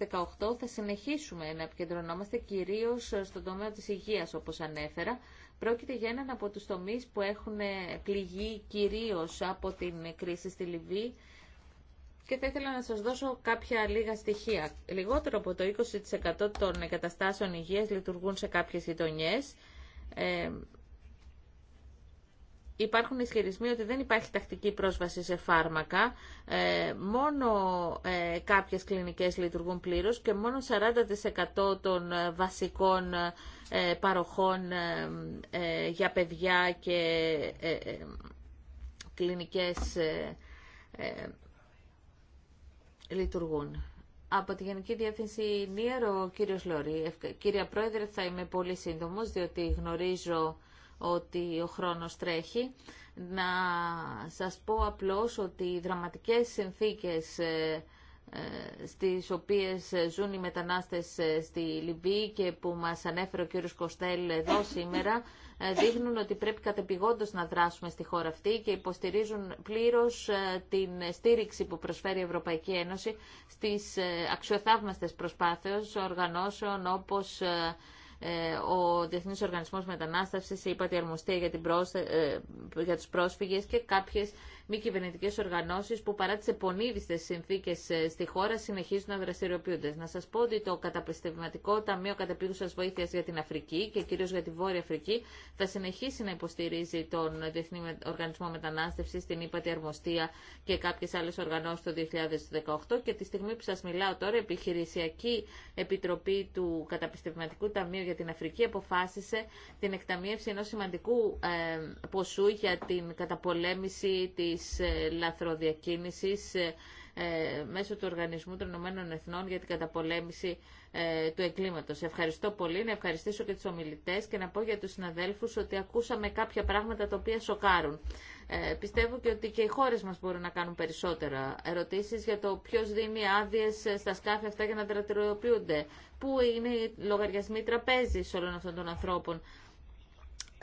2018 θα συνεχίσουμε να επικεντρωνόμαστε κυρίως στον τομέα της υγείας όπως ανέφερα. Πρόκειται για έναν από τους τομείς που έχουν πληγεί κυρίως από την κρίση στη Λιβύη και θα ήθελα να σας δώσω κάποια λίγα στοιχεία. Λιγότερο από το 20% των εγκαταστάσεων υγείας λειτουργούν σε κάποιες γειτονιές. Ε, Υπάρχουν ισχυρισμοί ότι δεν υπάρχει τακτική πρόσβαση σε φάρμακα, ε, μόνο ε, κάποιες κλινικές λειτουργούν πλήρως και μόνο 40% των ε, βασικών παροχών για παιδιά και κλινικές λειτουργούν. Από τη Γενική Διεύθυνση Νίερο, ο κύριος Λόρη. Κύριε Πρόεδρε, θα είμαι πολύ σύντομος, διότι γνωρίζω ότι ο χρόνος τρέχει. Να σας πω απλώς ότι οι δραματικές συνθήκες ε, ε, στις οποίες ζουν οι μετανάστες ε, στη Λιβύη και που μας ανέφερε ο κύριος Κοστέλ εδώ σήμερα δείχνουν ότι πρέπει κατεπηγόντως να δράσουμε στη χώρα αυτή και υποστηρίζουν πλήρως την στήριξη που προσφέρει η Ευρωπαϊκή Ένωση στις αξιοθαύμαστες προσπάθειες οργανώσεων όπως ε, ο Διεθνής Οργανισμός Μετανάστευσης, η Υπατή Αρμοστία για, την πρόσθε, ε, για τους πρόσφυγες και κάποιες μη κυβερνητικέ οργανώσει που παρά τι επονίδιστε συνθήκε ε, στη χώρα συνεχίζουν να δραστηριοποιούνται. Να σα πω ότι το καταπιστευματικό Ταμείο Κατεπίγουσα Βοήθεια για την Αφρική και κυρίω για τη Βόρεια Αφρική θα συνεχίσει να υποστηρίζει τον Διεθνή Οργανισμό Μετανάστευση, την ΥΠΑΤΗ Αρμοστία και κάποιε άλλε οργανώσει το 2018 και τη στιγμή που σα μιλάω τώρα, η Επιχειρησιακή Επιτροπή του Καταπιστευματικού Ταμείου για την Αφρική αποφάσισε την εκταμείευση ενό σημαντικού ε, ποσού για την καταπολέμηση τη της ε, λαθροδιακίνησης ε, ε, μέσω του Οργανισμού των Ηνωμένων Εθνών για την καταπολέμηση του εγκλήματος. Ευχαριστώ πολύ, να ευχαριστήσω και τους ομιλητές και να πω για τους συναδέλφους ότι ακούσαμε κάποια πράγματα τα οποία σοκάρουν. Ε, πιστεύω και ότι και οι χώρες μας μπορούν να κάνουν περισσότερα. Ερωτήσεις για το ποιο δίνει άδειε στα σκάφη αυτά για να δραστηριοποιούνται. Πού είναι οι λογαριασμοί τραπέζι όλων αυτών των ανθρώπων.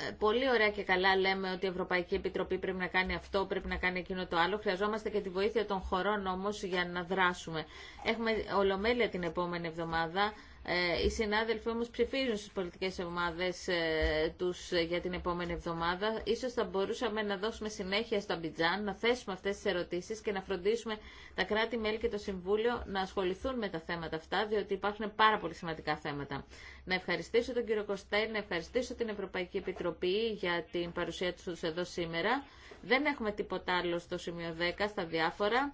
Ε, πολύ ωραία και καλά λέμε ότι η Ευρωπαϊκή Επιτροπή πρέπει να κάνει αυτό, πρέπει να κάνει εκείνο το άλλο. Χρειαζόμαστε και τη βοήθεια των χωρών όμως για να δράσουμε. Έχουμε ολομέλεια την επόμενη εβδομάδα. Ε, οι συνάδελφοι όμως ψηφίζουν στις πολιτικές ομάδες ε, τους ε, για την επόμενη εβδομάδα. Ίσως θα μπορούσαμε να δώσουμε συνέχεια στο Αμπιτζάν, να θέσουμε αυτές τις ερωτήσεις και να φροντίσουμε τα κράτη-μέλη και το Συμβούλιο να ασχοληθούν με τα θέματα αυτά, διότι υπάρχουν πάρα πολύ σημαντικά θέματα. Να ευχαριστήσω τον κύριο Κωστέλ, να ευχαριστήσω την Ευρωπαϊκή Επιτροπή για την παρουσία τους εδώ σήμερα. Δεν έχουμε τίποτα άλλο στο σημείο 10, στα διάφορα.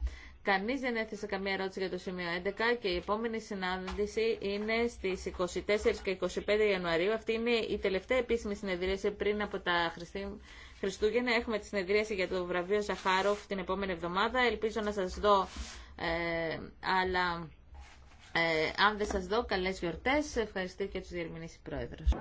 Κανείς δεν έθεσε καμία ερώτηση για το σημείο 11 και η επόμενη συνάντηση είναι στις 24 και 25 Ιανουαρίου. Αυτή είναι η τελευταία επίσημη συνεδρίαση πριν από τα Χριστούγεννα. Έχουμε τη συνεδρίαση για το βραβείο Ζαχάροφ την επόμενη εβδομάδα. Ελπίζω να σας δω, ε, αλλά ε, αν δεν σας δω, καλές γιορτές. Ευχαριστώ και τους διερμηνείς πρόεδρος.